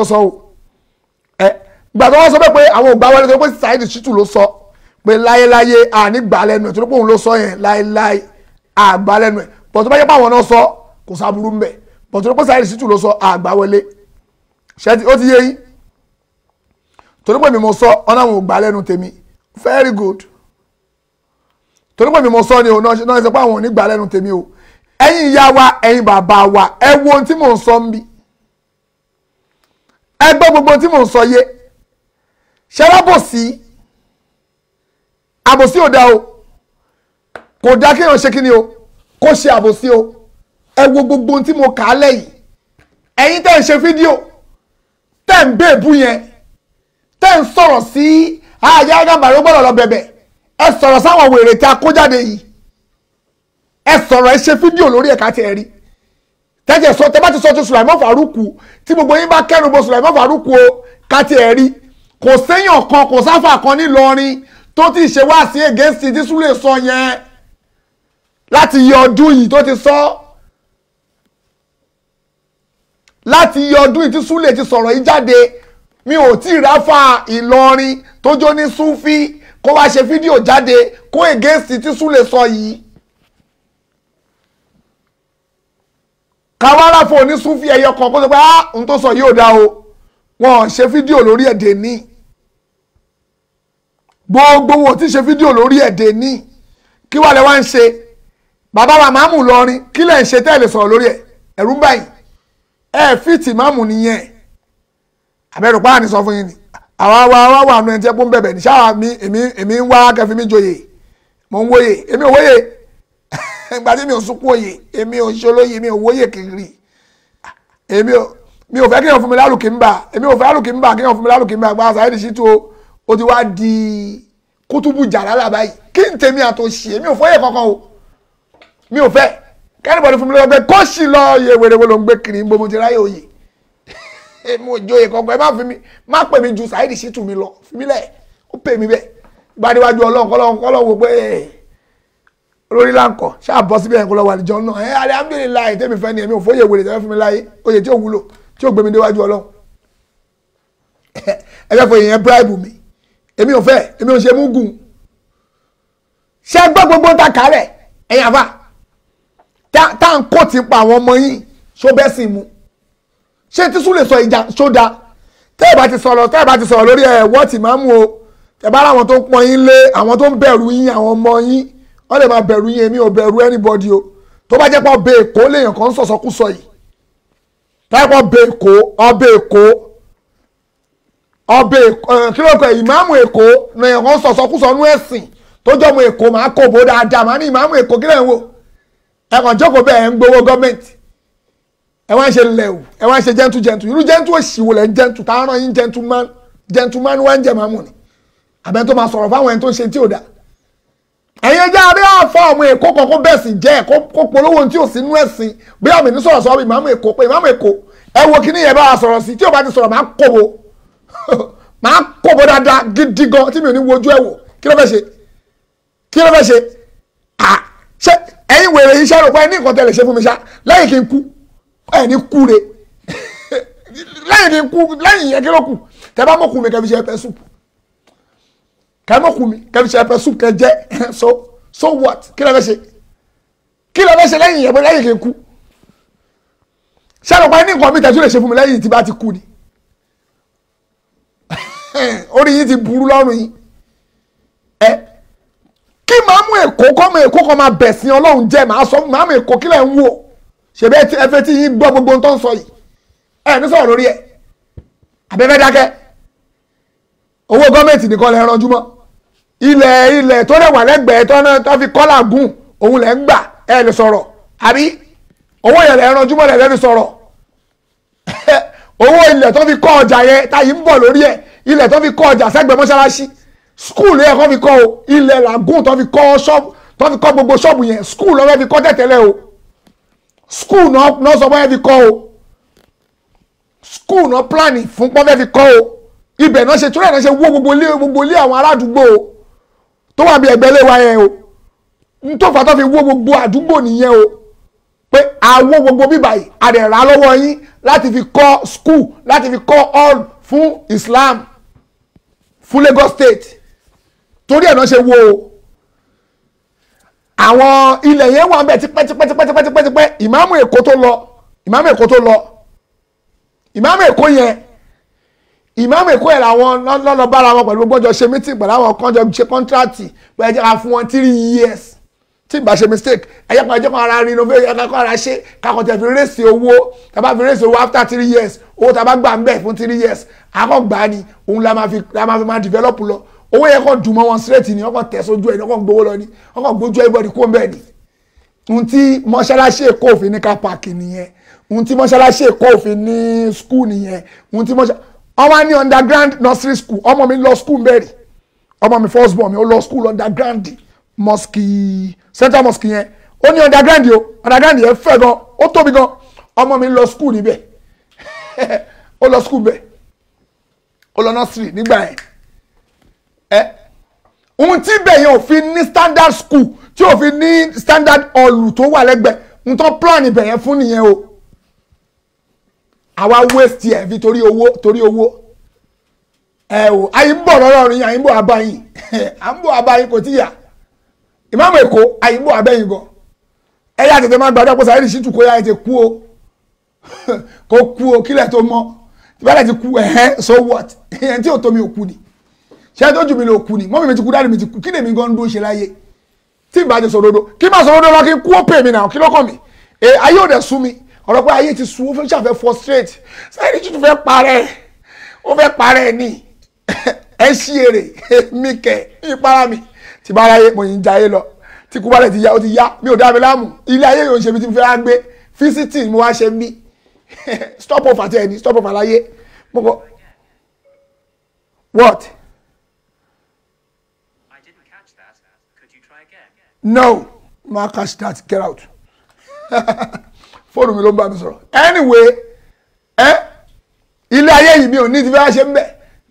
ló sọ bẹ́ẹ̀ ìgbà tó wọ́n sọ pé àwọn ògbà wọlé tó pé Saheed Shittu ló sọ pé láyéláyé ànígbà lẹ́nu ẹ̀ tó pé òun ló sọ yẹn láyéláyé àgbà lẹ́nu ẹ̀ bọ̀ tó bá yẹ pé àwọn náà sọ kò sábúrú mbẹ̀ bọ̀ tó pé Saheed Shittu ló sọ àgbà wọlé ṣẹ́tì ó ti yé yín torí pé mi mo sọ ọ̀nà àwọn ògbà lẹ́nu tèmi very good torí pé mi mo sọ ni o náà ṣe pé àwọn òní gbà lẹ́nu tèmi o ẹ̀yin ìyá wa ẹ̀yin bàbá wa ẹ wo ohun tí mò ń sọ ń bí ẹ gbọ́ gbogbo ohun tí mò ń sọ yé ṣalábòsí àbòsí ò da o kò dá kéèyàn ṣe kí ni o kó ṣe àbòsí o ẹ wo gbogbo ohun tí mo kà á lẹ́yìn ẹ̀yin tẹ́ ń ṣe fídíò tẹ́ ń bèèbù yẹn tẹ́ ń sọ̀rọ̀ sí àyà ah, gàmbàró gbọ́dọ̀ lọ bẹ̀bẹ̀ ẹ sọ̀rọ̀ sáwọn wèrè tí a kó jáde yìí ẹ sọ̀rọ̀ ẹ ṣe fídíò lórí ẹ̀ka tiẹ̀ rí tẹ́jẹ̀ sọ tẹ́ bá ti sọ ti Sùlàìmọ́ Fàrúkù tí gbogbo yín bá kẹ́rù bo Sùlàìmọ́ Fàrúkù o ká tiẹ̀ rí kò séyàn kan kò sáfà kan nílọrin tó ti ṣe wá sí against tí súlè sọ yẹn láti yọ ọdún yìí tó ti sọ láti yọ ọdún yìí tí súlè ti sọ̀rọ̀ yìí jáde mi ò tí ì ráfà ìlọrin tó jó ní súfì kó wá ṣe fídíò jáde kó against tí súlè sọ yìí. kàwárà fún onísúfì ẹyọ kan kó sọ pé ah ohun tó sọ yìí ò dáa o wọn ṣe fídíò lórí ẹ̀dẹ̀ ní gbogbo wọn ti ṣe fídíò lórí ẹ̀dẹ̀ ní kí wàá lẹ wá ń ṣe bàbá wa máàmù lọrin kí lẹ̀ ń ṣe tẹ́lẹ̀ sọ̀rọ̀ lórí ẹ̀ ẹ̀rú báyìí ẹ̀ fìtì máàmù nìyẹn àbẹ̀rù pààní sọ fún yín ni àwa wa wa wà nù ẹni tí ẹ kó bẹ̀bẹ̀ ní ṣáà mi èmi èmi ń wá kẹfí mi joyè mò ń wòye èmi ò wòye [laughs] ìgbà tí mi ò sunkún òye èmi ò ṣolóye èmi ò wòye kiri èmi ò mi ò fẹ́ kéèyàn fún mi lálùkì ń bà èmi ò fẹ́ lálùkì ń bà kéèyàn fún mi lálùkì ń bà gba Saheed Shittu o ti wá di kútùbù jàlálà báyìí kí n tèmi àtòṣì èmi ò fọyẹ kankan o mi ò fẹ́ kẹ́nìbọ̀dì fún mi lọ́wọ́ pé kó sì lọ yẹ wèrèwé ló ń gbé kiri gbogbo ti ráyè òye [laughs] èmi ò joyè kankan ẹ má fi mi má pè mí ju Saheed Shittu mi lọ fi mi lẹ̀ ó pè mí bẹ́ẹ̀ gbadéwájú ọlọ́run kọ́lọ́run kọ́lọ́run wò pé olórí láǹkọ̀ ṣáà bọ́ síbẹ̀ yẹn kó lọ wà níjọ náà ẹ alhamdulillah tẹ́mi fẹ́ ni èmi ò fọyẹ wèrè tẹ́mi fún mi láyé oyè tí ò wúlò tí ò gbé mi déwájú ọlọ́run ẹ fẹ́ fọ èèyàn bribe mi èmi ò fẹ́ èmi ò ṣe mú gùn ṣé gbọ́ gbogbo ta kárẹ̀ ẹ̀yìn àbá tá à ń kó ti pa àwọn ọmọ yìí ṣó bẹ́ẹ̀ sì mu ṣé tísú lè sọ ìjà ṣó da tẹ́ ẹ̀ bá ti sọ̀rọ̀ tẹ́ ẹ̀ bá ti sọ̀rọ̀ lórí ẹ̀ wọ́ọ̀tì máa mú o tẹ́ bá láwọn tó ń pọn yín lé àwọn tó ń bẹ̀rù yín àwọn ọmọ yín wọ́n lè máa bẹ̀rù yín èmi ò bẹ̀rù anybody o tó bá jẹ́ pọ́ bẹ́ẹ̀ kó léèyàn kan ń sọ̀sọ́kú sọ yìí táìpọ̀ ọbẹ̀ èkó ọbẹ̀ èkó ọbẹ̀ kí ló ń pẹ́ ìmáàmù èkó ní ẹ̀hán sọ̀sọ́kúsọ nú ẹ̀sìn tó jọ ọmọ èkó máa kó bó dáadáa máa ní ìmáàmù èkó kí lẹ́yìn wo ẹ̀kàn jókòó bẹ́ẹ̀ ń gbowó gọ́ọ̀mẹ̀ntì ẹ wá ń ṣe lẹ́wù ẹ wá ń ṣe gentle gentle irú gentle òṣìwò lẹ́ ń gentle táwọn yín gentleman gentleman wá ń jẹ màmù ni àbẹ́ tó máa sọ̀rọ̀ fáwọn ẹni tó ń ṣe tí ò dáa ẹ̀yin ẹja adé àfa ọmọ èkó kan kó bẹ́ẹ̀ sì jẹ́ kó polówó tí ò sí nú ẹ̀sìn bí àmì ní sọ̀rọ̀ sọ̀rọ̀ bí ìmáàmù èkó pé ìmáàmù èkó ẹ kíní yẹn bá a sọ̀rọ̀ sí tí ò bá ti sọ̀rọ̀ máa kóbo [laughs] máa kóbo dáadáa gidi gan tí mi ò ní wojú ẹ̀ wò kí ló fẹ́ ṣe kí ló fẹ́ ṣe ṣe ẹ̀yin wèrè yìí ṣàrò pé ní nǹkan tẹ̀lé ṣe fún mi ṣá lẹ́yìn kí n kú ẹ̀ ní kú re [laughs] lẹ́yìn kí n kú lẹ́yìn yẹn kí ló kù kẹ́mọ̀kùnmi kumi ṣe ẹ̀pẹ́ soup kẹ́ jẹ́ so so what kila ló fẹ́ ṣe kí ló fẹ́ ṣe lẹ́yìn ìyẹ̀bọ̀ lẹ́yìn kí n kú ṣé àlọ́ pa ní nǹkan mi tẹ̀síwò lè ṣe fún mi lẹ́yìn tí bá ti kú ni [laughs] orí yìí ti burú lọ́rùn yìí ẹ kí màá mú èkó kọ́ mọ èkó kọ́ máa bẹ̀ sí ọlọ́run jẹ́ màá sọ màá mú èkó kí ń wò ṣèbí ẹ fẹ́ tí yín gbọ́ gbogbo tó sọ yìí ẹ ní sọ̀rọ̀ lórí ẹ àbẹ́fẹ́ dákẹ́ owó gọ́ọ̀mẹ̀ntì nìkan lè ranjú mọ́ ilẹ̀ ilẹ̀ tó dẹ̀ wà lẹ́gbẹ̀ẹ́ tọ́nà tó fi kọ́là gùn òun lẹ̀ ń gbà ẹ̀ lè sọ̀rọ̀ àbí owó yẹn lẹ̀ ń ranjú mọ́lẹ̀ lẹ́nu sọ̀rọ̀ [laughs] owó ilẹ̀ tó fi kọ́ ọjà yẹn táyì ń bọ̀ lórí ẹ̀ ilẹ̀ tó fi kọ́ ọjà sẹ́gbẹ̀ẹ́ mọ́ṣáláṣí skul yẹn kọ́ fi kọ́ o ilẹ̀ làgùn tó fi kọ́ ṣọ́ọ̀bù tó fi kọ́ gbogbo ṣọ́ọ̀bù yẹn skul lọ́wọ́ fi kọ́ tẹ̀tẹ̀lẹ̀ o skul náà sọ bọ́ yẹn fi kọ́ o skul náà pílánì fún pọ́n fẹ́ fi kọ́ o ibẹ̀ náà ṣe túrẹ̀ náà ṣe wó gbogbo ilé àwọn ará àdúgbò o tó wà bí ẹgbẹ́ lé wa yẹn o ntọ́fà tó fi wó gbogbo àdúgbò nìyẹn o pé àwọ gbogbo bíbà yìí àdẹ̀rà lọ́wọ́ yín láti fi kọ́ school láti fi kọ́ hall fún Islam fún Lagos State torí ẹ̀ náà ṣe wo o àwọn ilẹ̀ yẹn wà bẹ́ẹ̀ tipẹ́tipẹ́tipẹ́tipẹ́ ìmáàmù Èkó tó lọ ìmáàmù Èkó tó lọ ìmáàmù Èkó yẹn ìmáàmù èkó ẹ̀ làwọn lọ́lọ́ bára wọn pẹ̀lú gbọ́jọ ṣe meeting pẹ̀lú àwọn kan jọ ṣe kọ́ńtrátì pẹ̀lú ẹ̀jẹ̀ ká fún wọn three years tí ìbá ṣe mistake ẹ̀jẹ̀ kan ẹ̀jẹ̀ kan ara renovate ẹ̀jẹ̀ kan ara ṣe kakọ̀ tẹ̀ fi rèsì owó tàbá fi rèsì owó after three years owó tàbá gbà ń bẹ̀ fún three years àkọ́gbà ni òun la máa fi la máa fi máa develop lọ owó yẹn kàn dùn mọ́ wọn straight ni ọkọ̀ tẹ̀ sójú ẹ̀ ní ọkọ̀ gbowó lọ ni ọkọ̀ gbójú everybody kó ń bẹ̀ ni ohun tí mọ́ṣáláṣí èkó òfin ní car park nìyẹn ohun tí mọ́ṣáláṣí èkó òfin ní school nìyẹn ohun tí mọ́ṣáláṣí ọmọ ní underground nursery school ọmọ mi lọ school mẹ́rin ọmọ mi first born mi ó lọ school underground mosque central mosque yẹn ó ní underground yìí underground yẹn fẹ́ gan ó tóbi gan ọmọ mi lọ school níbẹ̀ [laughs] ó lọ school bẹ́ẹ̀ ó lọ nursery nígbà yẹn ẹ ohun tí bẹ́ẹ̀ yẹn ní standard school tí ò fi ní standard ọ̀lù tó wà lẹ́gbẹ̀ẹ́ n tó plan ibẹ̀ yẹn fún nìyẹn o àwa waste ẹ̀ fi torí owó torí owó ẹ o àyè [laughs] ń bọ̀ lọ́rọ̀ rìn àyè ń bọ̀ abáyìn à ń bọ̀ abáyìn kò tíyà ìmáàmù èkó àyè ń bọ̀ abẹ́yìn gan ẹ̀yà tètè máa gbàdúrà pé sàyẹ́dì sì tù kó yá ẹ̀ ti kú o [laughs] kó kú o kílẹ̀ tó mọ́ ìbálẹ̀ ti kú ẹ̀hẹ́ so what [laughs] ẹ̀hẹ́n tí ò tó mi ò kú ni ṣé tó jù mí lọ kú ni mọ́mí mi ti kú dáàdì mi ti kú kí lèmi gan ń dó ṣe láyé tí ìbàjẹ́ sọ̀rọ̀dọ̀ kí má sọ̀rọ̀dọ̀ lọ kí n kú ó pè mí náà kí lọ́kàn mi ayé ò dẹ̀ sú mi ọ̀rọ̀ pé ayé ti sú ó fẹ́ ṣàfẹ́ frustrate Saheed Shittu fẹ́ parẹ́ ó fẹ́ parẹ́ ni [laughs] ẹ ṣí èrè [laughs] mi kẹ̀ ìpara mi ti bá aráyé mo yìn jayé lọ tí kú balẹ̀ ti ya ó ti ya mi ò dá mi láàmú ilé ayé yóò ṣe mi ti fẹ́ á gbé físítì mo wá ṣe mí [laughs] stop off àti ẹni stop off àlàyé mo kọ what. no ma catch that get out fóònù mi ló ń bá mi sọ̀rọ̀ anyway eh, ilé ayé yìí mi ò ní ti fẹ́ ṣe ń bẹ̀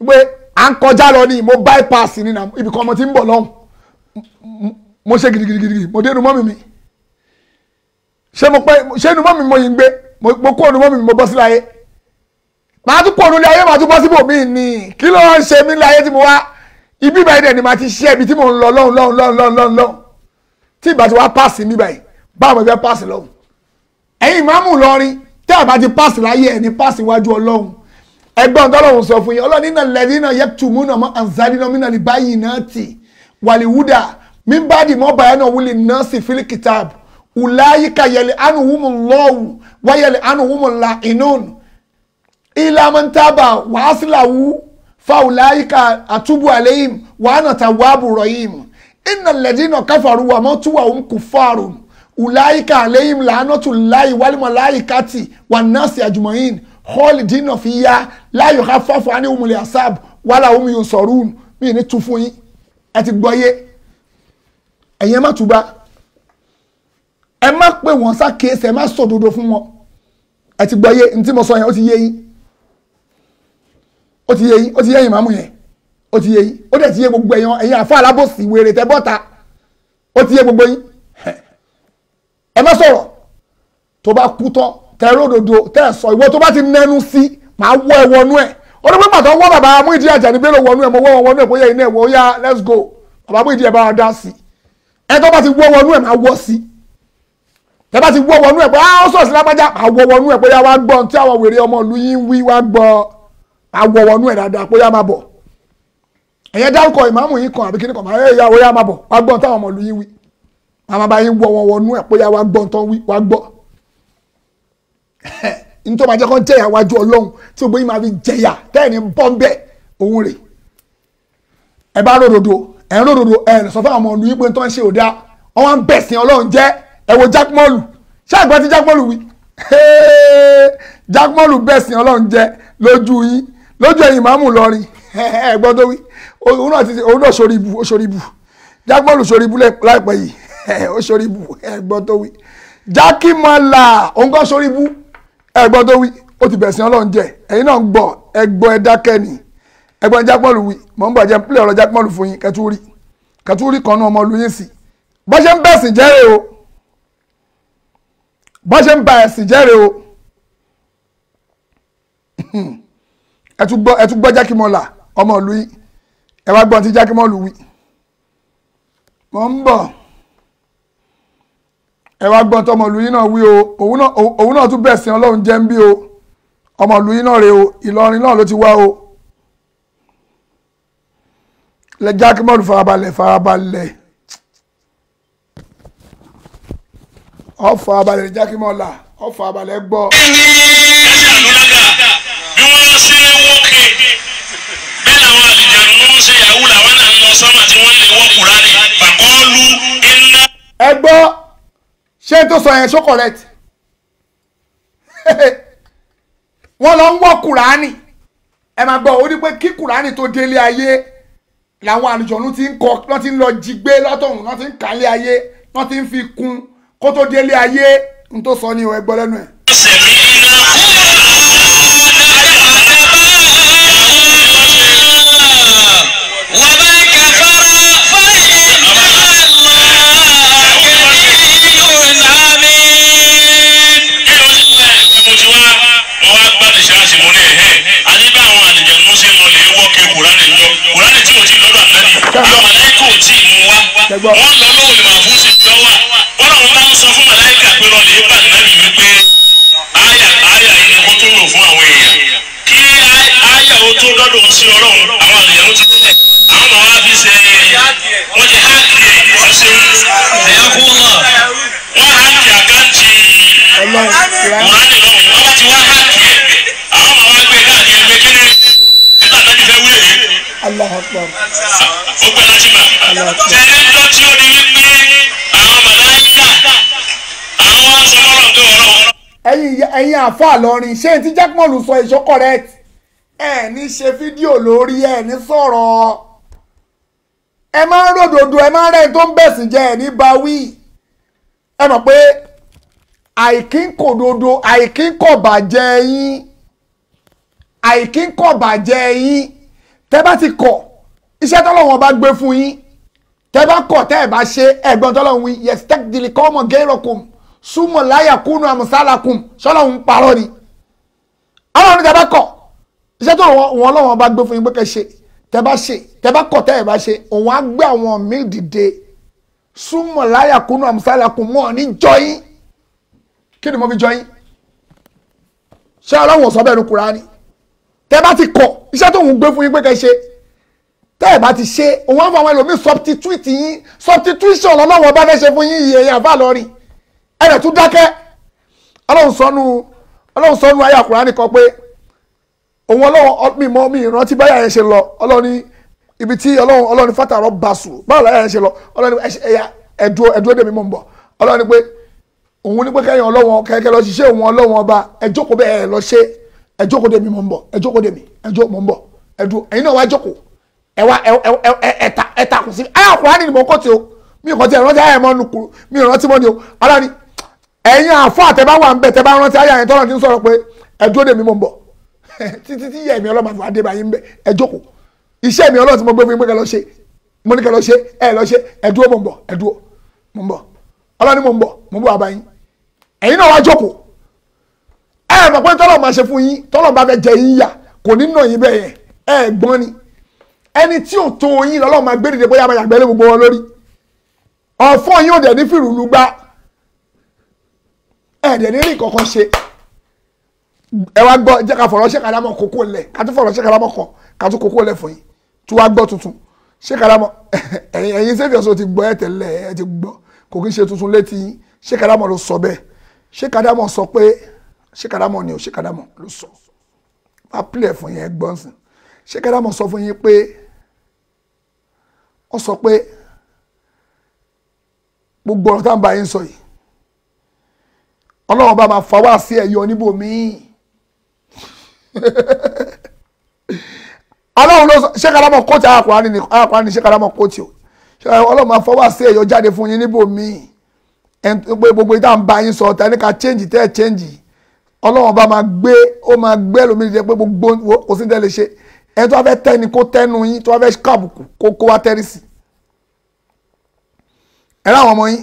pé à ń kọjá lọ ní mo bypass ní na ibì kan mo ti ń bọ̀ lọ́hùn mo ṣe gidigidigidi mo dé inú mọ́mì mi ṣé mo pẹ́ ṣé inú mọ́mì mi mo yìí ń gbé mo kó inú mi mo bọ́ sílé ayé màá tún kó inú ayé màá tún bọ́ síbò míì ni kí ló ń ṣe mí ilé tí mo wá ibi ìbàyẹn dẹ̀ ni màá ti ṣe ibi tí mò ń lọ lọ́hùn lọ́hùn lọ́hùn lọ́hùn tí ìbá ti wá pass mi báyìí báwo mo fẹ́ pass lọ́hùn ẹ̀yin ìmáàmù lọrin tẹ́ àbá ti páàsì láyé ẹ̀ ní páàsì iwájú ọlọ́run ẹgbọ́n tọ́lọ́run sọ fún yín ọlọ́run iná lẹ́dínà yẹ́tùmúnà mọ́ àǹzádínà mínà lè báyìí náà tì wàlíwúdà mímbàdì mọ́ bàyánà wúlì náà sì fílì kìtàbù ulaika yẹlẹ anu lọ́wù wáyẹlẹ anu wumu la inun ìlàmọ́ntàbà wàásìláwù fáwùláyíká àtúbù àlẹ́yìn wàánà tàwábù rọ̀yìn ìnà lẹ́dínà káfàrú wàmọ́túwà òun kò fáàrùn ulaika alehim laanatu lai walima lai kati wa nasi ajumain khalidina fiya la yukhaffafu umuli asab wala hum yunsarun mi ni tu fún yín ẹ ti gbọ́yé ẹ̀yin má túbà ẹ má pè wọ́n sákèésì ẹ má sòdodo fún wọn ẹ ti gbọ́yé ní tí mo sọ yẹn ó ti yé yín ó ti yé yín ó ti yé yín màmú yẹn ó ti yé yín ó dẹ̀ ti yé gbogbo ẹ̀yàn ẹ̀yin àfa alábòsí wèrè tẹ́ bọ́ta ó ti yé gbogbo yín ẹ má sọ̀rọ̀ tó bá kú tán tẹ ródòdó tẹ sọ ìwọ tó bá ti nẹnu sí màá wọ ẹ wọnú ẹ ó ní pé pàtó wọ́n bàbá Muyideen Ajani Bello wọnú ẹ mo wọ́ wọn wọnú ẹ bóyá iná ẹ wọ yá let's go bàbá Muyideen ẹ bá wọn dá sí ẹ tó bá ti wọ́ wọnú ẹ máa wọ́ sí tẹ bá ti wọ́ wọnú ẹ pé ah ó sọ̀rọ̀ sí lápájá máa wọ́ wọnú ẹ bóyá wá gbọ́ tí àwọn wèrè ọmọ ìlú yín wí wá gbọ́ máa wọ́ wọnú ẹ dáadáa bóyá máa bọ̀ ẹ̀yẹ dárúkọ ìmáàmù yín kan àbí kíní kan máa yẹ ìyá bóyá máa bọ̀ wá gbọ́ táwọn ọmọ ìlú yín wí màmá bá yín wọ wọn wọnú ẹ̀ bóyá wá gbọ́ tán wí wá gbọ́ nítorí máa jẹ́ kó ń jẹ̀yà wájú ọlọ́run tí ògbóyin máa fi jẹ̀yà tẹ́ẹ̀ni bọ́ńbẹ́ òun rè ẹ bá ròdòdò ẹ ń ròdòdò ẹ ń sọ fún àwọn ọmọ ọ̀nù yìí pé tó ń ṣe òdá wọn wá ń bẹ̀sìn ọlọ́run jẹ́ ẹ wo jákmọ́ọ̀lù ṣé àgbà tí jákmọ́ọ̀lù wí [laughs] jákmọ́ọ̀lù bẹ̀sìn ọlọ́run jẹ́ lójú yín lójú ẹ̀yìn máàmù lọ́rin [laughs] ẹ gbọ́dọ̀ wí òun náà sórí ibu jákmọ́ọ̀lù sórí ibu láìpẹ́ yìí ó sórí bu ẹgbọ́n tó wí jákì mọ́là òun kọ́ sórí bu ẹgbọ́n tó wí ó ti bẹ̀sìn ọlọ́run jẹ ẹ̀yin náà ń gbọ́ ẹgbọ́n ẹ dákẹ́ ni ẹgbọ́n jápọ́ọ̀lù wí mọ̀ ń bọ̀ jẹ́ pílẹ̀ ọ̀rọ̀ jápọ́ọ̀lù fún yín kẹtúrí kẹtúrí kan náà ọmọ lóyún sí bọ́ ṣe ń bẹ̀sìn jẹ́rè o bọ́ ṣe ń ba ẹ̀sìn jẹ́rè o ẹ tún gbọ́ jákì mọ́là ọmọ ìlú yìí ẹ wá gbọ́n tí jákè mọ́lù wí mọ̀ ń bọ̀ ẹ wá gbọ́n tọmọlú yín náà wí o òun náà tún bẹ̀sìn ọlọ́run jẹ́ ń bí o ọmọlú yín náà rè o ìlọrin náà ló ti wá o lẹjá kí mọ́ọ̀lù farabalẹ̀ farabalẹ̀ ọ farabalẹ̀ lẹjá kí mọ́ọ̀lù là ọ farabalẹ̀ gbọ́. bí wọ́n lọ sí wọ́ọ̀kì bẹ́ẹ̀ làwọn àlùjáde ń ṣe yahoo làwọn náà ń lọ sọ́mà tí wọ́n lè wọ́ọ̀kù rárẹ̀ bàkọ́ọ́lù iná. ẹ gbọ́ ṣé tó sọ yẹn ṣó correct [laughs] wọ́n lọ ń wọ́ kùránì ẹ máa gbọ́ ó ní pé kí kùránì tó délé ayé làwọn àlùjọ̀nù ti ń kọ lọ́n ti ń lọ jí gbé lọ́tọ̀hún lọ́n ti ń kálé ayé lọ́n ti ń fi kún kó tó délé ayé n tó sọ ni ò ẹ lẹ́nu ẹ̀. ó ṣe tẹgbọ́. wọ́n lọ lọ́wọ́ ni màá fún sí ti ọwà wọ́n làwọn bá ń sọ fún màláìka pé lọ́ọ́ lè bá nàbì wípé àyà àyà yìí ó tó lò fún àwọn èèyàn kí àyà ó tó dọ́dọ̀ sí ọlọ́run àwọn àlèyàn ti délẹ̀ àwọn màá wá fi ṣe wọ́n ti háàkì ìṣàṣe ẹ̀yàkúnlọ̀ wọ́n háàkì àkáǹtì mùránì lọ́wọ́ wọ́n bá ti wá háàkì ẹ̀ àwọn màá wá gbé káàdì ẹgbẹ́ kí ni ẹ̀ta náà ti fẹ́ wúlò yìí. Allah akbar. Ó gbẹ́ láti máa. Allah akbar ẹ̀yin ẹ̀yin àfa àlọrin ṣé ti jákmọ́ọ̀lù sọ èso correct ẹ ní ṣe fídíò lórí ẹ ní sọ̀rọ̀ ẹ máa ń ròdòdó ẹ máa ń rẹ́ni tó ń bẹ̀sìn jẹ́ ẹ ní bawí ẹ mọ̀ pé àìkínkòdodo àìkínkọ̀bàjẹ́ yín àìkínkọ̀bàjẹ́ yín tẹ́ bá ti kọ̀ iṣẹ́ tọ́lọ́wọ́n bá gbé fún yín tẹ́ bá kọ̀ tẹ́ ẹ̀ bá ṣe ẹ̀gbọ́n tọ́lọ́run wí yẹ̀sítẹ́kìdìlì kọ́mọ gẹ́rọ̀kùn súnmọ̀ láyà kúnnù àmùsálàkùn sọ́lọ́run parọ́ ni ọlọ́run tẹ́ bá kọ̀ iṣẹ́ tó wọn ọlọ́run bá gbé fún yín pé kẹ́ ṣe tẹ́ ṣe tẹ́ kọ̀ tẹ́ bá ṣe òun á gbé àwọn míì dìde súnmọ̀ láyà kúnnù àmùsálàkùn mọ́ ní jọyín kí ni mo fi jọyín ṣé ọlọ́run sọ bẹ́ẹ̀ ní Kùránì tẹ́ bá ti tẹ́ ẹ̀ bá ti ṣe òun á fọ àwọn ẹlòmíì substitute yín substitution ọlọ́wọ́ bá fẹ́ ṣe fún yín yìí ẹ̀yìn àbá lọ́ọ̀rì ẹ̀rẹ̀ tún dákẹ́ ọlọ́run sọnù ọlọ́run sọnù ayé àkùrá nìkan pé òun ọlọ́run mi mọ mi ìrántí báyà yẹn ṣe lọ ọlọ́run ní ibi tí ọlọ́run ọlọ́run fàtàrọ̀ bá sùn báyà láyà yẹn ṣe lọ ọlọ́run ẹ̀yà ẹ̀dúró ẹ̀dúró dèmi mọ̀ ń bọ̀ ọlọ́run ní pé òun ní pé kẹ́yìn ẹwà ẹta ẹta kù sí ayé àkùrá ni mo kọ́ ti o mi kọ́ ti ẹ̀rọ ti ayé mọ́ nukuru mi rántí mọ́ ni o ọlá ni ẹ̀yin àfọ àtẹ̀bá wà ń bẹ̀ tẹ̀bá rántí ayé àyẹ̀tọ́ náà ti ń sọ̀rọ̀ pé ẹ̀dúró dèmi mo ń bọ̀ [laughs] títí tí yẹ ẹ̀mí ọlọ́mọ àfọ àdébà yín bẹ̀ ẹ jókòó iṣẹ́ ẹ̀mí ọlọ́ọ̀ tí mo gbé fún yín pé kẹ́ lọ ṣe mo ní kẹ́ lọ ṣe ẹ lọ ṣe ẹ̀dúró mo ń bọ̀ ẹ̀dúró mo ń bọ̀ ọlá ni mo ń bọ̀ mo ń ẹni tí ò tó yín lọ́lọ́ máa gbé dìde bóyá máa yàgbẹ́ lé gbogbo wọn lórí ọ̀fọ́ yín ò dẹ̀ ní fìrùlù gbá ẹ̀ dẹ̀ ní rí kankan ṣe ẹ wá gbọ́ jẹ́ ká fọ̀rọ̀ ṣe kàlámọ̀ kókó lẹ̀ ká tún fọ̀rọ̀ ṣe kàlámọ̀ kọ̀ ká tún kókó lẹ̀ fún yín tí wàá gbọ́ tuntun ṣe kàlámọ̀ [laughs] ẹ̀yin ẹ̀yin sẹ́fìọ̀ sọ ti gbọ́ ẹ̀ tẹ́lẹ̀ ẹ̀ ti gbọ́ kò kí ń ṣe tuntun létí yín ṣe kàlámọ̀ ló sọ bẹ́ẹ̀ ṣe kàlámọ̀ sọ pé ṣe kàlámọ̀ ni ò ṣe kàlámọ̀ ló sọ wàá pìlẹ̀ fún yín ẹ̀ gbọ́nsìn ṣe kàlámọ̀ sọ fún yín pé ó sọ pé gbogbo ọ̀rọ̀ táwọn bá yín sọ yìí ọlọ́run bá máa fa wá sí ẹ̀yọ níbò míì [laughs] ọlọ́run ló sọ ṣé karamọ̀ kóòtù àkùnrin ni àkùnrin ni ṣé karamọ̀ kóòtù o ọlọ́run máa fọwọ́ sí ẹ̀yọ jáde fún yín níbò míì gbogbo ìta ń bá sọ ọ̀tá ẹni ká change tẹ́ ẹ̀ change ọlọ́run bá máa gbé ó máa gbé lómìnira jẹ́ pé gbogbo kò sí tẹ́ lè ṣe ẹni tó wá fẹ́ tẹ́ni kó tẹ́nu yín tó wá fẹ́ kábùkù kó kó wá tẹ́rì ẹ ráwọn ọmọ yín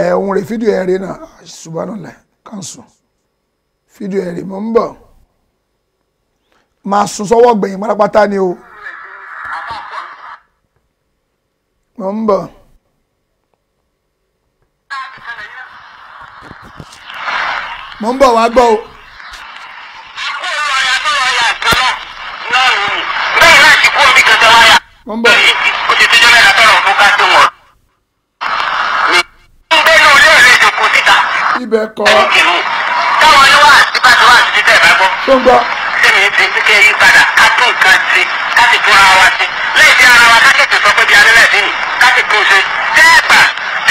ẹ òun rè fídíò ẹ náà subhanallah kanṣu fídíò ẹ rè mọ̀ ń bọ̀ máa sùn sọ́wọ́ gbẹ̀yìn pátápátá ni o mọ̀ ń bọ̀. mo ń bọ̀ wá gbọ́ o. mo ń bọ̀. ibẹ̀ kọ́. ẹ̀yin tí wù táwọn oníwà àti bàtà wà àti títẹ̀ bá gbọ́. tó ń gbọ́. sẹ́mi ti ti kẹ́ yí padà ká tó nǹkan sí ká sì tún ara wa sí lẹ́yìn tí ara wa ká tètè sọ pé bí alẹ́ sí ni ká sì tún ṣe. tẹ́ẹ̀bà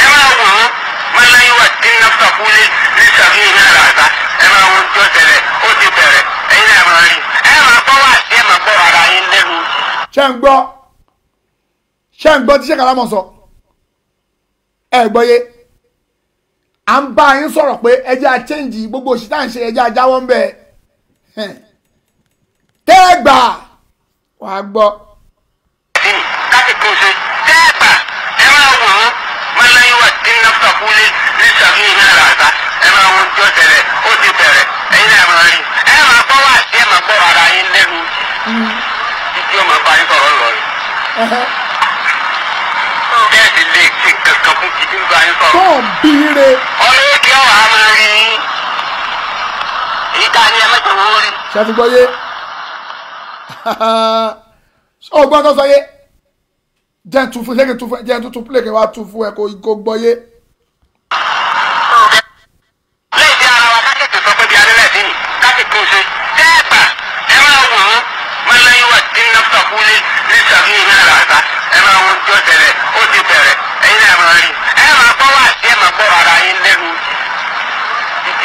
ẹ máa wò ó mọ́láyé wà tí nọ́ọ̀tà kúlé ní sàfihàn náà rà ẹ máa wò ó jọ́ tẹ̀lẹ̀ ó ti bẹ̀rẹ̀ ẹ̀yin náà máa rí ẹ máa gbọ́ wà sí ẹ máa gbọ́ ara yín lẹ́nu. ṣé ń gbọ́ ṣé ń gbọ́ tí ṣé kàlámọ̀ sọ ẹ gbọ́ yé à ń bá yín sọ̀rọ̀ pé ẹja chẹ́ǹjì gbogbo òṣì tá à ń ṣe ẹja jáwọ́ ń bẹ̀ tẹ́ẹ̀gbà wà á gbọ́. káàkiri kò ṣe tẹ́ẹ̀gbà ẹ máa wò ó máa lẹ́yìn wà tí nafta kú lé ní sàmì ní àràbà ẹ máa wo ojú ọ̀tẹ̀lẹ̀ ó kún tó ń bí re. ọ̀rẹ́ èké ọ̀hà máa rí ìta ni ẹ mẹ́jọ wọ́n rí. ṣàti gbọ́ yé ó [laughs] gbọ́ tó sọ yé jẹ́ tuntun jẹ́ tuntun pílẹ̀kì wa tún fún ẹ kó gbọ́ yé.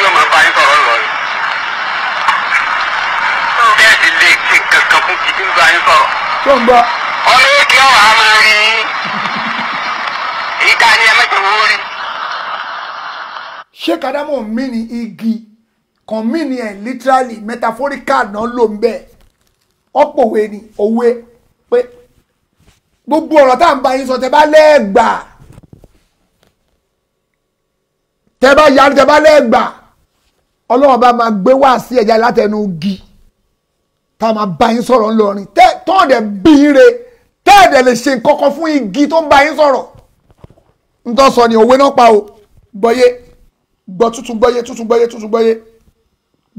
yóò máa bá yín sọ̀rọ̀ lọ́rẹ̀. bẹ́ẹ̀ sì lè ṣe kankan fún kìdí ń bá yín sọ̀rọ̀. tó ń bọ̀. ọmọ èké ọ̀rọ̀ a máa rí ìdá ni ẹ mẹ́jọ wọ́n rí. ṣé kàdámọ̀ mi ni igi kan mi ni ẹ̀ literally metaphorical náà ló ń bẹ́ẹ̀ ọ̀pọ̀wé ni òwe pé gbogbo ọ̀rọ̀ tá à ń bá yín sọ tẹ́ bá lẹ́ẹ̀gbà tẹ́ bá yarí tẹ́ bá lẹ́ẹ̀gbà ọlọ́run bá máa gbé wá sí ẹja látẹnu gi tá a máa bá yín sọ̀rọ̀ ńlọrin tọ́ọ̀dẹ̀ bí ire tẹ́ẹ̀dẹ̀ lè ṣe nǹkankan fún igi tó ń bá yín sọ̀rọ̀ ntọ́ sọ ni òwe náà pa o gbọ́yé gbọ́ tuntun gbọ́yé tuntun gbọ́yé tuntun gbọ́yé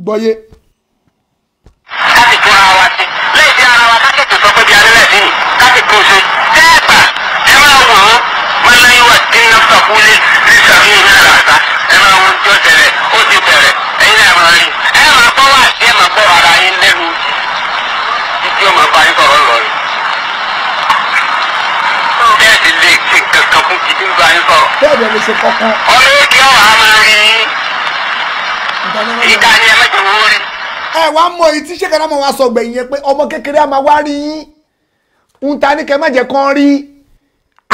gbọ́yé. láti kóra wa bá yín ṣe kọ́kọ́. ọmọ wa sọ gbẹ̀yìn yẹn pé ọmọ kékeré á máa wá rí ń ta ní kẹ mẹ́jẹ kan rí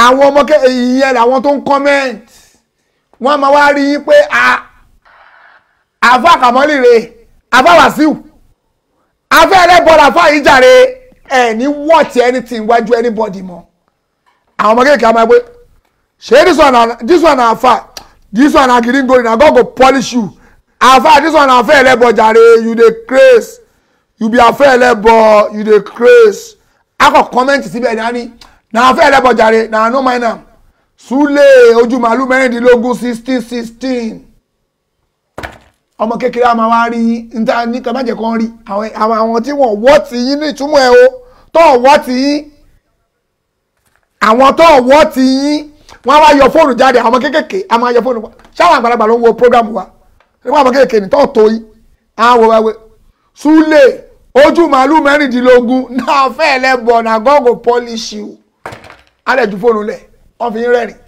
àwọn ọmọ ìyẹn làwọn tó ń comment wọ́n á máa wá rí pé àfa àkàmọ́lì re àfa wàsíù àfa ẹlẹ́bọ̀rọ̀ àfa ìjàre ẹ̀ ní wọ́ọ̀tì anything wájú anybody mọ́ àwọn ọmọ kékeré á máa gbé shey this one this one na afa this one na green gold na god go polish you afa this one na afa elebo jare you the craze you be afa elebo you the craze akọ comment síbẹ̀ See ani na afa elebo jare na no mind am sule ojú màálù mẹ́rìndínlógún sixteen sixteen ọmọ the logo máa wá rí níta ní kan má jẹ́ kan rí àwọn àwọn tí wọ́n wọ́ ti yín ní ìtumọ̀ ẹ̀ o tó wọ́ ti yín àwọn tó wọ́n wá yọ fóònù jáde àwọn kékèké a máa yọ fóònù wa ṣáwọn àgbàlagbà ló ń wo program wa wọ́n àwọn kékèké ní tọ́tò yìí àwọn wẹ́wẹ́ Sule, ojú màálù mẹ́rìndínlógún [laughs] náà fẹ́ẹ́ lẹ́bọ̀ náà gọ́gọ́ pọ́líṣì o alẹ́jú fóònù lẹ̀ wọ́n fi ń rẹ́rìn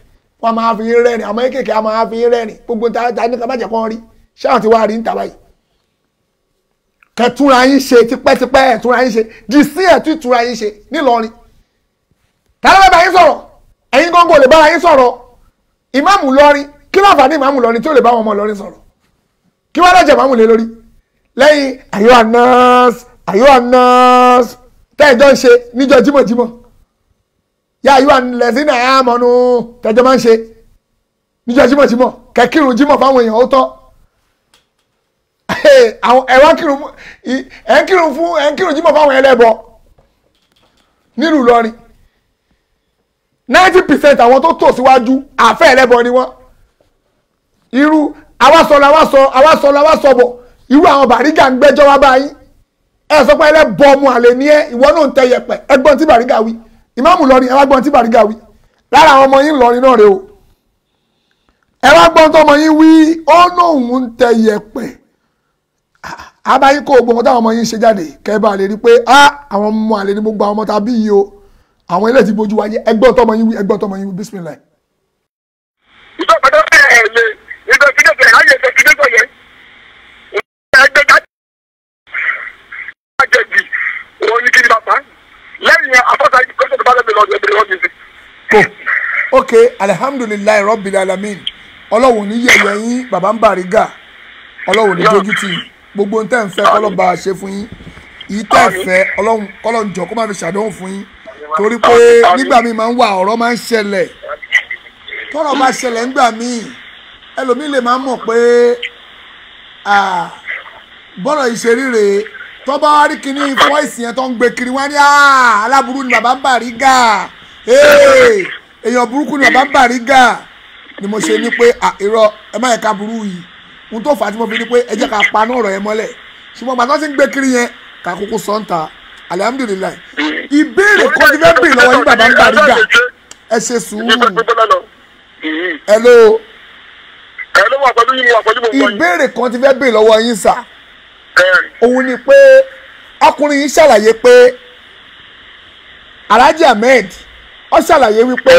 wọ́n máa fi ń rẹ́rìn àwọn kékèké a máa fi ń rẹ́rìn gbogbo ta ní kábàjẹ́ kan rí ṣáwọn ti wá rí níta báyìí kẹtúnra yín ṣe tipẹ́tipẹ́ ẹ̀túnra yín ṣe dì sí ẹ̀túnra yín ṣe nílọrin tàbí bàbá yín sọ̀rọ̀ ẹ̀yin gbọ́ngàn lè bára yín sọ̀rọ̀ ìmáàmù lọ́rin kí ló àǹfààní ìmáàmù lọ́rin tí ó lè bá wọn ọmọ lọ́rin sọ̀rọ̀ kí wọ́n lọ́jẹ̀ ìmáàmù lé lórí lẹ́yìn àyọ̀ ànọ́s àyọ̀ ànọ́s tẹ́ẹ̀jọ́ ń ṣe níjọ́ jímọ̀jímọ̀ yá àyọ̀ ànlẹ̀sìn náà àmọ́nu tẹ́jọ́ máa ń ṣe níjọ́ jímọ̀jímọ̀ kẹ́kírun jímọ̀ fáwọn èèyàn ó tọ́ ẹ wá kírun ẹ kírun fún ẹ kírun jímọ̀ fáwọn ẹlẹ́bọ nílùú lọ́rin ninety percent àwọn tó tò síwájú àfẹ́ ẹlẹ́bọ ni wọ́n irú awásọ̀rọ̀ awásọ̀ awásọ̀rọ̀ awásọ̀bọ̀ irú àwọn bàrígà ń gbẹ́jọ́ wá báyìí ẹ sọ pé ẹlẹ́bọ ọmọ àlè ni ẹ ìwọ náà ń tẹ yẹpẹ ẹgbọ́n tí bàrígà wí ìmáàmù lọrin ẹ wá gbọ́n tí bàrígà wí lára àwọn ọmọ yín lọrin náà rè o ẹ wá gbọ́n tó ọmọ yín wí ó lóun ń tẹ yẹpẹ àwọn ilé ti bójú wáyé ẹgbọ́n tọmọ yín wí ẹgbọ́n tọmọ yín wí bísímìlà. nígbà tó bẹ̀rẹ̀ ẹ̀ lè nígbà tó ayé tó ti dẹ́gbọ̀ yẹn ẹgbẹ́ jáde àjẹjì òun ni kí ni bàbá lẹ́yìn àfọ́sà ìkọ́sọ̀ bá lẹ́bi lọ́dún ẹgbẹ̀rẹ̀ sí. ok alihamdulilayi rabbil alamin gbogbo ń tẹ́ ń fẹ́ kọ́lọ́ bá ṣe fún yín yìí tẹ́ ń fẹ́ kọ́lọ́ ń jọ kó má fi ṣàdánwò fún yín torí pé nígbà míì máa ń wà ọ̀rọ̀ máa ń ṣẹlẹ̀ tọ́rọ̀ bá ṣẹlẹ̀ nígbà míì ẹlòmíì lè máa mọ̀ pé bọ́rọ̀ ìṣeríre tó bá wá rí kíní fọ́ìsì yẹn tó ń gbé kiri wá ní aláburú ni bàbá ń bà rí gà èèyàn burúkú ni bàbá ń bà rí gà ni mo ṣe ní pé irọ́ ẹ má yẹ ká burú yìí ohun tó fà á tí mo fi ní pé ẹ jẹ́ ká paná ọ̀rọ̀ yẹn mọ́lẹ̀ ṣùgbọ́n gbàtọ́ sí ń gbé kiri yẹn kà sọ́ńtà alihamudulilayi mm. ìbéèrè kọ́ ni lọ́wọ́ yín bàbá ń bari gà ẹ ṣe sùúrù hello ìbéèrè kan ti fẹ́ẹ́ bèrè lọ́wọ́ yín sà òun ni pé ọkùnrin yìí ṣàlàyé pé Alhaji Ahmed ó ṣàlàyé wípé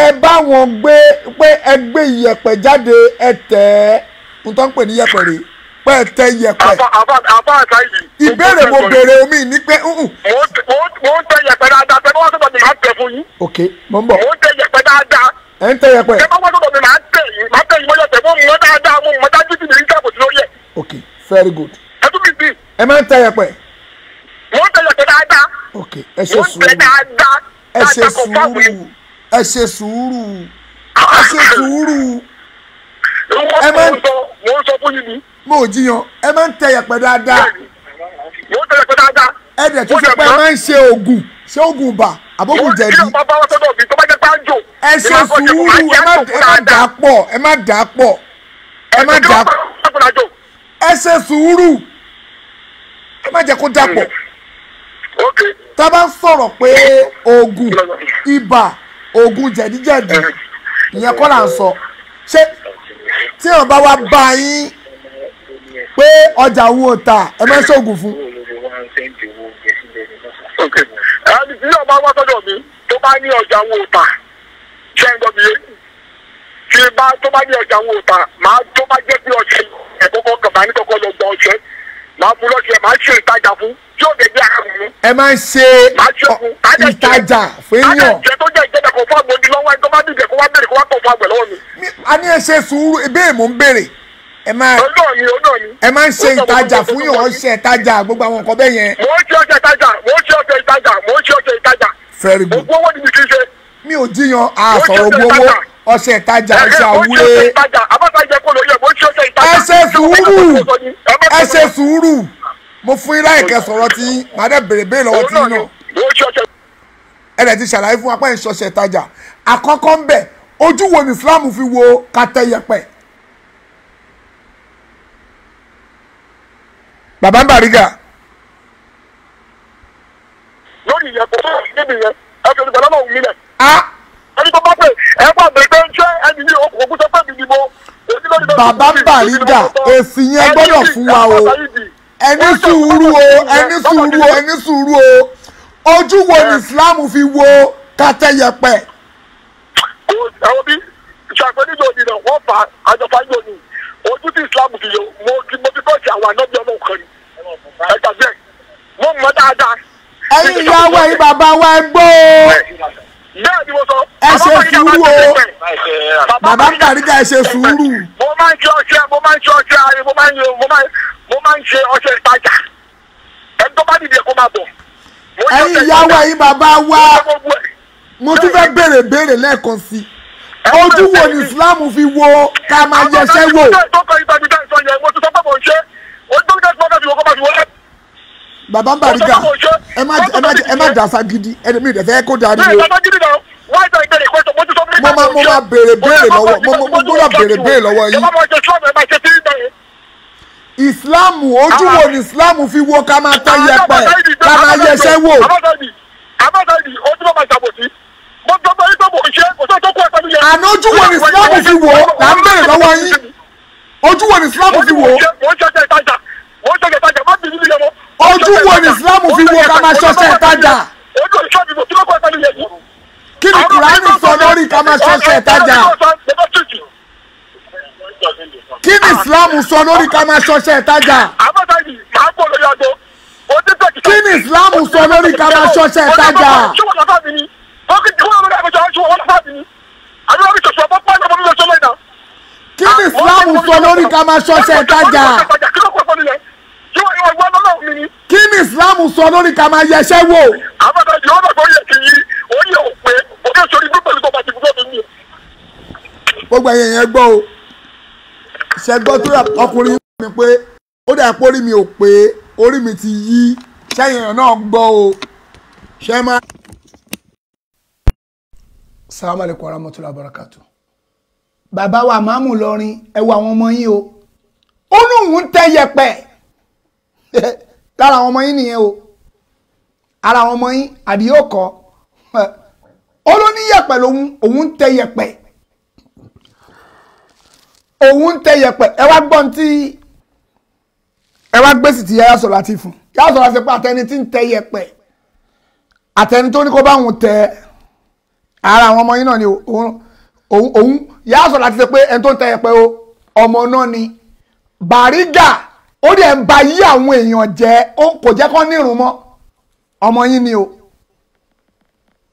ẹ bá wọn gbé pé ẹ gbé iyẹ̀pẹ̀ jáde ẹ tẹ̀ ẹ́ n tó ní iyẹ̀pẹ̀ rèé pẹ́ẹ́tẹ́ yẹpẹ́. àbá àṣà yìí. ìbéèrè mo béèrè omi ní pé. mo ń tẹ yẹpẹ dáadáa tẹ bá sọ̀tọ̀ mi máa ń tẹ fún yín. ok mo ń bọ̀. mo ń tẹ yẹpẹ dáadáa. ẹ ń tẹ yẹpẹ. tẹ bá sọ̀tọ̀ mi máa ń tẹ yín máa ń tẹ yín mọ́jọ́ tẹ fún mi mọ́ dáadáa mo mọ́ dájú sí mi ní káàbọ̀ sí lórí ẹ̀. ok very good. ẹ tún mi bí. ẹ máa ń tẹ yẹpẹ. mo ń tẹ yẹpẹ dáadáa. ok ẹ ṣe sùúrù ẹ ṣe sùúrù ẹ ṣe sùúrù ẹ ṣe sùúrù. ẹ máa ń sọ fún yín ni mo ò jiyàn ẹ máa ń tẹ yẹ̀pẹ̀ dáadáa. mo ń tẹ yẹ̀pẹ̀ dáadáa. ẹ dẹ̀ tún sọ pé ẹ máa ń ṣe oògùn ṣé oògùn ibà àbókù jẹ̀bi. ìwọ ìdílé ọba sọ́dọ̀ mi tó bá jẹ́ pé á jò. ẹ ṣe sùúrù ẹ má dà á pọ̀ ẹ má dà á ẹ má dà á ẹ ṣe sùúrù ẹ má jẹ́ kó dà pọ̀. tá a bá ń sọ̀rọ̀ pé oògùn ibà oògùn jẹ̀díjẹ̀dí ìyẹn kọ́ là ń sọ ṣé tí wọn bá wá bá yín. pé ọjà òun ta ẹ má ṣoògùn fún. ní ọba ah, wá sọ́dọ̀ mi tó bá ní ọjà òun ta ṣé ń yé ní ọjà òun ta màá tó bá jẹ́ pé ọṣẹ ẹ̀kọ́kọ́ kàbá ní kọ́kọ́ lọ ọṣẹ fún lọ́ṣẹ ṣe ìtajà fún mi. ẹ máa ń ṣe ìtajà fún tó kò fún lọ́wọ́ tó bá mi. a ní ẹ ṣe sùúrù ìbéèrè mò ń béèrè. ẹ máa ẹ máa ń ṣe ìtajà fún yìí wọ́n ṣe ìtajà gbogbo àwọn nǹkan bẹ́ẹ̀ yẹn. Mo ń ṣe ọjà ìtajà mò ń ṣe ọjà ìtajà mò ń ṣe ọjà ìtajà. fẹ́rẹ̀ gbọ́ owó ni mi kì í ṣe. mi ò jiyàn àsọ̀rọ̀ gbowó ọṣẹ ìtajà ọṣẹ àwúrẹ́. ẹ sùúrù ẹ sùúrù mo fún yín láìkẹ́ sọ̀rọ̀ tí màá dẹ̀ bèrè bèrè lọ́wọ́ tí yín náà ẹ̀rẹ̀ ti ṣàlàyé fún apá ìṣọ̀ṣẹ̀ ìtajà àkọ́kọ́ ń bẹ̀ ojú wo ni Islam fi wo katẹ́yẹpẹ̀ bàbá ń bàrígà. lórí ìyẹn kò fún níbi yẹn ẹ fi olùgbàlà náà wù mí lẹ̀. ẹni tó bá pè ẹ bá bèrè pé ṣé ẹni ní okùnkùn kúṣẹ́ pé mi ni mo. bàbá ń bàrígà èsì yẹn gbọ́dọ̀ fún wa o ẹni sùúrù o ẹni sùúrù o ẹni sùúrù o ojú wo ni Islam fi wo kàtẹ́yẹpẹ̀. àwọn bí ṣàgbẹ́nìjọ ìdìbò wọ́n fà àjọpá yóò ní ojú tí Islam fi yọ mo ti kọ́ sí àwọn ànábì ọmọ kan ni ẹ gbàgbé mo mọ dáadáa. ẹ̀yin ìyá wa yìí bàbá wa ẹ gbó o. bẹ́ẹ̀ ni mo sọ. ẹ ṣe sùúrù o bàbá ń kàríkà ẹ ṣe sùúrù. mo máa ń ṣe ọṣẹ mo máa ń ṣe ọṣẹ ayé mo máa ń ṣe mo máa ń ṣe ọṣẹ ìtajà ẹ tó bá dìde kó máa bọ̀. ẹ̀yin ìyá wa yìí bàbá wa mo tún fẹ́ béèrè béèrè lẹ́ẹ̀kan sí i ojú wo ni islam fi wo ká máa yẹsẹ́ wò. àwọn ọmọ ìgbà tó kọ ìgbà tó kọ yẹ mo ti sọ pé mo ń ṣe ojú tó ń tẹ̀síwọ́n kẹ́sì wọ́n kọ́ bá ti wọlé baba Bariga ẹ má ẹ má ẹ má dasa gidi ẹni mi dẹfẹ kó dari o. mo ma mo ma béèrè béèrè lọ́wọ́ mo mo gbọ́dọ̀ béèrè béèrè lọ́wọ́ yìí. ìsìláàmù ojú wo ni ìsìláàmù fi wo ká máa tán ah, yẹpẹ ká máa yẹsẹ wò. àná ojú wo ni ìsìláàmù fi wo là ń béèrè lọ́wọ́ yín ojú wo ni ìsìláàmù fi wo. wọ́n ṣe ṣe ìtajà wọ́n ṣe ṣe ìtajà má bìí nílé wọn ojú wo ni islam fi wo ká máa ṣọṣẹ ìtajà kí ni kùránì sọ lórí ká máa ṣọṣẹ ìtajà kí ni islam sọ lórí ká máa ṣọṣẹ ìtajà kí ni islam sọ lórí ká máa ṣọṣẹ ìtajà kí ni islam sọ lórí ká máa ṣọṣẹ ìtajà tí wọ́n yóò gbọ́ lọ́wọ́ mi ni. kí ni islam sọ lórí ká máa yẹsẹ́ wò. àbàdà yóò bá gbọ́ yẹ kí yí ó yẹ ò òkè sórí gbé pẹ̀lú kọ́ba ti gbọ́ mi gbogbo ẹ̀yẹ̀ yẹn gbọ́ o ṣe gbọ́ tó ọkùnrin mi pé ó dà pé orí mi ò pé orí mi ti yí sẹ́yìn náà gbọ́ o ṣe máa. salamu alaykum wa rahmatulahi barakatu. bàbá wa máàmù lọrin ẹ wo àwọn ọmọ yín o ó lóun ń tẹ yẹpẹ [laughs] lára àwọn ọmọ yín nìyẹn o ara àwọn ọmọ yín àdìyẹ ọkọ [laughs] ó ló ní yẹ̀pẹ̀ lòun òun ń tẹ yẹ̀pẹ̀ òun ń tẹ yẹ̀pẹ̀ ẹ wá gbọ́n tí ẹ wá gbèsè tí yàrá sọ̀rọ̀ àti fún yàrá sọ̀rọ̀ àti pé àtẹni tí ń tẹ yẹ̀pẹ̀ àtẹni tó ní kó bá òun tẹ ara àwọn ọmọ yín náà ni òun òun sọ̀rọ̀ àti pé ẹni tó ń tẹ yẹ̀pẹ̀ o ọmọ náà ni bàrígà ó dẹ̀ ń ba yí àwọn èèyàn jẹ́ kò jẹ́ kán nírun mọ́ ọmọ yín ni o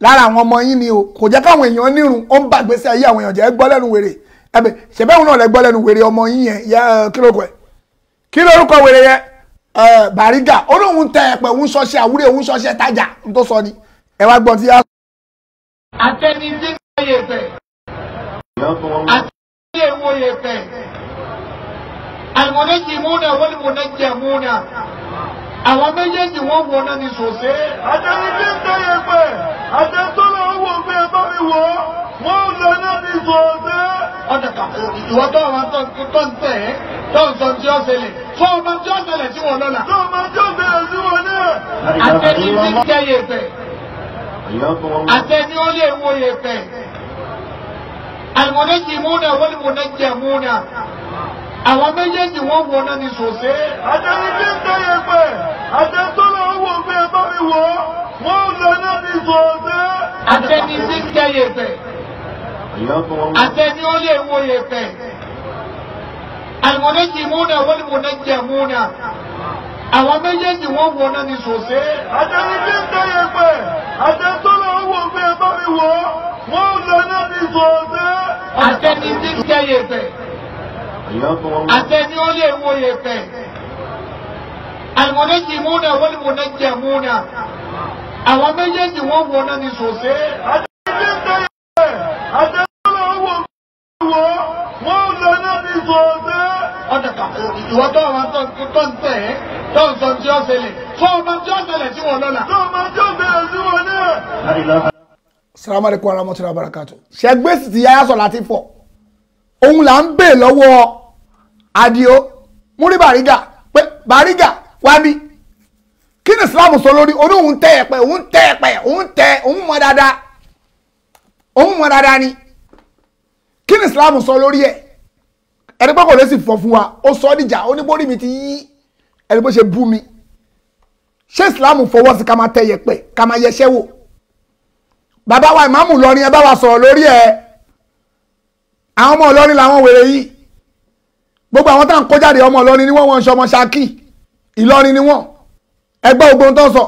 lára àwọn ọmọ yín ni o kò jẹ́ káwọn èèyàn nírun ó ń ba ìgbésí ayé àwọn èèyàn jẹ́ gbọ́ lẹ́nu wèrè ẹ̀bẹ̀ ṣẹ̀bẹ́hùn náà lẹ gbọ́ lẹ́nu wèrè ọmọ yín yẹn kí ló kọ ẹ̀ kí lórúkọ wèrè yẹn bàrígà ó lóun tẹ ẹ̀pẹ̀ òun ṣọṣẹ́ àwúrẹ́ òun ṣọṣẹ́ tájà tó sọ ni ẹ wá gbọ́n tí a. àtẹnidí ń wọ yẹ̀pẹ̀ àlùmọ̀nẹ́jìmúnà wọ́n ní mọ̀nẹ́jẹ̀múnà àwọn méjèèjì wọ́n wọ náà ní sòsé. àtẹni tí ń tẹ́yẹ pẹ̀ àtẹ̀tọ́lọ̀ ń wò pé bá mi wò ó wọ́n lọ náà ní sòsé. ọ̀dà kà ìwọ tó àwọn tó ń tẹ̀ tó ń sọ tí ó ṣẹlẹ̀ tó o máa tí ó ṣẹlẹ̀ sí wọn lọ́la. tó o máa tí ó ṣẹlẹ̀ sí wọn náà. àtẹni tí ń tẹ́yẹ pẹ̀ àtẹni ó lè wo yẹ pẹ̀ àlùmọ̀nẹ́jìmúnà wọ́n àwọn méjèèjì wọ́n wọ náà ní sòsé. àtẹni tí ń tẹ́yẹ pẹ̀ àtẹ̀tọ́lọ̀ wò pé ẹ bá mi wọ̀ wọ́n lọ náà ní sòsé. àtẹni tí ń tẹ́yẹ pẹ̀ àtẹni ó lè wo yẹ pẹ̀ àlùmọ́nẹ́jì múnà wọ́n ní mọ́nẹ́jì múnà àwọn méjèèjì wọ́n wọ náà ní sòsé. àtẹni tí ń tẹ́yẹ pẹ̀ àtẹ̀tọ́lọ̀ wò pé ẹ bá mi wọ̀ wọ́n lọ náà ní sòsé. àtẹni tí ń tẹ́yẹ pẹ̀ àtẹni ó lè wo yẹpẹ àlùmọ̀nẹ́jìmúnà wọ́n mọ̀nẹ́jẹ̀múnà àwọn méjèèjì wọ́n wọná ní sòsé. Ìwọ tó àwọn tó ń tẹ̀ ẹ́, tó ń sọ tí ó ṣẹlẹ̀, tó ọmọ tí ó ṣẹlẹ̀ tí wọ́n lọ́la. Tó ọmọ tí ó ṣẹlẹ̀ tí wọ́n náà. Sàrámà rẹ̀ kó ara mọ́tò rà bàràkàtò. Ṣẹ́gbèsì ti yáyà sọ̀ láti fọ̀. Òun là ń bè lọ́wọ́ Adio múrí Bàrígà pé Bàrígà wá bí kí ni Islam sọ lórí olóhùn tẹ ẹ̀pẹ̀ òun tẹ ẹ̀pẹ̀ òun tẹ òun mọ dáadáa òun mọ dáadáa ni kí ni Islam sọ lórí ẹ̀ ẹni pé kò lè sì fọ fún wa ó sọ níjà ó ní bórí mi ti yí ẹni bó ṣe bú mi ṣé Islam fọwọ́ sí ká máa tẹ yẹ̀pẹ̀ ká máa yẹṣẹ́ wò bàbá wa ìmáàmù lọrin ẹ bá wa sọ̀rọ̀ lórí ẹ̀ àwọn ọmọ Ìlọrin làwọn wèrè yìí gbogbo àwọn tá à ń kó jáde ọmọ Ìlọrin ni wọ́n wọ́n ń ṣọmọ Ṣakí Ìlọrin ni wọ́n ẹgbẹ́ ogun tó ń sọ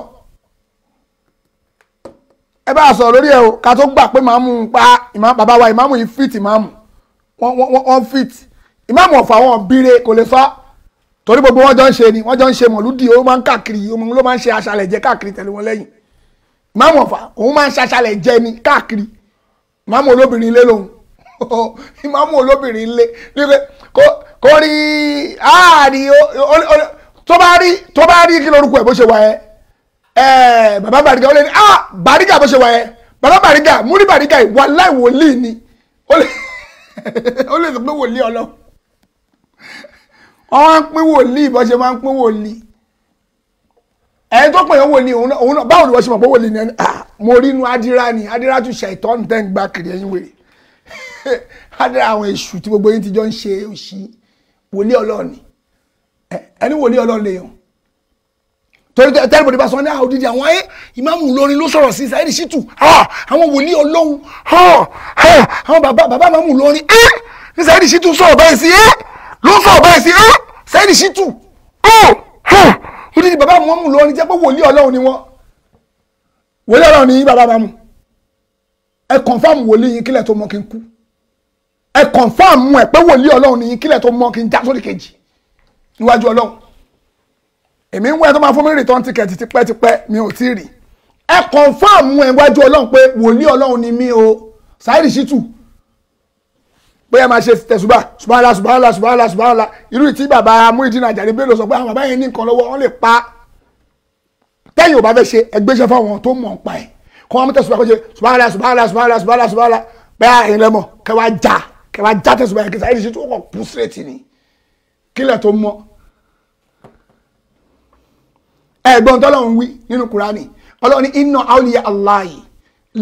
ẹ bá sọ lórí ẹ o ká tó gbà pé màmú pa bàbá wa ìmáàmù yìí fit ìmáàmù wọ́n fit ìmáàmù ọ̀fà wọn bíire kò lè fa torí gbogbo wọn jọ ń ṣe ni wọn jọ ń ṣe mọ̀lúdì ó máa ń káàkiri òun ló máa ń ṣe aṣálẹ̀ jẹ káàkiri tẹ̀lé wọn lẹ́yìn ìmáàmù ọ̀fà òun máa ń ṣe aṣálẹ̀ jẹ ni káàkiri ìmáàmù olóbìnrin lé lòun [laughs] ìmáàmù olóbìnrin lé kò rí àárí tó bá rí tó bá rí kí lorúkọ ẹ bó ṣe wà ẹ bàbá Bariga ó lè ní ah Bariga bó ṣe wà ẹ bàbá Bariga múrí Bariga ìwà láì wòlíì ni ó lè ó lè sọ pé wòlíì ọlọ wọn máa ń pín wòlíì bó ṣe máa ń pín wòlíì ẹni tó pè é wòlíì òun náà báwo ni wọ́n ṣe mọ̀ pé wòlíì ni ẹni ah, mo rí inú adira ni adira tún ṣe ìtọ́nù tẹ́ ń gbá kiri ẹ̀yìn wèrè [laughs] adira àwọn èṣù tí gbogbo yín ti jọ ń ṣe òṣì wòlíì ọlọ́run ni ẹni wòlíì ọlọ́run lèèyàn torí tẹ́lẹ̀ bòde bá sọ ní àwọn ah, òdìdí àwọn ayé ìmáàmù Ìlọrin ló sọ̀rọ̀ sí Saheed Shittu ah, àwọn wòlíì ọlọ́run ah, àwọn bàbá bàbá ìmáàmù Ìlọrin eh, ní Saheed Shittu sọ̀rọ̀ báyìí sí eh, ló sọ̀rọ̀ báyìí sí eh, Saheed Shittu òdìdí oh, bàbá ìmáàmù Ìlọrin jẹ́ pé wòlíì ọlọ́run ni wọ́n wòlíì ọlọ́run ni bàbá ìmáàmù ẹ kọ̀ǹfàmù wòlíì yín kílẹ̀ tó mọ́ kí n kú ẹ confam ẹ pé wòlíì ọlọ́run nìyí kílẹ̀ tó mọ kí n já sórí kejì níwájú ọlọ́run èmi ń wẹ́ tó máa fún mi return ticket tipẹ́tipẹ́ mi ò tí ì rí ẹ confam ẹ níwájú ọlọ́run pé wòlíì ọlọ́run ni mi o sáírì ṣìtù pé ẹ máa ṣe tẹ̀sùbà subhanallah subhanallah subhanallah subhanallah irú ìtí bàbá Muyideen Ajani Bello sọ pé àwọn bàbá yẹn ní nǹkan lọ́wọ́ wọ́n lè pa tẹ́yìn ò bá fẹ́ ṣe ẹgbẹ́ṣẹ́ fáwọn tó mọ̀ ń pa ẹ̀ kọ́ wọn mú tẹ̀sùbà kó ṣe subhanallah subhanallah subhanallah subhanallah bẹ́ẹ̀ ẹ̀yin lẹ́mọ̀ kẹwàá já kẹwà já tẹsùn báyìí kẹsà ẹnìṣẹ tó kọ kú sírètì ni kílẹ̀ tó mọ́ ẹ̀gbọ́n tọ́lọ́run wí nínú kúránì ọlọ́run ní inna awliya Allahi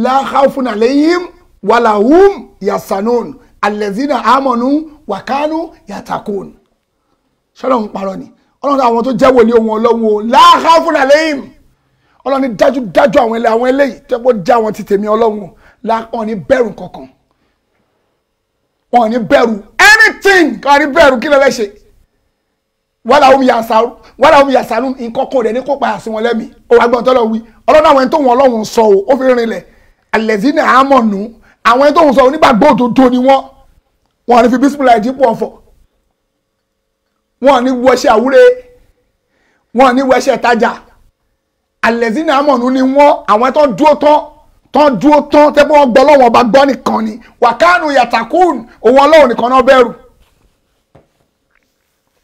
la khawfun alayhim wala hum yasanun allazina amanu wakanu yatakun ṣọlọ́run parọ́ ni ọlọ́run àwọn tó jẹ́ wòlíì ohun ọlọ́run o la khawfun alayhim ọlọ́run dájúdájú àwọn ẹlẹ́yìí tẹ́gbọ́n já wọn ti tèmi ọlọ́run o láwọn ní kankan wọn ò ní bẹ̀rù anything kan ní bẹ̀rù kí ló fẹ́ ṣe wàhálà omi yàsàrú wàhálà omi yàsàrú nǹkan kan rẹ̀ ní kó padà sí wọn lẹ́mí ó wàá gbọ́n tọ́lọ̀ wí ọlọ́run àwọn ẹni tó wọn ọlọ́run sọ o ó fi rinlẹ̀ àlẹ́sìnà àmọ̀nù àwọn ẹni tó wọn sọ onígbàgbọ́ òdodo ni wọ́n wọn ò ní fi bísímìlà ìdípò ọ̀fọ̀ wọn ò ní wọṣẹ́ àwúrẹ́ wọn ò ní wọṣẹ́ tajà àlẹ́sìnà àmọ̀nù ni wọ́n àwọn ẹni tó dúró tán tán dúró tán tẹ́pẹ́ wọn gbọ́ lọ́wọ́ ọba gbọ́ nìkan ni wàkánù yàtàkùn òun ọlọ́run nìkan náà bẹ̀rù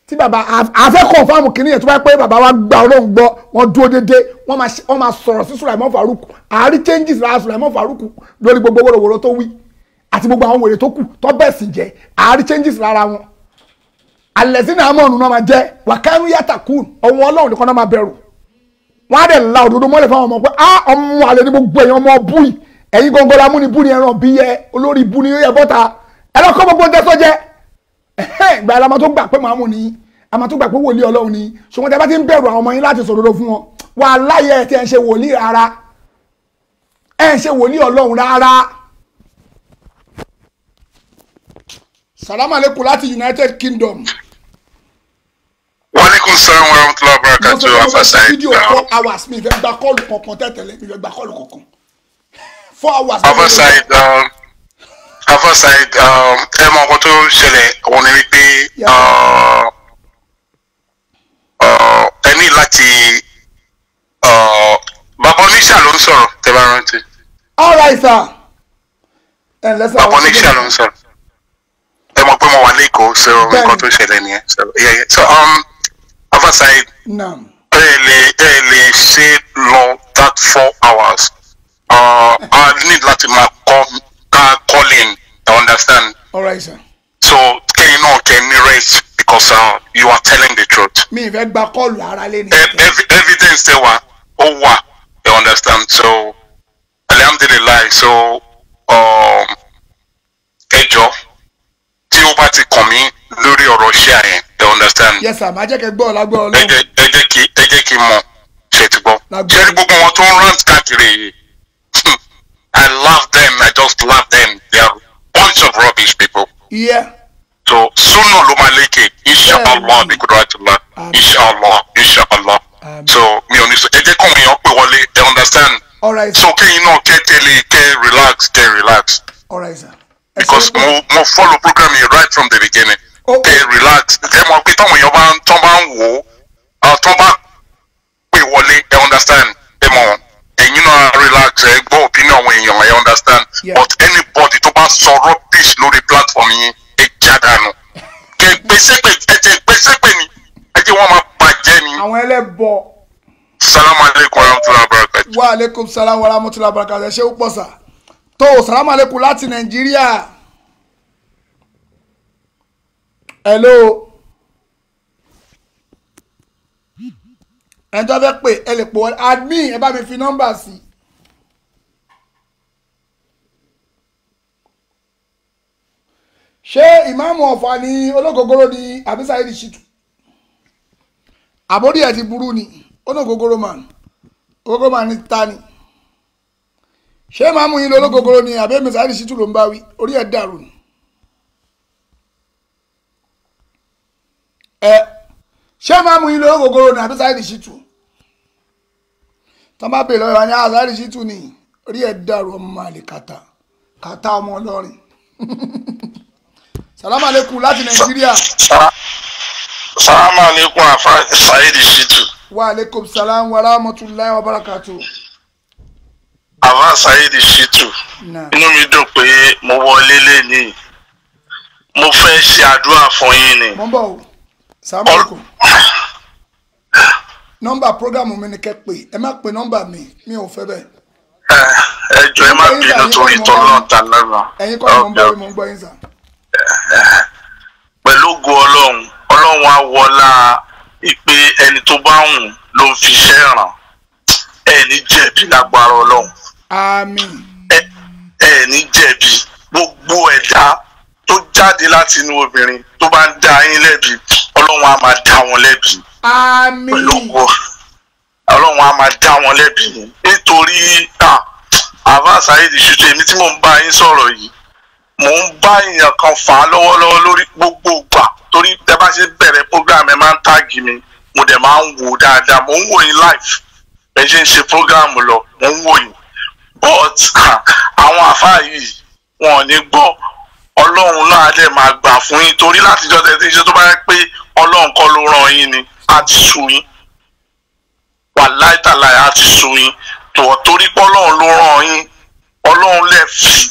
tí bàbá àfẹ́kọ̀ọ́ fáàmù kìíní yẹn tó bá pẹ́ bàbá wa gba ọlọ́run gbọ́ wọn dúró déédéé wọ́n máa sọ̀rọ̀ sí Sùlàìmọ́ Fàrúkù àárí changes lára Sùlàìmọ́ faruku. lórí gbogbo wòròwòrò tó wí àti gbogbo àwọn wèrè tó kù tó bẹ̀ sì jẹ́ àárí changes lára wọn àlẹ́sìn àmọ́ ọ̀nù náà máa jẹ́ wàkánù yàtàkùn òun ọlọ́run nìkan náà máa bẹ̀rù wọ́n á dẹ̀ la òdodo mọ́lẹ̀ fáwọn ọmọ pé á ọmọ àlè ní gbogbo ẹ̀yàn ọmọ bú yìí ẹ̀yin gangan la mú ni bú ni ẹran bí yẹ olórí bú ni yẹ bọ́ta ẹlọ́kọ́ gbogbo ń tẹ́sọ́ jẹ́ ìgbà ẹ̀ la máa tó gbà pé màámu ni a máa tó gbà pé wòlíì ọlọ́run ni ṣùgbọ́n tí a bá ti ń bẹ̀rù àwọn ọmọ yín láti sòdodo fún wọn wà láyé ẹ̀ tí ẹ̀ ń ṣe wòlíì rárá ẹ̀ ń ṣe wòlíì ọlọ́run rárá. salamaleykum láti United Kingdom wàlíkùn sàn wọn àwọn tó lọ bá ká tó àfàṣà yìí. fídíò four hours mi ìfẹ́ gba kọ́ọ̀lù kankan tẹ́tẹ̀lẹ́ mi ìfẹ́ gba kọ́ọ̀lù kankan four hours. àfàṣà yìí àfàṣà yìí ẹ mọ nǹkan tó ṣẹlẹ̀ òun ni wípé uh, uh, ẹ ní láti uh, bàbá oníṣà ló ń sọ̀rọ̀ tẹ́ bá rántí. all right sir. bàbá oníṣà ló ń sọ̀rọ̀ ẹ mọ̀ pé mo wà lẹ́kọ̀ọ́ so nǹkan tó ṣẹlẹ̀ nìyẹn so yeah yeah so um afa saheed ẹ Early, early. lè long that four hours uh, i need láti my kọ ká call in i understand. all right sir. so kẹ́yìn náà kẹ́yìn ní rest because uh, you are telling the truth. mi ìfẹ́ gba kọ́ọ̀lù ara lé ní. evidence ṣe wà oh wà You understand so alhamdulilayi so um, ẹjọ́ tí ó bá ti kàn mí lórí ọ̀rọ̀ you understand. yes sir màá jẹ́ kẹ́ gbọ́ lágbọ́ ọlọ́run. ẹ jẹ́ kí ẹ jẹ́ kí n mọ̀ ṣe ti gbọ́. ṣé ní gbogbo wọn tó ń rant káàkiri yìí hmm. i love them i just love them they are bunch of rubbish people. Yeah. so sunu ló máa lékè inshallah bí kúrò àti la inshallah inshallah so mi ò ní sọ ẹ jẹ́ kó mi yàn pé wọlé you understand. All right, so kẹ́yìn náà kẹ́ tẹ́lẹ̀ kẹ́ relax kẹ́ relax. All right, sir. because mo mo follow program yìí right from the beginning ẹ relax ẹ mọ̀ pé táwọn èèyàn bá ń tán bá ń wò ó tán bá pè wọlé ẹ understand ẹ mọ̀ ẹ̀yin náà relax ẹ gbọ́ opinion àwọn èèyàn ẹ understand but anybody tó bá sọ rubbish lórí platform yín ẹ jádànù kẹ gbèsègbè ẹ jẹ gbèsègbè ni ẹ jẹ wọn máa bàjẹ́ ni. àwọn ẹlẹ́bọ. salamu aleykum warahmatulahi wabarakatuh. wa aleykum salaam warahmatulahi wabarakatuh ẹ ṣé ó pọ̀ sá tó o salamu aleykum láti nàìjíríà. hello ẹni tó fẹ́ pè ẹ lè pò wọlé admin ẹ bá mi fi nọ́mbà sí i. ṣé ìmáàmù ọ̀fà ni ológogoro ni àbí Saheed Shittu àbórí ẹ̀ ti burú ni ológogoro man ogogoro man ni ta ni ṣé ìmáàmù yìí lológogoro ni àbí èmi Saheed Shittu ló ń bá wí orí ẹ̀ dàrú ni. ẹ ṣé máa mú yín lówó gogoro ní àbí Saheed Shittu tọ́ bèèrè lọ́wọ́ ní Saheed Shittu ni rí ẹ̀ dàrú ọmọ àlè kàtà kàtà ọmọ ọlọ́rin [laughs] sàlámà lẹ́kùn láti nàìjíríà. sàlámà lẹ́kùn àfa Saheed Shittu. wa aleykum salaam wa rahmatulahi wa barakatu. àfa Saheed Shittu inú mi dùn pé mo wọlé lẹ́nìí mo fẹ́ ṣe àdúrà fún yín ni. mo ń bọ̀ o salamu alaikum nọ́mbà programu mi ni kẹ́ pé ẹ má pe nọ́mbà mi mi ò fẹ́ bẹ́ẹ̀. ẹ jọ ẹ má bínú torí tọ́lọ́ ta lọ́nà. ẹ̀yin kọ́ ni mo ń gbọ́ yín mo ń gbọ́ yín sà. pẹ̀lú ògo ọlọ́run ọlọ́run á wọlá ipe ẹni tó bá wù ló ń fi iṣẹ́ ràn ẹ ní jẹ̀bi lágbára ọlọ́run. àmín. ẹ ní jẹ̀bi gbogbo ẹ̀dá tó jáde láti inú obìnrin tó bá ń dá yín lẹ́bi ọlọ́run á máa dá wọn lẹ́bi. àmín pẹ̀lú ọlọ́run á máa dá wọn lẹ́bi nítorí àbá Saheed Shittu èmi tí mò ń bá yín sọ̀rọ̀ yìí mò ń bá èèyàn kan fà á lọ́wọ́lọ́wọ́ lórí gbogbo ìgbà torí tẹ bá ṣe bẹ̀rẹ̀ program ẹ máa ń táàgì mi mo dẹ̀ máa ń wò dáadáa mò ń wò yín live ẹ ṣe ń ṣe program lọ mò ń wò yín but àwọn àfáà yìí wọn ò ní gbọ́ ọlọ́run náà dẹ̀ máa gbà fún yín torí látijọ́ tẹ̀ tí iṣẹ́ tó bá yẹ pé ọlọ́run kọ́ ló ràn yín ni á ti sú yín wà láìtàláì á ti sú yín torí pé ọlọ́run ló ràn yín ọlọ́run lè fi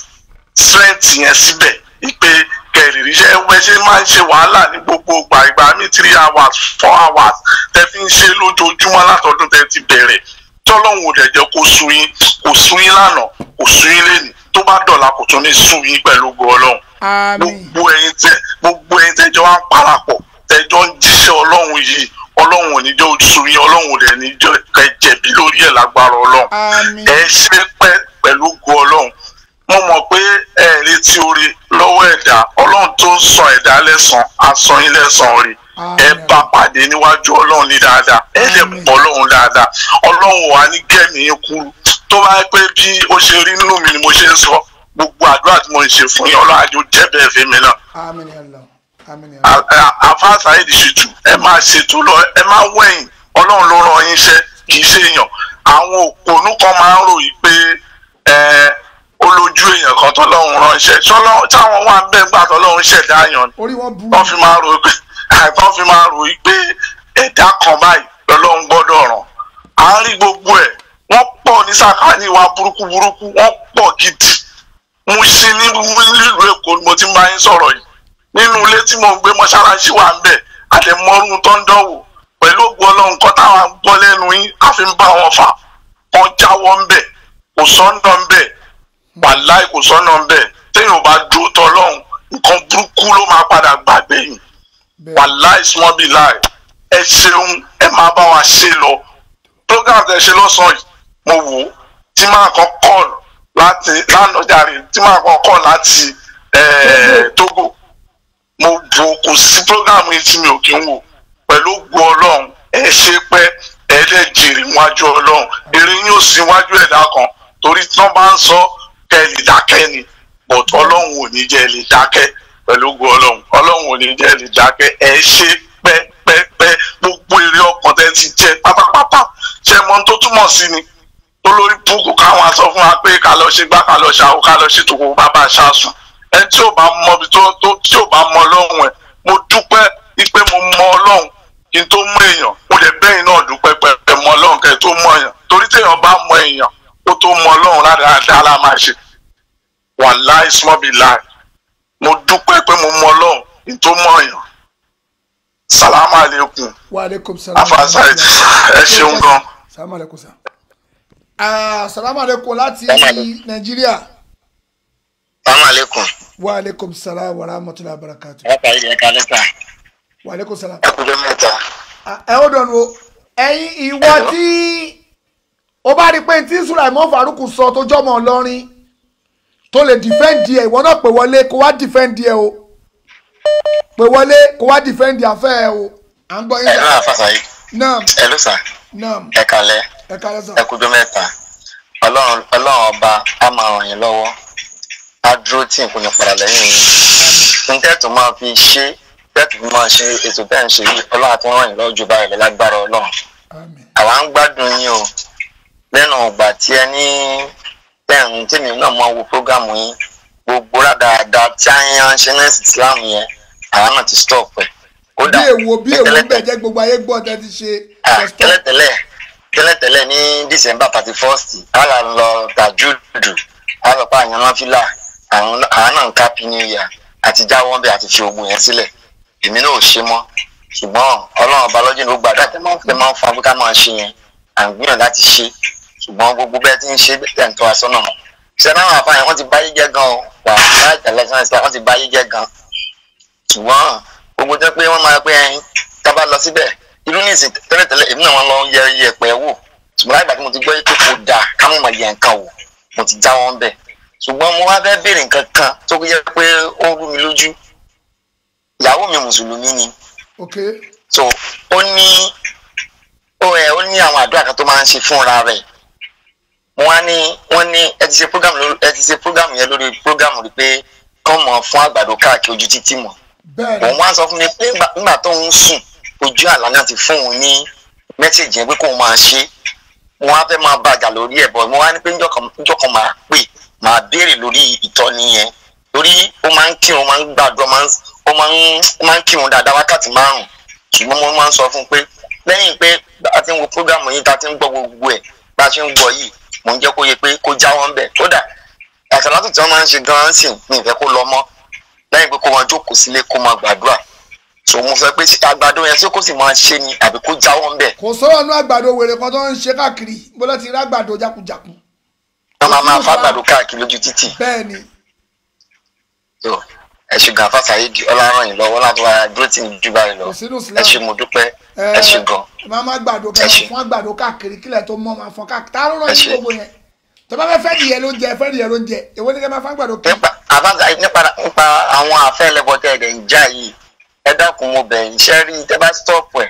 strength yẹn síbẹ̀ pé kẹrìírí ṣe ẹgbẹ́ ṣe máa ń ṣe wàhálà ní gbogbo ìgbà ìgbà mi three hours four hours tẹ fi ń ṣe lójoojúmọ́ látọdún tẹ ti bẹ̀rẹ̀ tọ́lọ́run ò dẹ̀ jẹ́ kó sú yín kò sú yín lánàá kò sú yín lénìí tó bá dọ̀la kò tún ní sú yín pẹ̀lú gbọ́ ọlọ́run gbogbo ẹ̀yin tẹ gbogbo ẹ̀yin tẹjọ wa ń tẹjọ ń jíṣẹ́ Ọlọ́run yìí Ọlọ́run ò ní jẹ́ yín Ọlọ́run ò dẹ̀ ní jẹ́ kẹjẹ̀bi lórí ẹ̀ lágbára Ọlọ́run ẹ ṣe pẹ́ pẹ̀lú go Ọlọ́run mo mọ̀ pé ẹ retí oore lọ́wọ́ ẹ̀dá Ọlọ́run tó ń sọ ẹ̀dá lẹ́san asán yín lẹ́san rè ẹ bá pàdé níwájú Ọlọ́run ní dáadáa ẹ lè pọ̀ Ọlọ́run dáadáa Ọlọ́run wà ní gẹ̀mí kúrú tó bá pẹ́ bí ó ṣe rí nínú mi ni mo ṣe ń sọ gbogbo àdúrà tí mo ń ṣe fún yín ọlọ́run àjò jẹ́ bẹ́ẹ̀ fèmí náà. àfa Saheed Shittu ẹ máa ṣètò lọ ẹ máa wẹ̀yìn ọlọ́run ló rán yín ṣẹ́ kì í ṣe èèyàn àwọn òpònú kan máa ń ròyìn pé olójú èèyàn kan tọ́lọ́run ránṣẹ́ táwọn wà ń bẹ̀ ń gbà tọ́lọ́run ṣẹ̀dá yàn ni wọ́n fi máa rò pé àìkọ́ [laughs] fi máa ròyìn pé ẹ̀dá kan báyìí lọ́lọ́run gbọ́dọ̀ ràn á rí gbogbo ẹ̀ wọ́n pọ̀ ní sàkáání wa burúkú burúkú wọ́n pọ̀ gidi mo ṣe nílùú nílùú èkó ni mo ti máa ń sọ̀rọ̀ yìí nínú ilé tí mo ń gbé mọ́ṣáláṣí wà ń bẹ̀ àdèmọ́rún tó ń dánwò pẹ̀lú ògùn ọlọ́run kọ́ táwọn ń gbọ́ lẹ́nu yín á ń bá wọn fà wọn jáwọ́ ń bẹ̀ kò sọ́nà ń bẹ̀ wàláì kò sọ́nà ń bẹ̀ téèyàn bá dúró tọ́ lọ́hùn nǹkan burúkú ló máa padà gbàgbé yìí wàláì small bill láì ẹ ṣeun ẹ máa bá wa ṣe lọ program tẹ ṣe lọ́sàn yìí mo wò ó tí máa kàn kọ́ọ̀lù láti lánàjàre tí màá kàn kọ́ láti eh, Togo mo bò kò sí programu yìí tí mi ò kí ń wò pẹ̀lú ògo Ọlọ́run ẹ ṣe pẹ́ ẹ lè jèrè níwájú Ọlọ́run èrè yín ò sí níwájú ẹ̀dá kan torí tí wọ́n bá ń sọ kẹ́ ẹ lè dákẹ́ ni but Ọlọ́run ò ní jẹ́ ẹ lè dákẹ́ pẹ̀lú ògo Ọlọ́run Ọlọ́run ò ní jẹ́ ẹ lè dákẹ́ ẹ ṣe pẹ́pẹ́pẹ́ gbogbo èrè ọkàn tẹ́ ti jẹ pátápátá ṣe mọ́ tó túmọ̀ sí ni tó lórí búùkù káwọn sọ fún wa pé ká lọ ṣe gbá ká lọ ṣàwó ká lọ ṣètò kó bá bá a ṣàṣùn ẹni tí ò bá mọ ibi tó tí ò bá mọ ọlọ́run ẹ̀ mo dúpẹ́ pé mo mọ ọlọ́run kí n tó mọ èèyàn mo dẹ̀ bẹ́yìn náà dúpẹ́ pẹ̀lú mọ ọlọ́run kẹ́ tó mọ èèyàn torí téèyàn bá mọ èèyàn ó tó mọ ọlọ́run ládàáda la máa ṣe wàláì smọ́bì láì mo dúpẹ́ pé mo mọ ọlọ́run kí n tó mọ èèyàn salamu aleykum afa saidi ẹ ṣeun gan asalaamu ah, aleykum láti nàìjíríà. salaamu aleykum. wa aleykum salaam wa rahmatulah wa barakatu. ọkọ yìí ẹka lẹta. wa aleykum salaam. ẹ kúndé mẹ́ta. Ah, ẹ ó dọ̀nù o ẹ̀yin ìwọ tí ó bá rí i pé tí sùràìmọ́ faruk sọ tó jọmọ ọlọ́rin tó lè dìfẹ́ǹdì ẹ̀ ìwọ náà pè wọlé kó wá dìfẹ́ǹdì ẹ̀ o pè wọlé kó wá dìfẹ́ǹdì afẹ́ ẹ̀ o à ń ẹ ló àfàṣà yìí. ẹ ló sà. naam ẹ kalẹ̀ ẹ kújọ mẹ́ta ọlọ́run ọba á máa ràn yín lọ́wọ́ á dúró tí nǹkan ní padà lẹ́yìn yín ntẹ́tù máa fi ṣe tẹ́tù máa ṣe ètò tẹ́ ń ṣe yìí ọlọ́run àti ràn yín lọ́wọ́ ju báyìí lọ lágbára ọlọ́run àwa ń gbádùn yín o lẹ́nu ọgbà tí ẹ ní tẹ̀rùn tèmi náà máa wo prógámù yín gbogbo rádàdà tí a yan ṣe ní Islam yẹn àwa náà ti stop ẹ̀ kódà bí tẹ́lẹ̀tẹ́lẹ̀ ní december thirty first àlà lọ tàjúdù àlọ́pàá àyàn náfìlà àwọn náà ń kápí ní ìyá àti jáwọ́ bẹ́ẹ̀ àti fi ogun yẹn sílẹ̀ èmi náà ò ṣe mọ́ ṣùgbọ́n ọlọ́run ọba lọ́jọ́ ló gbàdá tẹ́ máa ń fẹ́ máa ń fa afrika máa ṣe yẹn à ń gbìyànjú láti ṣe ṣùgbọ́n gbogbo bẹ́ẹ̀ ti ń ṣe bẹ́ẹ̀ ń tọ́ aṣọ náà ṣe náà àwọn afáyàn wọ́n ti báyé jẹ́ gan wà láì tẹ̀lé ṣáà ṣáà wọ́n ti báyé jẹ́ gan ṣùgbọ́n gbogbo jẹ́ pé wọ́n máa pé ẹyin tá a bá lọ síbẹ̀ irú nísìn tẹ́lẹ̀tẹ́lẹ̀ èmi náà máa ń lọ yẹ yẹ pẹ́ wò ṣùgbọ́n láì gbàgbé mo ti gbọ́ pé kò dáa ká mọ̀ yẹ nǹkan wò mo ti já wọn bẹ̀ ṣùgbọ́n mo wá fẹ́ béèrè nǹkan kan tó yẹ pé ó rú mi lójú ìyàwó mi mùsùlùmí ni so ó ní ó ẹ ó ní àwọn àdúrà kan tó máa ń ṣe fúnra rẹ̀ wọ́n á ní wọ́n ní ẹ ti ṣe program ẹ ti ṣe program yẹn lórí program rí pé kọ́ mọ̀ fún àgbàdo káàkiri ojú títì mọ̀ òun wá sọ fún mi pé nígbà tó ń sùn ojú àlá náà ti fún òun ní mẹ́sẹ̀jì yẹn pé kóun máa ṣe wọn á fẹ́ máa bàjà lórí ẹ̀ bọ̀ mo wá ní pé níjọ́ kan máa pè máa béèrè lórí ìtọ́ni yẹn lórí ó máa ń kírun ó máa ń gbàdúrà ó máa ń kírun dáadáa wákàtí márùn-ún ṣùgbọ́n mo máa ń sọ fún un pé lẹ́yìn pé a ti ń wo programu yìí ta ti ń gbọ́ gbogbo ẹ̀ bá a ṣe ń gbọ́ yìí mò ń jẹ́ kó yẹ pé kó jáwọ́ ń bẹ̀ kódà àṣàlátù tí wọ́n máa ń ṣe gan-an sì ní ìfẹ́ kó lọ mọ́ lẹ́yìn pé kó máa jókòó sílé kó máa gbàdúrà so mo fẹ́ pé àgbàdo yẹn tí kò sì máa ṣe ni àbí kó jáwọ́ ńbẹ̀. kò sọ̀rọ̀ nú àgbàdo wèrè kan tó ń ṣe káàkiri bọ́lá ti rí àgbàdo jákujàku. wọ́n máa máa fa àgbàdo káàkiri lójú títì. bẹ́ẹ̀ni. ẹ ṣe gan afáfà yìí ọlọ́run yìí lọ́wọ́ láti wá dúró tì ní ju báyìí lọ ẹ ṣe mo dúpẹ́ ẹ ṣe gan. ẹ máa máa gbàdo kẹ máa fún àgbàdo káàkiri kílẹ̀ tó mọ́ máa fọ́n káàkiri tá tọ́ba bẹ fẹ́ nìyẹn ló ń jẹ fẹ́ nìyẹn ló ń jẹ èwo ni kẹ́ máa fún àgbàdo kiri ẹ dákun mo bẹ̀ yín ṣe rí tẹ́ bá stop ẹ̀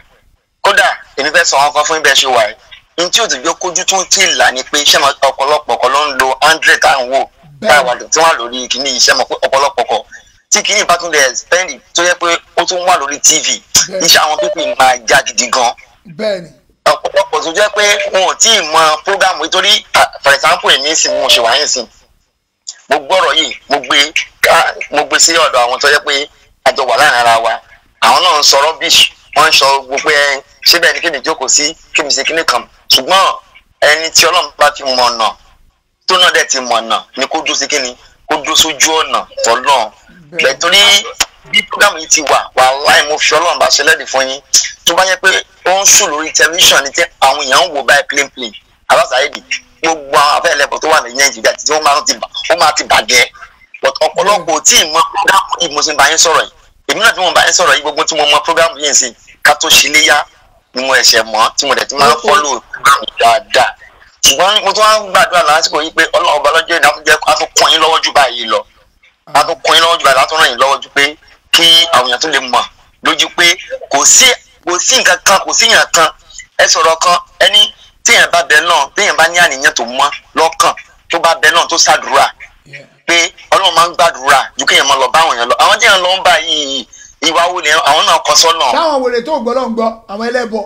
kódà èmi fẹ́ sọ ọkàn fún ibẹ̀ ṣe wà ẹ́ n tí òtún jókòjú tún tí ì là ní pé iṣẹ́ ọ̀pọ̀lọpọ̀ ọkọ̀ ló ń lo hundred tá à ń a wà tí wọ́n lórí kìíní iṣẹ́ ọ̀pọ̀lọpọ̀ kọ̀ tí kìíní bá tún lè spend tó yẹ pé ó tún wà lórí tv iṣẹ́ àwọn pípé máa já gidi gan. bẹ́ẹ̀ni ọ̀pọ̀lọpọ̀ tó jẹ́ pé wọn ò tí ì mọ program yìí torí for example èmi sì mo ṣe wáyé sí mo gbọ́rọ̀ yìí mo gbé sí ọ̀dọ̀ àwọn tó jẹ́ pé àjọ wà láàárín ara wa àwọn náà ń sọ rubbish wọ́n ń sọ gbogbo ẹ ṣé bẹ́ẹ̀ ni kí ni jókòó sí kí ni ṣe kí ni kàn ṣùgbọ́n ẹni tí Ọlọ́run bá ti mọ̀ ọ̀nà tó náà dẹ̀ ti mọ̀ ọ̀nà ni kó dúró sí kí ni kó dúró sójú ọ̀nà tọ́lọ́n bẹ́ẹ̀ torí bí programu yìí ti wà wàláì mo fi Ọlọ́run bá ṣe lẹ́dìí fún yín tó bá yẹ pé ó ń sùn lórí tẹlifíṣàn ni tí àwọn èèyàn ń wò báyìí plain plain aláṣàyèdè gbogbo àwọn afẹ́ ẹlẹ́bọ̀ tó wà ní Nàìjíríà tí wọ́n máa ti bàjẹ́ ọ̀pọ̀lọpọ̀ tí ì mọ ọ̀gá èmi náà tí mo bá ń sọ̀rọ̀ yìí gbogbo tí mo mọ program yìí sí ká tó ṣe léyà ni mo ẹ̀ṣẹ̀ mọ́ tí mo dẹ̀ ti máa ń fọ́lò dáadáa ṣùgbọ́n mo tún wá ń gbàdúrà lásìkò yìí pé ọlọ́run ọba lọ́jọ́ ìdáhùn jẹ́ a tún kún yín lọ́wọ́ jù báyìí lọ a tún kún yín lọ́wọ́ jù báyìí látún ràn yín lọ́wọ́ jù pé kí àwọn èèyàn tún lè mọ̀ lójú pé kò sí kò sí nǹkan kan kò sí èèyàn kan ẹ sọ̀rọ̀ kan ẹni téèyàn bá bẹ náà téèyàn bá ní àníyàn tó mọ́ lọ́kàn tó bá bẹ náà tó ṣàdúrà pé ọlọ́run máa ń gbàdúrà ju kéèyàn máa lọ bá àwọn yẹn lọ àwọn tí yẹn lọ ń bá yìí ìwà wo ni àwọn náà kọ sọ́nà. táwọn wòlé tó gbọ́ lọ́n gbọ́ àwọn ẹlẹ́bọ.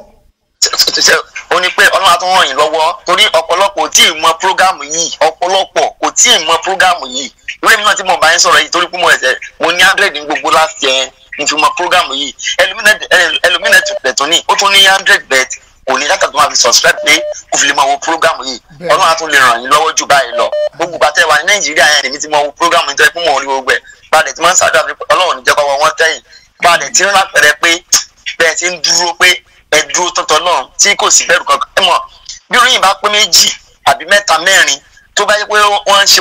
ó ní pé ọlọ́run àti wọ́n yìn lọ́wọ́ torí ọ̀pọ̀lọpọ̀ kò tí ì mọ prógámù yìí ọ̀pọ̀lọpọ̀ kò tí ì mọ prógámù yìí ìwé mi náà tí mo bá yín sọ̀rọ̀ yìí torí pé mo ẹ̀sẹ̀ mo ní hundred ní gbogbo last year mo fi mọ prógámù yìí ẹlòmínà ẹlòmínà tẹ̀ ó tún ní hundred bet kò ní dátà tó máa fi subscribe pé kò fi lè máa wo program yìí ọlọ́run á tún lè ràn yín lọ́wọ́ jù báyìí lọ gbogbo bàtẹ́ wa ní nàìjíríà yẹn èmi ti mọ wo program yìí tó yẹ kó mọ̀ orí gbogbo ẹ̀ báyìí tí máa ń ṣàdúrà pé ọlọ́run ní jẹ́kọ̀ wọn tẹ̀yìn báyìí tí ń lápẹ̀rẹ̀ pé bẹ́ẹ̀ ti ń dúró pé ẹ dúró tọ́tọ́ náà tí kò sí bẹ̀rù kankan bí oríyìn pé méjì àbí mẹ́ta mẹ́rin tó bá yẹ pé wọ́n ń ṣe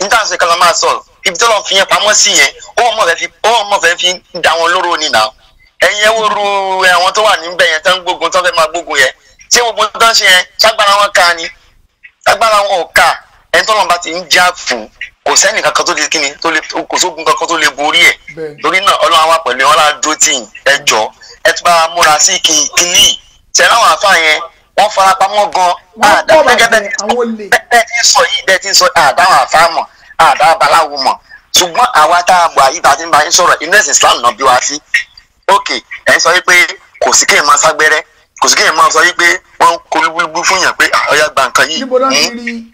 níta ṣe kan la máa sọ ibi tó lọ fi yẹn pamọ́ sí yẹn ó ọmọ fẹ́ fi ó ọmọ fẹ́ fi dá wọn lóró ni nà ẹ̀yin ẹ̀ wo ru àwọn tó wà níbẹ̀ yẹn tó ń gbógun tó fẹ́ máa gbógun yẹn ṣé gbogbo tó ń ṣe yẹn ṣágbára wọn ká ni ṣágbára wọn ò ká ẹni tó lọ́n bá ti ń já fún kò sẹ́ni kankan tó lè kíni tó lè kò sógun kankan tó lè borí ẹ̀ torí náà ọlọ́run wa pẹ̀lú wọn láà dúró tì ẹ jọ ẹ tún bá múra sí kìnnìkìnnì tẹ̀lé àwọn àfa yẹn wọ́n gan àdáwọ̀ ah, ah, ah, ṣùgbọ́n àwa tá a gbà yìí bá ti ń bá yín sọ̀rọ̀ inú ẹ̀sìn Islam náà bí wá sí ok ẹ̀ ń sọ wípé kò sí kéèyàn máa ságbẹ́rẹ́ kò sí kéèyàn máa sọ wípé wọ́n kolúbúlúbú fún yàn pé ọ̀yà gba nǹkan yìí hmm?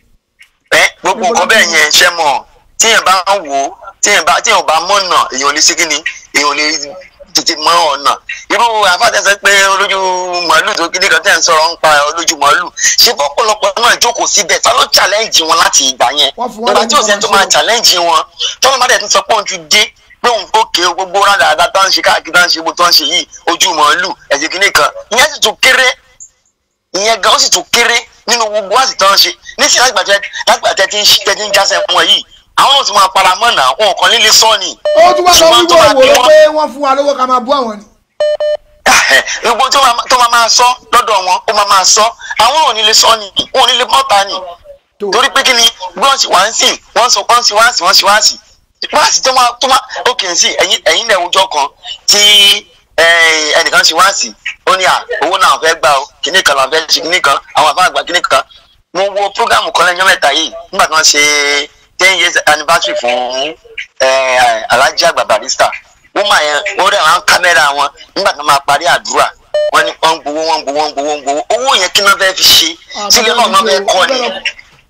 ẹ gbogbo nǹkan bẹ́ẹ̀ yẹn ṣẹ́ mọ̀ tíyẹn bá ń wò tíyẹn bá mọ̀nà èèyàn lè ṣe kí ni èèyàn lè tètè mọ ọ̀nà irú àfàtẹ́sẹ́ pé olójú màálù tó kíndé kan tẹ́ ń sọ̀rọ̀ ń pa olójú màálù ṣé fọ́pọ̀lọpọ̀ náà jókòó síbẹ̀ ta ló challenge wọn láti ìgbà yẹn nígbà tí òsèǹ tó máa challenge wọn tọ́lọ́ má dẹ̀ tún sọ pé òun ti dé pé òun kò gbogbo rádà àdá tá ń ṣe káàkiri tá ń ṣe bó tó ń ṣe yìí ojú màálù ẹ̀sìn kíní kan ìyẹn sì tún kéré ìyẹn gan ó sì tún kéré nínú gbogbo àwọn tí wọn para mọ́ náà wọn kàn nílé sọ ni. ó tún wá lọ wíwọ ìwòrán pé wọ́n fún wa lówó ká máa bú àwọn ni. [laughs] gbogbo tó máa máa sọ lọ́dọ̀ wọn ó máa máa sọ àwọn ò nílé sọ ni wọn ò nílé mọ́ta ni torí pé kí ni bí wọ́n sì wá ń sìn wọ́n sọ wọ́n sì wá ń sìn wọ́n sì wá ń sìn wọ́n sì tó máa tó máa ó kì í sìn ẹ̀yìn ẹ̀yìn lẹ́wùjọ kan tí ẹnìkan sì wá ń sìn ó ní à owó náà fẹ́ gbà ó kíní kan làwọn fẹ́ ṣe kíní kan àwọn àfáàgbà kíní kan mo wo prógámù kan lẹ́yìn mẹ́ta yìí nígbà tí wọ́n ṣe ten years anniversary fún eh, Alhaji Agba Barrister wọ́n máa yẹn wọ́n rẹ̀ wọ́n kámẹ́rà wọn nígbà tó máa parí àdúrà wọ́n ní wọ́n ń gbowó wọ́n ń gbowó wọ́n ń gbowó wọ́n ń gbowó owó yẹn kí wọ́n fẹ́ fi ṣe sílé ah, náà wọ́n fẹ́ kọ́ ni.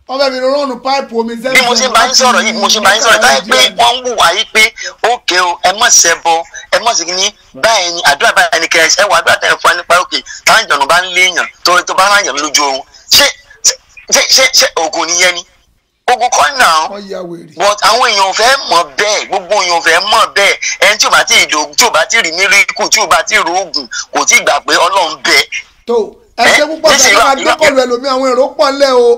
wọ́n fẹ́ mi rọ́ọ̀nù páìpù omi zẹ́rẹ́. bí mo ṣe bá ń sọ̀rọ̀ yìí mo ṣe bá ń sọ̀rọ̀ táyé pé wọ́n ń wùwà yìí pé ókè o ẹ mọ̀ sẹ́ bọ ẹ mọ̀ sí ní báyìí ni àdúrà báyìí ni kẹrẹsì ẹ wà àdúrà tẹ̀ fún ẹ nípa òkè táwọn ìjọ̀nù bá ń léèyàn tó bá ń yàn lójú oorun ogun kọ́ náà but àwọn èèyàn fẹ́ mọ̀ bẹ́ẹ̀ gbogbo èèyàn fẹ́ mọ̀ bẹ́ẹ̀ ẹni tí ò bá ti ìdògùn tí ò bá ti rí míríkù tí ò bá ti rí oògùn kò tí ì gbà pé ọlọ́run bẹ. tó ẹ ṣe púpọ̀ sí àwọn adókòlù ẹlòmíì àwọn èrò pọ̀ lẹ́ o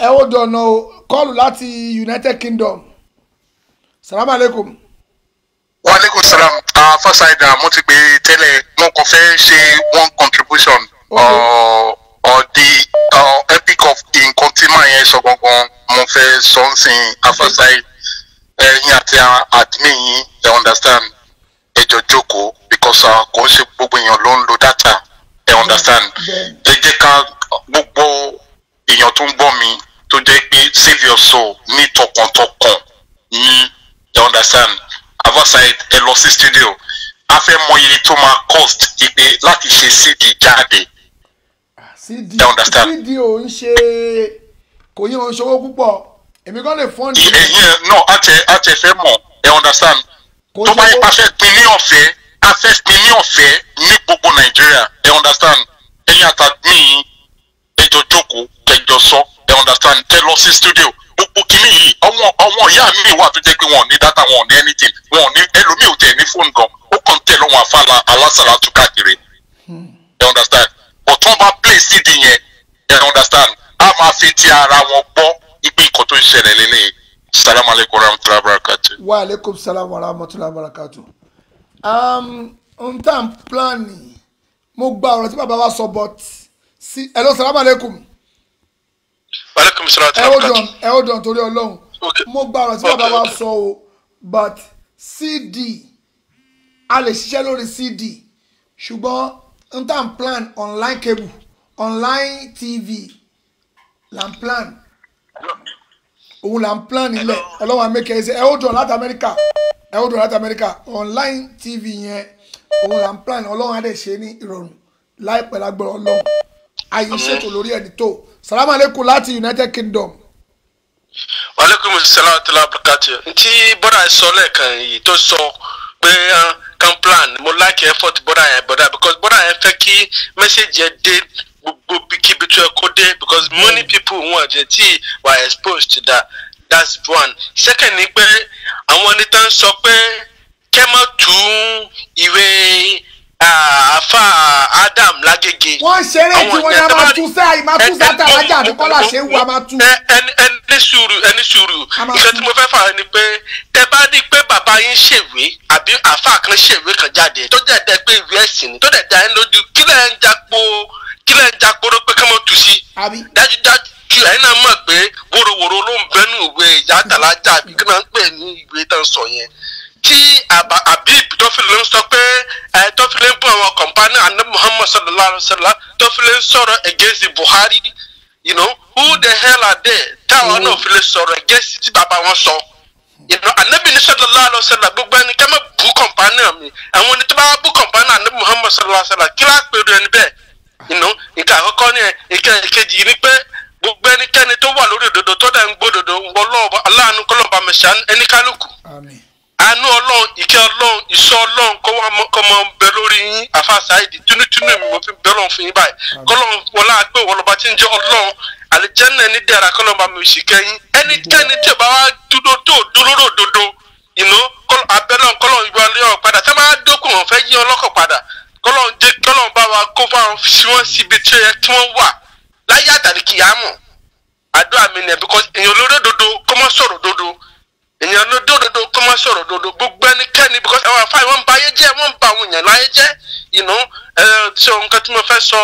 ẹ ó dọ̀nà o kọ́ọ̀lù ah, ah, láti United Kingdom salam aleykum. wa aleykum salam ah, fasaida mo ti gbé tẹ́lẹ̀ mo kàn fẹ́ ṣe one contribution on uh, the uh, epic of nǹkan tí màá yẹn sọ gangan mo fẹ́ sọ́nsìn afasai ẹ̀yin eh, àti admin yín I understand ẹjọ́ jókòó because ah, kò ń ṣe gbogbo èèyàn ló ń lo data ẹ̀ understand ẹ jẹ́ ká gbogbo èèyàn tó ń gbọ́ mi tó jẹ́ pé save your soul ní tọkàntọkàn ní you understand said ẹ lọ sí studio a fẹ́ mọ iye tó máa cost ìpè láti ṣe cd jáde you understand. cd ò ń ṣe kò yẹ òun ṣòwò púpọ̀ èmi kàn lè fọ́n ní. ìyẹn náà a tẹ a tẹ fẹ́ mọ̀ you understand tó bá yẹ pa fẹ́ pin ní ọ̀fẹ́ a fẹ́ pin ní ọ̀fẹ́ ní gbogbo nàìjíríà you understand ẹ̀yin àtàgbìn yìí ẹ jọ jókòó kẹjọ sọ ẹ understand tẹ lọ sí studio gbogbo kìíní yìí ọmọ ọmọ ìyá mi wà tó jẹ́ pé wọn ò ní data wọn ò ní anything wọn ò ní ẹlòmíì ò tẹ̀ ní fóònù gan ó kàn tẹ̀ lọ́wọ́ àfa alásàlá tó káàkiri ẹ understand ọ̀tún bá play cd yẹn ẹ understand a máa fi ti ara wọn gbọ́ ibi nǹkan tó ń ṣẹlẹ̀ lélẹ́yìn salaam aleykum wa rahmatulah barakatu. wa aleykum salaam wa rahmatulah barakatu. n tá n plan ni mo gba ọ̀rọ̀ tí bàbá wa sọ but sí ẹ lọ salamu aleykum. aleykum salaam ẹ ó dàn ẹ ó dàn torí ọlọ́run mo gba ọ̀rọ̀ tí bàbá wa sọ o but cd a lè ṣiṣẹ́ lórí cd ṣùgbọ́n n tà ń plan online cable online tv là ń plan òun là ń plan nílẹ̀ ọlọ́wọ́n amẹ́kẹ́ ẹ ṣe ẹ ó dàn láti amẹ́ríkà ẹ ó dàn láti amẹ́ríkà online tv yẹn òun là ń plan ọlọ́wọ́n á dẹ̀ ṣe ní ìrọ̀rùn láìpẹ́ lágbọ́rọ̀ ọlọ́run àyè ìṣètò lórí ẹni tó salamu aleykum láti united kingdom. waaleykum salaam àti labukati ntí bọ́dà sọ lẹ́ẹ̀kan yìí tó sọ pé kan ah, plan mo like effort bọ́dà yẹn bọ́dà because bọ́dà yẹn fẹ́ kí message yẹn dé gbogbo kíbi tó yẹ kó dé because many mm. people wọn jẹ tí were exposed to that that's one second ni pé àwọn ẹni tó ń sọ pé kẹ́ ìwé àáfà Adam Lágége. wọ́n ṣeré tí wọ́n yà máa tú sẹ́ àyè máa tú sẹ́ àtàlájà àdúgbọ́lá ṣe wù á máa tú. ẹni sùúrù ẹni sùúrù nǹkan tí mo fẹ́ fà á ni pé tẹ bá ní pé bàbá yín ṣèwé àbí àáfà kan ṣèwé kan jáde tó dẹ̀ dẹ́ pé ìwé ẹ̀sìn ni tó dẹ̀ dá yín lójú kílẹ̀ ń japo kílẹ̀ ń japo ló pé ká mọ́ sí dájúdájú kí ẹ̀yin náà mọ̀ pé wòròwòrò ló ń bẹ́nu ìwé ìyá àtàlájà àbí kí náà ń pè ní ìwé tí Habib tọ́fìlẹ̀ ń sọ pé tọ́fìlẹ̀ ń bú àwọn kọ̀m̀pánì àná Muhammad sallallahu alayhi wa sallam tọ́fìlẹ̀ ń sọ̀rọ̀ against Buhari you know who the hell are they táwọn náà fi lè sọ̀rọ̀ against tí bàbá wọn sọ you know anabi ní sallallahu alayhi wa sallam gbogbo ẹni kẹ́mẹ́ bú kọ̀m̀pánì mi àwọn ẹni tó bá bú kọ̀m̀pánì àná Muhammad sallallahu alayhi wa sallam kí láà pèrò ẹni bẹ́ẹ̀ you know nǹkan àkọ́kọ́ ni ìkejì ni pé gbogbo ẹnikẹ́ni tó wà lórí òdodo tó dẹ̀ ń gbódodo ń wọ́n lọ́wọ́ aláàánú kọ́lọ́ọ̀bá mẹ́sàn-án ẹnikálukú. àmín àánú ọlọ́run ìkẹ́ ọlọ́run ìṣọ́ ọlọ́run kó wá mọ́ kọ́mọ bẹ lórí yín àfa Saidi túnútúnú mi mo fi bẹ ọlọ́run fún yín báyìí kọ́lọ́run wọlé àgbẹ̀ ìwọlọ́ba tí ń jẹ́ ọlọ́run àlìjẹ́nà ẹni dára kọ́lọ́run bá mi sì kẹ́yìn ẹnikẹ́ni tí o bá wá dúró tó dúró lódodo ìnú abẹ́lọ́run kọ́lọ́run ìgbà lẹ́yìn padà tí a máa dókun ọ̀fẹ́ yí ọlọ́kọ̀ padà kọ́lọ́run jẹ́ kọ́lọ́run bá wa kó fáwọn sí wọn síbi tí wọ́n wà láyé àtàrí kìyàmù àdúrà mi nìyẹn because èèyàn olódodo kọ́mọ́sọ̀rọ̀ dodo èèyàn ló dódodo kó má gbogbo ẹnikẹ́ni because àwọn àfáà wọ́n ba ayé jẹ́ wọ́n ba àwọn èèyàn láyé jẹ́ ìnú ẹ ṣe nǹkan tí mo fẹ́ sọ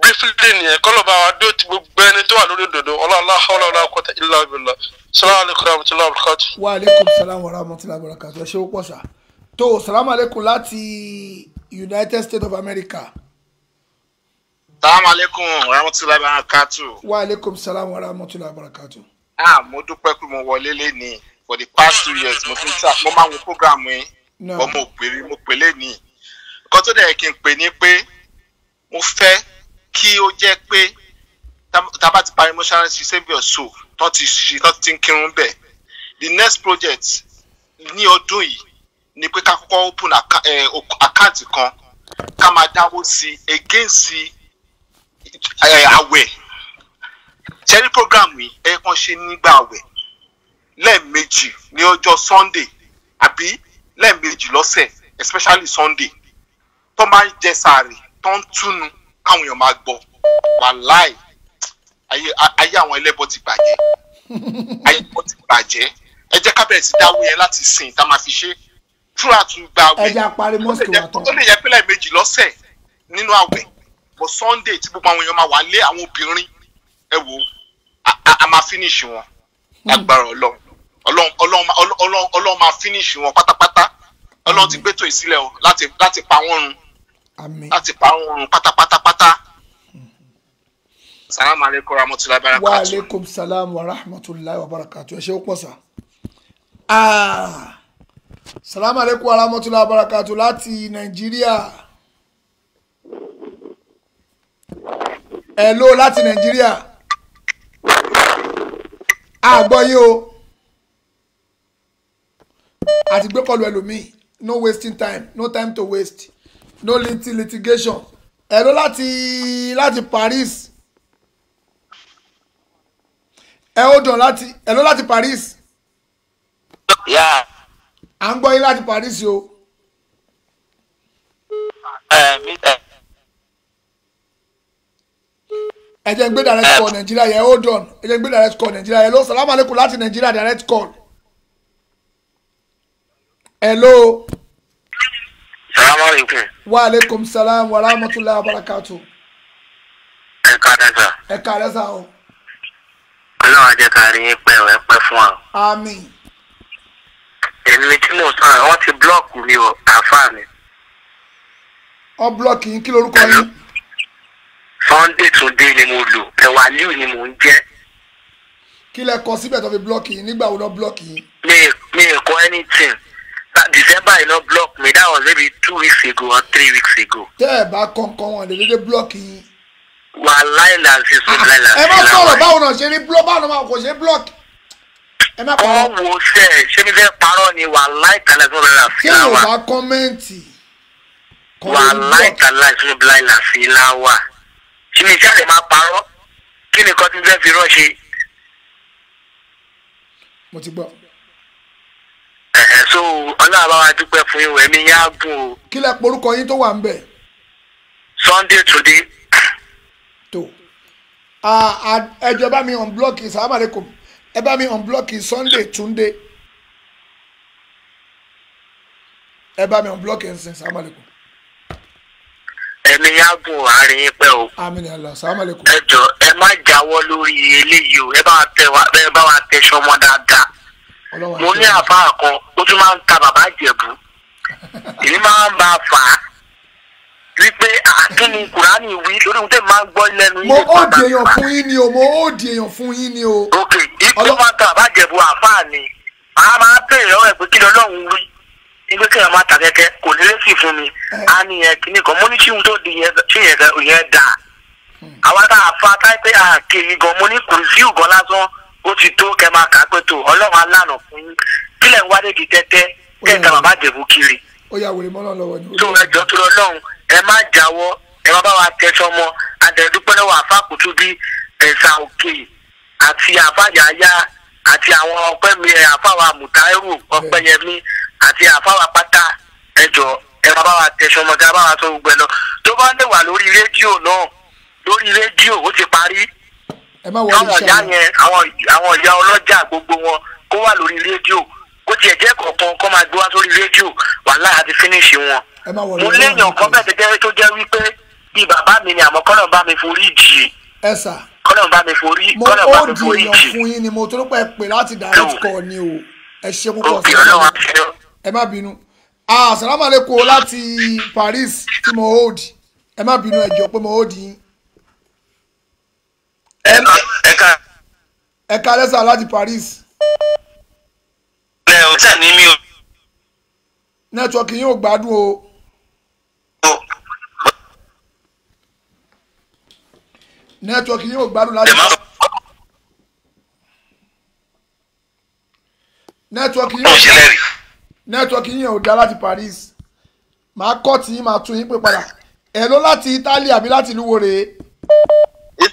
briefly nìyẹn kọ́ ló bá wa dó ti gbogbo ẹni tó wà lórí dodo ọlọ́ọ̀lá ọlọ́ọ̀lá kọ́tà ilá ìbílá salaam aleykum rahmatulah wa aleykum salaam wa rahmatulah barakatu ẹ ṣe ó pọ̀ sá tó salaam aleykum láti United States of America. salaam aleykum rahmatulah barakatu. wa aleykum salaam wa rahmatulah barakatu. ah mo dúpẹ́ pé mo wọlé lénìí for the past two years mo fi ń sà mo máa ń wo program yẹn ọmọ òpèrè mo pè lẹ́ni nǹkan tó dẹ̀ kí n pè ní pé mo fẹ́ kí ó jẹ́ pé tá a bá ti parí mọ́ṣáláṣí saviour so tó ti ṣe tó ti ń kírun bẹ̀ the next project ní ọdún yìí ni pé ká kọ́kọ́ open account kan ká máa dáwó sí against àwẹ̀ cherry program yìí ẹ̀ kàn ṣe nígbà àwẹ̀ lẹ́ẹ̀mejì ní ọjọ́ sunday àbí lẹ́ẹ̀mejì lọ́sẹ̀ especially sunday tó máa ń jẹ sàárì tó ń túnu káwọn èèyàn máa gbọ́ wàláì ayé àwọn ẹlẹ́bọ ti bàjẹ́ ayé ẹlẹ́bọ ti bàjẹ́ ẹ jẹ́ ká bẹ̀rẹ̀ sí dáwó yẹn láti sìn tá a máa fi ṣe túrà tún gba àwẹ̀ ẹ̀jẹ̀ àparí mọ́sìkì wà tán ó lè yẹ pé lẹ́ẹ̀mejì lọ́sẹ̀ nínú àwẹ̀ bọ̀ sunday tí gbogbo àwọn èèyàn máa wà lé àwọn obìnrin ẹ wò a máa finish wọn lágbára ọlọ́run ọlọ́run ọlọ́run ọlọ́run máa finish wọn pátápátá ọlọ́run ti gbétò ìsílẹ̀ o láti láti pa wọ́n run láti pa wọ́n run pátápátápátá. Mm-hmm. salaam aleykum rahmatulahi barakatu. wa aleykum salaam wa rahmatulahi wa barakatu ẹ ṣe ó pọ̀ sá. Ah. salaam aleykum wa rahmatulahi wa barakatu láti nàìjíríà. hello láti nàìjíríà. àgbọ̀yé o àti gbé kọlu ẹlòmíì no wasting time no time to waste no lit litigation ẹ̀rọ láti láti Paris ẹ̀ọ́dàn láti ẹ̀rọ láti Paris. à ń gbọ́ yín láti Paris o. ẹ jẹ́ n gbé direct call Nàìjíríà yẹ ẹ̀ọ́dàn ẹ jẹ́ n gbé direct call Nàìjíríà yẹ ló sàlámù alẹ́kùn láti Nàìjíríà direct call hello. salaamaleykum. wa aleykum salaam wa rahmatulah barakatu. ẹ káàdé sá. ẹ káàdé sá o. ọlọ́run ajẹ́ ká rí yín pẹ́ ẹ pẹ́ fún wa. àmín. èmi tí mo sọ àwọn ti búlọ́ọ̀kù mi o àáfàá mi. ọ búlọ́ọ̀kì yín kí lorúkọ yín. Sunday Tunde ni mo lò Tewaliu ni mo ń jẹ́. kí lẹ kọ síbẹ̀ tó fi búlọ́ọ̀kì yín nígbà wo lọ búlọ́ọ̀kì yín. mi mi kọ anything december you know block me that was maybe two weeks ago or three weeks ago. tẹ́ ẹ bá kọ̀ọ̀kan wọn lè dédé block yín. wàhálà ìlànà ṣe sọ láìla sí i. ẹ má sọ̀rọ̀ báwo náà ṣe ní báwo náà kò ṣe block ẹ má kọ́. wọ́n wo ṣe ẹ ṣé mi fẹ́ parọ́ ni wàhálà ìkàlẹ̀ sọ̀rọ̀ láìla sí i láwà. kí ló bá kọ́mẹ́ǹtì. wàhálà ìkàlẹ̀ sọ̀rọ̀ láìla sí i láwà. ṣé mi ṣáà lè má parọ́ kí ni kọ́ ti fẹ́ fi rọ́ ṣe. mo ti gbọ́ ẹ̀hẹ̀ so ọlọ́run bá wa dúpẹ́ fún yín ẹ̀mí yín á gùn o. kí lẹ porúkọ yín tó wà ń bẹ̀. Sunday Today. tó ẹjọ bá mi unblọ́ọ̀kì sàmàlẹ́kùn ẹ bá mi unblọ́ọ̀kì Sunday Túndé ẹ bá mi unblọ́ọ̀kì ẹ̀ ń sìn sàmàlẹ́kùn ẹ̀mí yágùn àárín yín pẹ́ o. àmín Allah salamu alaikum. ẹ jọ ẹ má jáwọ́ lórí eléyìí o ẹ bá wa tẹ ṣọmọ dáadáa mo ní àfáà kan ó tún máa ń ta bàbá ìjẹ̀bú èmi máa ń bá a fà á wípé àkínní kùránì wí lórí ohun tẹ́ máa ń gbọ́ lẹ́nu yìí. mo ó di èèyàn fún yín ni o mo ó di èèyàn fún yín ni o. ok ipò máa ta bàbá ìjẹ̀bú àfáà ni a máa bèrè lọ́wọ́ ẹ̀ pé kí lọ́lọ́run wí ibi kí ẹ máa ta kẹ̀kẹ́ kò ní lè sì fún mi eh. a ní yẹn kìíní kan mo ní tí n tó di yẹn dáa hmm. àwa tá a fa táyé pé àkéyìn gan mo ní kùrìsíù gan lásán ó ti tó kẹ máa kà á pé tó ọlọ́run alánà fún yín kílẹ̀ ń wálé di tẹ́tẹ́ kẹta bàbá dẹ̀bù kiri. ó yà wèrè mọ́nà lọ́wọ́ ni. tó ẹjọ́ tó lọ lọ́hùn ẹ má jáwọ́ ẹ má bá wa tẹ sọmọ àtẹ̀dúpẹ́ lọ́wọ́ àfa kùtù bí ẹ̀sà òkè àti àfàyàyà àti àwọn ọpẹ́ mi àfàwà mùtáírù ọpẹ́yẹmí àti àfàwà pátá ẹjọ́ ẹ má bá wa tẹ sọmọ kí a bá wa sọ gbogbo ẹ lọ tó bá lè wà lórí rédíò náà lórí rédíò ó ti parí káwọn ọjà yẹn àwọn ọjà ọlọ́jà gbogbo wọn kó wà lórí rédíò kó tiẹ̀ jẹ́ kọ̀ọ̀kan kó máa gbé wá sórí rédíò wàhálà àti fínísì wọn. mo léèyàn kan bẹ́ẹ̀ tẹ́tẹ́ tó jẹ́ wípé bí bàbá mi ni àmọ́ kọ́nà bá mi forí jì í. ẹ sà. kọ́nà bá mi forí jì í. mo ó di èèyàn fún yín ni mo ẹ má bínú. asalaamualeykum ah, láti Paris tí mo hold ẹ má bínú ẹ jọ pé mo hold yín. ẹka lẹsà láti Paris. ẹ ò tà ní mi o. nẹ́tíwọ́kì yóò gbádùn o. nẹ́tíwọ́kì yóò gbádùn láti. nẹ́tíwọ́kì yóò nẹ́tíwọ́kì yóò dá láti Paris màá kọ́ tí màá tún yín pé padà ẹ̀ ló láti Italy àbí láti ìlú wo rèé.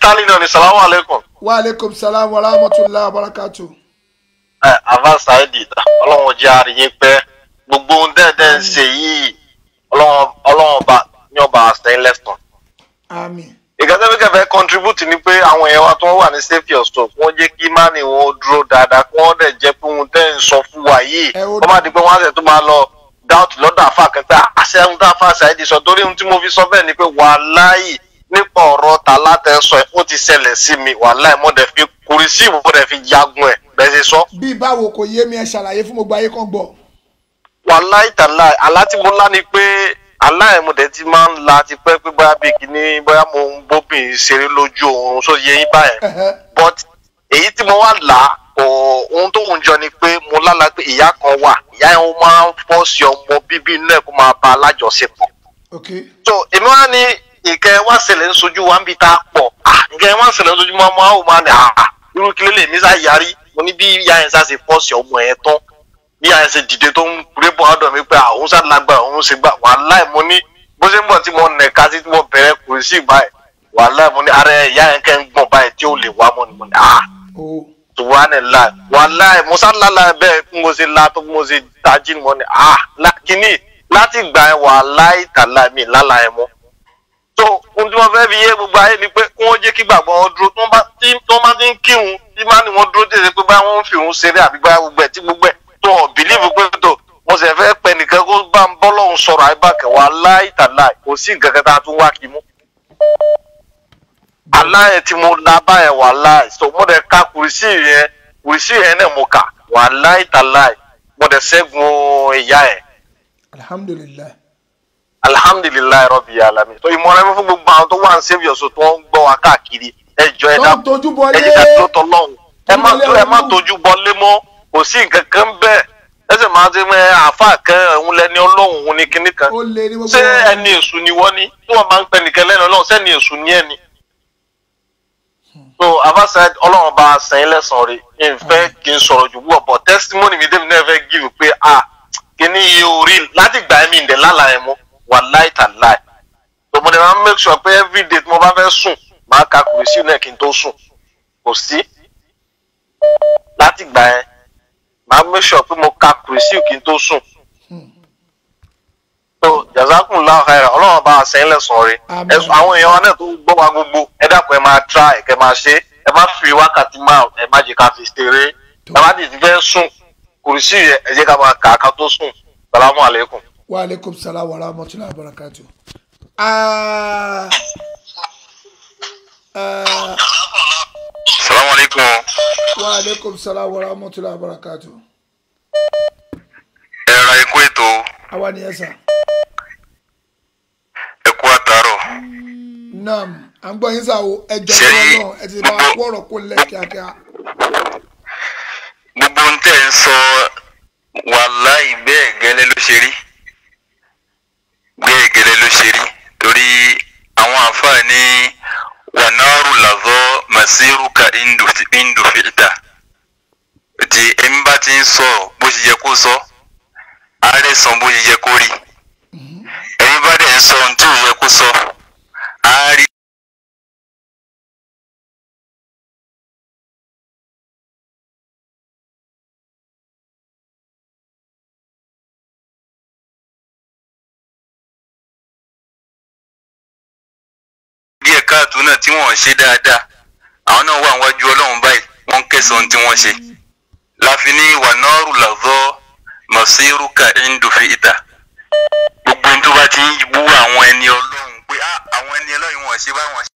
stanley náà ni salamu aleykum. wa aleykum salaam wa rahmatulah abarakatu. ẹ avance id ọlọ́run jẹ́ àríyìn pé gbogbo ohun dẹ́ẹ̀dẹ́ ń ṣe yìí ọlọ́run ọba ní ọba àṣẹyìn lẹ́sàn. àmín. mi kẹfẹ́ contribute ni pé àwọn èèyàn wa tó wà ní save your stock wọ́n jẹ́ kí mánì wọn dúró dáadáa kí wọ́n dẹ̀ jẹ́ pé ohun tẹ́ ń sọ fún wa yìí wọ́n má di pé wọ́n á tẹ̀ tó máa lọ doubt lọ́dọ̀ àfa kan ah, àṣẹ ń dá àfa àṣà nípa ọ̀rọ̀ ta látẹ̀sọ ẹ̀ ó ti ṣẹlẹ̀ sí mi wàhálà ẹ̀ mo dẹ̀ fi kùrì sí ìwò mo dẹ̀ fi jagun ẹ̀ bẹ́ẹ̀ ṣe sọ. bí báwo kò yé mi ẹ ṣàlàyé fún gbogbo ayé kan gbọ́. wàhálà ìtàlá àlá tí lá ni pé àlá ẹ̀ mo dẹ̀ ti máa ń la ti pẹ́ pé bóyá bíi kìíní bóyá mo ń bóbìn ṣeré lójú oorun só yẹ yín báyẹn but èyí tí mo wá là á kò ohun tó ń jọ ni pé mo lálàá pé ìyá kan wà ìyá yẹn ó máa ń fọ́ sí ọmọ bíbí inú ẹ̀ kó máa bá a so èmi wá ní nǹkan wá ṣẹlẹ̀ ń sojú wa ń bi tá a pọ̀ nǹkan wá ṣẹlẹ̀ ń sojú máa ò máa nà á irú kí lè mí sá yarí mo ní bí ìyá yẹn sá ṣe pọ́ọ̀sì ọmọ yẹn tán bí ìyá yẹn ṣe dìde tó ń rébọ̀ ọ̀dọ̀ mi pé àwọn sá lágbára òun ṣe gbà wàláì mo ní bó ṣe ń bọ̀ tí mo nà ká sí tí mo bẹ̀rẹ̀ kò sí báyìí wàláì mo ní ara ìyá yẹn kẹ́ ń gbọ̀n báyìí tí ó so ohun tí wọ́n fẹ́ fi yé gbogbo ayé ni pé kí wọ́n jẹ́ kí gbàgbọ́ wọn dúró tó bá ti ń kírun tí má ni wọ́n dúró tètè pé báwọn ń fi òun ṣeré àbí gbá gbogbo ẹ̀ tí gbogbo ẹ̀ tó hàn bìlíìfù pé tó mo sì fẹ́ pẹ nìkan kó bá ń bọ́ lọ́hùn sọ̀rọ̀ àìbákẹ́ wa láìtàláì kò sí nǹkan kan tá a tún wá kí mú aláyẹ tí mo la báyẹn wà láì so mo dẹ ka kùrìsì yẹn kùrìsì yẹn náà mo kà wà láì tà mo dẹ ṣẹ́gun ìyá yẹn. alhamdulilayi alihamudulilayi rọbì alami tó ìmọ̀ràn mi fún gbogbo àwọn tó wà ń sẹ́fì ọ̀sọ̀ tó ń gbọ́ wa káàkiri ẹ jọ ẹ dàpọ̀ ẹ jẹ́ ká tó tọ́ lọ́hùn ẹ má tó ẹ má tójú bọ́ lé mọ́ kò sí nǹkan kan bẹ́ẹ̀ ẹ sì máa ti mọ àfa kan òun lẹni ọlọ́hùn òun ni kinní kan ṣé ẹni èṣù ni wọ́n ni tí wọ́n máa ń pẹ nìkan lẹ́nu ọlọ́run sẹ́ni èṣù ni ẹni. so abasa ọlọ́run bá a sẹ́yìn lẹ́sàn-án rẹ̀ ń fẹ́ kí n sọ̀rọ̀ jù wọ̀ bọ̀ testimony mi dé náà fẹ́ give pé ah kinní yìí ò rí láti gbà mí ǹdẹ̀ lálàá ẹ̀ wàláì tàláì tó mo dẹ̀ máa ń make sure pé every day tí mo bá fẹ́ sùn máa ka kùrìsì náà kí n tó sùn kò sí láti gbà yẹn máa make sure pé mo ka kùrìsì kí n tó sùn so jazakun láwọn ọlọ́run bá a sẹ́yìn lẹ́sàn-án rẹ̀ ẹ̀sùn àwọn èèyàn wa náà tó gbọ́ wa gbogbo ẹ dákun ẹ máa try ẹ máa ṣe ẹ má fi wákàtí máa ẹ má jẹ ká fi ṣeré ẹ má ti fẹ́ sùn kùrìsì ẹ jẹ́ ká máa kà á ká tó sùn salamu aleykum wa aleykum salaam wa rahmatulahi wa barakatu. Ah. salaamaleykum. wa aleykum salaam wa rahmatulahi wa barakatu. ẹ ra ikú ètò. àwa ni ẹ sà. ẹ kú àtàrọ. naam à ń gbọ́ yín sá o ẹ jọ ìwọ náà ẹ ti bá wa kó ọ̀rọ̀ kó lẹ̀ kíákíá. gbogbo ń tẹ̀ ń sọ wàláì bẹ́ẹ̀ ló ṣe rí bẹ́ẹ̀ gẹ́lẹ́ ló ṣe rí torí àwọn àǹfààní wanaru lazọ masiruka indufita ti ẹni bá ti ń sọ bó ṣe yẹ kó sọ àárẹ̀ san bó ṣe yẹ kó rí mhm. ẹni bá dẹ̀ ń sọ ohun tí ò yẹ kó sọ àárí. díẹ̀ káàtó náà tí wọ́n ṣe dáadáa àwọn náà wà wájú ọlọ́run báyìí wọ́n kẹsàn-án tí wọ́n ṣe láfi ní wànọ́ọ̀rù làzọ́ mọ̀sírùkà ìndùfẹ́ ìta gbogbo ní tó bá ti ń wú àwọn ẹni ọlọ́run pé ah, àwọn ẹni ọlọ́run wọ́n ṣe báwọn ṣe.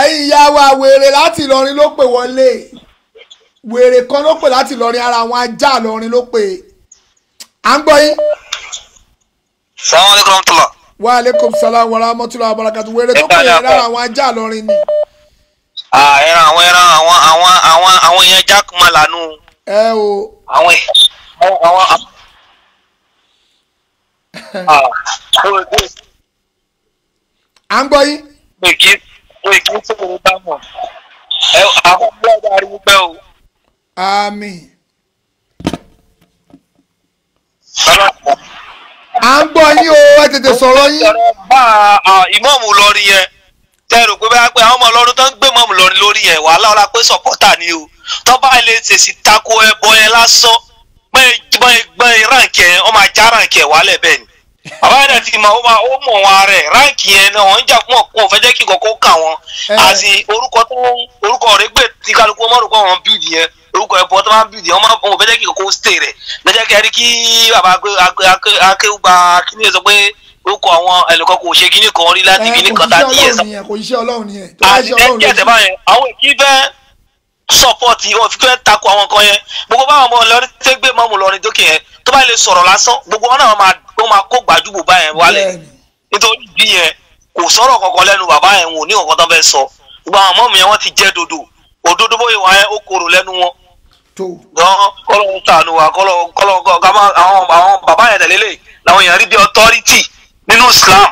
ẹ̀yin ìyá wa láti Ìlọrin ló pè wọlé wèrè kan ló pè láti Ìlọrin ara àwọn ajá Ìlọrin ló pè à ń gbọ́ yín. salaam aleykum rahmatulah. wa aleykum salaam wa rahmatulah wèrè tó pè yẹn lára àwọn ajá Ìlọrin ni. ẹran àwọn ẹran àwọn àwọn àwọn àwọn èèyàn jákùmá lànú. ẹ o. àwọn àwọn [laughs] à ń gbọ́ yín òye à ń gbọ́ yín o ẹ tètè sọ̀rọ̀ yín. bá a ìmọ̀ọ́mù lọ́rin yẹn tẹ́rù pé bá pé àwọn ọmọ ọlọ́run tó ń gbé mọ́ọ̀mù lọ́rin lórí yẹn wàhálà ọ̀la pé sọ̀pọ́tà ni o tó bá lè tako ẹbọ yẹn lásán gbọ́n ìgbọ́n ìránkẹ́ ọmọ ajá ránkẹ́ wàhálẹ̀ bẹ́ẹ̀ ni àbáyé náà ti mọ ó máa ó mọ wọn rẹ ráǹkì yẹn náà wọn ń jà fún ọkùnrin fẹjẹ kí kọkọ kà wọn àti orúkọ tó orúkọ rẹ gbé tí kálukú ọmọ orúkọ wọn bíìdì yẹn orúkọ ẹbọ tó máa ń bíìdì ọmọ ọkùnrin fẹjẹ kí kọkọ stay rẹ lọjọ kẹrin kí bàbá akéwùgbà kíni sọ pé orúkọ àwọn ẹnìkan kò ṣe kíní kan rí láti kíní kan tá a ti yẹ sọ àti tẹ́tí ẹ̀sẹ̀ báyẹn àwọn èkí fẹ́ sọpọ́ọ̀tì wọn fi fẹ́ takò àwọn kan yẹn gbogbo báwọn ọmọ Ìlọrin tẹ́ gbé mọ́mù Ìlọrin dókè yẹn tó bá lè sọ̀rọ̀ lásán gbogbo wọn náà wọn máa kó gbàdúgbò bá yẹn wálẹ̀ nítorí bí yẹn kò sọ̀rọ̀ kankan lẹ́nu bàbá yẹn wọn ò ní kankan tó fẹ́ sọ gbogbo àwọn ọmọ mi yẹn wọ́n ti jẹ́ dodo òdodo bóyá wà yẹn ó korò lẹ́nu wọn. gan kọ́lọ́hún tànù wá kọ́lọ́hún kọ́lọ́hún àwọn bàbá yẹn tẹ̀lé lè làwọn èèyàn rí bí authority nínú Islam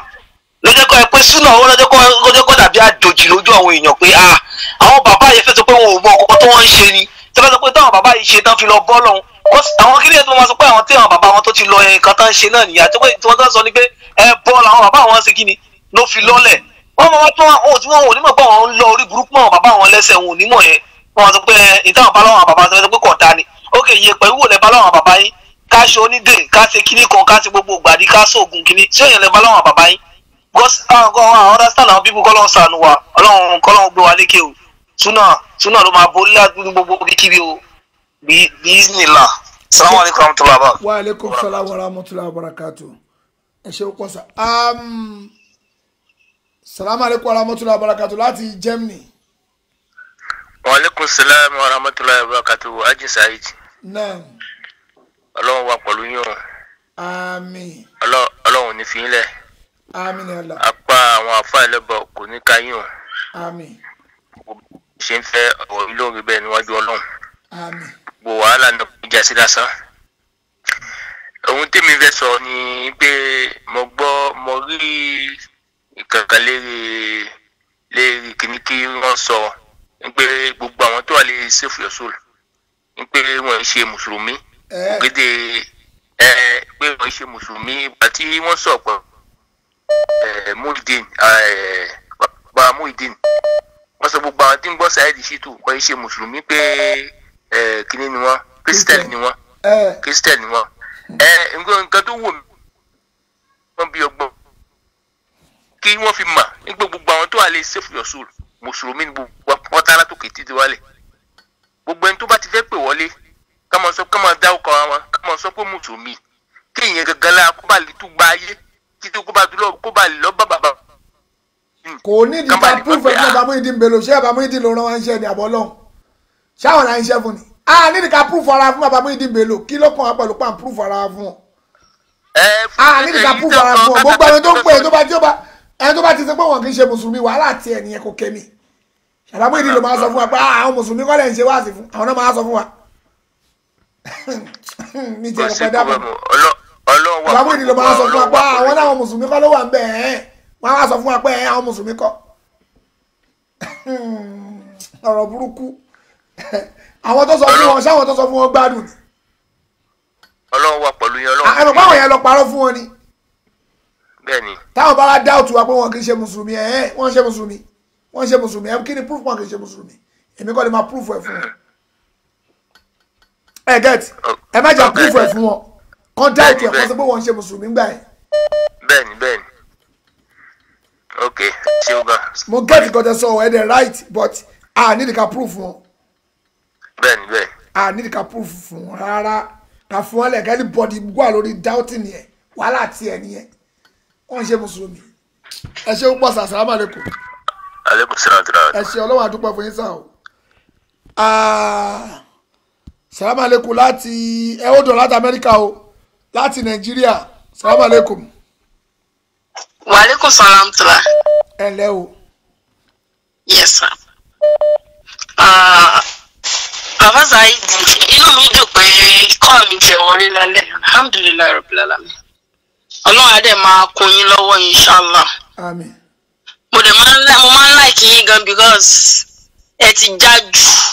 lọ́jọ́ kọ́ ẹ pé súnà owó lọ́jọ́ kọ́ lọ́jọ́ kọ́ dàbí àjòjì lójú àwọn èèyàn pé ah àwọn bàbá yìí fẹ́ sọ pé wọn ò mọ ọkọ̀ tó wọ́n ń ṣe ni tó fẹ́ sọ pé táwọn bàbá yìí ṣe tán fi lọ bọ́ lọ́hùn àwọn kí lèyẹ tó máa sọ pé àwọn tí àwọn bàbá wọn tó ti lọ nǹkan tán ṣe náà nìyà tí wọ́n tán sọ ni pé ẹ bọ́ làwọn bàbá wọn ṣe kíni ló fi lọ́lẹ̀ wọ́n máa tún wọn tí wọn ò ní mọ̀ pé àwọn ń lọ orí burúkú mọ́ àwọn bàbá wọn lẹ́sẹ̀ wọn ò ní mọ̀ yẹn wọ́n máa sọ pé ìtàn bá lọ́wọ́ bàbá sọ pé kò dá ni ok iye pẹ̀lú wò lẹ bá lọ́wọ́ bàbá yín ká ṣe onídè ká ṣe kíní kan ká ṣe gbogbo because àwọn ah, ah, understand àwọn people kọ́lọ́n sànù wa ọlọ́run kọ́lọ́n gbé wa lékè o súnà súnà ló máa borí ládùúgbò gbogbo kíkiri o bí ìsìnlá salamu alaykum rahmatulah abak. wa aleykum salaam wa rahmatulah abarakatu ẹ ṣe kọ sa um, salamu alaykum wa rahmatulah abarakatu láti Germany. wa aleykum salaam wa rahmatulah abarakatu ajin saheed. naam. ọlọ́run wa pẹ̀lú yín o. àmín. ọlọ́run ò ní fi yín lẹ̀ àmín Allah. apá àwọn àfáà ẹlẹ́bọ̀ kò ní káyìn o. àmín. ṣe ń fẹ́ ọ̀rọ̀ olóore bẹ́ẹ̀ níwájú ọlọ́run. àmín. gbogbo wàhálà náà kò já sí lásán. ohun tèmi fẹ́ sọ ni pé mo gbọ́ mo rí ìkàkàn léèrè léèrè kìnnìkì wọ́n sọ pé gbogbo àwọn tó wà lè save your eh. Eh, pé wọ́n ń ṣe mùsùlùmí. ògèdè ẹ pé wọ́n ń ṣe mùsùlùmí àti wọ́n sọ pẹ̀lú Eh, Muhyiddin eh, baba Muhyiddin wọ́n sọ gbogbo àwọn tí ń gbọ́ Saheed Shittu kọ́ iṣẹ́ mùsùlùmí pé eh, kíní ni wọ́n kírísítẹ́nì ni wọ́n kírísítẹ́nì ni wọ́n nǹkan tó wù mí wọ́n bí ọgbọ́n kí wọ́n fi mà nígbà gbogbo àwọn tó wà lè save your soul mùsùlùmí ni gbogbo pátá látòkè títí wálẹ̀ gbogbo ẹni tó bá ti fẹ́ pè wọlé ká máa sọ ká máa dá ọkọ̀ wọn ká máa sọ pé mùsùlùmí kí ìyẹn gangan lára kó bá lè tún gba ayé títí kó bá dúró kó bá lọ bá bàbá. Hmm. kò nídìí ká púrúfù ẹ̀ fún bàbá ìdí mbèlò ṣé bàbá ìdí ló rán wá iṣẹ́ ni àbọ̀ lọ́hùn ṣáwọn náà iṣẹ́ fún ni a nídìí ká púrúfù ara fún bàbá ìdí mbèlò kí ló kàn wá pẹ̀lú pàm púrúfù ara fún ọ. a nídìí ká púrúfù ara fún ọ gbogbo ẹni tó ń pè ẹni tó bá ti sọ pé wọn kì í ṣe mùsùlùmí wàhálà tiẹ̀ nìyẹn kò kẹ́mi ṣàdámù ìdí ló máa sọ fún wa pé ah, àwọn mùsùlùmí kọ́lẹ̀ ń ṣe wáàsí fún àwọn náà máa sọ fún wa. [laughs] mi jẹ́ ọ̀pẹ dábọ̀ ọlọ́run wà pẹ̀lú ọlọ́run wà pẹ̀lú ọlọ́run àwọn náà mùsùlùmí [laughs] ọ̀rọ̀ burúkú [laughs] àwọn tó sọ fún wọn ṣáwọn tó sọ fún wọn gbádùn ni. ọlọ́run wà pẹ̀lú yẹn ọlọ́run. Ah, ẹnu pàwọn yẹn lọ parọ́ fún wọn ni. bẹ́ẹ̀ni. táwọn bá wá dá òtù wa pé wọn kì ṣe mùsùlùmí ẹ̀ wọ́n ṣe mùsùlùmí wọ́n ṣe mùsùlùmí ẹ̀ kí ni proof wọn kì ṣe mùsùlùmí èmi kọ́ ni máa proof ẹ̀ fún wọn. Oh. ẹ gẹ́t ẹ má jà proof ẹ̀ fún wọn kán dá ìtì ẹ̀kọ́ sọ pé wọ́n ń ṣe mùsùlùmí gbà ẹ̀. bẹ́ẹ̀ni bẹ́ẹ̀ni ok ṣé o gan. mo get nǹkan tẹ sọ ọ ẹdẹ right but a need ka proof wọn. bẹ́ẹ̀ni bẹ́ẹ̀ni. a need ka proof fún wọn rárá ka fún wọn lẹ kẹ́lí bọ́dì wà lórí doubting yẹn wàhálà tiẹ̀ nìyẹn wọ́n ń ṣe mùsùlùmí ẹ ṣe ń pọ̀ sà sàlámà lẹ́kọ̀ọ́. aleykum salaam tí ra. ẹ ṣe ọlọ́wọ́ àdúpọ̀ fún yín sá o. Ah, sàlámà lẹ́kọ̀ọ́ láti ẹ̀ ó dọ̀ láti amẹ́ríkà o. láti nàìjíríà salaam aleykum. waaleykum salaam tula. ẹ o. yes sir. bàbá Saheed inú mi dùn pé kọ́ mi jẹ wọlé lálẹ́ alhamdulilayi rabbil alamin ọlọ́run adé máa kó yín lọ́wọ́ inshallah. mo dẹ̀ máa ń yín gan because ẹ ti já jù.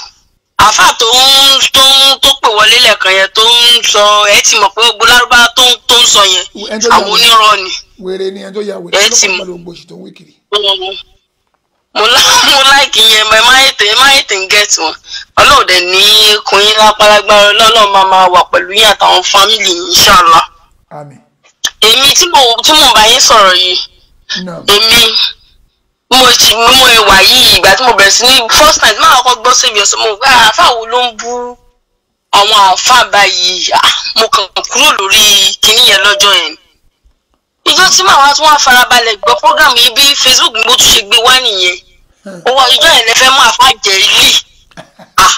àáfàá tó ń tó ń tó pè wọlé lẹ́ẹ̀kan yẹn tó ń sọ ẹ ti mọ̀ pé gbogbo lárúbá tó ń tó ń sọ yẹn àwọn onírọ̀ ni ẹ ti mọ̀ mo mo láìkì [laughs] yẹn ẹ má ètè ẹ má ètè ń gẹ̀ẹ́tì wọn ọlọ́ọ̀dẹ ní kun yín lápálágbára máa máa wà pẹ̀lú yín àtàwọn fámìlì yín inshallah. èmi tí mo bá yín sọ̀rọ̀ yìí èmi mo ṣì mú ẹwà yìí ìgbà tí mo bẹ̀rẹ̀ sí ní first time máa kọ́ gbọ́ sí ibi ọ̀sán mo gbà ah, àáfà wo ló ń bú àwọn àáfà báyìí ah, mo kàn kúrò lórí kinní yẹn lọ́jọ́ yẹn ìjọ tí màwa tún wá farabalẹ̀ gbọ́ program yìí bí Facebook mo tún ṣe gbé wá nìyẹn owó ìjọ yẹn lè fẹ́ mú àáfà jẹ ilé ah.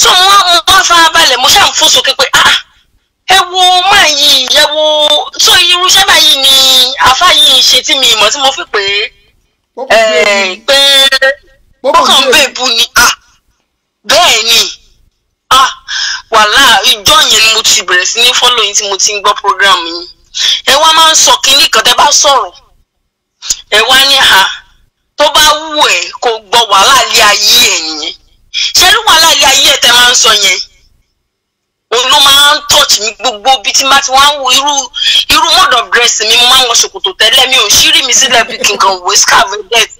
so mo wá farabalẹ̀ mo ṣàǹfóso pé ah ẹ wo máa yìí ẹ wo so irúṣẹ́ báyìí ni àáfàá yìí ṣe tí mi ìmọ̀ tí mo fi pé pé bọ́kàn bèbú ni ah, bẹ́ẹ̀ ni ah, wàhálà ìjọ yẹn ni mo ti bẹ̀rẹ̀ sí ní fọ́lọ́yìn tí mo ti ń gbọ́ program yìí ẹ wá máa ń sọ kínní kan tẹ́ bá sọ̀rọ̀ ẹ wá ní à tó bá wù ẹ́ kó gbọ́ wàhálà ilé ayé ẹ̀ nìyẹn ṣẹlú wàhálà ilé ayé ẹ̀ tẹ́ máa ń sọ yẹn òun ló máa ń touch mi gbogbo bíi tí máa ti wá ń wo irú irú mode of dress mi mo máa ń wọ ṣòkòtò tẹ́lẹ̀ mi ò ṣírí mi sílẹ̀ bí kankan wò scarf death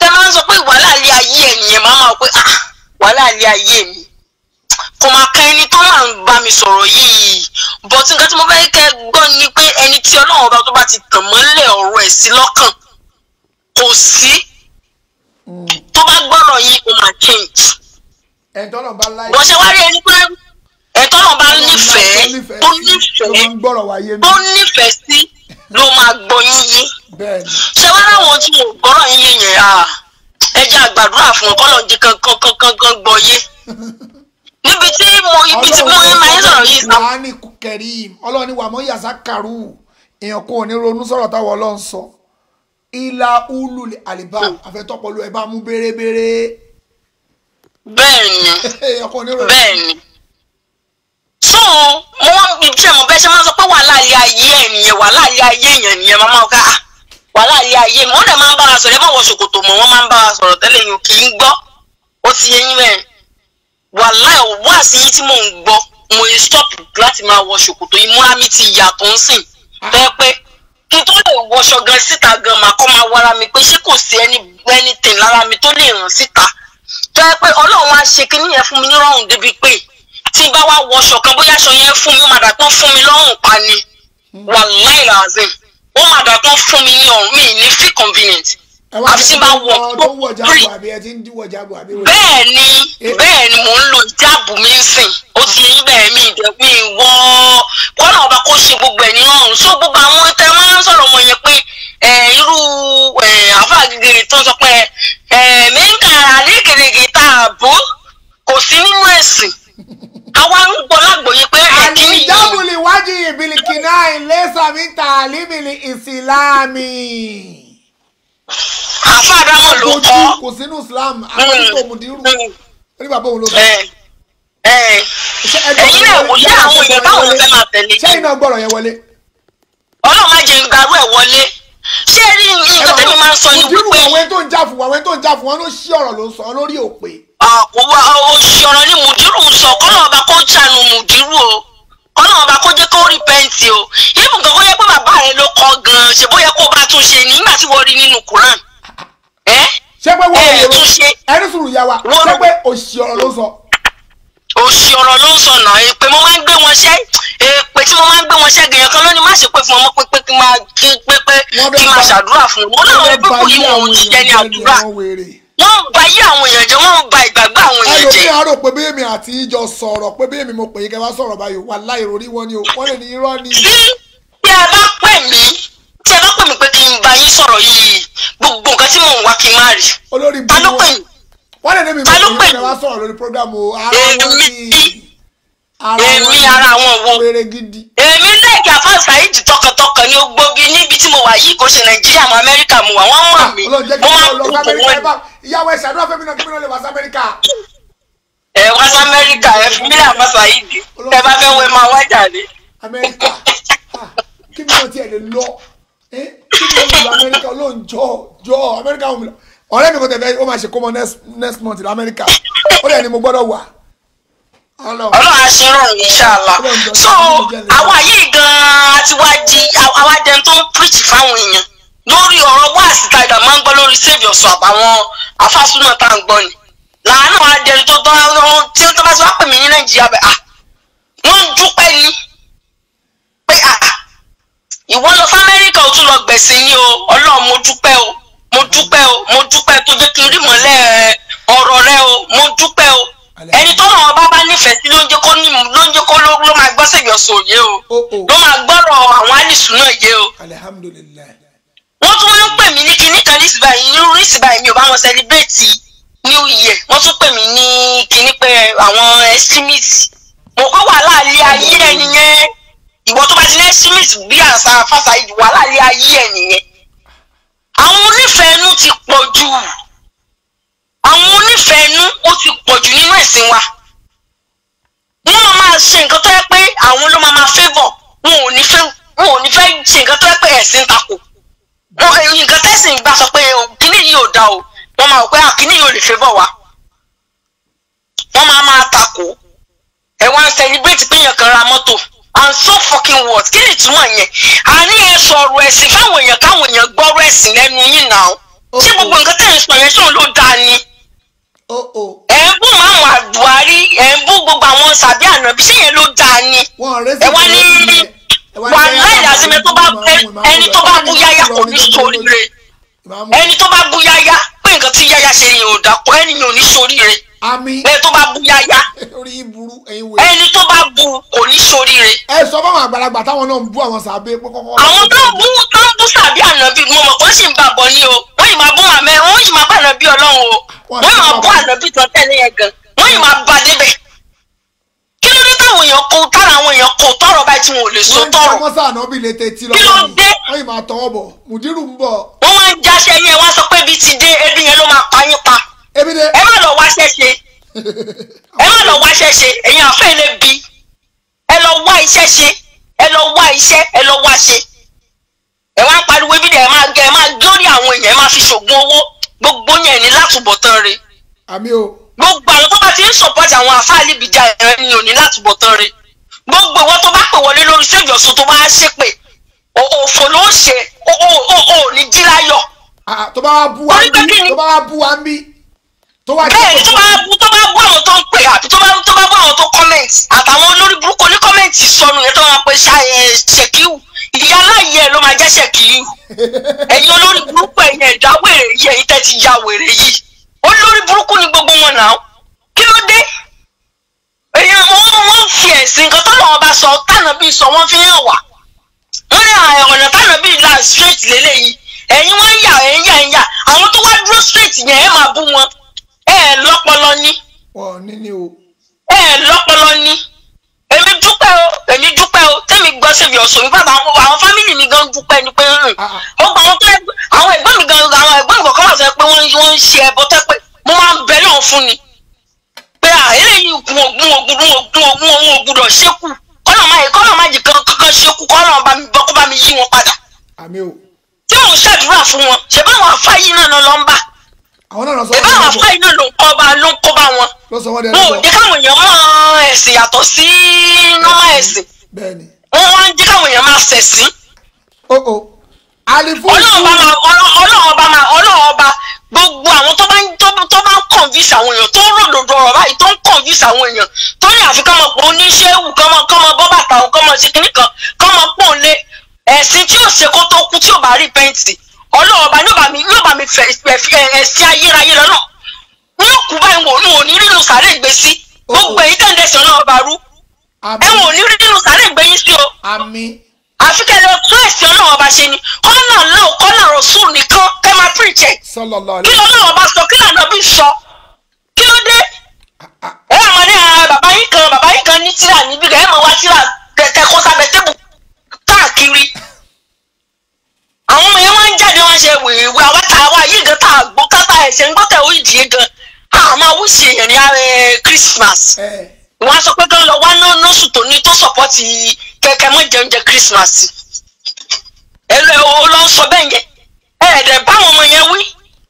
tẹ máa ń sọ pé wàhálà ilé ayé ẹ nìyẹn máa máa pé ah wàhálà ilé ayé mi kò máa ka ẹni tó máa ń bá mi sọ̀rọ̀ yìí bọ́tí nǹkan tí mo fẹ́ kẹ́ gbọ́ ni pé ẹni tí ọlọ́run ọba tó bá ti tàn mọ́lẹ̀ ọ̀rọ̀ ẹ̀ sí lọ́kàn kò sí mm. tó bá gbọ́rọ̀ yìí ó máa change. ẹ̀ńtọ́nà bá láyé. wọ́n ṣe wá rí ẹni pé ẹ̀tọ́ náà bá nífẹ̀ẹ́ tó nífẹ̀ẹ́ tó nífẹ̀ẹ́ sí ló máa gbọ́ yín ṣé wá láwọn tí mo gbọ́rọ̀ yín yẹn à ẹ àgbàdúrà fún ọkọ di kankan kankan kan gbọ́ yé [laughs] níbi tí mo ibi tí mo máa ń sọ̀rọ̀ yìí sá. wàá ní kẹrìm ọlọ́ọ̀ni wà mọ́ yàtá kàrú èèyàn kò ní ronú sọ̀rọ̀ táwọn ọlọ́run sọ ilà ulu àlìbá hmm. àfẹ́tọ́pọ̀lù ẹ̀ bá mú bẹ́ẹ̀ni bẹ́ẹ̀ni [laughs] so mo wá ìjọ ìmọ̀ bẹ́ẹ̀ ṣe máa ń sọ pé wàhálà ilé ayé ẹ̀ nìyẹn wàhálà ilé ayé èèyàn nìyẹn máa máa ká wàhálà ilé ayé mi wọ́n dẹ̀ máa ń bá wa sọ̀rọ̀ ẹ má wọ ṣòkòtò mọ́ wọ́n máa ń bá sọ̀rọ̀ tẹ́lẹ̀ yìí kì í gbọ́ ó ti yẹ yín mẹ́rin wàhálà wá sí yín tí mò ń gbọ́ mo yẹ stop láti máa wọ ṣòkòtò ìmúra mi ti yàtọ̀ ń sìn tẹ́ pé kí n tó lè wọṣọ gan síta gan màá kọ́ máa wara mi pé ṣé kò sí ẹni anything lára mi tó lè ràn síta tẹ́ pé ọlọ́run á ṣe kinní yẹn fún mi nírọ̀rùn débi pé tí n bá wá wọṣọ kan bóyá aṣọ yẹn fún mi ó máa dà tán fún mi lọ́rùn pa ni hmm. wàláì làzim ó máa dà tán fún mi ní ọ̀rùn mi ní feel convenient àfi tí n bá wọ gbórí bẹ́ẹ̀ ni eh. bẹ́ẹ̀ ni mò ń lo ìjáàbù mi ń sìn ó ti yẹ bẹ́ẹ̀ mi ìdẹ mi kọ́nà ọba kó ṣe gbogbo ẹ̀ ní ọ̀run so gbogbo àwọn tẹ máa ń sọ̀rọ̀ wọn yẹn pé irú àfa gègèrè tó sọ pé mi ń kà àdékèrè gèta àbó kò sí nínú ẹ̀sìn àwa ń gbọ́ lágbòye pé ẹ̀kí ni. àlùjábùlì wájú ìbìlì kìnnà ilé sàmì tààlí ìbìlì ìsìláàmì. àfa àdámọ̀ ló kọ́. kò sínú Islam àwọn tó mùdírù rí bàbá òun ló sọ. Eh, eh. ẹ̀yin náà wò ṣé àwọn èèyàn báwo ló fẹ́ máa tẹ̀lé. ṣé iná gbọ́rọ̀ yẹn wọlé. ọlọ́run má jẹ́ ìgbàrú ẹ̀ wọlé ṣé rí nǹkan tẹ́mi máa ń sọ ni wípé. mùdírù àwọn tó ń jà fún àwọn tó ń jà fún wọn ló ṣí ọ̀rọ̀ ló ń sọ lórí òpè. Ah, wa oṣù ọ̀rọ̀ ni mùdírù sọ kọ́nà ọba kó jànù mùdírù o kọ́nà ọba kó jẹ́ kó rìpẹ́ǹtì o yíbùn kan kó yẹ pé bàbá rẹ ló kọ gan-an ṣe bóyá kó bá tún ṣe nígbà tí wọ́n rí nínú Quran ṣé pé wọ́n rò ló ẹni sùúrù yá wa ṣé pé oṣù ọ̀rọ̀ ló sọ. oṣù ọ̀rọ̀ ló sọ nà èpè mo máa ń gbé wọn ṣẹ́ èpè tí mo máa ń gbé wọn ṣẹ́ gèèyàn kan lónìí má ṣe pé fún ọmọ pépé wọ́n ń ba ayé àwọn èèyàn jẹ́ wọ́n ń ba àwọn èèyàn jẹ́. ẹlòmíì á pé bí èmi àti ìjọ sọ̀rọ̀ pé bí èmi mo pè é kẹ́ bá sọ̀rọ̀ báyìí wà láì rorí wọn ni o wọ́n lè ní irọ́ ni. tí tí a bá pè mí tí a bá pè mí pé kí n bá yín sọ̀rọ̀ yìí gbogbo nǹkan tí mò ń wá kí n má rí. olórí bí wọn wọ́n lè ní mi mo pè é kẹ́ bá sọ̀rọ̀ lórí prógrámù ara wọn ni èmi ara wọn wo èmi lẹ́ẹ̀kì àfáà Saheed tọkàntọkàn ni gbòógì níbi tí mo wà yìí kò ṣe nàìjíríà mọ amẹ́ríkà ah, mo wà wọ́n mọ̀ mí mo máa ń kú kò wọ́n. ìyàwó ẹ̀sẹ̀ àdúrà fẹ́mi náà kí mi náà lè wá sí amẹ́ríkà. ẹ wá sí amẹ́ríkà ẹ fi mílíọ̀nù àfáà Saheed ẹ bá fẹ́ wọ ẹ máa wájà ah, ni. amẹ́ríkà kí mi náà tiẹ̀ lè lọ kí mi náà lè lọ amẹ́ríkà olóhùn jọ amẹ́ríkà ọ̀rẹ́ mi kò tẹ̀ fẹ́ ó máa ṣe kó mọ next month lamẹ́ríkà ó dẹ̀ ni mo gbọ́dọ̀ wà ọlọ́run àṣírò inshallah so àwa yìí gan-an ti wá di àwa dẹni tó ń preach fáwọn èèyàn lórí ọ̀rọ̀ wáàsí tàdà máa ń gbọ́ lórí save ọ̀sùn àbáwọn afásúná tá à ń gbọ́ ni làánú àwa dẹni tó tọ́ tí wọ́n bá ti wá pè mí ní nàìjíríà bẹ́ẹ̀ ah wọ́n ń dúpẹ́ ni pé ah, ah ìwọ lọ fún amẹ́ríkà ó tún lọ gbẹ̀sìn yín o ọlọ́run mo dúpẹ́ o mo dúpẹ́ o mo dúpẹ́ tó jẹ́ kí n rí mọ́lẹ̀ eh, ọ̀rọ̀ rẹ o mo dúpẹ́ o ẹni tó náà bá bá nífẹ̀ẹ́ sí ló ń jẹ́ kó ló ló máa gbọ́ sèjọsìn òye o oh, oh. ló máa gbọ́rọ̀ àwọn àlìsù náà yé o. wọ́n tún wọ́n ń pè mí ní kinní kan ní ìsìbáyé ní orí ìsìbáyé mi ò bá wọn sẹlibrétì new year wọ́n tún pè mí ní kinní pé àwọn ẹ́símìtì mo kọ́ wàhálà ilé ayé ẹ̀ nìyẹn ìwọ tó bá ti ní ẹ́símìtì bí àṣà fásayé wàhálà ilé ayé ẹ̀ nìyẹn àwọn onífẹ̀ẹ́ ti pọ̀ jù àwọn onífẹ̀ẹ́ inú ó ti pọ̀ jù nínú ẹ̀sìn wa wọ́n máa máa ṣe nǹkan tó yẹ pé àwọn ló máa máa favour wọn ò ní fẹ́ wọn ò ní fẹ́ ṣe nǹkan tó yẹ pé ẹ̀sìn takò nǹkan tẹ́sìn gbà sọ pé kíní yìí ò da o wọ́n máa wò pé kíní yìí ò lè favour wa wọ́n máa máa takò ẹ̀ wọ́n á celebrate pé yẹn kan ra mọ́tò and so fucking what kí ni ìtumọ̀ yẹn àní ẹ sọ̀rọ̀ ẹ̀sìn fáwọn èèyàn káwọn èèyàn gbọ́rọ̀ ẹ̀sìn lẹ́nu yín náà ṣé gbogbo nǹkan tẹ̀ sọ yẹn sóun ló dáa ni. Oh, oh. ẹ ń bú màmá Buhari ẹ ń bú gbogbo àwọn sàbí ànábì ṣé ló dáa ni ẹ wá ní wàhálà ìdásímẹ tó bá ẹni tó bá bú yáyà kò ní sóríire ẹni tó bá bú yáyà pé nǹkan tí yáyà ṣe yẹn ò dà kọ ẹni yẹn ò ní sóríire àmín. ẹni tó bá bu yáyá ẹni tó bá bu kò ní ṣoríire. ẹ sọ fún àwọn àgbàlagbà táwọn náà ń bú àwọn sàbẹ kọkọ. àwọn tó ń bú tó ń bú sàbí ànábì mo mọ̀ kó sì ń bàbọ̀ ni o wọ́n yìí máa bú àmẹ́ wọ́n yìí máa bá ànábì ọlọ́run o wọ́n yìí máa bú ànábì tán tẹ̀lé yẹn gan wọ́n yìí máa bá débẹ̀. kí ló dé táwọn èèyàn kó tára àwọn èèyàn kó tọrọ báyìí tí wọn ò lè so tọrọ. wọ́n máa ń jáṣẹ́ yẹn wá sọ pé ibi ti dé ebi yẹn ló máa pa yín pa ebi dẹ. ẹ má lọ wá ṣẹ́ṣe [laughs] ẹ má lọ wá ṣẹ́ṣe ẹ̀yin àfẹ́ ilé bi ẹ lọ wá iṣẹ́ ṣe ẹ lọ wá iṣẹ́ ẹ lọ wá ṣe ẹ wá ń pariwo ebi dẹ ẹ máa gẹ ẹ máa lórí àwọn èèyàn ẹ máa fi ṣògùn owó gbogbo yẹn ní látúbọ̀tán re. àmì o. gbogbo àwọn tó bá ti ń support àwọn àfáàlì bìjà ẹ̀rọ ni ò ní látúbọ̀tán re gbogbo ìwọ tó bá pè wọlé lórí stage Ọ̀ṣun tó bá ṣépè òfò ló ń ṣe ò ní jí láyọ̀. tó bá wá bú wa ń bí tó bá wá bú wa ń bí tó wá jẹ́ bẹ́ẹ̀ ni tó bá tó bá bú àwọn tó ń pè àbí tó bá bú àwọn tó comment àtàwọn olórí burúkú ní comment sọnù yẹn tó máa pe ṣèkíù ìyá aláìyẹ ló máa jẹ́ ṣèkíù ẹ̀yin olórí burúkú ẹ̀yin ẹ̀dá wèrè yìí ẹ̀yin tẹ́ ti ya wèrè yìí olórí burúkú ni gbogbo wọn náà kí ló dé èèyàn wọn wọn fi ẹ̀sìn nǹkan tó lọ́wọ́ bá sọ tànà bíi sọ wọ́n fi hàn wá wọ́n ní ọ̀nà tànà bíi la straight lélẹ́yìí ẹ̀yin wọ́n ń yà ẹ̀yin yà ẹ̀yin yà àwọn tó wá dúró straight yẹn ẹ̀ máa bú wọn ẹ ẹ lọ́pọlọ ni. ọ níní o. ẹ ẹ lọ́pọlọ ni èmi dúpẹ́ o èmi dúpẹ́ o tẹ́mi gbọ́ sèmi ọ̀sùn mi bàbá àwọn fámìlì mi gan dúpẹ́ ni pé ó hmm, ah, ah. gba àwọn àwọn ẹ̀gbọ́n mi gan àwọn ẹ̀gbọ́n mi kọ̀ọ̀kan wà sọ pé wọ́n ń ṣe ẹbọ tẹ́ pé mo máa ń bẹ náà fún ni pé à ah, eléyìí gun ogun ogun ogun ogun ogun ogun ṣékù kọ́nà máa yẹ kọ́nà máa jì kankan ṣékù kọ́nà bá mi bọ́ kó bá mi yí wọn padà. tí mò ń ṣàdúrà fún wọn ṣe báwọn afáyín náà lọ ń bá àwọn náà sọ wọn. ìbáwọn afọ iná ló ń kọ́ bá ló ń kó bá wọn. ló sọ wọn di ẹlẹ́bọ. mo jẹ́ káwọn èèyàn máa ẹ̀sìn yàtọ̀ sí nọ́mà ẹ̀sìn. bẹ́ẹ̀ni. wọ́n wá ń jẹ́ káwọn èèyàn máa ṣẹ̀sìn. o oh, o oh. alifu. ọlọ́run ọba máa ọlọ́run ọba gbogbo àwọn tó bá ń tó bá ń convince àwọn èèyàn tó ń ròdòdò ọ̀rọ̀ báyìí tó ń convince àwọn èèyàn tó ní àfi kọ́mọ pọ̀ oníṣẹ́wù kọ́mọ kọ́mọ bọ́ bàtà òun kọ́mọ ṣe kínní kan kọ́mọ pọ̀ lé ẹ̀sìn tí yóò ṣe kó tó kú tí yóò bá rí pẹ́ǹtì ọlọ́run ọba yóò bá mi yóò bá mi fẹ̀ ẹ̀sìn ayérayé lọ́nà yóò kú báyìí wọn ò ní rírun sàárè gbé sí gbogbo èyí tẹ̀ ń dẹ̀sẹ̀ ọlọ́run ọba rú ẹ̀wọ̀n ò ní rírun sàárè gbé yín sí o àfi kẹ́ lọ tún ẹ̀sìn ọlọ́run ọba ṣe ni kọ́nà náà kọ́nà rọ̀ṣùn nìkan kẹ́ máa pírìjẹ̀ kí ọlọ́run ọba sọ kí lànà bí sọ kí ló dé ẹ àmọ́ ní ah, bàbá yín kan bàbá yín kan ní tíra níbí rẹ̀ ẹ̀ mọ̀ wá tíra kẹ́kọ́ àwọn ọmọ yẹn wọn ń jáde wọn ṣe wèèwè àwa tá àwa yìí gan tá a gbọ́ kátà ẹ̀ṣẹ̀ ń gbọ́tẹ̀ ó yìí gan àmọ́ wíṣì èèyàn ní ààrẹ Christmas wọn sọ pé kí wọn lọ wá lóṣù tó ní tó sọpọ́tì kẹ̀kẹ́ mọ́ jẹunjẹ Christmas ẹ lọ sọ bẹ́ẹ̀ yẹn ẹ̀ẹ́dẹ̀ báwọn ọmọ yẹn wí.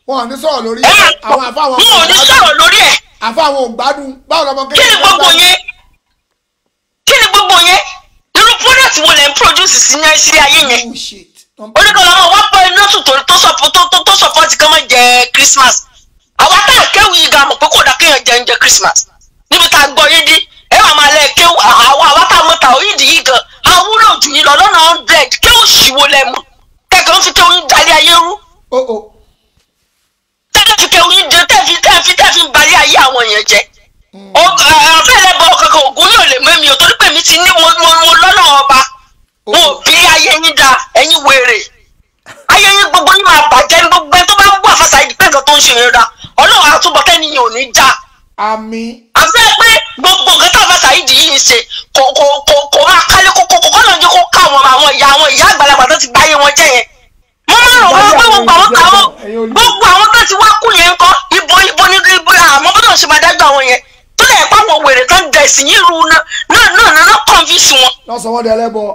wọn ò ní sọ̀rọ̀ lórí ẹ̀ àwọn àfáwọn. wọn ò ní sọ̀rọ̀ lórí ẹ̀. àfáwọn ò gbádùn báwo lọmọ kékeré. kí ni gbogbo yẹn kí ni gbogbo yẹn irú product wo lẹ ń produce sí ayé yẹn. Oh, oníkọlọ ọmọ wọn bọ inú oṣù tó sọpọ́tì kan máa jẹ Christmas àwa tá kéwì yìí gan mọ̀ pé kò dá kéèyàn jẹ Christmas níbi tá a gbọ́ yé ẹ wà máa lẹ kéwù àwọn àwa tá a mọ̀ tà yìí gan awúlò jù yìí lọ lọ́nà hundred kéwù ṣìwò lẹ mọ̀ ń fi kéwù ń dalẹ̀ ayé rú. tẹ́ẹ̀fì kéwù yìí dé tẹ́ẹ̀fì tẹ́ẹ̀fì tẹ́ẹ̀fì ń balẹ̀ ayé àwọn èèyàn jẹ́ mm. ọ̀fẹ́ lẹ́bọ̀ kankan ògún yóò lè mẹ́mi wọn ò bí ayé yín da ẹ̀yin wèrè ayé yín gbogbo yín máa bàjẹ́ ní gbogbo ẹni tó bá ń wà fásitì àyè pé nǹkan tó ń ṣe yẹn da ọlọ́run àtúbọ̀tẹ́ nìyẹn ò ní já. àmín. àti pé gbogbo nǹkan tá a fásitì àyè yìí ń ṣe kò kò kò kò máa kálé kókó kókó náà jẹ́ kó ká àwọn àwọn ìyá àwọn ìyá àgbàlagbà tó ti gbáyé wọn jẹ́ yẹn mo máa rò wọ́n pé gbogbo àwọn kàwọn gbogbo àwọn tó ti wá kú yẹn ńkọ́ ibo ibo ní ibo àmọ́ bó náà ṣe máa dájọ́ àwọn yẹn tó lè pa àwọn wèrè tán dẹ̀sìn yìí ru náà náà náà náà kọ́ńfíìsì wọn. lọ́sọ̀wọ́n di ẹlẹ́bọ̀ọ́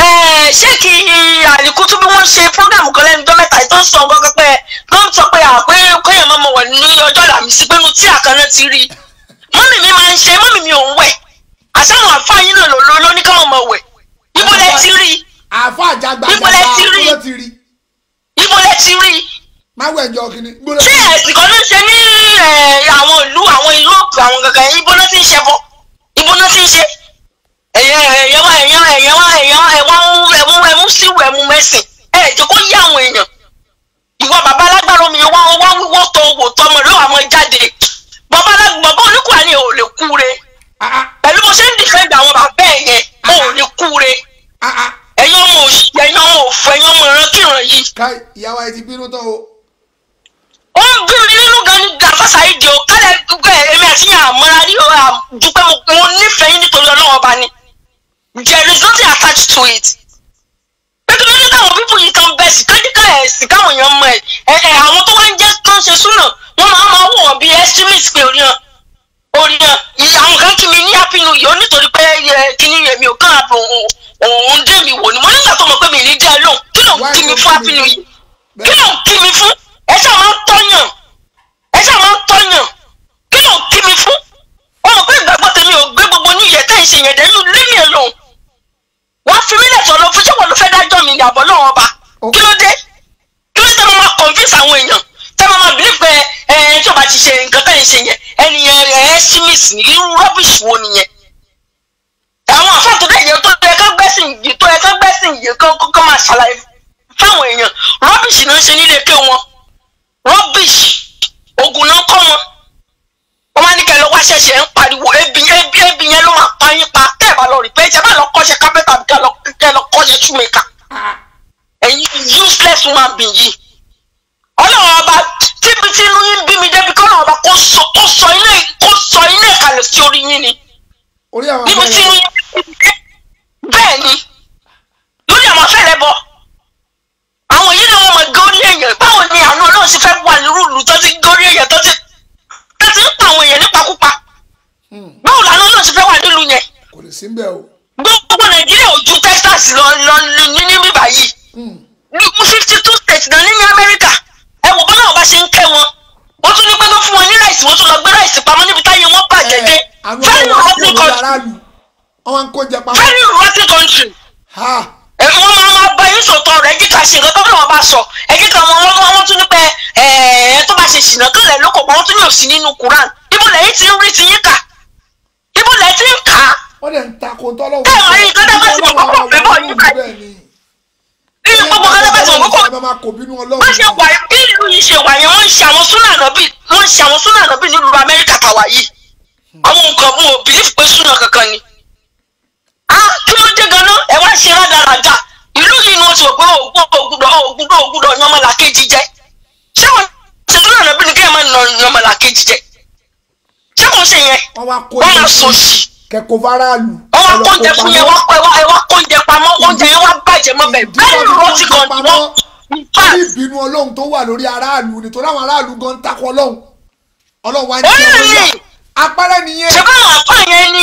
Eh, ṣé kí àlìkútú bí wọ́n ṣe fúgàmù kan lẹ́nu tó mẹ́ta tó ń sọ nǹkan pẹ́ tó ń sọ pé àpé kéèyàn máa mọ̀ wọ̀ ọjọ́ làmísí pé nu tí àkànná ti rí mọ́mì mi máa ń ṣe mọ́mì mi ò ń wẹ̀ àṣàwọn àfáàyín náà lòlò lóníkà ọmọ wẹ̀ ibo lẹ ti rí àfa àjàgbà ti rí ibo lẹ ti rí máwẹ̀ ẹ̀jọ̀ kìíní. ló ń ṣe ní eh, àwọn ìlú àwọn ìlú òkè àwọn kankan ibo ló ti ń ṣe bọ́ ibo ló ti ń ṣe ẹ̀yẹ ẹ̀yẹ wá ẹ̀yẹ wá ẹ̀yẹ wá ẹ̀yẹ wá ẹ̀wá ẹ̀mú ẹ̀mú sí ẹ̀mú mẹ́sìn ẹ̀ ẹ̀jẹ̀ kó yé àwọn èèyàn ìwọ bàbá alágbára omi wá wá wíwọ́ tó wò tó ọmọ rẹ̀ wà mọ́ jáde bàbá bàbá oníkùrà ni ò lè kúre pẹ̀lú mo ṣe ń dìfẹ́ǹdì àwọn bàbá ẹ̀ yẹn ò lè kúre ẹ̀yin ọmọ òṣì ẹ̀yin ọmọ òfò ẹ̀yin ọmọ ìrankíran yìí. káì ìyàwó ẹ ti bínú tán o. ó ń bí mi nínú gan ni dàfásà ìdí o kálẹ̀ gbẹ èmi àti yàn àmọ́ra ní ọ̀rọ̀ àdúpẹ́ mo nífẹ̀ẹ́ yín nítorí ọlọ́wọ́ ọba ni there is nothing attached to it pẹtupẹtu táwọn pípù yìí kan bẹ sí kájíká ẹ sí káwọn èèyàn mọ ẹ ẹ àwọn tó wá ń jẹ tó ń ṣe súnà wọn máa máa wò wọn bíi extremist pé orí hàn orí hàn àwọn kan kí mi ní happy new year nítorí pé eh, kíní èmi ò kàn àbò òun dé mi wò ni mo nígbà tó mọ pé mi ní jẹ lóhùn kí ló ń kí mi fún happy new year kí ló ń kí mi fún ẹ ṣáà máa ń tọ́yàn ẹ ṣáà máa ń tọ́yàn kí ló ń kí mi fún ọmọ pé ìgbàgbọ́ tèmi ò gbé gbogbo ní ìyẹ̀tẹ̀ ìṣèyẹ̀dẹ̀ yìí lé mi ẹ̀ lóhùn wọ́n fi mí lẹ̀ sọ̀rọ̀ fún ṣé wọ́n ló fẹ́ dájọ́ mi ní àbọ̀ náà ọba kí ló dé kí ló dé máa máa convince àwọn èèyàn tẹ́ máa máa believe pé ẹ ẹ tí o bá ti ṣe nǹkan tẹ́ ń ṣe yẹn ẹni ẹ ẹ smith ní irú rubbish wo nìyẹn àwọn àfáà tó dẹ̀ yẹn tó yẹ kán gbẹ́sìn yìí tó yẹ kán gbẹ́sìn yìí kán kán máa ṣàlàyé fáwọn èèyàn rubbish náà ń ṣe nílé ké wọn rubbish ògùn náà kọ́ wọn wọ́n wá ní kẹ́ ẹ lọ wá ṣẹ̀ṣẹ̀ ń pariwo ebi ebi ebi yẹn ló máa pa yín pa tẹ́ ẹ̀ bá lọ rí pẹ́ẹ́jẹ́ bá lọ kọ́ṣẹ́ kápẹ́tà bí kẹ́ ẹ lọ kọ́ṣẹ́ ṣúmẹ́kà ẹ̀yin useless woman bin yìí ọlọ́run ọba tíbi tí inú yín bí mi débi kọ́ ọlọ́run ọba kó sọ kó sọ ilé kó sọ ilé ìkàlẹ̀ sí orí yín ni níbi tí inú yín bẹ́ẹ̀ ni lórí àwọn afẹ́rẹ́ bọ̀ àwọn yìí ni wọ́n mọ̀ górí èèyàn báwo ni àwọn ọlọ́run ṣe fẹ́ wà lórí tó ti górí èèyàn tó ti ẹ ti ń pa àwọn èèyàn nípakúpa báwo làánú náà ṣe fẹ́ wà nílùú yẹn. gbogbo nàìjíríà ò texas lọ lọ ní bíbá yìí hmm. ní fifty two states náà ní ní amẹ́ríkà ẹ wò bọ́lá ọba ṣe ń kẹ́ wọn wọ́n tún ní pẹ́ tó fún wọn ní ráìsì wọ́n tún lọ gbé ráìsì pamọ́ níbi táyé wọn bàjẹ́ dé very rotten country very rotten country wọ́n máa máa bá yín sòtọ́ rẹ̀ ẹjí ká ṣe nǹkan tó lọ́wọ́ bá sọ ẹjí ká wọn wọ́n wọ́n tún ní pẹ́ ẹ̀ẹ́ tó bá ṣe ṣìnà tó lẹ̀ lóko pọ̀ wọ́n tún yàn sí nínú Quran ibo lẹ́yìn tí ń rí ti yín kà ibo lẹ́yìn ah kí ló dé ganan ẹ wá ṣe rádaràda ìlú yìí ni wọn ti rò pé ògùdọ ògùdọ ògùdọ ni ọmọ làkejì jẹ ṣé wọn ṣe tó lọ́nà bí ni kí ẹ máa nà ọmọ làkejì jẹ ṣé wọn ṣe yẹn wọn máa sọ sí kẹkọ faraàlú. ọwọ kóúnjẹ fún yẹn wá pẹ wá ẹ wá kóúnjẹ pamọ́ oúnjẹ yẹn wá bàjẹ́ mọ́ bẹ́ẹ̀ bẹ́ẹ̀ ló ti kàn ní wọn. orí ìbínú ọlọ́run tó wà lórí aráàlú nítorí àwọn aráàlú gan takọ ọlọ́run ọlọ́run wá ní kí wọ́n yà apárá nìyẹn. ṣùgbọ́n àpá yẹn ni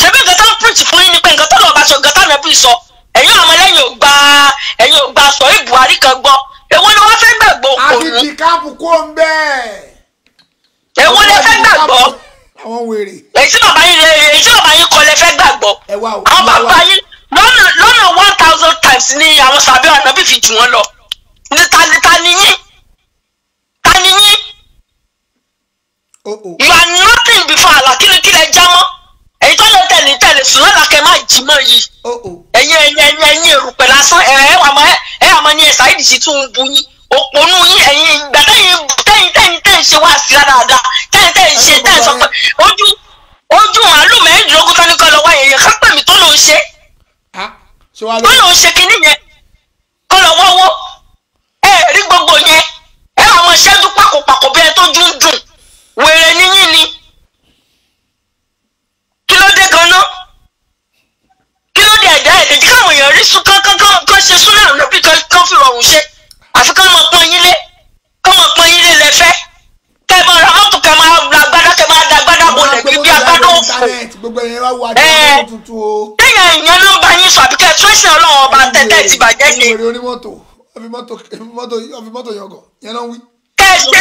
ṣebí nǹkan tó ń fún yín ni pé nǹkan tó lọ́ọ́ bá sọ nǹkan táwọn ẹbí sọ ẹ̀yin ọmọ lẹ́yìn ò gba ẹ̀yin sọ yìí Buhari kan gbọ́ èwo ni wọ́n fẹ́ gbàgbọ́ òkòlù. àti tìkáàpù kó ń bẹ́ẹ̀. èwo ni fẹ́ gbàgbọ́. àwọn wèrè. èyí bàbá yín èyí bàbá yín kọ lẹ fẹ́ gbàgbọ́. àwọn bàbá yín lọ́nà lọ́nà one thousand times ni àwọn sàbẹ̀ ànábì fi jù wọ́n lọ. níta níta ni yín ta ni yín. Oh, oh. you are nothing before Allah kílẹ̀kílẹ̀ jámọ́ èyí tó lè tẹ̀lé tẹ̀lé sùnà làkẹ́ má jì mọ́ yìí oh, oh. ẹ̀yin ẹ̀yin ẹ̀yin ẹ̀yin èrùpẹ̀ lásán ẹ̀ ẹ̀ wà mọ́ ẹ̀ àmọ́ ni ẹ̀ Saheed sì tún bu yín òpònú yín ẹ̀yin ìgbà tẹ̀yin tẹ̀yin tẹ̀yin tẹ̀yin ṣe wá sí dáadáa tẹ̀yin tẹ̀yin ṣe tẹ̀yin sọ pé ojú ojú màálù mẹ́rìndínlógún tó ní kọ́ lọ́wọ́ èèyàn ká pè mí tó lòún ṣe tó lòún ṣe kinní yẹn kọ́ lọ́wọ́ wó ẹ̀ rí gbogbo yẹn ẹ̀ àwọn ọmọ ṣẹ́dú pàkópàkó bí ẹ tó dúndùn wèrè ní fi rọrùn ṣe àfi kán mọ pọ́n yín lé kán mọ pọ́n yín lé lẹ́fẹ́ kẹ́ mọ ra mọ́tò kẹ́ máa lágbádá kẹ́ máa da gbádá bolẹ̀ bí bí agbádá òfò ẹ̀ẹ́ téèyàn ìyẹn ló ń bá yín sọ àbí kẹ́ tíwẹ́sì ọlọ́run ọba tẹ́tẹ́ ti bàjẹ́ ṣe. kẹ́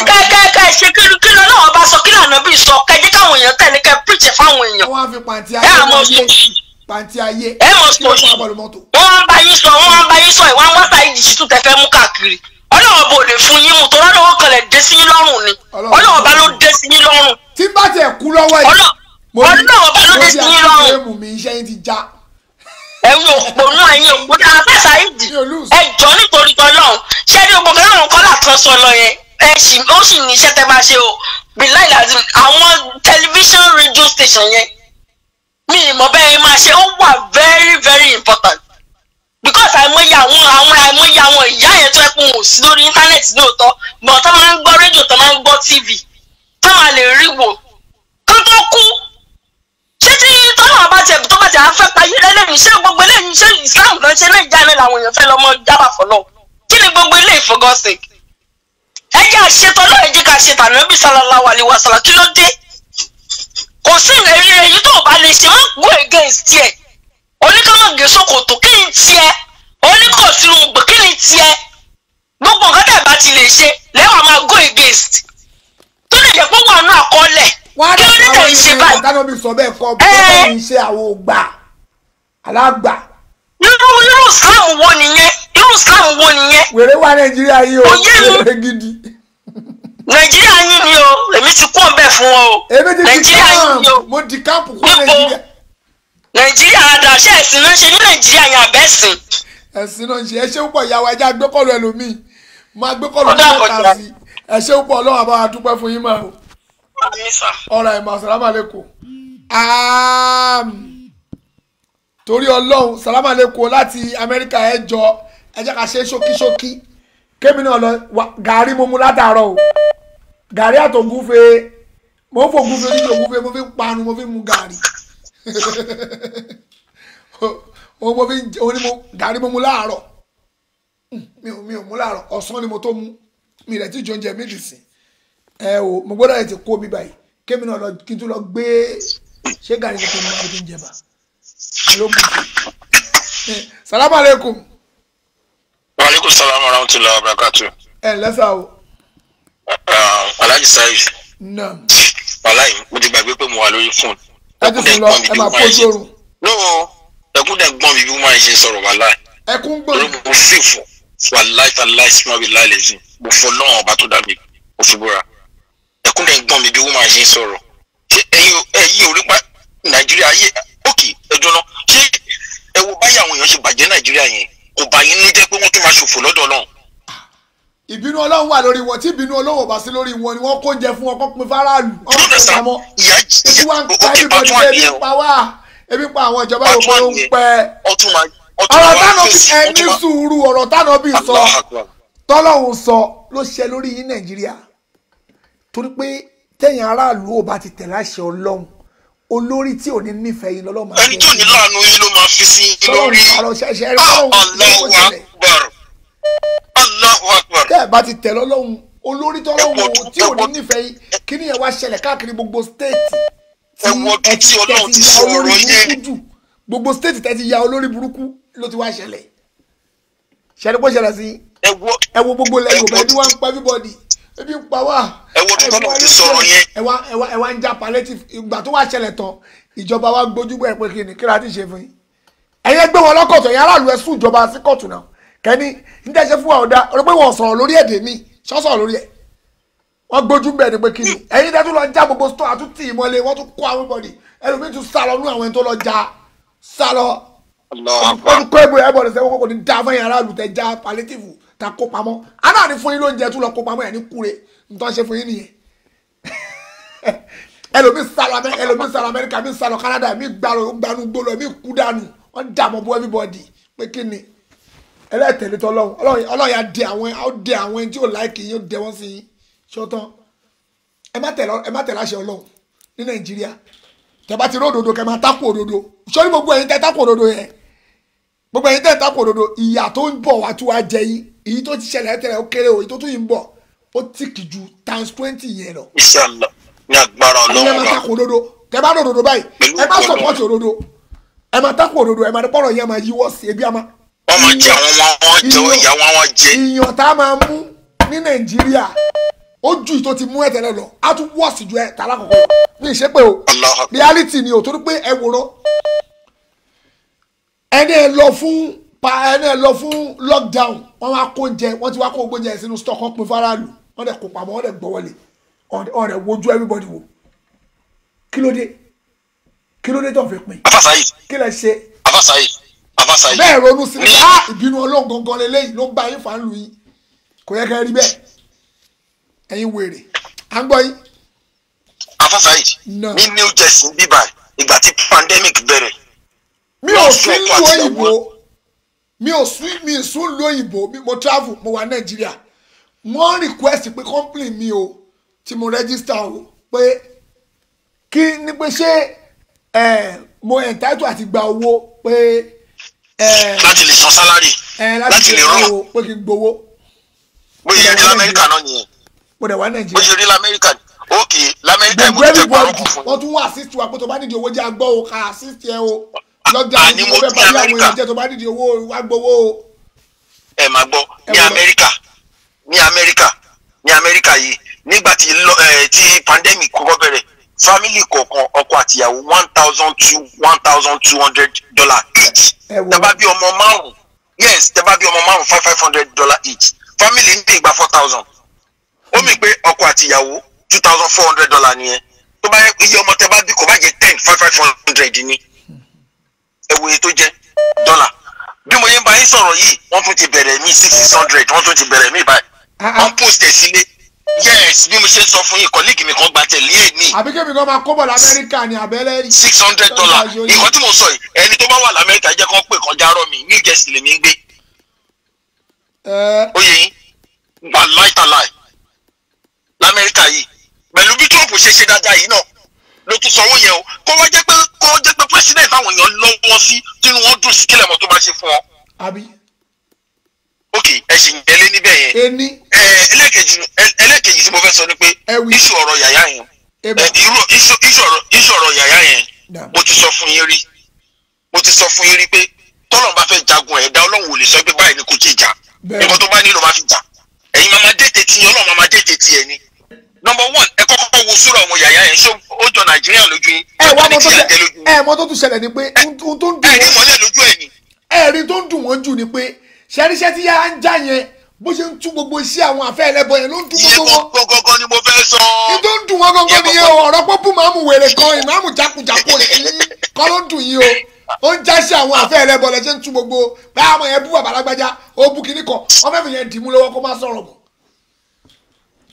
kẹ́ kẹ́ ṣe kí kí ló náà ọba sọ kí lànà bí sọ kẹ́ jẹ́ káwọn èèyàn tẹ̀lé kẹ́ píríṣẹ̀ fáwọn èèyàn. wọ́n á fi pàǹtí ayé ẹ mọ̀ sọ yìí wọ́n ń bá yín sọ wọ́n ń bá yín sọ ìwà wọ́n sáyé jìjì tún tẹ mú káàkiri ọlọ́wọ́ bò lè fún yín mu tó lọ́wọ́ kan lè dé sí yín lọ́rùn ni ọlọ́wọ́ bá ló dé sí yín lọ́rùn. tí bá tẹ̀ kú lọ́wọ́ yìí ọlọ́wọ́ bá ló dé sí yín lọ́rùn. ẹ wo òpó náà yín òpó náà fẹ́ ṣáìdì ẹ jọ nítorí tọ́lọ́run ṣé ní gbogbo náà kọ́ làtọ́ sọ lọ yẹn ẹ sì ó sì ní iṣẹ́ tẹ́ máa ṣe o bíláì làzim àwọn tẹlifíṣàn rédíò station yẹn mi ìmọ̀ bẹ́ẹ̀ yẹn máa ṣe ó wà very very important because àìmọye àwọn àwọn àìmọye àwọn ìyá yẹn tó ẹkùn ò sí lórí íńtánẹ́ẹ̀tì lóòótọ́ but tó máa ń gbọ́ rédíò tó máa ń gbọ́ tv tó máa lè rí wò kó tó kú ṣé tí tọ́lọ́wọ́ bá tiẹ̀ tó bá tiẹ̀ á fẹ́ payé lẹ́lẹ́yìn ṣé gbogbo eléyìí ṣé islam náà ṣe lè jáde làwọn èèyàn fẹ́ lọ́mọ jábà fọlọ́ kí ni gbogbo eléyìí for ẹ jẹ́ àṣetọ́ náà ẹ jẹ́ ká ṣe tànàbí sallallahu kò sí èyí èyí tó bá lè ṣe wọn go against ẹ oníkàwọ̀gì ṣòkòtò kí ni tiẹ̀ oníkọ̀sínúgbò kí ni tiẹ̀ gbogbo nǹkan tẹ̀ bá ti lè ṣe lẹ́wọ̀n máa go against tó lè jẹ́ gbogbo àánú àkọọ́lẹ̀ kí ló dé ṣe báyìí. dáná bí sọ bẹ́ẹ̀ kọ́ bọ́ọ̀ ní iṣẹ́ àwọn ògbà alágbà. irú irú islam wo nìyẹn irú islam wo nìyẹn. wèrè wá nàìjíríà yìí o wèrè gidi nàìjíríà yín ni o èmi ti kú ọbẹ̀ fún wọn o nàìjíríà yín ni o mo di káàpù kú nàìjíríà. nàìjíríà àdàṣe ẹ̀sìn náà ṣe ní nàìjíríà yẹn àbẹ́sìn. ẹ̀sìn náà ṣe ẹ ṣe ń pọ̀ ìyàwó ẹja gbẹ́kọ̀lù ẹlòmíì máa gbẹ́kọ̀lù mẹ́ta sí ẹ ṣe ń pọ̀ ọlọ́run àbá wa dúpẹ́ fún yín máa o. ọ̀rọ̀ ẹ̀ máa sàlámà lẹ́kọ̀ọ́ torí ọlọ́run sàlámà lẹ́kọ̀ọ́ láti amẹ́ríkà ẹ jọ ẹ jẹ́ ká ṣe ṣókíṣókí kémi náà lọ gàrí mo mu látàárọ̀ o gàrí àtògúnfe mo ń fògúnfe ní ògúnfe mo fi ń panu mo fi ń mu gàrí [laughs] o mo fi ń jẹ oní mo gàrí mo mu láàárọ̀ mi ò mi ò mu láàárọ̀ ọ̀sán ni mo tó mu mi rẹ̀ ti jọ oúnjẹ méjì sí ẹ o mo gbọ́dọ̀ ẹ ti kó mi báyìí kémi náà lọ kí n tún lọ gbé ṣé gàrí tuntun ni mo fi ń jẹ bá ló kù sí. salamaleykum wàlẹ́kùn sàlámù rahmatulah abrakatu. ẹ ǹlẹ́ sá o. Um, alhaji saheed. naam. wàláyé mo ti gbàgbé pé mo wà lórí fóònù. ẹ ti sùn lọ ẹ máa kó sóorun. o ẹkún dẹ̀ gbọ́n mi bí mo máa ń ṣe sọ̀rọ̀ wàláyé. ẹkún gbọ́n. lórí mo fi fún wàláyé wàláyé sinmi àbí láìlẹ̀ sí mo fọ lọ́wọ́n ọba tó dàbí mo fi bóra. ẹkún dẹ̀ gbọ́n mi bí mo máa ń ṣe sọ̀rọ̀. ṣé ẹ̀yin orí pa nàìjíríà yé ókè ẹ̀dùn náà ṣé ẹ wo báyà àwọn èèyàn ṣe bàjẹ́ nàìjíríà yẹn kò bá yín ní jẹ́ pé wọ́n tún máa ṣòfò lọ́dọ̀ Ọlọ́run. ìbínú Ọlọ́run wà lórí wọn tí ìbínú Ọlọ́run bá sí lórí wọn ni wọ́n kó jẹ fún ọkọ pin faraàlú ọkọ pin pamọ́ ebi wa ń pa ebi bọ́dí ebi ń pa wá ebi pa àwọn ìjọba yòókù ló ń pẹ́. ọ̀rọ̀ táná bí ẹni sùúrù ọ̀rọ̀ táná bí sọ tọ́lọ́hún sọ ló ṣe lórí yín Nàìjíríà torí pé tẹ̀yìn aráàlú ò bá ti tẹ̀lé àṣẹ Ọlọ́run olórí tí ò ní nífẹ̀ẹ́ yín lọ́lọ́mọ. ẹni tó ní láàánú yín ló máa fi sí yín lórí Allahu Akbar Allahu Akbar. tẹ́ ẹ bá ti tẹ̀ lọ́lọ́hún olórí tọ́lọ́hún tí ò ní nífẹ̀ẹ́ yín kí ni ẹ wá ṣẹlẹ̀ káàkiri gbogbo stéètì tí ẹ ti ti ya olórí burúkú jù gbogbo stéètì tẹ̀ ti ya olórí burúkú ló ti wá ṣẹlẹ̀ ṣẹlẹ̀ bó ṣẹlẹ̀ sí ẹ wo gbogbo lẹ́yìn òbẹ́ni wá ń pa everybody ebi ń pa wá wo bí tọ́lọ̀ ti sọ̀rọ̀ yẹn. ẹ wá ẹ wá ẹ wá ń já palliative ìgbà tó wá ṣẹlẹ̀ tán ìjọba wa gbójú bẹ́ẹ̀ pé kí ni kí la ti ṣe fún yín. ẹ̀yẹ́ gbé wọn lọ́kọ̀tọ̀ yẹn aráàlú ẹ̀ sùn ìjọba sí kóòtù náà kẹ́ni ń tẹ́sẹ̀ fún wa ọ̀dà ọ̀rọ̀ pé wọ́n sọ̀rọ̀ lórí èdè mi ṣọ́sọ̀rọ̀ lórí ẹ̀ wọ́n gbójú bẹ́ẹ̀ ni pé kí ni ẹ̀yin dẹ́tú lọ já gbogbo store àtúntì ìmọ̀lẹ̀ wọ́n tún kó àwọn bọ̀dì ẹlòmíì tún sálọ nú àwọn tó lọ já sálọ olùkọ́ ìbò ẹ̀bọ̀ lọ́sẹ̀ wọ́n kò ní dá fún yàrá àlùtẹ̀ já palliative ta kó pamọ́ n ṣe fún yín nìyẹn [laughs] ẹlòmí sálọ ẹlòmí sálọ Amẹ́ríkà mi sálọ Canada mi gbàlọ gbanú gbólọ mi kú dànù wọn dààmú bú everybody pé kí ni ẹlẹ́tẹ̀lé tọ́ lọ́hùn ọlọ́run yà dé àwọn ó dé àwọn ẹni tí ò láìkì yín ó dé wọ́n sí yín ṣọ́tán ẹ má tẹ̀lé àṣẹ ọlọ́run ní Nàìjíríà tẹ̀bá ti rí òdodo kẹ́ máa tákù òdodo sọ́ni gbogbo ẹ̀yin tẹ́ tákù òdodo yẹn gbogbo ẹ̀yin tẹ́ tákù òdodo ìyà tó ń bọ̀ wá tú wa jẹ yín èyí tó ti ṣẹlẹ̀ tẹ̀lẹ̀ ó kéré o èyí tó tún yìí ń bọ̀ ó tìkì ju times twenty yẹn lọ. inshallah ní agbára ọlọ́run wa. ẹ máa takò òdodo tẹ bá lòdòdó báyìí ẹ bá sọpọ́tì òdodo ẹ máa takò òdodo ẹ máa ní pọ́nrọ̀ yẹn máa yíwọ́ sí ebi àmà. wọ́n máa jẹ àwọn wọn jẹ ìyá wọn wọn jẹ. ìyàn tá a máa mú ní nàìjíríà ó ju ìtò ti mú ẹ̀tẹ̀lẹ̀ lọ á tún wọ́ọ̀sì ju ẹ̀ tààlà kọ̀ọ̀kan ní ìṣépè o reality ni o torí pé ẹ wòran ẹni ẹ lọ fún ẹni ẹ lọ fún lockdown wọn wá kó oúnjẹ wọn ti wá kó oúnjẹ sínú stock ọpin faraàlú wọ́n dẹ̀ kó pamọ́ wọ́n dẹ̀ gbọ́wọ́lé wọ́n dẹ̀ wojú everybody wò kí ló dé kí ló dé tó fi pin. afasayi kí lẹ ṣe. afasayi afasayi. bẹ́ẹ̀ ronú sí i ah ìbínú ọlọ́run gangan lélẹ́yìí ló ń bá yín fà ń lu yín kò yẹ kẹ́ rí bẹ́ẹ̀ ẹ̀yin wèrè à ń gbọ́ yín. afasayi ní New Jersey bíbá ìgbà tí pandemic bẹ̀rẹ̀. mi ò sí ìlú òyìnbó mi ò sí ìlú òyìnbó mo travel mo wà Nàìjíríà wọ́n request pé company mi o tí mo register o pé kí ni pé ṣé mo entitled àti gba owó pé. láti lè san sálárì láti lè rán o pé kí n gbowó. bó ṣe rí lamẹ́ríkà náà nìyẹn. mo dẹ̀ wá nàìjíríà. bó ṣe rí ni ok lamẹ́ríkà ìmú ti tẹ parọ́ kù fún. wọ́n tún wá assist wa pé tó bá nídìí owó jẹ́ agbọ́ o ká assist yẹ o lọ́jà ní mo fẹ́ bá yàwó yẹn jẹ́ tó bá nídìí owó wá gbowó o. ẹ máa gbọ́ ní amẹ́ríkà ní amẹ́ríkà ní amẹ́ríkà yìí nígbà tí tí pandemic kọ́kọ́ bẹ̀rẹ̀ family kọ̀ọ̀kan ọkọ àtìyàwó one thousand two one thousand two hundred dollar each tẹ́bá bí ọmọ márùn yes tẹ́bá bí ọmọ márùn five five hundred dollar each family ń pè gba four thousand ó mì pé ọkọ àtìyàwó two thousand four hundred dollar nìyẹn tó bá yẹ iye ọmọ tẹ́bá bí kò bá jẹ ten five five hundred ni ẹ̀wò yìí tó jẹ́ dọ́là bí mo yẹ ń bá yín sọ̀rọ̀ yìí wọ́n tún ti bẹ̀rẹ̀ mí six hundred wọ́n tún ti bẹ̀rẹ̀ mí báyìí wọ́n ah, ah. post ẹ̀ sílé yes bí mo ṣe sọ fún yín colleague mi kan gba tẹ̀lé ẹ̀ ní. àbí kébì kan máa kó bọ̀ lamẹ́ríkà ní abẹ́lẹ́ rí. six hundred dollar nǹkan tí mo sọ yìí ẹni tó bá wà lamẹ́ríkà jẹ́ kó pè kan járọ́ mi New Jersey lèmi ń gbé. Eh. oyè yín gbà láìtàláì lamẹ́ríkà yìí pẹ̀lú bí Trump ṣe ṣe dáadáa yìí náà ló tún sanwó yẹn o kó wá jẹ́ pé kó jẹ́ pé president àwọn èèyàn lọ́wọ́ sí tí wọ́n dùn sí kílẹ̀ mọ́ tó bá ṣe fún ọ. àbí ok ẹ̀sìn ìjẹ́lé níbẹ̀ yẹn. ení. ẹ ẹlẹ́kejì ẹlẹ́kejì tí mo fẹ́ sọ ni pé iṣu ọ̀rọ̀ yàyà yẹn iṣu ọ̀rọ̀ yàyà yẹn mo ti sọ fún yín rí mo ti sọ fún yín rí pé tọ́lọ̀ bá fẹ́ jagun ẹ̀dá ọlọ́run ò lè sọ pé báyìí ni kò tí ì jà nǹkan tó bá nílò máa fi jà ẹ̀yin máa máa dẹ́tẹ̀ tí ọlọ́run máa máa dẹ́tẹ̀ tí ẹ̀ ni. number one ẹ kọ́kọ́ wo sùúrù àwọn yàyà yẹn ṣó ó jọ nàìjíríà lójú yín. ẹ wá mọ tó ṣẹlẹ̀ ẹ mọ tó tún ṣẹlẹ̀ ni pé ohun tó ń dùn wọn. ẹ rí mọ́lẹ̀ lójú ẹ̀ ni. ẹ ni pé ṣẹ́ríṣẹ́ tí yáa ń já yẹn bó ṣe ń tú gbogbo iṣẹ́ àwọn àfẹ́ ẹlẹ́bọ yẹn ló ń dùn gbogbo wọn. iye gbogbo ni mo fẹ́ sọ. ní tó ń dùn wọn gbogbo nìyẹn o ọ̀rọ̀ pọ́pù màmú wèrè kan ìmáàmù jákujàku òsì kọ́ ló ń dùn yìí o ó ń jáṣẹ́ àwọn àfẹ́ ẹlẹ́bọ lẹ́ṣẹ́ ń tú gbogbo báyà ọmọ yẹn bú bàbá lágbájá ó bú kinní kan wọ́n fẹ́ fi yẹn dìímú lọ́wọ́ kó má sọ̀rọ̀ mọ́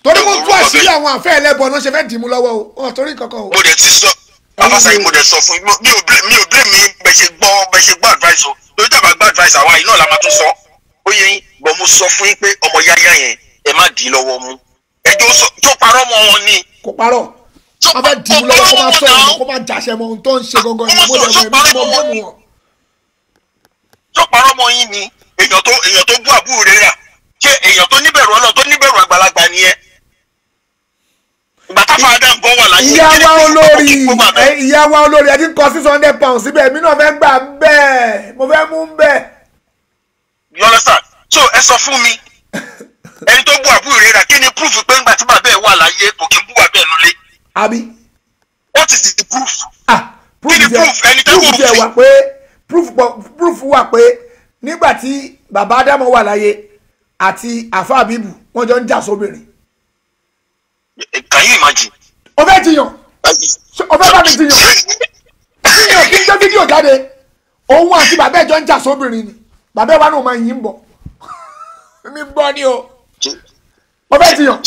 torí kó tú àṣírí àwọn àfẹ́ ẹlẹ́bọ náà ṣe fẹ́ dìímú lọ́wọ́ o wọn torí kankan o. mo dẹ̀ ti sọ afasayi mo dẹ̀ sọ fún mi ò blame mi bẹ̀ ṣe gbọ́ bẹ̀ ṣe gbọ́ advice o lójú àbá gbọ́ advice àwa yìí náà la máa tún sọ ó yẹ yín bọ̀ mo sọ fún yín pé ọmọ yáyá yẹn ẹ má dì í lọ́wọ́ mú ẹjọ́ sọ tó parọ́ mọ́ wọn ni. kò parọ́ a bá dì í lọ́wọ́ kó má sọ ọ́ kó má jàṣẹ mọ́ ohun tó ń ṣe gangan ni mo lè mọ̀ èmi mọ̀ bọ́ọ̀mù wọn. tó parọ́ mọ́ yín ni èèyàn tó èèyàn tó bú àbúrò rẹ̀ rà ṣé èèyàn tó níbẹ̀rù ọlọ́ tó níbẹ̀rù àgbàlagbà nìyẹn ìyáwá olórí ìyáwá olórí ẹ ti kọ six hundred pounds síbẹ̀ èmi náà fẹ́ gbà ń bẹ́ẹ̀ mo fẹ́ mú ń bẹ́ẹ̀ you understand so ẹ sọ fún mi ẹni tó bú àbúrò rẹ rà kí ni proof pé ńgbà tí bàbá ẹ wà láyé kò kí ń bú bàbá ẹ nulẹ̀. àbí. what is the proof. ah proof jẹ proof jẹ wà pé proof proof wà pé nígbà tí bàbá Ádámọ̀ wà láyé àti àfa àbíbù wọn jọ ń jà sóbìnrin. can you imagine. o fẹ́ jiyàn o fẹ́ bá mi jiyàn jiyàn kí n jẹ́ fídíò jáde òun àti bàbá ẹ̀ jọ ń jà sóbìnrin ni bàbá wa náà máa yín bọ̀ mi gbọ́ ni o. o fẹ́ jiyàn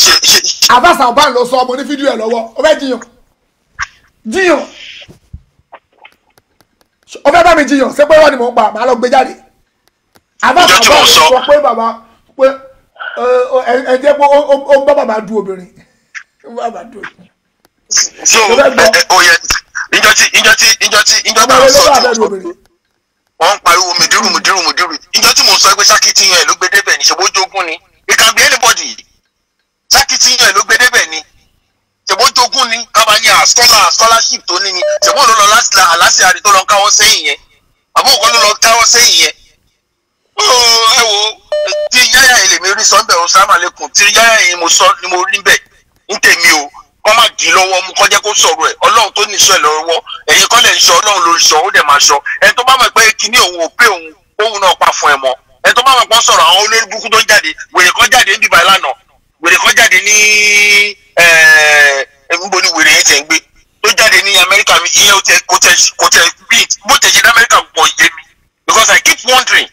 abasa ọba ló sọ ọmọ ní fídíò ẹ lọ́wọ́ o fẹ́ jiyàn jiyàn o fẹ́ bá mi jiyàn ṣé pé wọ́n ni mò ń pa màá lọ gbé jáde abasa ọba ló sọ pé bàbá pé ẹ jẹ́ pé o ń bá bàbá du obìnrin o ń bá bàbá du obìnrin. o ó yẹ ìjọ tí ìjọ tí ìjọ tí ìjọ bá sọ ju wọ́n ń pariwo mùdírù mùdírù mùdírù ìjọ tí mo sọ pé sakitiyan ló gbé débẹ̀ ní ṣèbó jogún ni it can be anybody sakitiyan ló gbé débẹ̀ ni ṣèbó jogún ni kábà ní scholar scholarship tó ní ni ṣèbó ló lọ láti àlásì àrí tó lọ káwọ́ sẹ́yìn yẹn àbọ̀ òkò ló lọ káwọ́ sẹ́yìn yẹn ẹ wo tí yáyà ilé mi rí sọ́ńbẹ̀ ọ̀sán àmàlẹ́kùn tí yáyà yìí mo sọ ni mo rí bẹ́ẹ̀ ń tèmi o kọ́ má dì í lọ́wọ́ mú kọjá kó sọ̀rọ̀ ẹ̀ ọlọ́run tó níṣọ́ ẹ̀ lọ́wọ́ ẹ̀yin kọ́ lẹ̀ ń sọ ọlọ́run ló ń sọ ó dẹ̀ máa sọ ẹ̀ tó bá mọ̀ pé kíní òun ò pé òun òun náà pa fún ẹ mọ́ ẹ̀ tó bá mọ̀ pé sọ̀rọ̀ àwọn olórí burúkú tó ń jáde wèrè kan jáde ń dìbà lánàá wèrè kan jáde ní eh, níbo ni wèrè yẹn ti ń gbé tó jáde ní Amẹ́ríkà mi ìyẹn kò tẹ̀ kò tẹ̀ bó tẹ̀ ṣe ní Amẹ́ríkà pọ̀ yé mi because I keep wondering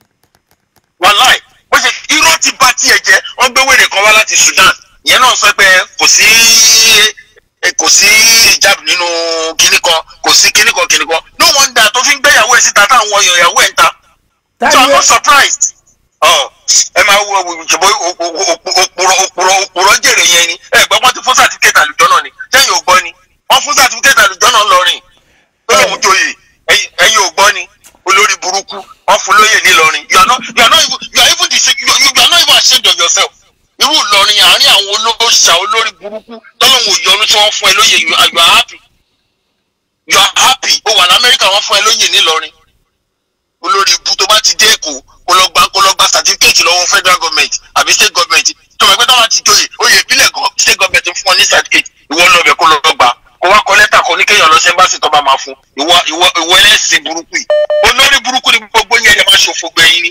[laughs] wàláì bó ṣe irọ́ ti bá tiẹ̀ jẹ́ wọ́n gbé wèrè kan wá láti Sudan ìyẹn náà sọ pé eh, kò sí ìjáàbù nínú kinní kan kò sí kinní kan kinní kan no wonder tó fi ń gbéyàwó ẹ̀ síta táwọn èèyàn ìyàwó ẹ̀ ń ta so i'm not surprised oh, ẹ máa wo ìjọba òpùrọ̀ òpùrọ̀ òpùrọ̀ jèrè yẹn ni ẹ gbọ́ wọ́n ti fún sàtífíkẹ́tì àlùjọ náà ni sẹ́yìn ò gbọ́ ni wọ́n fún sàtífíkẹ́tì àlùjọ náà lọ́rìn tó lòun joyè ẹ̀yin ò gbọ́ ni olórí burúkú wọ́n fún lóyè nílọrin you are not even ashamed of yourself irú Ìlọrin àárín àwọn olóṣà olórí burúkú tọ́lọ́hún òyọnu tí wọ́n fún ẹ lóye you are happy you are happy ó wà lamẹ́ríkà wọ́n fún ẹ lóye nílọrin olórí ibu tó bá ti dé èkó kó lọ gba kó lọ gba certificate lọ́wọ́ federal government àbí state government tó wọ́n pẹ́ tó bá ti joyè oyè ìbílẹ̀ state government fún ọ ní certificate ìwọ lọ bẹ̀ kó lọ gbà kó wá kọ lẹ́tà kan ní kéèyàn lọ sí ẹ́mbáàsì tó bá máa fún ìwọ ìwọ ìwọ ẹlẹ́sìn burúkú yìí olórí burúkú ni gbogbo yẹn ẹ máa ṣòfò gbẹ̀yìn ni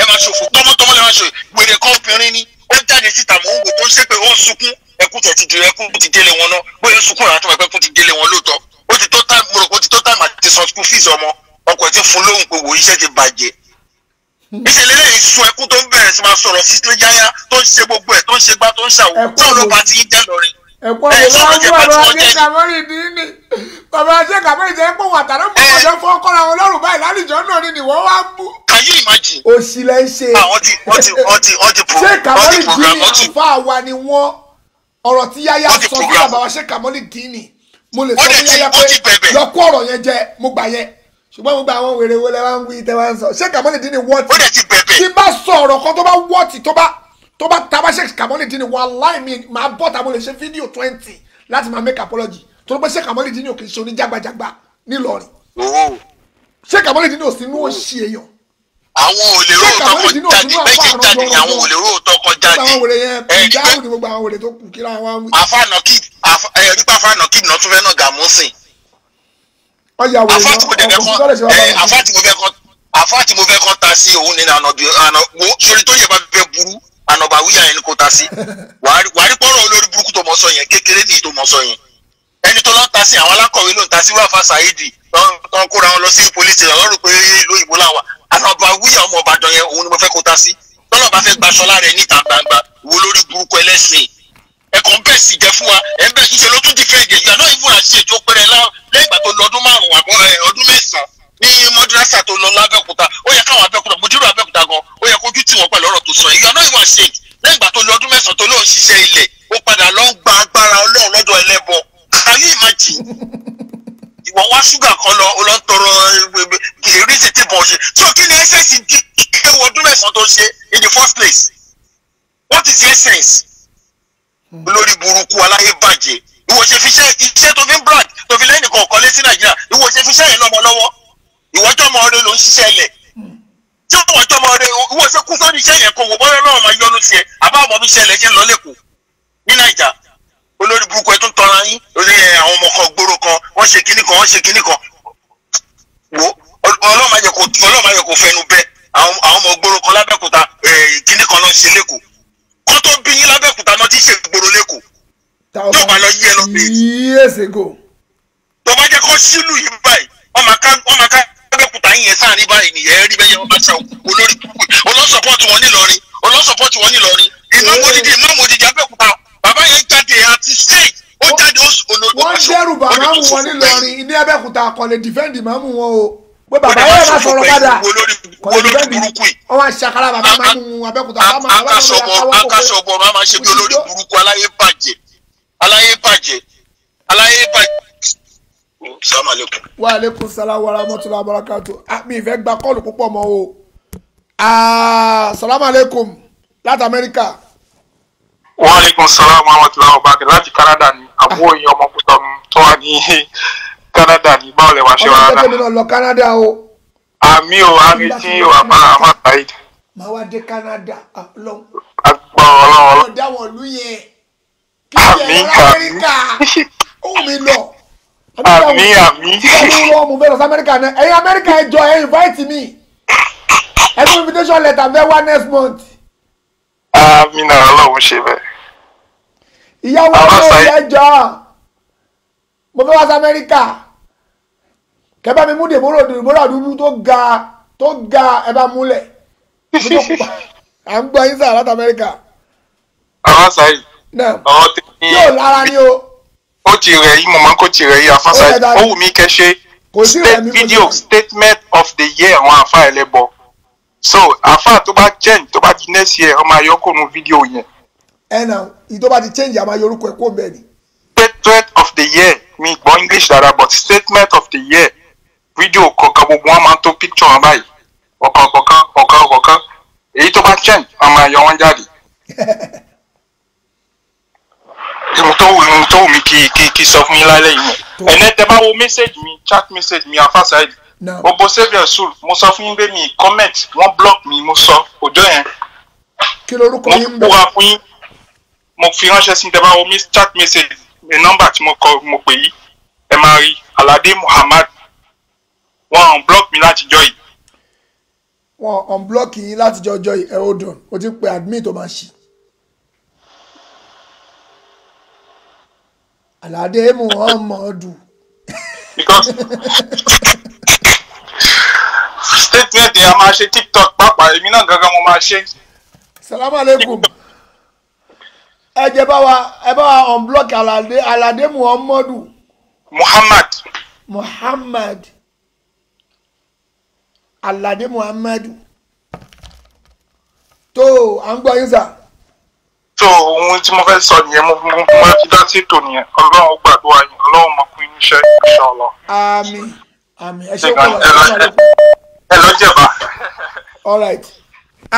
ẹ máa ṣòfò tọmọtọmọ lẹ máa ṣòfò gbèrè kan obìnrin ni fẹ́ jáde síta mò ń wò tó ń ṣépè ó ń sunkún ẹkún tẹ̀ ti di ẹkún ti délé wọn náà bóyá sunkún rà tó ẹkún ti délé wọn lóòótọ́ ó ti tó táìmù mo rò pé ó ti tó táìmù àti san school fees ọmọ ọkọ̀ ti fún lóhùn pé wò iṣẹ́ ti bàjẹ́ ìṣẹ̀lẹ̀ lẹ́yìn sun ẹkún tó ń bẹ̀rẹ̀ sí máa sọ̀rọ̀ sí tó yáyá tó ń ṣe gbogbo ẹ̀ tó ń ṣe gbá tó ń ṣàwò tó ti yín jẹ́ lọ́rin ẹ̀kọ́ ìwà ọ̀rọ̀ ajé kàmọ́rì nínú bàbá ajé kàmọ́rì jẹ́ pé wàtàrà mú ọ̀dọ́ fún ọkọ́ra wọn lọ́rùn báyìí lálùjọ́ náà ni wọ́n wá mú. Can you imagine? òsì lẹ ń ṣe. àwọn ah, ti wọ́n ti wọ́n ti wọ́n ti pro ṣé kàmọ́rì dín ní àǹfà wa ni wọ́n ọ̀rọ̀ tí yáyá sọ fún bàbá wa ṣé kàmọ́rì dín ní mo lè sọ fún yáyá pé lọ́kọ́ ọ̀rọ̀ yẹn jẹ mo gbà yẹ ṣùgbọ́n mo gba àwọn wèrè wo lẹ́wọ̀n wí tẹ́wọ́n sọ ṣé kàmọ́rì dín ní wọ́ọ̀tì tí bá sọ ọ̀rọ̀ kan tó bá wọ́ọ̀tì tó bá tó bá taba sheikh kamoli dín ní wàláì mi máa bọ́ tàbí olè ṣe fídíò twenty láti máa make apology tó ló pé sheikh kamoli dín ní òkè ṣe oníjàgbàjàgbà nílọrin sheikh kamoli dín ní òsínú òṣì èèyàn àwọn òlèrò tọkọ jáde méjì jáde àwọn òlèrò tọkọ jáde ẹgbẹ afanaki ẹrípa afanaki náà tún fẹ́ náà gàmúsìn afa tí mo fẹ́ kan ta sí òun ni ànàbí ànàbó sori tó yẹ anọba wíyà yẹn ni kò ta sí wàárí pọ́nrọ̀ olórí burúkú tó mọ̀ sọ yẹn kékeré ní ìtò mọ̀ sọ yẹn ẹni tó lọ́n ta sí àwọn alákọ̀wé ló ń ta sí wàfà Saidi tán kóra wọn lọ sí police station lọ́rùn pé ìlú òyìnbó làwà anọba wíyà ọmọ Ìbàdàn yẹn òun ni mo fẹ́ kó ta sí tọ́lọ̀ bá fẹ́ gbaṣọ lára ẹ̀ níta gbangba wo lórí burúkú ẹlẹ́sìn ẹ̀kọ́ e bẹ́ẹ̀ sì jẹ́ fún wa ẹ̀ bẹ́ẹ̀ ìṣèlú tún ti fẹ́ ìdè yìí àná ìfúnra ṣèjọ pẹ̀rẹ̀ lẹ́yìn ìgbà tó lọ́dún márùn-ún àbọ̀ ọdún mẹ́sàn-án ní madrasa tó lọ lábẹ́òkúta ó yẹ káwọn abẹ́òkúta mùdírù abẹ́òkúta gan ó yẹ kójú tì wọ́n pẹ̀lú ọ̀rọ̀ tó sọ yìí yọ̀nà ìwà ṣe lẹ́yìn ìgbà tó lọ ọdún mẹ́sàn-án tó lóun ṣiṣẹ́ ilẹ̀ ó padà lọ gba agbára ọlọ́run lọ́dọ̀ ẹlẹ́bọ ayé ìmájì [laughs] ìwọ wá ṣúgà kan lọ ó lọ tọrọ gèrè sí bọ̀ ṣe so kí ni essence di ewu ọdún mẹ́sàn-án tó ṣe in the first place what is the essence hmm. lórí burúkú aláyé bàjẹ́ ìwọ ṣe fi iṣẹ́ tó fi ń brag tó fi lẹ́yìn kọ̀ọ̀kan lé sí nàìjíríà ìwọ ṣe fi iṣẹ́ yẹn lọ́mọ lọ́wọ́ ìwọ́jọ́ ọmọ rẹ ló ń ṣiṣẹ́ lẹ̀ tí ìwọ́jọ́ ọmọ rẹ ìwọ ṣe kú sórí iṣẹ́ yẹn kó wò bọ́lá náà máa yọnu sí àbá ọmọ bí ṣẹlẹ̀ ṣe ń lọ lẹ́kọ̀ọ́ ní nàìjà olórí burúkú ẹ tún tọra yín lórí àwọn ọmọ kan gbòòrò kan wọ́n ṣe kinní kan wọ́n ṣe kinní kan wo ọlọ́mọ ayẹ kò fẹnu bẹ àwọn ọmọ gbòòrò kan lábẹ́kúta kinní kan náà ṣe lẹ́kọ̀ọ́ kọ́ tó bí yín lábẹ́kúta náà ti ṣe gbòòrò lẹ́kọ̀ọ́ yóò bá lọ yí ẹ lọ abẹ́kúta yẹn sáàrin báyìí nìyẹn rí bẹ́yẹn wọn bá ṣe olórí púpọ̀ olóṣọpọ̀tì wọn nílọrin olóṣọpọ̀tì wọn nílọrin ìmọ̀mù odidi ìmọ̀mù odidi abẹ́kúta bàbá yẹn jáde àti straight ó jáde ó olórí wọn dẹ́rù bàbá mú wọn nílọrin ní abẹ́kúta kọ̀lẹ̀ dìfẹ́ǹdì mọ̀mù wọn o pé bàbá yẹn máa sọ̀rọ̀ padà kọ̀lẹ̀ dìfẹ́ǹdì wọn máa ṣàkàrà bàbá máa mú abẹ́kúta bàbá máa wọ́n kó aláyé bàjẹ́ aláyé bàjẹ́ aláyé bàjẹ́ salamu aleykum. wa aleykum salaam wa rahmatulah abarakatu ah, mi ìfẹ́ gba kọ́ọ̀lù púpọ̀ mọ́ o ah, salamu aleykum láti amẹ́ríkà. wa aleykum salaam wa rahmatulah abarakatu láti canada ni àbúrò ah. yín ọmọ kúta tó wà ní canada ni báwo lè wá ṣe wàhálà. ọmọ tẹ́lẹ̀ mi lọ canada o. àmì o àmì tí o àmà àmà tàyè. màá wá dé canada lọ. agbọ̀n ọlọ́wọ́. ọ̀dà wọ̀lú yẹn kí ni ẹ̀rọ amẹ́ríkà [laughs] ó mi lọ àmì àmì. ìgbàlú wọn mú bẹ́ẹ̀ lọ sí amẹ́ríkà náà ẹ̀yin amẹ́ríkà ẹ jọ ẹ invite me ẹ mú invitation letter bẹ́ẹ̀ wá next month. àmì náà ọlọ́run ṣe bẹ́ẹ̀. ìyàwó ọlọ́run ẹ jọ mo fẹ́ wá sí amẹ́ríkà kẹ́bá mi mú dèbóró dèbóró dúdú tó ga tó ga ẹ bá múlẹ̀ à ń gbọ́ yín sáà láti amẹ́ríkà. àwọn sáyì. náà yóò lára ni o ó ti rẹ̀ yí mọ̀mọ́ kó ti rẹ̀ yí afásáyé ó wù mí kẹ́ ṣe video statement of the year àwọn àfa ẹlẹ́bọ so àfa tó bá change tó bá ti next year ọmọ ayọ́kùnrin video yẹn. ẹ nà ìtọ́ bá ti change àmọ́ yorùkọ ẹ̀ kó bẹ́ẹ̀ ni. statement of the year mi gbọ́ english dada but statement of the year Video. kọ̀ọ̀kan gbogbo wọn máa ń tó picture wọn báyìí ọ̀kan kọ̀ọ̀kan ọ̀kan kọ̀ọ̀kan èyí tó bá change ọmọ ayọ̀ wọn jáde. [laughs] ohun tó ohun tó mi kì kì kì sọ fún yín lálẹ́ yìí mọ̀ ẹ̀nẹ́ tẹ bá wo message mi chat message mi afa saheed obo saviour soul mo sọ fún yín pé mi comment wọ́n block mi mo sọ ọjọ́ yẹn kí mo wá fún yín mo fi ránṣẹ́ sí tẹ bá wo chat message ní number tí mo kọ mo pè yí ẹ máa rí alade muhammad wọ́n unblock mi látijọ́ yìí. wọ́n unblock yín látijọ́ ọjọ́ yìí ẹ hold on o ti pe admin tó máa ṣí. Alade Muhammadu. because statement yẹn a máa ṣe tiktok pàápàá èmi náà gangan mo máa ṣe. salamu aleykum ẹ jẹ́ bá wa ẹ bá wa unblock Alade Alade Muhammadu. Muhammad. Muhammad Alade Muhammad. tó à ń gbọ́ yín sá so ohun tí mo fẹ́ sọ nìyẹn mo mo mo fi dá sí tò nìyẹn ọlọ́run gbàdúrà yín ọlọ́run mọ̀ kún iṣẹ́ ìṣọ̀lọ. àmín àmín ẹ ṣe kọ́ ẹ lọ jẹba. all right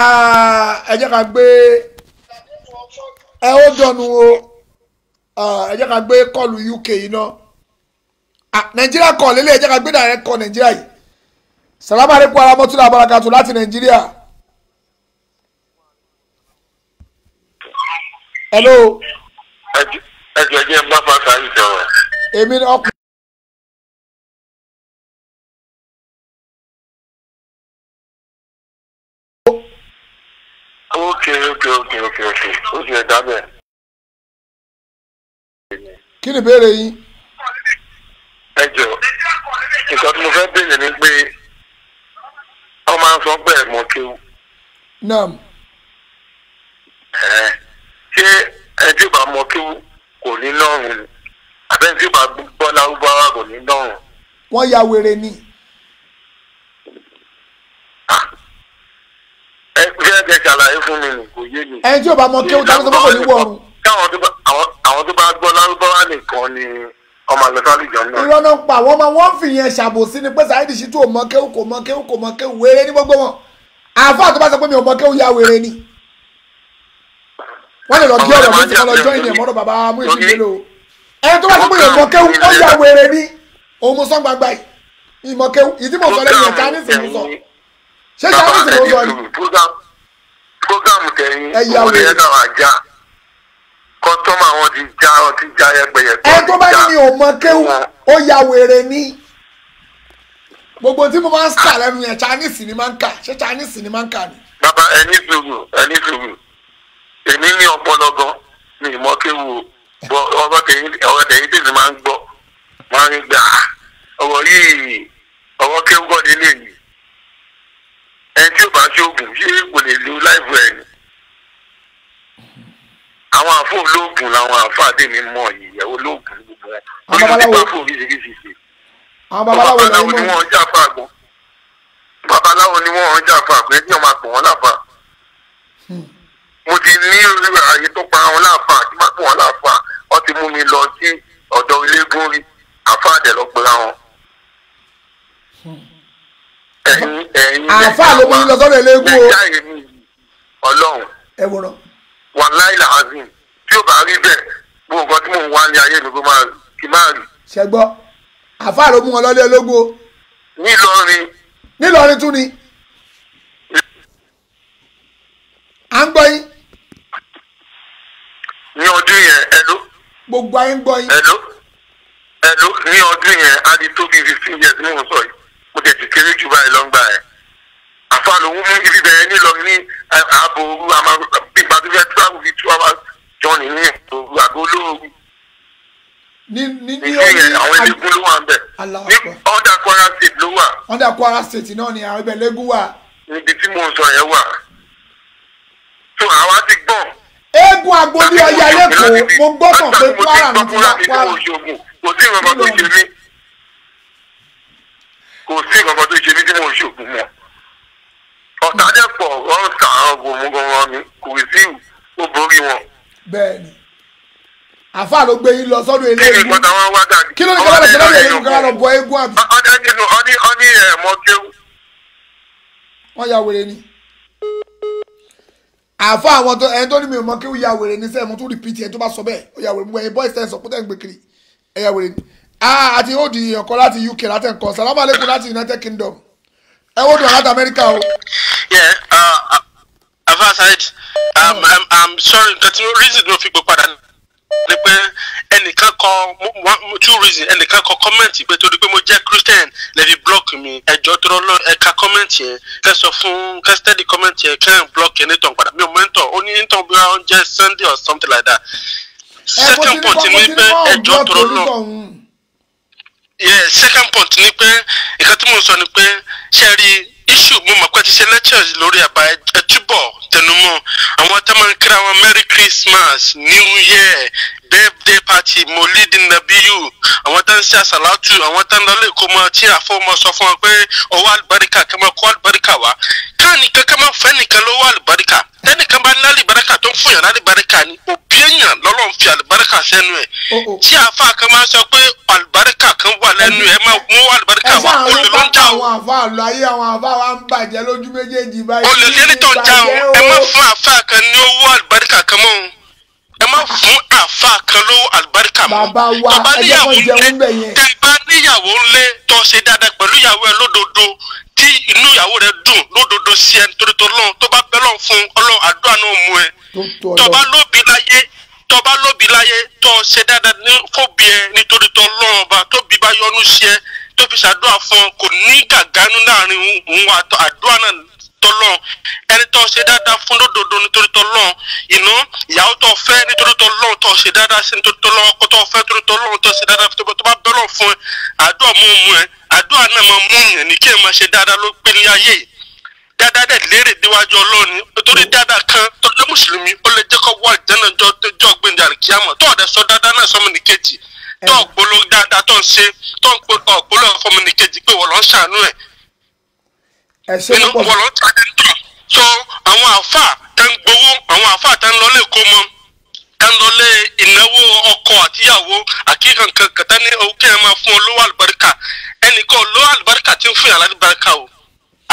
ah, ẹ jẹ́ ká gbé ẹ ó dọ̀nù o ah, ẹ jẹ́ ká gbé kọ́ọ̀lù UK yìí náà nàìjíríà kọ̀ lélẹ̀ ẹ jẹ́ ká gbé direct kọ́ nàìjíríà yìí sàlámà àlékún aramọ́tún àbárakàtún láti nàìjíríà. hello. ẹ jẹ́ jẹ́ bá pàṣẹ àyíjọ. èmi ni ọkùnrin. ok ok ok ok ok ó ti ẹ̀ dábẹ̀. kí ni ìbéèrè yín. ẹ jọ nǹkan tí mo fẹ́ béèrè ni pé wọ́n máa ń sọ pé ẹ̀mọ́ kéwù. naam. ẹ̀ẹ́ ṣé ẹni tí bá mọ kí kò ní lọ́rùn àbẹ́ ẹni bá gbọ́ lárúbáwá kò ní lọ́rùn. wọ́n ya wèrè ni. Ah. ẹ bí ẹ ṣàlàyé fún mi kò yé mi. ẹni bá mọ kí ó dáná sọ ní wọrùn. àwọn tó bá gbọ́ lárúbáwá nìkan ni ọmọ àlọ́tọ́ náà. irọ́ pa àwọn ọmọ wọn fìyẹn ṣàbòsí ni pé Saheed Shittu ò mọ kéwù kò mọ kéwù kò mọ kéwù wéré ní gbogbo wọn àáfàá tó bá sọ pé mi ò mọ kéwù ya wèrè ni wọ́n lè lọ bí ọ̀rọ̀ mi ti lọ jọ́ ìyẹn mọ́rọ̀ bàbá mú ìsìn mi ẹni tó bá sọ pé ìmọ̀ kéwù ó yà wèrè ní òun sọ gbangba yìí ìmọ̀ ìdí mo lẹ́yìn ẹ̀ka ní ìsìn sọ ṣé ṣe àwọn ìsìn sọ ni. ẹ̀yà tó bá ní ní ó yà wèrè ní gbogbo tí mo máa ń kà lẹ́nu yẹn Chinese ni máa ń kà ṣé Chinese ni máa ń kà ni. bàbá ẹni sùúrù ẹni sùúrù èmi ní ọpọlọ gan ní ìmọ̀ kéwu bọ ọ̀rọ̀ tẹ̀yìn ọ̀rọ̀ tẹ̀yìn tèmi máa ń gbọ́ máa ń gbà ah, ọ̀rọ̀ yìí ọ̀rọ̀ kéwu kọ́ ni ilé yìí ẹni tí ò bá ṣe oògùn ṣé kò lè lu láìpù ẹ̀ ni àwọn àfọ olóògùn làwọn àfọ àdémi mọ yìí ìyàwó olóògùn gbogbo wọn olóògùn nípa fún oríṣiríṣi ṣe babaláwo ni wọn jà fún àgbọn babaláwo ni wọn jà fún àgbọn ẹni ọmọ àgbọn wọn láfa mo ti ní ààyè tó pa àwọn láàfà àti má pọ̀ wọn wọ́n ti mú mi lọ sí ọ̀dọ̀ iléegun rí àfà àdẹ̀ lọ pera wọn. ló mú mi lọ sọ́dọ̀ iléegun o. nàìjíríà mi ọlọ́run wàláì làásìn tí ó bá rí bẹ́ẹ̀ gbogbo nǹkan tí mò ń wá ní ayé mi kó máa máa rí. ṣẹgbọ́ àfà ló mú wọn lọ́lé ológun o. nílọrin. nílọrin tún ni. à ń gbọ́ yín ní ọdún yẹn ẹló. gbogbo ayé ń gbọ́ yín. ẹló ẹló ní ọdún yẹn á di tó bíi fifteen years ní òun sọ yìí mo tẹ̀ ti kéré jù báyìí lọ́ngbà yẹn. àfàà lòun mú ibi bẹ̀rẹ̀ nílọ ní ààbò ooru àmà gbígbà tó fẹ́ tíwáwù bíi two hours journey ní ooru àgbo olóoru. ní ní ní ọdún àwọn ẹlẹ́gùn ló wà ń bẹ̀. ní ọ̀dà Kwara State ló wà. ọ̀dà Kwara State náà ni àwọn ibẹ̀ wà. níbi tí mo sọ yẹn wà. so àwa ti gbọ́n eégún agbolé ọya lẹ́kọ̀ọ́ mo gbọ́kàn pé kwara ní ti wá kwara. kò sí ìrànwọ́ tó ṣe mí kò sí ìrànwọ́ tó ṣe mí tí mo ṣògùn mọ́ ọ̀tá jẹ́ pọ̀ wọ́n sàárọ̀ gbòmù gan-an ni kò sí ó borí wọn. bẹ́ẹ̀ni àfa ló gbé yín lọ sọ́dọ̀ eléyìí kí ló ní kí lọ́dọ̀ sọ́dọ̀ eléyìí kí lọ́dọ̀ bọ eégún àbí. ọ̀ní ẹ̀mọ́ kéwù. wọ́n ya wèrè ni àfa àwọn tó ẹni tó ní mi ò mọ kí ó ya wèrè ní sẹ́ẹ̀ mo tún repeat ẹni tó bá sọ bẹ́ẹ̀ ó ya wèrè mo ẹ̀yin boys ten sọ pé tẹ́ ń gbé kiri ẹ ya wèrè ni. àti ó di èèyàn kan láti UK láti nǹkan salamu aleykum láti United Kingdom ẹ ó dùn láti America o. yeah uh, I've asked um, I'm, sorry nǹkan tí reason ló fi gbé padà ni pé ẹnìkan kọ two reasons ẹnìkan kọ kọ́mẹ̀ntì pé torí pé mo jẹ́ christian lẹ́fi block mi ẹjọ́ tó lọ ẹ̀ka kọ́mẹ̀ntì yẹn kẹ́ sọ fún kẹ́ steady kọ́mẹ̀ntì yẹn kẹ́ block yẹn nítorí padà mi ò mẹ́ntọ̀ ó ní nítorí bí wọ́n jẹ́ sunday or something like that second point ni pé ẹjọ́ tó lọ yeah second point ni pé nǹkan tí mo sọ ni pé ṣe rí i issue mo mọ̀ pé ti ṣe lectures lórí àbá ẹ túbọ̀ tẹnumọ́ àwọn tá máa ń kíra wọn merry christmas new year birthday party molidi nabiyu àwọn tá ń ṣe àṣàlátù àwọn tá ń lọ lè kó mọ tí àfọwọ́mọ sọ fún wọn pé ọwọ́ àlùbáríkà kí wọ́n kó àlùbáríkà wá káàní kankan máa fẹ́ nìkan ló wà àlùbáríkà tẹ́nìkan bá ní àlùbáríkà tó ń fún yàrá àlùbáríkà ni òbí èèyàn lọ́lọ́run fi àlùbáríkà sẹ́nu ẹ̀ oh, oh. tí àáfàá kan máa sọ pé àlùbáríkà kan wà lẹ́nu ẹ̀ máa mú àlùbáríkà wà olè ló ń já o. àwọn àfa àlọ ayé àwọn àfa wa ń bàjẹ́ lójú méjèèjì báyìí. olè lẹ́ni tó ń já o ẹ má fún àáfàá kan ní owó àlùbáríkà kan mọ́ ẹ má fún àáfàá kan lówó àlùbáríkà mọ́ bàbá níyàwó ńlé tẹ bá níyàwó se tó ṣe dáadáa pẹ̀lú ìyàwó ẹ tí inú ìyàwó rẹ dùn lódodo sí ẹ nítorí tó lọ́n tó bá bẹ́ lọ́n fún ọlọ́run àdúrà náà mú ẹ tọba lóbi láyé tọba lóbi láyé tọ ṣe dáadáa ní fòbi ẹ nítorí tó lọ́run ọba tóbi bá yọ́nú sí ẹ tó fi ṣàdúrà fún ọ kò ní gàgánú láàrin òun àdúrà náà tọlọ́n ẹni tó ṣe dáadáa fún lódodo nítorí tọlọ́n inú ìyàwó tó fẹ́ nítorí tọlọ́n tó ṣe dáadáa sí nítorí tọlọ́n ọkọ tó fẹ́ nítorí tọlọ́n tó ṣe dáadáa fún tó bá fún ẹ àdúrà mú mú ẹ àdúrà náà máa mú yẹn ní kí ẹ máa ṣe dáadáa ló gbé ní ayé dáadáa dẹ̀ lérè déwájú ọlọ́run torí dáadáa kan ló mùsùlùmí ó lè jẹ́ kó wá jọ gbẹ̀ndẹ̀ àríkíyàmọ̀ tó dáadáa tó ń ṣe tó ọ̀pọ̀lọ fọmọ nìkejì pé wọ́n lọ́ ṣàánú ẹ̀ ẹ ṣe púpọ̀ nínú wọ̀rọ̀ ta ẹ̀ ń tọ̀ so àwọn àáfà tẹ́ ń gbowó àwọn àáfà tẹ́ ń lọ lè kó mọ́ tẹ́ ń lọ lé ìnáwó ọkọ àtìyàwó àkíkan kankan tẹ́ ní owó kí ẹ máa fún ọ lówó àlùbáríkà ẹnìkan lówó àlùbáríkà ti ń fún yàrá àlùbáríkà o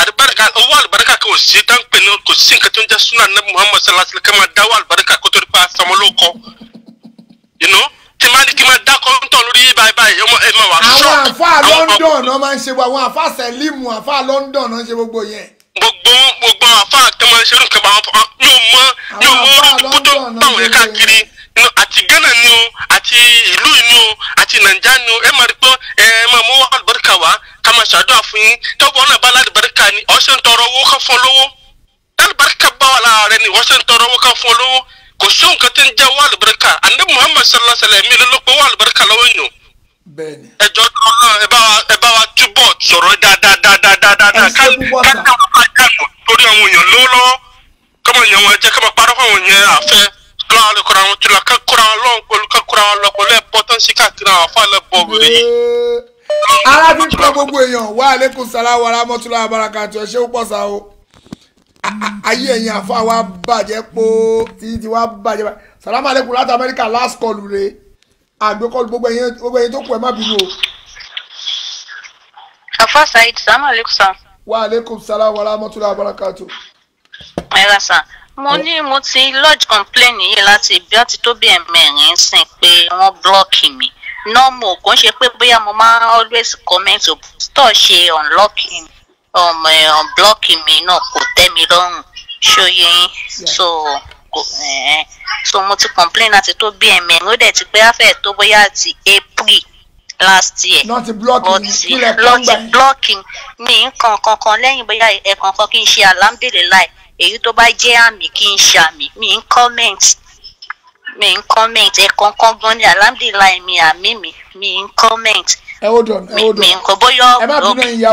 àlùbáríkà owó àlùbáríkà kò sí tẹ́ ń pè ní kò sí nǹkan tó ń jẹ́ sunan nabi muhammad sallallahu alayhi wa sallam kẹ́ máa dáwọ́ àlùbáríkà kó tó nípa samolóko you know tí máa ní kí máa dá kọ́ńtọ̀ lórí báyìí báyìí ọmọ ẹ máa wà àwọn àfa London náà máa ń ṣe àwọn àfa sẹ́límù àfa London náà ń ṣe gbogbo yẹn. gbogbo gbogbo àfa kan máa ń ṣerú nǹkan báwọn mọ mi mọ orúkú tó báwọn yẹn káàkiri àti Ghana ni o àti ìlú ni o àti Nàìjíríà ni o ẹ máa rí pé ẹ máa mú àlùbáríkà wá ká máa ṣàdúrà fún yín tọ́gbọ́n náà bá lálùbáríkà ni ọ̀ṣẹ̀ ń tọrọ owó kan fún olówó lálùbáríkà bá wà lára ni ọ̀ṣẹ̀ ń tọrọ owó kan fún olówó kò sóhun kan tí ń jẹ́ wà Muhammad àndé muhammed sallallahu alayhi wa sallam mi ló pé wà lùbáríkà lọ́wọ́ èèyàn. bẹ́ẹ̀ni. ẹjọ náà ẹ bá wa da da da da da da ká ká máa jẹun torí àwọn èèyàn lówó lọ́wọ́ kọ́mọ èèyàn wọn jẹ́ kọ́mọ parọ́ fún àwọn èèyàn àfẹ́ kọ́ra wọn kọ́ra wọn tula ká kọ́ra wọn lọ́wọ́ pẹ̀lú ká kọ́ra wọn lọ́kọ́ lẹ́ẹ̀ bọ́ tán sí káàkiri àwọn afọ alẹ́ bọ̀ wẹ̀rẹ̀ yìí. arábìnrin gbogbo èèyàn wa alaikum salaam wa rahmatullahi wa barakatuh ẹ ṣé ó pọ̀ sáà o ayé ẹ̀yin àfa wa bàjẹ́ pọ̀ títí tí wa bàjẹ́ báyìí salamu aleykum láti amẹ́ríkà last call re àgbékọ́lù gbogbo ẹ̀yin gbogbo ẹ̀yin tó kù ẹ̀ má bínú o. àfa saheed salamu aleykum sa. wa aleykum salaam wa rahmatulah wa barakatu. ẹ ra sàn mo ní mo ti lodge complain yìí láti ibi àti tó bí ẹ̀mẹ́rin sìn pé wọ́n blọ́ọ̀kì mi nọ́ọ̀mù kò ń ṣe pé bóyá mo máa always comment o store ṣe unlocking ọmọ ẹ̀hàn Blocking me náà kò tẹ́ mi lọ́rùn ṣóyé yín so kò ẹ̀ẹ́n so mo ti complain láti tó bí ẹ̀mẹ̀ ó dẹ̀ ti pé afẹ́ tó bóyá ti april last year lọ́ọ̀tì blọ́ọ̀kì mi nǹkan kankan lẹ́yìn bóyá ẹ̀ẹ̀kankan kí n ṣe alhamdulilayi èyí tó bá jẹ́ àmì kí n ṣe àmì mi ń comment mi ń comment ẹ̀ẹ̀kankan gan ni alhamdulilayi mi àmì mi mi ń comment. ẹ hold on ẹ hold on mi ń kọ bóyá. ẹ má bínú ìyá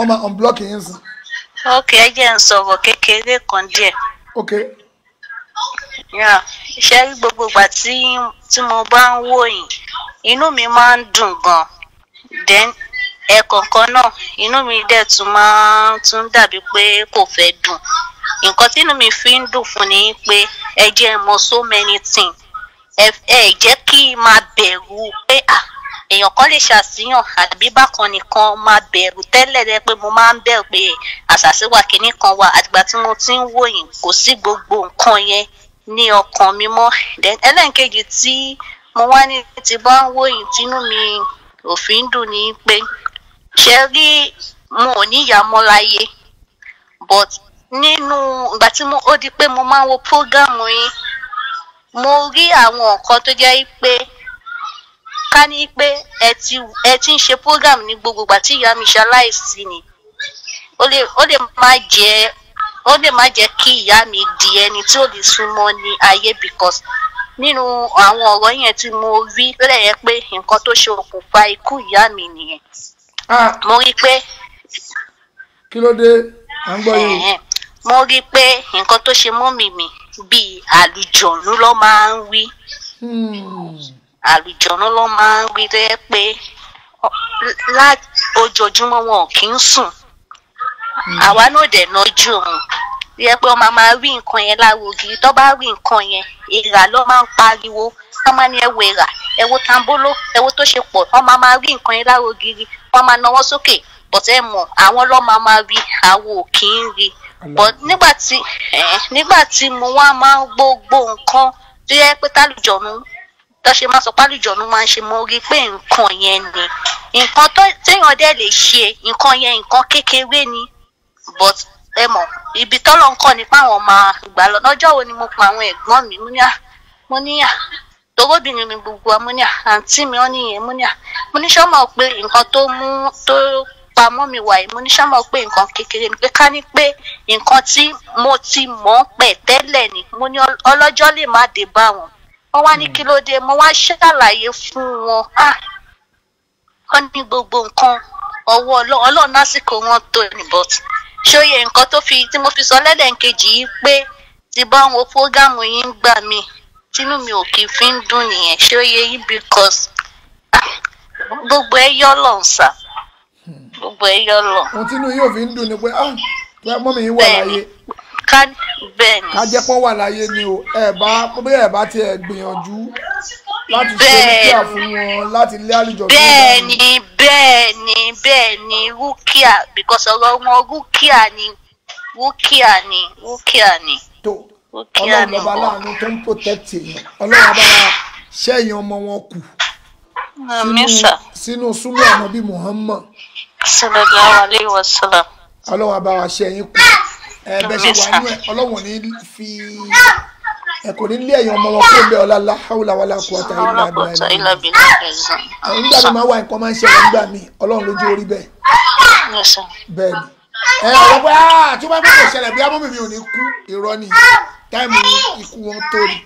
wọ́n ma unblocking yín sí. ok ẹ jẹ́ ń sọ̀rọ̀ kékeré kan díẹ̀. ok. ṣé rí gbogbo ìgbà tí mo bá ń wò yín inú mi máa ń dùn gan-an then ẹ̀kọ̀ọ̀kan náà inú mi dẹ̀ tún máa tún dàbí pé kò fẹ́ dùn nǹkan tí mi fi ń dùn fún ni pé ẹ jẹ́ mọ̀ so many things ẹ jẹ́ kí n máa bẹ̀rù pé ah èèyàn kan lè ṣàṣìyàn àbí bákan nìkan máa bẹ̀rù tẹ́lẹ̀ rẹ pé mo máa ń bẹ̀rù pé àṣàṣì wà kínní kan wà àtìgbà tí mo ti ń wòyìn kò sí gbogbo nǹkan yẹn ní ọkàn mi mọ́ then ẹlẹ́nkejì tí mo wá ní ti bá ń wòyìn tínú mi òfin dùn ní pé ṣe rí mo ò níyà mọ́ láyé but nínú ìgbà tí mo ó di pé mo máa ń wo prógámù yín mo rí àwọn nǹkan tó jẹ́ pé ká ní pé ẹ ti ẹ ń ṣe program ní gbogbo tí ìyá mi ṣaláìsí ni ó lè ó lè má jẹ ó lè má jẹ kí ìyá mi di ẹni tí ò lè súnmọ́ ní ayé because nínú àwọn ọ̀rọ̀ yẹn tí mo rí lẹ́yìn pé nǹkan tó ṣe okùnfà ikú ìyá mi nìyẹn ah. mo rí pé. kí ló dé à ń gbọ́ yìí. mo rí pé nǹkan tó ṣe mọ́mì mi bíi àlùjọ̀nú ló máa ń wí. Hmm àlùjọ́nà ló máa ń rí rẹ́ pé ojoojúmọ́ wọn ò kí ń sùn àwa náà dẹ̀ nájú òun yẹ pé ọmọ máa rí nǹkan yẹn láwògì tó bá rí nǹkan yẹn èèrà ló máa ń pariwo wọ́n máa ní ẹwọ èèrà ẹwọ tambolo ẹwọ tó ṣe pọ̀ ọmọ máa rí nǹkan yẹn láwògì wọ́n máa náwó sókè bọ̀tẹ́ mọ̀ àwọn lọ́mọ máa rí àwọn ò kí ń rí but nígbà tí nígbà tí mo wá máa ń gbogbo nǹkan tó yẹ pé tálùjọ̀nù tó ṣe máa sọ pálùjọ̀nù máa ń ṣe mo rí i pé nǹkan yẹn ni nǹkan téèyàn dẹ̀ lè ṣe nǹkan yẹn nǹkan kékeré ni but ẹ mọ̀ ibi tọ́lọ̀ ń kọ́ nípa àwọn ọmọ ìgbà lọ lọ́jọ́ wo ni mo pa àwọn ẹ̀gbọ́n mi mo ní à torobìnrin mi gbogbo amúníà àǹtí mi wọn nìyẹn múníà mo ní sọ́mọ pé nǹkan tó mú tó pamọ́ mi wà yìí mo ní sọ́mọ pé nǹkan kékeré ni pé ká ní pé nǹkan tí mo ti mọ̀ pẹ̀ tẹ́lẹ̀ ni mo ní ọlọ́jọ́ lè má dé bá wọn wọ́n wá ní hmm. kí ló dé mo wá fún wọn ah! Ọ ní gbogbo nǹkan ọwọ ọlọ́run lásìkò wọn tó ní but ṣóyè nǹkan tó fi tí mo fi sọ lẹ́lẹ́ǹkejì yìí pé ti bá wọn fógámù yìí ń gbà mí tínú mi ò kì í fi ń dùn nìyẹn yìí because gbogbo ah, gbogbo ẹ yọ ká jẹ́ pọ́n wà láyé ni o ẹ bá bí ẹ bá tiẹ̀ gbìyànjú láti ṣe rúkìá fún wọn láti lé àlùjọ bí wọn. bẹ́ẹ̀ni bẹ́ẹ̀ni bẹ́ẹ̀ni rúkìá because ọ̀rọ̀ wọn rúkìá ni rúkìá ni rúkìá ni. tó ọlọ́run ọba láàánú tó ń protect èèyàn ọlọ́run ọba ṣẹ́yìn ọmọ wọn kù sínú súnmọ́ ànábì Muhammad. sallallahu ọlọ́run ọba wa ṣẹ́yìn kù ẹ bẹ ṣe wà nú ẹ ọlọ́wọ̀n ní fi ẹ ní lé ẹ̀yàn ọmọ wọn kó bẹ ọ lálá haúlá wàlá kó ọ̀tá ìlà ìlà ìlà. àwọn nígbà mi máa wá nǹkan máa ń ṣẹlẹ̀ nígbà mi ọlọ́run lójú orí bẹ́ẹ̀. bẹ́ẹ̀ ẹ ọ̀rọ̀ pé wọ́n ah, bá kò ṣẹlẹ̀ bí amómi mi ò ní kú irọ́ ni táìmù ikú wọn tó ni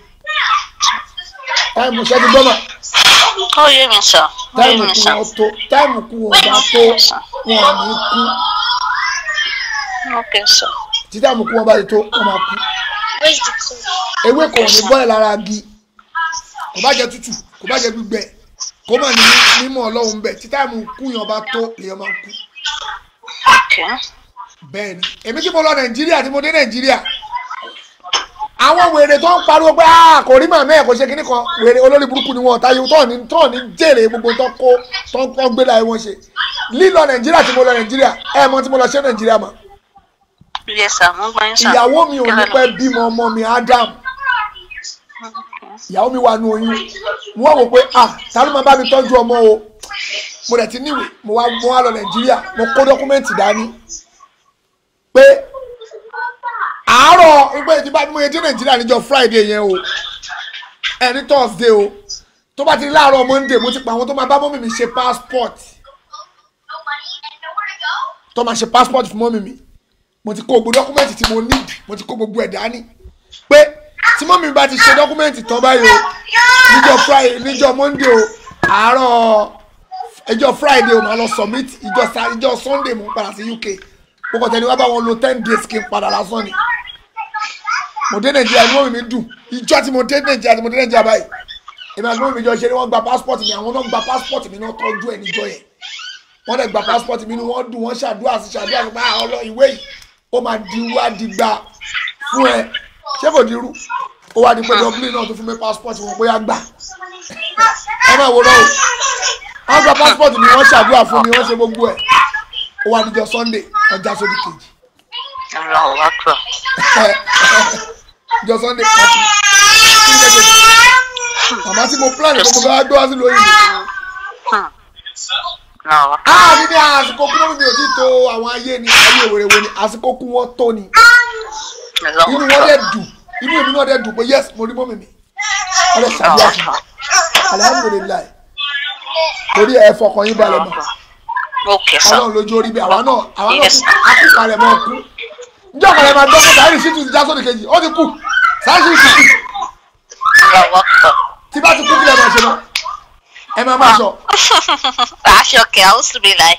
táìmù ṣẹ́ni gbọ́mọ̀. táìmù kú wọn bá tó wọn ò ní kú títí àmukú wọn bá ti tó wọn máa kú ewé kan ní bọ́ lára gi kò bá jẹ tútù kò bá jẹ gbígbẹ kò mọ̀ ní mímọ̀ ọlọ́run bẹ̀ títí àmukú yẹn bá tó lèèyàn máa kú. bẹ́ẹ̀ ni èmi tí mo lọ nàìjíríà tí mo dé nàìjíríà àwọn wèrè tó ń pariwo pé ah kò rí màmá ẹ kò ṣe kíní kan wèrè olórí burúkú ni wọn ọ̀tá tó ní tó ní jèrè gbogbo tó kó tó ń gbé láyé wọn ṣe lílọ nàìjíríà tí mo lọ nàìjíríà ẹ mọ tí mo lọ ṣe nàìjíríà mọ́ yes sir mo gbọ́ yín sir ìyàwó mi ò ní pẹ́ bímọ ọmọ mi Adam ìyàwó mi wà nù oyún wọ́n wò pé ah ta ló máa bá mi tọ́jú ọmọ o mo dẹ̀ ti níwèé mo wá mo wá lọ Nàìjíríà mo kó dọ́kúmẹ́ǹtì dání pé àárọ̀ ìgbà èdè bá mo yẹ dé Nàìjíríà níjọ́ Friday yẹn o ẹni Thursday o tó bá ti láàárọ̀ Monday mo ti pa àwọn tó máa bá mọ́mì mi ṣe passport tó máa ṣe passport fún mọ́mì mi mo ti kó gbogbo dọ́kúmẹ́ǹtì tí mo need mo ti kó gbogbo ẹ̀ dání pé tí mọ́mí bá ti ṣe dọ́kúmẹ́ǹtì tán báyìí o níjọ́ friday níjọ́ monday o àárọ̀ ẹjọ́ friday o máa lọ submit ìjọ́ ìjọ́ sunday mo ń padà sí uk mo kàn tẹ́lẹ̀ wá bá wọn lo ten days kí n padà lásán ni mo dé nàìjíríà inú mi mi dùn ìjọ́ tí mo dé nàìjíríà tí mo dé nàìjíríà báyìí èmi àti mọ́mí mi jọ ṣe ni wọ́n gba passport mi àwọn náà gba passport mi náà tọ́jú ẹ̀ níjọ́ yẹn wọ́n dẹ̀ gba passport mi ni wọ́n dùn wọ́n ṣàdúrà sí ṣàdúrà nípa ah, ọlọ́ ìwé yìí ó máa di wá di gbà fún ẹ ṣé kò dirú ó wá di pé ah. dublin náà tó fún mi passport wọn pé á gbà ẹ máa wòrán o wọn gba passport ni wọn ṣàdúrà fún mi wọn ṣe gbogbo ẹ ó wá dijọ́ sunday ọjà sódì kejì. ara ò wá kúrò. ìjọ sunday kejì màmá tí mo plan ìkókò bá gbé wá sí lóyún mi. Hmm àbí ah. ah, ní àsìkò kú lórí mi ò tí tó àwọn ayé ni ayé wèrèwè ni àsìkò kú wọn tó ni inú wọn dẹ̀ dùn inú èmi náà dẹ̀ dùn pé yes mo rí mọ́mì mi ọ̀rẹ́ sàbí àti alihamudulilayi ah, torí ẹ fọkàn yín balẹ̀ mọ́ ọlọ́run lójú orí bí àwa náà àwa náà akúkà rẹ̀ mọ́ kú njẹ́ ọ̀kàrẹ̀ máa dọ́kọ̀ sáyẹ́rì sí tuntun jásọ́ọ̀dì kejì ó ti kú sáyẹ́rì sí tuntun tí bá ti kú kílẹ̀ máa ṣe náà ẹ máa máa sọ. aṣọ [laughs] kẹ́ ọ́ sùn mi láì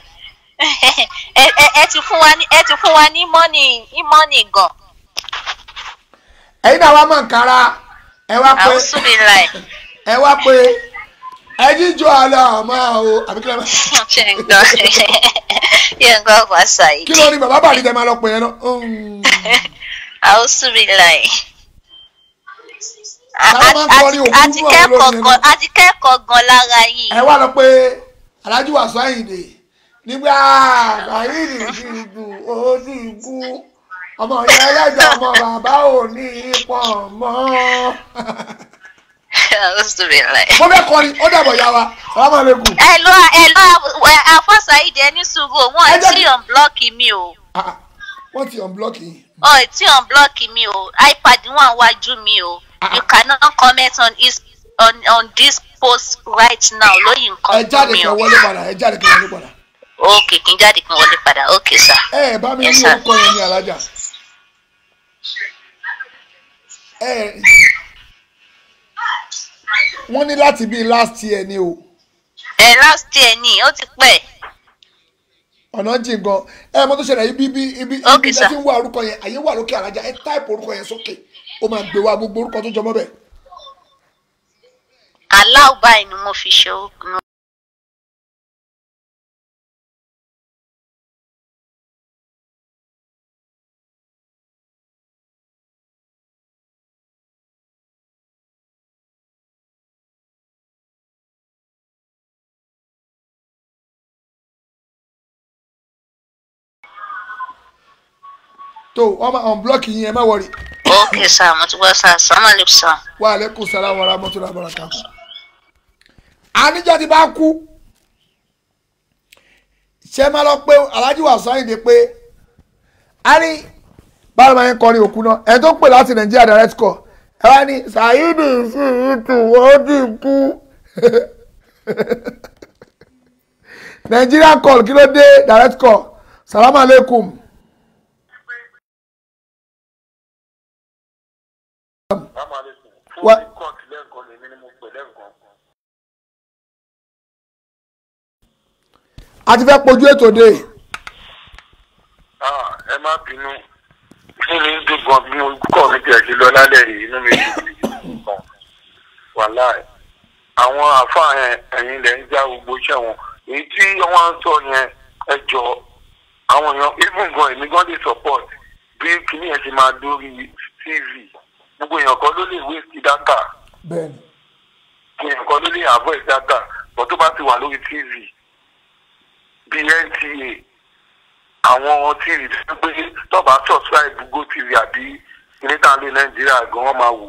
[laughs] ẹ ti fún wa ní ẹ ti fún wa ní mọ́nì ní mọ́nì gan. ẹ̀yin náà wá mọ̀ nkárá ẹ wá pé ẹ wá pé ẹ jíjọ àlọ àmọ́ o àbí kílẹ̀ máa. [laughs] ṣé n gbọ́ ṣé n gbọ́ fà ṣàyè. kí ló ní bàbá bàrí tẹ máa lọ pè é náà. àwòsùn mi láì àti kẹ́kọ̀ọ́ àti kẹ́kọ̀ọ́ gan lára yìí. ẹ wá lọ pé alájú wàásù àyìndé nígbà àyìndé ti dùn ó sì kú ọmọ ìyá ẹlẹ́jọ ọmọ bàbá ò ní pọ̀ mọ́. mo fẹ́ kọrin ó dàbọ̀ ya wa salamu aleykum. ẹ lọ ẹ lọ àfọ́sà ìdí ẹni sùúrù wọn ti ọ̀nblọ́ọ̀kì mi o. Ah, wọ́n ti ọ̀nblọ́ọ̀kì. ọ̀ ti ọ̀nblọ́ọ̀kì mi o ipad wọn wájú mi o you cannot comment on his on on this post right now lóyìn nǹkan fún mi o. ẹ jáde kan wọlé padà ẹ jáde kan wọlé padà. ok kí n jáde kan wọlé padà ok sir. ẹ ẹ bá mi ní orúkọ yẹn ní alájà. ẹ wọ́n ní láti bíi last year ni o. ẹ last year ni ó ti pẹ́ ọ̀nà jìn gan ẹ mọ́tò ṣẹlẹ̀ ibi ibi ibi ibi tí ń wá orúkọ yẹn àyè wà lókè alájà ẹ táìpù orúkọ yẹn sókè. Okay ó máa gbé wa gbogbo orúkọ tó jọmọ́ bẹ́ẹ̀. aláwọ̀ báyìí ni mo fi ṣe oògùn. tó ọmọ unblock yín ẹ má wọrí ok sir mo ti gbọ́ sir salamu aleykum sir. wa aleykum salaam wa rahmatulah baraka. anijọ́ ti bá kú ṣé máa lọ pé alhaji wasu ayinde pé a ní báwo máa ń kọrin òkú náà ẹ tó pè láti nàìjíríà direct call ẹ wá ní ṣàyídì sí ìtù ó ti [laughs] call Kilo ló direct call Salam aleykum. a ti fẹ́ pojú ètò dé. Ah, ẹ má bínú fún mi ń dùn gan bí mo kọ́ mi jẹ̀ kí lọ lálẹ́ yìí inú mi dùn gan wàhálà àwọn àáfàá ẹ̀yìn lẹ̀ ń já gbogbo iṣẹ́ wọn èyí tí wọ́n ń sọ yẹn ẹ jọ àwọn èèyàn even gan èmi gan lè support bí kinní yẹn ti máa dórí tv gbogbo èèyàn kan ló lè wé sí data èèyàn kan ló lè avoid data but tó bá ti wà lórí tv bíi nta àwọn tv tó pé tó bá subscribe gotv àbí níta lé nàìjíríà gan wọn máa wò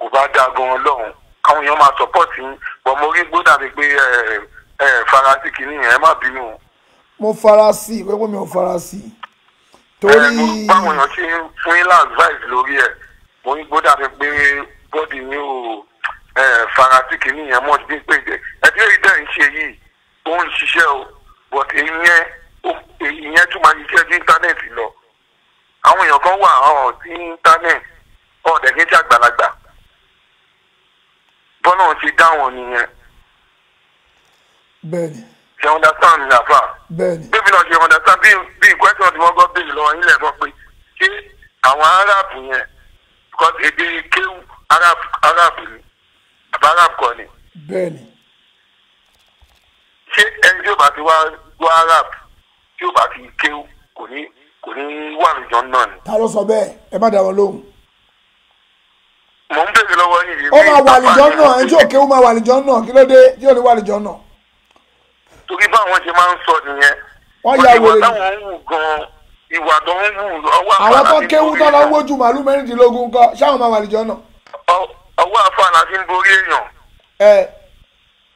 kò bá dáa gan lọ́hùn àwọn èèyàn máa support yín but mo rí gbódà mi pé ẹ ẹ farasí kìíní yẹn ẹ má bínú. mo farasí pé wọ́n mi ò farasí. torí ẹ mo báwọn èèyàn ṣe ń fún yín láàzváìsì lórí ẹ̀ mo ń gbódà fi pé bọ́dì mi ò farasí kìíní yẹn mọ́ bí pé jẹ ẹbí èyí dẹ̀ ń ṣe yìí ó ń ṣiṣẹ́ o but ìyẹn ìyẹn tún máa ṣiṣẹ́ ní íńtánẹ́ẹ̀tì lọ àwọn èèyàn kan wà ọ̀hún sí íńtánẹ́ẹ̀tì ọ̀dẹ̀ kí n ṣe àgbàlagbà bọ́nà ṣe dáwọn nìyẹn. bẹ́ẹ̀ni. ṣe understand mi àfà. bẹ́ẹ̀ni. bébí náà ṣe understand bí bí question tí wọ́n gbọ́ béèrè lọ́wọ́ yín lẹ́ẹ̀kan pé ṣé àwọn aráàbù yẹn because èdè kéwù arab arab ni àbá arab kan ni. bẹ́ẹ̀ni. ṣé ẹni tí ó bá ti wá gbọ́ arab tí ó bá ti kéwù kò ní kò ní wà lójọ náà ni. ta ló sọ bẹ́ẹ̀ ẹ má dá wọn lóhùn. mò ń bèèrè lọ́wọ́ yìí. ó máa wà lójọ náà ẹni tí ò kéwù máa wà lójọ náà kí ló dé tí ò ní wà lójọ náà. torí báwọn ṣe máa ń sọ nìyẹn. wọ́n ya wèrè ni. wọ́n ti wọ́n táwọn ń wù gan-an ìwà tó ń wù ọwọ́ àfàlà. àwọn tó kéwú tó lọ wójú màálù mẹ́rìndínlógún kọ ṣáwọn máa wà níjọ náà. ọwọ́ àfàlà ti ń borí èèyàn.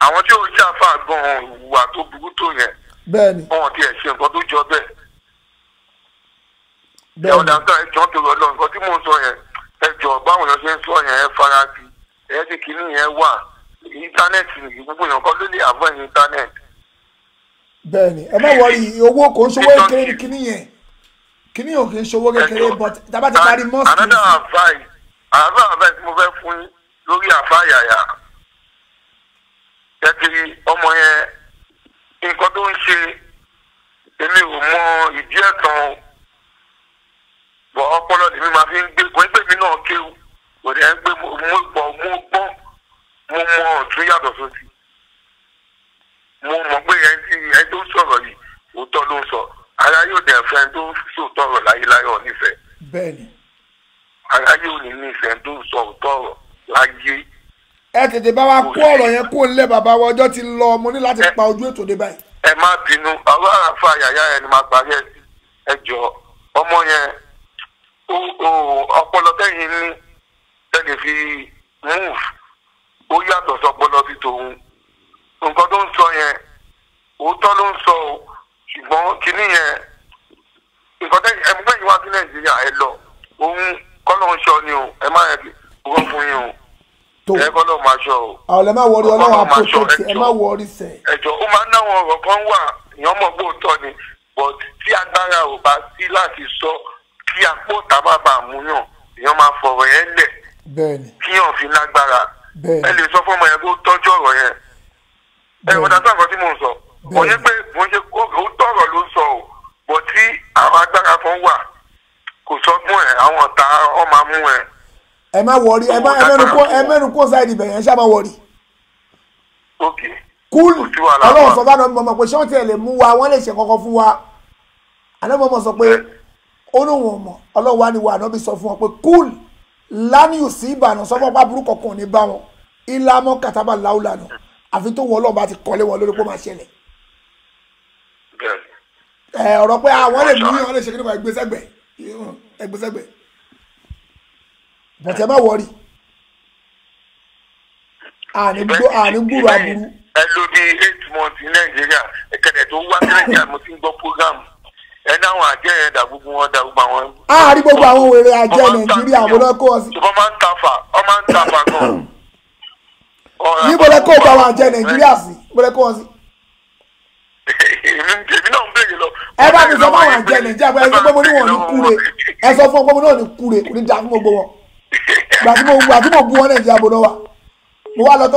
àwọn tí ò ń ṣàfà gan-an ìwà tó burú tó yẹn. bẹ́ẹ̀ni. wọn ti ẹ̀ ṣe nǹkan tó jọ bẹ́ẹ̀. bẹ́ẹ̀ni. ẹ̀wọ̀n dàgbà ẹ̀jọ̀ tó lọ lọ nǹkan tí mò ń sọ yẹn ẹ̀jọ̀ báwọn yẹn ṣe ń sọ yẹn ẹ fara sí ẹ̀ ti kìíní yẹn wà íńtánẹ́ẹ̀tì gbogbo yẹn kọ́ ló lè àbọ̀ íńtánẹ́ẹ̀tì. bẹ́ẹ̀ni ẹ má wọrí owó kò ń ṣòwò èkéèrè kìíní yẹn kíní ò kì í ṣòwò kékeré but tábà ti parí mọ́ọ̀sì. another advice another advice tí mo fẹ́ fún yín lórí àfa yàyà kẹ́kiri ọmọ yẹn nǹkan tó ń ṣe èmi ò mọ ìdí ẹ̀tàn bọ̀ ọpọlọ lèmi máa fi ń gbé kò ń gbèmí náà kéwù kò ní ẹ̀ gbé mo gbọ́ mo gbọ́ mo mọ ọ̀tún yàtọ̀ sósì mo mọ̀ pé ẹ̀ ń tí tó sọ̀rọ̀ yìí òótọ́ ló ń sọ̀rọ̀ ara yóò dẹ̀ fẹ́ tó yóò tọrọ láyéláyọ̀ nífẹ̀ẹ́. bẹ́ẹ̀ni. ara yóò ní nífẹ̀ẹ́ tó sọ̀rọ̀ tọrọ láyé. ẹ tètè bá wa kó ọ̀rọ̀ yẹn kó nílé bàbá wa ọjọ́ ti lọ mo ní láti pa ojú ètò dé báyìí. ẹ má bínú ọ̀rọ̀ àràfà yàyà yẹn ni màá parí ẹ jọ ọmọ yẹn ọpọlọ tẹ̀yìn ní tẹ́lẹ̀ fi move ó yàtọ̀ sọpọlọ ti tòun nǹkan tó ń sọ yẹn òótọ́ ló ń sọ o ṣùgbọ́n kínní yẹn nǹkan tẹ́ ẹ gbẹ́ yìí wá sí nàìjíríà ẹ lọ òun kọ́lọ́ ń ṣọ ni o ẹ má yẹ kúrò fún yín o ẹ kọ́lọ́ máa ṣọ o. àwọn ẹ má wọrí ọlọ́wà protect ẹ má wọrí sẹ. ẹjọ ó máa ń náwọn ọ̀rọ̀ kan wà èèyàn mọ̀ pé òótọ́ ni but tí agbára ò bá sí láti sọ kí apó òtá má bàa múyàn èèyàn máa fọ̀rọ̀ yẹn lẹ̀ kíyàn fi lágbára ẹ lè sọ fún ọmọ yẹn kó tọ́jú ọ̀rọ̀ yẹn ẹ mo ní pé mo ṣe ó tọrọ ló sọ o bọ̀ tí àwọn agbára kan wà kò sọ fún ẹ àwọn ọ̀tá ọmọ amú ẹ. ẹ má wọrí ẹ má ẹ mẹ́nu kó ẹ mẹ́nu kó sáyidì bẹ̀rẹ̀ ẹ ṣá má wọrí. kúlù ọlọ́run sọ fáwọn ọmọ pé ṣé wọ́n tiẹ̀ lè mú wa wọ́n lè ṣe kankan fún wa anábọ́mọ sọ pé olóhùn eh. ọmọ ọlọ́run wa ni wa ànábì sọ fún wọn pé kúlù lánìí sí ìbànú sọ́fọ́ pa burúkọ kan ní bá wọn ìlànà kàtàbà láwùlànà àfi tó wọ́n ọlọ́run bá ti kọ́lé wọn lórí pé ó máa ṣẹlẹ̀ ẹ ọ̀rọ̀ pé àwọn lè mú ọ lè ṣe kí ni wọ́n ẹgbẹ́ sẹ́gbẹ̀ ẹgbẹ́ sẹ́gbẹ̀ bọ̀tẹ́ má wọrí àní gbúrò aburú. ẹ lò bí eight months ní nàìjíríà ẹ̀kẹ́dẹ̀ tó wá nàìjíríà mo ti ń gbọ́ programu ẹ náwọn àjẹ́ yẹn dà gbogbo wọn dà gbogbo àwọn. a rí gbogbo àwọn wèrè àjẹ́ nàìjíríà mo lọ kó ọ sí. ọmọ ń tafa ọmọ ń tafa gan. níbo lẹ kó gbàwọn àjẹ́ nàìjíríà sí níbo lẹ kó ọ sí èmi náà ń béèrè lọ. ẹ bá mi sọ fún àwọn àjẹ nàìjíríà pé ẹ gbogbo níwọ̀n ní kúre ẹ sọ fún gbogbo náà ní kúre kò ní da fún gbogbo wọn gbà tí mo gbà tí mo bu wọn nàìjíríà bò wa mo wá lọ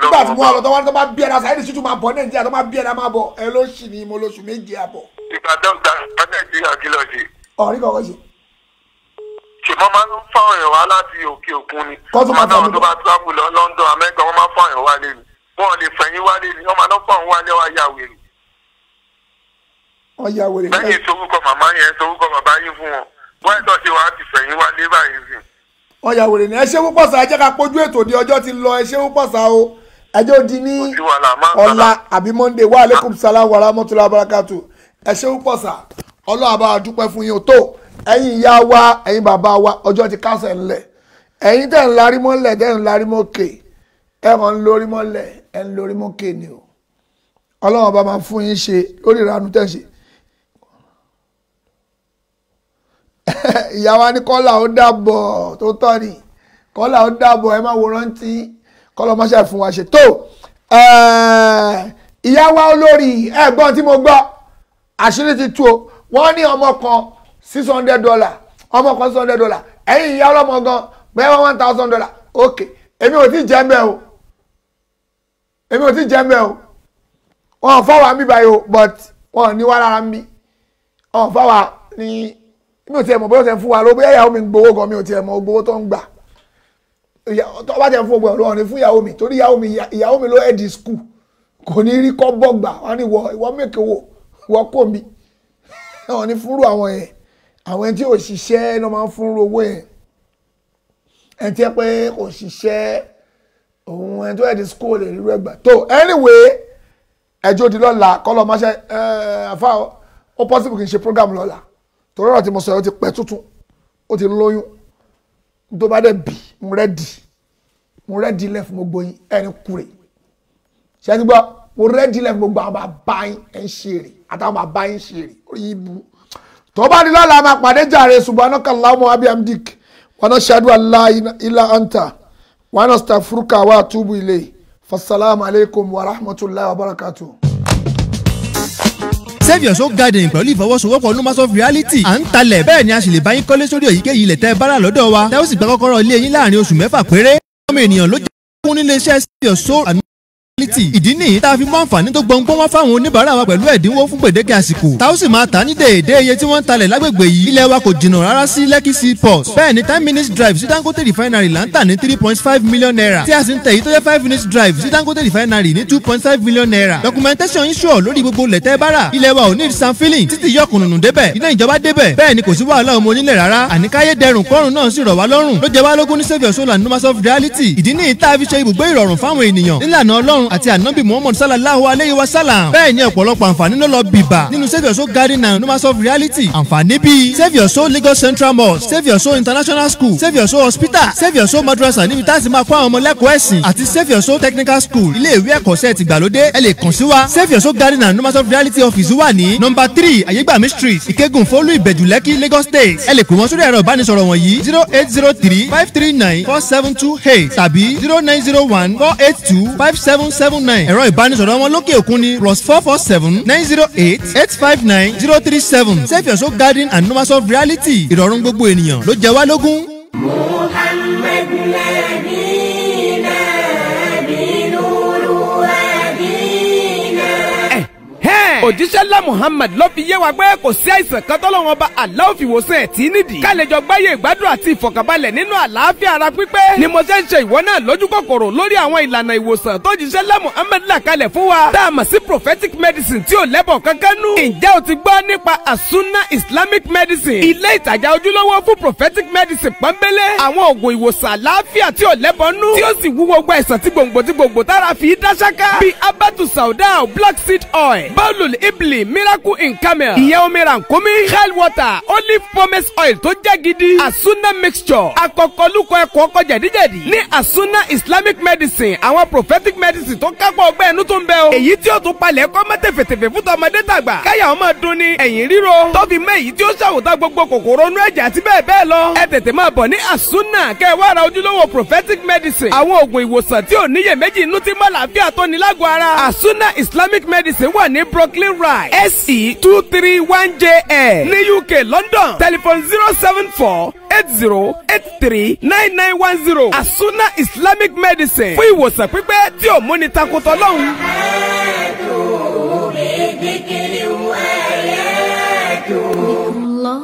nígbà tí mo wá lọ wọn tó bá bí ẹ̀dá sáyẹ́dì tútù máa bọ̀ nàìjíríà tó bá bí ẹ̀dá máa bọ̀ ẹ ló ṣì ní mo lóṣù méje àbọ̀. ìbàdàn gba nàìjíríà kí lọ ṣe. ọ̀rí kọ̀ọ̀kan ṣe. ṣùgbọ́n máa ń fáwọn èèyàn wá láti òkè òkun ni. kọ́tù tó bá tó lọ wọ́n máa fáwọn èèyàn wálé ni ọyà wèrè. bẹ́ẹ̀ yẹn sọ́wọ́ kọ màmá yẹn sọ́wọ́ kọ bàbá yín fún wọn wọ́n ẹ̀ tọ́sí wa ti fẹ̀yìn wa dé báyìí sí. ọyà wèrè ni ẹ ṣe púpọ̀ sá ẹ jẹ́ ká pójú ètò ní ọjọ́ ti lọ ẹ ṣe púpọ̀ sá o ẹjọ́ di ní ọ̀la àbí monday wa aleykum salaam wa rahmatulah barakatu ẹ ṣe púpọ̀ sá ọlọ́wà bá a dúpẹ́ fún yín o tó ẹ̀yin ìyá wa ẹ̀yin bàbá wa ọjọ́ ti kásẹ̀ ńlẹ̀ ẹ̀yin tẹ̀ ń larí mọ́lẹ̀ tẹ̀ ń larí mọ́kè ẹ̀ràn ń lórí mọ́lẹ̀ ẹ̀ ń lórí mọ́kè ni o ọlọ́wà bá máa fún yín ṣe lórí ìranu tẹ̀ ṣe [laughs] ìyá wa ní kọ́là ó dàbọ̀ tó tọ́ ni kọ́là ó dàbọ̀ ẹ má wo rántí kọ́lọ́ má ṣe fún wa ṣe tó eh, ìyá wa olórí ẹ̀gbọ́n tí mo gbọ́ àṣírí ti tú o wọ́n ní ọmọ kan six hundred dollar ọmọ kan six hundred dollar ẹ̀yin ìyá ọlọ́mọ gan bẹ́ẹ̀ one thousand dollar ok èmi ò tí jẹ́ mbẹ́ o èmi ò tí jẹ́ mbẹ́ o wọn ò fọwọ́ àmì báyìí o but wọn ò ní wá lára wọn ò fọwọ́ ní mi ò tiẹ̀ mọ̀ bóyá ó ti ń fún wa ló bóyá ìyàwó mi ń gbowó gan mi ò tiẹ̀ mọ̀ gbowó tó ń gbà tó bá tiẹ̀ fún ogun ọ̀rọ̀ ọ̀rìn fún ìyàwó mi torí ìyàwó mi ló ẹ̀dì skul kò ní rí kọ́ bọ́gbà wọn ni wọ ìwọ mẹ́kẹ́ wò [laughs] wọ́n kò mí wọn ni fúnrú àwọn yẹn àwọn ẹni tí òṣìṣẹ́ náà máa ń fúnrú owó yẹn ẹni tí ẹ pé òṣìṣẹ́ òun ẹni tó ẹ̀dì skul lè rí rẹ́gbà tó anyway ẹjọ́ di lọ́la kọ́ lọ́ọ́ máṣẹ́ ẹ̀ẹ́dẹ́fà ó possible kì í ṣe program lọ́la torí ọ̀rọ̀ tí mo sọ yẹn ó ti pẹ́ tuntun ó ti lóyún tó bá dẹ̀ bì mo rẹ́dì mo rẹ́dì lẹ̀ fún gbogbo yín ẹni kúrè ṣé ti gbọ́ mo rẹ́dì lẹ̀ fún gbogbo àwọn bàbá yín ẹ̀ ń ṣe èrè àtàwọn bàbá yín ṣe èrè ó yí bu tó bá ní lọ́la máa pàdé jàre subhanaka Allahumma wa bihamdik wa nashhadu an la ilaha anta wa nastaghfiruka wa atubu ilayk fasalaamu alaykum wa rahmatulahi wa barakatuh save your soul garden pẹ̀lú ìfọwọ́sowọ́pọ̀ numas of reality à ń talẹ̀ bẹ́ẹ̀ ni a sì lè bá yín kọ́lé sórí èyíkéyìí ilẹ̀ tẹ́ bára lọ́dọ̀ wa tẹ́ ó sì gba kọ́kọ́rọ́ ilé yín láàrin oṣù mẹ́fà péré ọmọ ènìyàn ló jẹ́ fún nílé iṣẹ́ save your soul and eighty ìdí nìyí tá a fi mú àǹfààní tó gbọ̀ngbọ́n wá fáwọn oníbàárà wa pẹ̀lú ẹ̀dínwó fún gbèdéke àsìkò tá ó sì máa tà ní déédé iye tí wọ́n ń talẹ̀ lágbègbè yìí ilẹ̀ wa kò jìnnà rárá sí Lekki Seaport bẹ́ẹ̀ ni ten minutes drive sí Dangote refinery là ń tà ní three point five million naira tí a sì ń tẹ̀ yìí tó jẹ́ five minutes drive sí Dangote refinery ní two point five million naira documentation yín sùọ̀ lórí gbogbo lẹ̀tẹ́ bára ilẹ̀ wa ò ní san filling títí yọkùnrùn débẹ̀ iná ìjọba débẹ̀ bẹ́ẹ̀ ni kò sí wàhálà ọmọ onílẹ̀ rárá àníkáyé dẹrùn kọ́rùn náà sì rọ̀ wá lọ́rùn ló jẹ wá lógún ní saviour solar and numbers of reality ìdí nìyí tá a fi ṣe ibùgbé ìrọ̀rùn fáwọn ènìyàn nílànà Ọlọ́run àti ànábì muhammad sallallahu alayhi wa sallam bẹ́ẹ̀ ni ọ̀pọ̀lọpọ̀ àǹfààní ló lọ bìbà nínú save your soul garden and numas of reality àǹfààní bíi save your soul lagos central mosque save your soul international school save your soul hospital save your soul madrasa níbi tá a ti máa kó àwọn ọmọ lẹ́kọ̀ọ́ ẹ̀sìn àti save your soul technical school ilé ìwé ẹ̀kọ́ṣẹ́ tìgbàlódé ẹ lè kàn sí wa save your soul garden and numas of reality office wà ní number three ayégbàmí street ìkẹ́gùn fólú ìbẹ̀jùlẹ́kì lagos state ẹ lè pè wọ́n sórí ẹ̀rọ ìbánisọ̀rọ̀ wọ̀nyí zero eight zero three five three nine four seven two eight tàbí zero nine zero one four eight two five seven seven seven nine ẹ̀rọ ìbánisọ̀rọ̀ wọn lókè òkun ni plus four four seven nine zero eight eight five nine zero three seven Save Your Soul Garden and Nomasoft Reality ìrọ̀rùn gbogbo ènìyàn ló jẹ wá lógún. Muhammad. òjíṣẹ́ ńlá Muhammad ló fi yé wa pé kò sí àìsàn kan tọ́lọ́run ọba Allah fi ìwòsàn ẹ̀ tí nídìí. ká lè gbáyé ìgbádùn àti ìfọ̀kànbalẹ̀ nínú àlàáfíà ara pípé. ni mo ṣe ń ṣe ìwọ náà lójú kòkòrò lórí àwọn ìlànà ìwòsàn tó jíṣẹ́ ńlá Muhammad là kalẹ̀ fún wa. tá a mọ̀ sí prophetic medicine tí ò lẹ́bọ̀ kankan nú. ǹjẹ́ o ti gbọ́ nípa asuna Islamic medicine. ilé ìtajà ojúlówó fún prophetic medicine pọ́nbélé. àwọn òògùn ìwòsàn àlàáfíà tí ò lẹ́bọ̀ nú. tí ó sì wú gbogbo àìsàn tí gbòǹgbò tí black seed oil bawlul ibli miracle in camel ìyẹn omi rànkómi hell water olive pomace oil tó jẹ́ gidi asuna mixture akọkọlùkọ ẹ̀kọ́ ọkọ jẹ̀díjẹ̀dí ní asuna islamic medicine àwọn prophetic medicine tó kápọ̀ ọgbẹ́ ẹnu tó ń bẹ o èyí tí ó tún palẹ̀ ẹ̀kọ́ mọ́ tẹ̀fẹ̀tẹ̀fẹ̀ fún tọmọdé tàgbà káyà ọmọ dun ni ẹ̀yìn ríro tó fi èyí tí ó ṣàwòtá gbogbo kòkòrò inú ẹ̀jẹ̀ àti bẹ́ẹ̀ bẹ́ẹ̀ lọ ẹ tètè máa bọ̀ ní asuna kẹ́ ẹ wá ra ojúlówó prophetic medicine àwọn oògùn ìwòsàn tí ò níyèméjì inú ti mọ́ làáfíà asuna islamic medicine wà brooklyn Driving Right SE two three one JL ní UK London telephone zero seven four eight zero eight three nine nine one zero Asuna Islamic Medicine fún ìwòsàn pípẹ́ tí ò múni takuntọ́ lọ́hùn.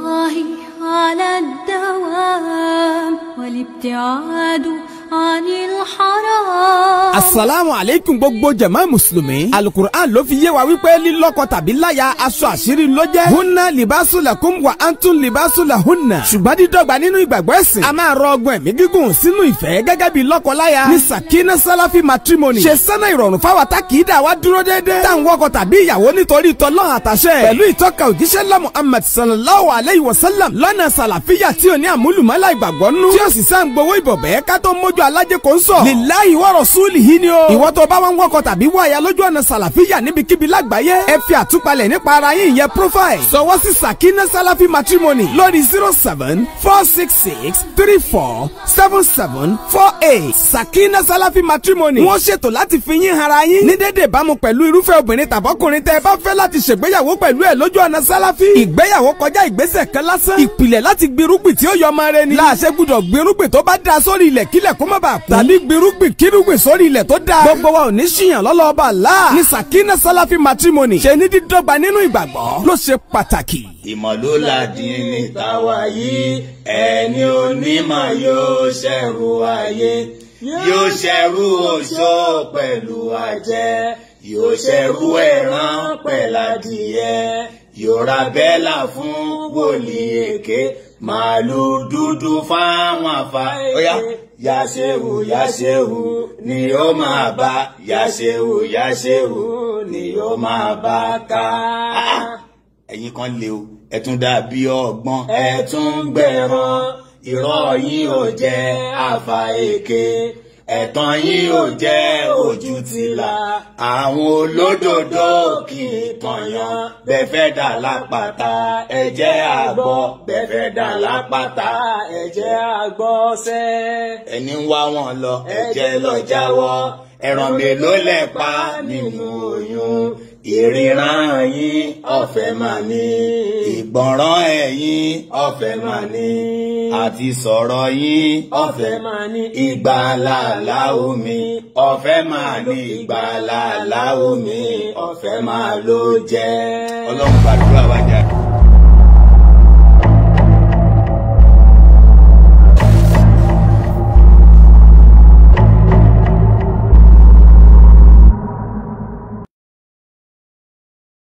الله على الدوام والابتعاد asalaamu aleykum gbogbo jama musulumi alukur'an ló fi yé wa wípé lílọ́kọ tàbí láya aṣọ àṣírí ló jẹ́ hunna libasu lakum wa antum libasu lahunna ṣùgbọ́n dídọ́gba nínú ìgbàgbọ́ ẹ̀sìn a máa rọ ọgbọ́n ẹ̀mí gígùn sínú ìfẹ́ gẹ́gẹ́ bí lọ́kọ-láya ní sakina salafi matrimony ṣe sánà ìrọ̀rùn fáwa tá kì í dà wá dúró déédéé tá à ń wọkọ tàbí ìyàwó nítorí tọ́lọ́hàn àtàṣẹ pẹ̀lú ìtọ́ka òjíṣẹ́ lá Muhammad sallallahu alayhi wa sallam lọ́nà sàlàfíyà bello alájẹ kò ń sọ. lillahi wa rasulihi ni o. ìwọ tó bá wọn wọkọ tàbí wọ àyà lójú ọ̀nà sàlàfíà níbikíbi lágbàáyé. ẹ fi àtúpalẹ̀ nípa ara yín ìyẹn profile. sọwọ́ sí sakina salafi matrimony lórí zero seven four six six three four seven seven four eight sakina salafi matrimony. wọ́n ṣètò láti fi yín ara yín. ní dédé ìbámu pẹ̀lú irúfẹ́ obìnrin tàbọ́kùnrin tẹ́ ẹ bá fẹ́ láti ṣègbéyàwó pẹ̀lú ẹ̀ lójú ọ̀nà sálàfí. ìgbéyàwó kọjá ìgbésẹ̀ kan lásán. ìpìlẹ̀ láti gbin irúgbìn tí ó yọ ọmọ rẹ ni. láàṣẹ gbúdọ̀ gbin irúgbìn tó bá da sórí ilẹ̀ kílẹ̀ k kó má bàa kú. tàbí gbìrúgbìn kírúgbìn sórí ilẹ̀ tó dáa. gbogbo wa ò ní ṣìyàn lọ́lọ́ọ̀bà là. ní Sakina Salafi matrimony ṣe ní dídọ́gba nínú ìgbàgbọ́ ló ṣe pàtàkì. ìmọ̀lólà dín ní tàwa yìí ẹni onímọ̀ yóò ṣẹ̀rù ayé yóò ṣẹ̀rù oṣó pẹ̀lú ajẹ́ yóò ṣẹ̀rù ẹ̀ràn pẹ̀lú adìyẹ yóò ra bẹ́là fún wòlíì èké màálù dúdú fáwọn àfa ọ̀yá yàṣẹ́wò yàṣẹ́wò ni ó máa bá yàṣẹ́wò yàṣẹ́wò ni ó máa bá ká. Ah, ah. ẹ̀yin kan lè o ẹ tún dàbí ọgbọ́n ẹ gbẹ̀rọ irọ́ yín ò jẹ́ àfa èké ẹ̀tàn yín ò jẹ́ ojú tìlà àwọn olódodo kì í tọ̀yàn bẹ́fẹ́ dà lápáta ẹ̀jẹ̀ àgbọ̀ bẹ́fẹ́ dà lápáta ẹ̀jẹ̀ àgbọ̀ sẹ́. ẹni ń wá wọn lọ ẹ̀jẹ̀ lọ jáwọ́ ẹran mélòó lẹ pa nínú oyún ìríran yín ọ̀fẹ́ máa ní ìgbọ̀nràn ẹ̀yin ọ̀fẹ́ máa ní àti sọ̀rọ̀ yín ọ̀fẹ́ máa ní ìgbàlàlà omi ọ̀fẹ́ máa ní ìgbàlàlà omi ọ̀fẹ́ máa ló jẹ́ ọlọ́run gbàdúrà wájà.